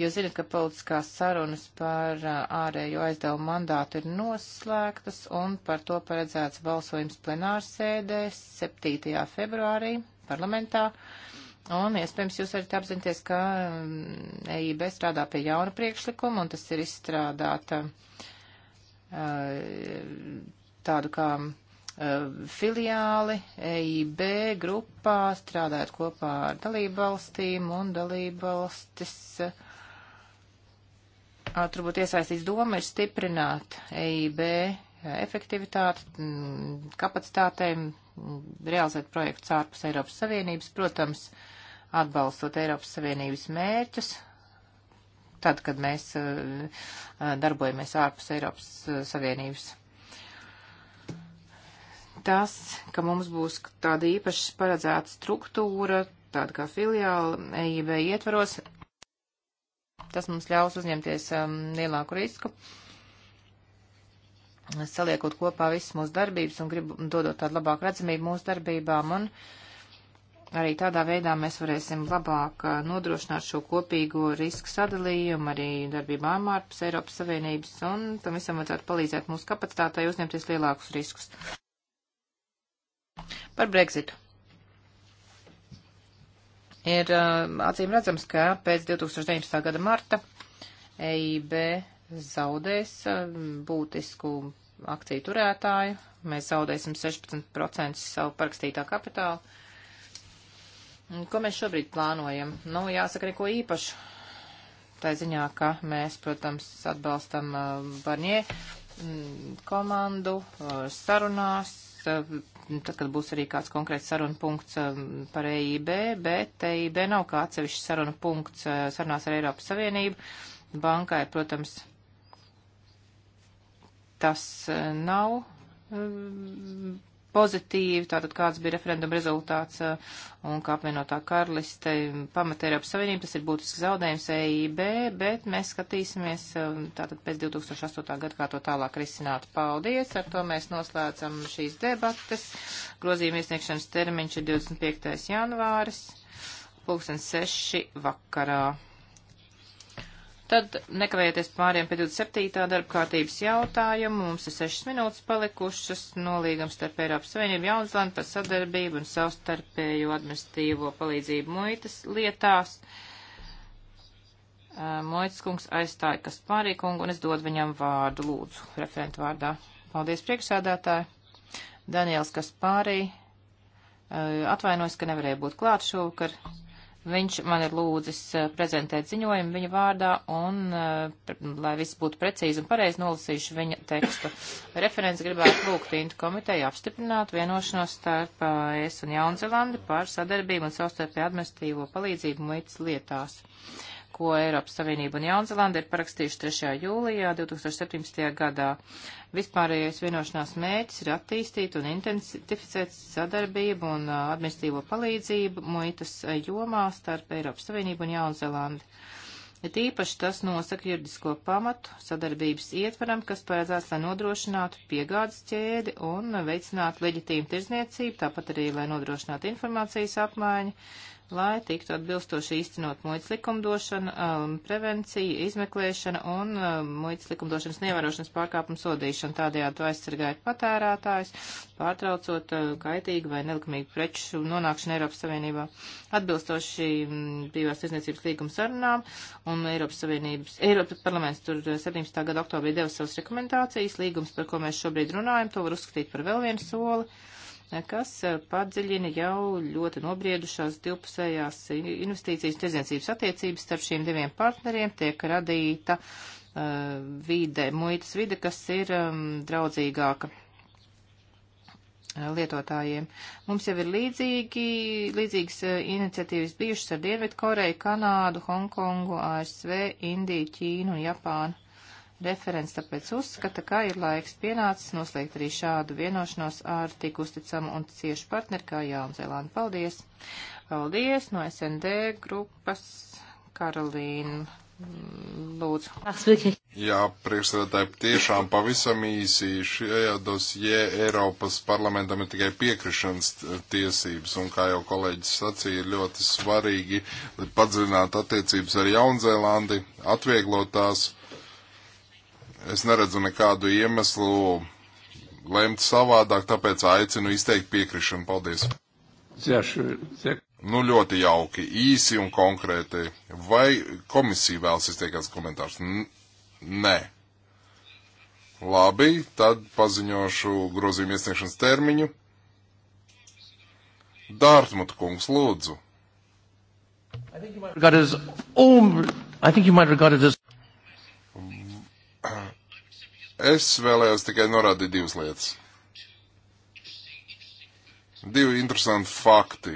Jūs zinat, ka politiskās sarunas par ārējo aizdevumu mandātu ir noslēgtas un par to paredzēts balsojums plenārsēdē 7. februārī parlamentā. Uh, Un iespējams jūs varat apzināties, ka mm, EIB strādā pie jauna priekšlikuma, un tas ir izstrādāta tādu kā filiāli EIB grupā, strādājot kopā ar dalību valstīm, un dalību valstis tur būtu iesaistīts doma ir stiprināt EIB efektivitāti, mm, kapacitātēm, realizēt projektus ārpus Eiropas Savienības. Protams, uh, atbalstot Eiropas Savienības mērķus, tad, kad mēs uh, uh, darbojamies ārpus Eiropas uh, Savienības. Tas, ka mums būs tāda īpaši paredzēta struktūra, tāda kā filiāla EIB ietvaros, tas mums ļaus uzņemties um, lielāku risku, saliekot kopā visas mūsu darbības un gribu, dodot tādu labāku redzamību mūsu darbībām un uh, Arī tādā veidā mēs varēsim labāk uh, nodrošināt šo kopīgo risku sadalījumu arī darbībām ārpus Eiropas Savienības, un tam visam vajadzētu palīdzēt mūsu kapacitātei uzņemties lielākus riskus. Par Brexitu. Ir uh, acīm redzams, ka pēc 2019. gada marta EIB zaudēs uh, būtisku akciju turētāju, mēs zaudēsim 16% savu parakstītā kapitāla Ko mēs šobrīd plānojam? Nu, jāsaka, neko īpašu. Tā ziņā, ka mēs, protams, atbalstam uh, Barņē mm, komandu uh, sarunās, uh, tad, kad būs arī kāds konkrēts saruna punkts um, par EIB, bet EIB nav kā atsevišķs saruna punkts uh, sarunās ar Eiropas Savienību. Bankai, protams, tas uh, nav um, pozitīvi, tātad kāds bija referenduma rezultāts uh, un kā apvienotā karaliste pamata Eiropas Savienība, tas ir būtisks zaudējums EIB, bet mēs skatīsimies um, tātad pēc 2008. gada, kā to tālāk risināt. Paldies, ar to mēs noslēdzam šīs debates. Grozījuma iesniegšanas termiņš ir 25. janvāris, pulksten 6 vakarā. Tad nekavējoties pāriem pie 27. darba kārtības jautājumu, mums ir 6 minūtes palikušas nolīgums starp Eiropas Savienību Jaunzlandu par sadarbību un savstarpējo administratīvo palīdzību muitas lietās. Moits kungs aizstāja Kaspārī kungu, un es dodu viņam vārdu, lūdzu, referentu vārdā. Paldies, priekšsādātāji. Daniels Kaspārī atvainojas, ka nevarēja būt klāt šovakar. Viņš man ir lūdzis eh, prezentēt ziņojumu viņa vārdā, un, eh, lai viss būtu precīzi un pareizi, nolasīšu viņa tekstu. Referents gribētu lūgt Intu komiteju apstiprināt vienošanos starp eh, ES un Jaunzelandi par sadarbību un savstarpēju administrīvo palīdzību muitas lietās. Uh, ko Eiropas Savienība un Jaunzelanda ir parakstījuši 3. jūlijā 2017. gadā. Vispārējais vienošanās mērķis ir attīstīt un intensificēt sadarbību un administīvo palīdzību muitas jomā starp Eiropas Savienību un Jaunzelandi. Ir īpaši tas nosaka juridisko pamatu sadarbības ietvaram, kas paredzēts, lai nodrošinātu piegādes ķēdi un veicinātu leģitīmu tirzniecību, tāpat arī, lai nodrošinātu informācijas apmaiņu, lai tiktu atbilstoši īstenot muitas likumdošanu, um, prevenciju, izmeklēšanu un um, muitas likumdošanas nevarošanas pārkāpumu sodīšanu. Tādējādi to aizsargājot patērētājus, pārtraucot uh, kaitīgu vai nelikumīgu preču nonākšanu Eiropas Savienībā. Atbilstoši mm, brīvās tiesniecības līguma sarunām un Eiropas Savienības, Eiropas parlaments tur 17. Uh, gada oktobrī deva savas rekomendācijas. Līgums, par ko mēs šobrīd runājam, to var uzskatīt par vēl vienu soli kas eh, padziļina jau ļoti nobriedušās divpusējās investīcijas tirdzniecības attiecības starp šiem diviem partneriem, tiek radīta uh, vide, muitas vide, kas ir um, draudzīgāka eh, lietotājiem. Mums jau ir līdzīgi, līdzīgas iniciatīvas bijušas ar Dienvidkoreju, Kanādu, Hongkongu, ASV, Indiju, Ķīnu un Japānu. Referents tāpēc uzskata, ka ir laiks pienācis noslēgt arī šādu vienošanos ar tik uzticamu un ciešu partneri kā Jaunzēlāna. Paldies! Paldies no SND grupas Karolīna. Lūdzu. Jā, priekšsēdētāji, tiešām pavisam īsi šajā dosjē Eiropas parlamentam ir tikai piekrišanas tiesības, un kā jau kolēģis sacīja, ir ļoti svarīgi padzināt attiecības ar Jaunzēlandi, atvieglot tās Es neredzu nekādu iemeslu lemt savādāk, tāpēc aicinu izteikt piekrišanu. Paldies! Nu, ļoti jauki, īsi un konkrēti. Vai komisija vēlas izteikt kāds komentārs? N nē. Labi, tad paziņošu grozījuma iesniegšanas termiņu. Dārtmut kungs, lūdzu. As... Es vēlējos tikai norādīt divas lietas. Divi interesanti fakti.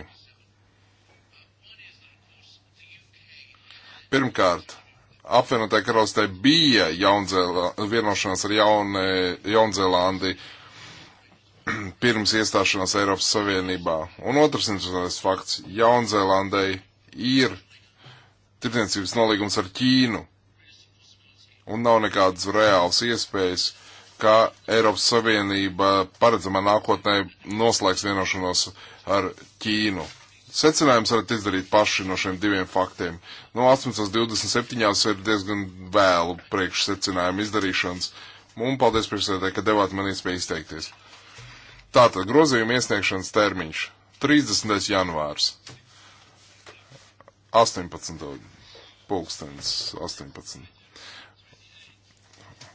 Pirmkārt, apvienotā karalistē bija Jaunzēla, vienošanās ar Jaune, Jaunzēlandi (clears throat) pirms iestāšanās Eiropas Savienībā. Un otrs interesants fakts - Jaunzēlandei ir tirdzniecības nolīgums ar Ķīnu un nav nekādas reālas iespējas, ka Eiropas Savienība paredzamā nākotnē noslēgs vienošanos ar Ķīnu. Secinājums varat izdarīt paši no šiem diviem faktiem. No 18.27. ir diezgan vēlu priekš secinājuma izdarīšanas. Un paldies priekšsēdētāji, ka devāt man iespēju izteikties. Tātad grozījuma iesniegšanas termiņš 30. janvārs 18. pulkstens 18.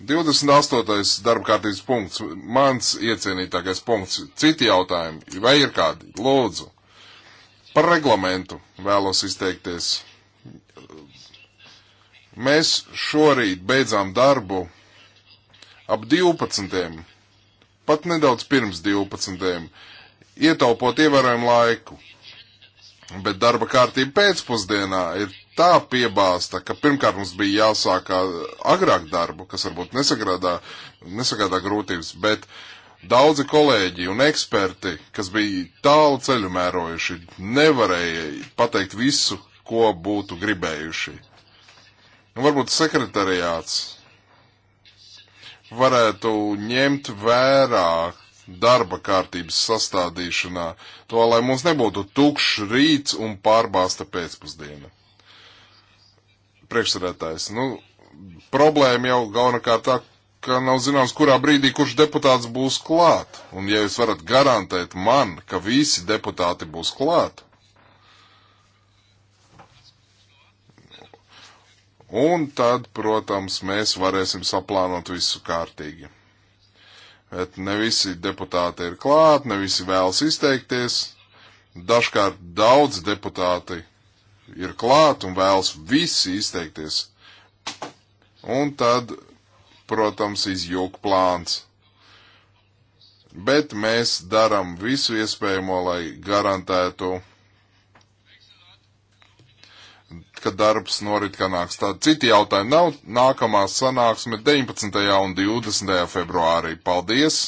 28. darba kārtības punkts, mans iecienītākais punkts. Citi jautājumi, vai ir kādi? Lūdzu. Par reglamentu vēlos izteikties. Mēs šorīt beidzām darbu ap 12. pat nedaudz pirms 12. ietaupot ievērojumu laiku. Bet darba kārtība pēcpusdienā ir tā piebāzta, ka pirmkārt mums bija jāsāk agrāk darbu, kas varbūt nesagrādā, nesagādā grūtības, bet daudzi kolēģi un eksperti, kas bija tālu ceļu mērojuši, nevarēja pateikt visu, ko būtu gribējuši. Un nu, varbūt sekretariāts varētu ņemt vērā darba kārtības sastādīšanā, to, lai mums nebūtu tukšs rīts un pārbāsta pēcpusdiena priekšsēdētājs. Nu, problēma jau galvenokārt tā, ka nav zināms, kurā brīdī kurš deputāts būs klāt. Un ja jūs varat garantēt man, ka visi deputāti būs klāt, un tad, protams, mēs varēsim saplānot visu kārtīgi. Bet ne visi deputāti ir klāt, ne visi vēlas izteikties. Dažkārt daudz deputāti ir klāt un vēlas visi izteikties. Un tad, protams, izjūg plāns. Bet mēs darām visu iespējamo, lai garantētu, ka darbs norit kā nāks. Tāda citi jautājumi nav. Nākamā sanāksme 19. un 20. februārī. Paldies!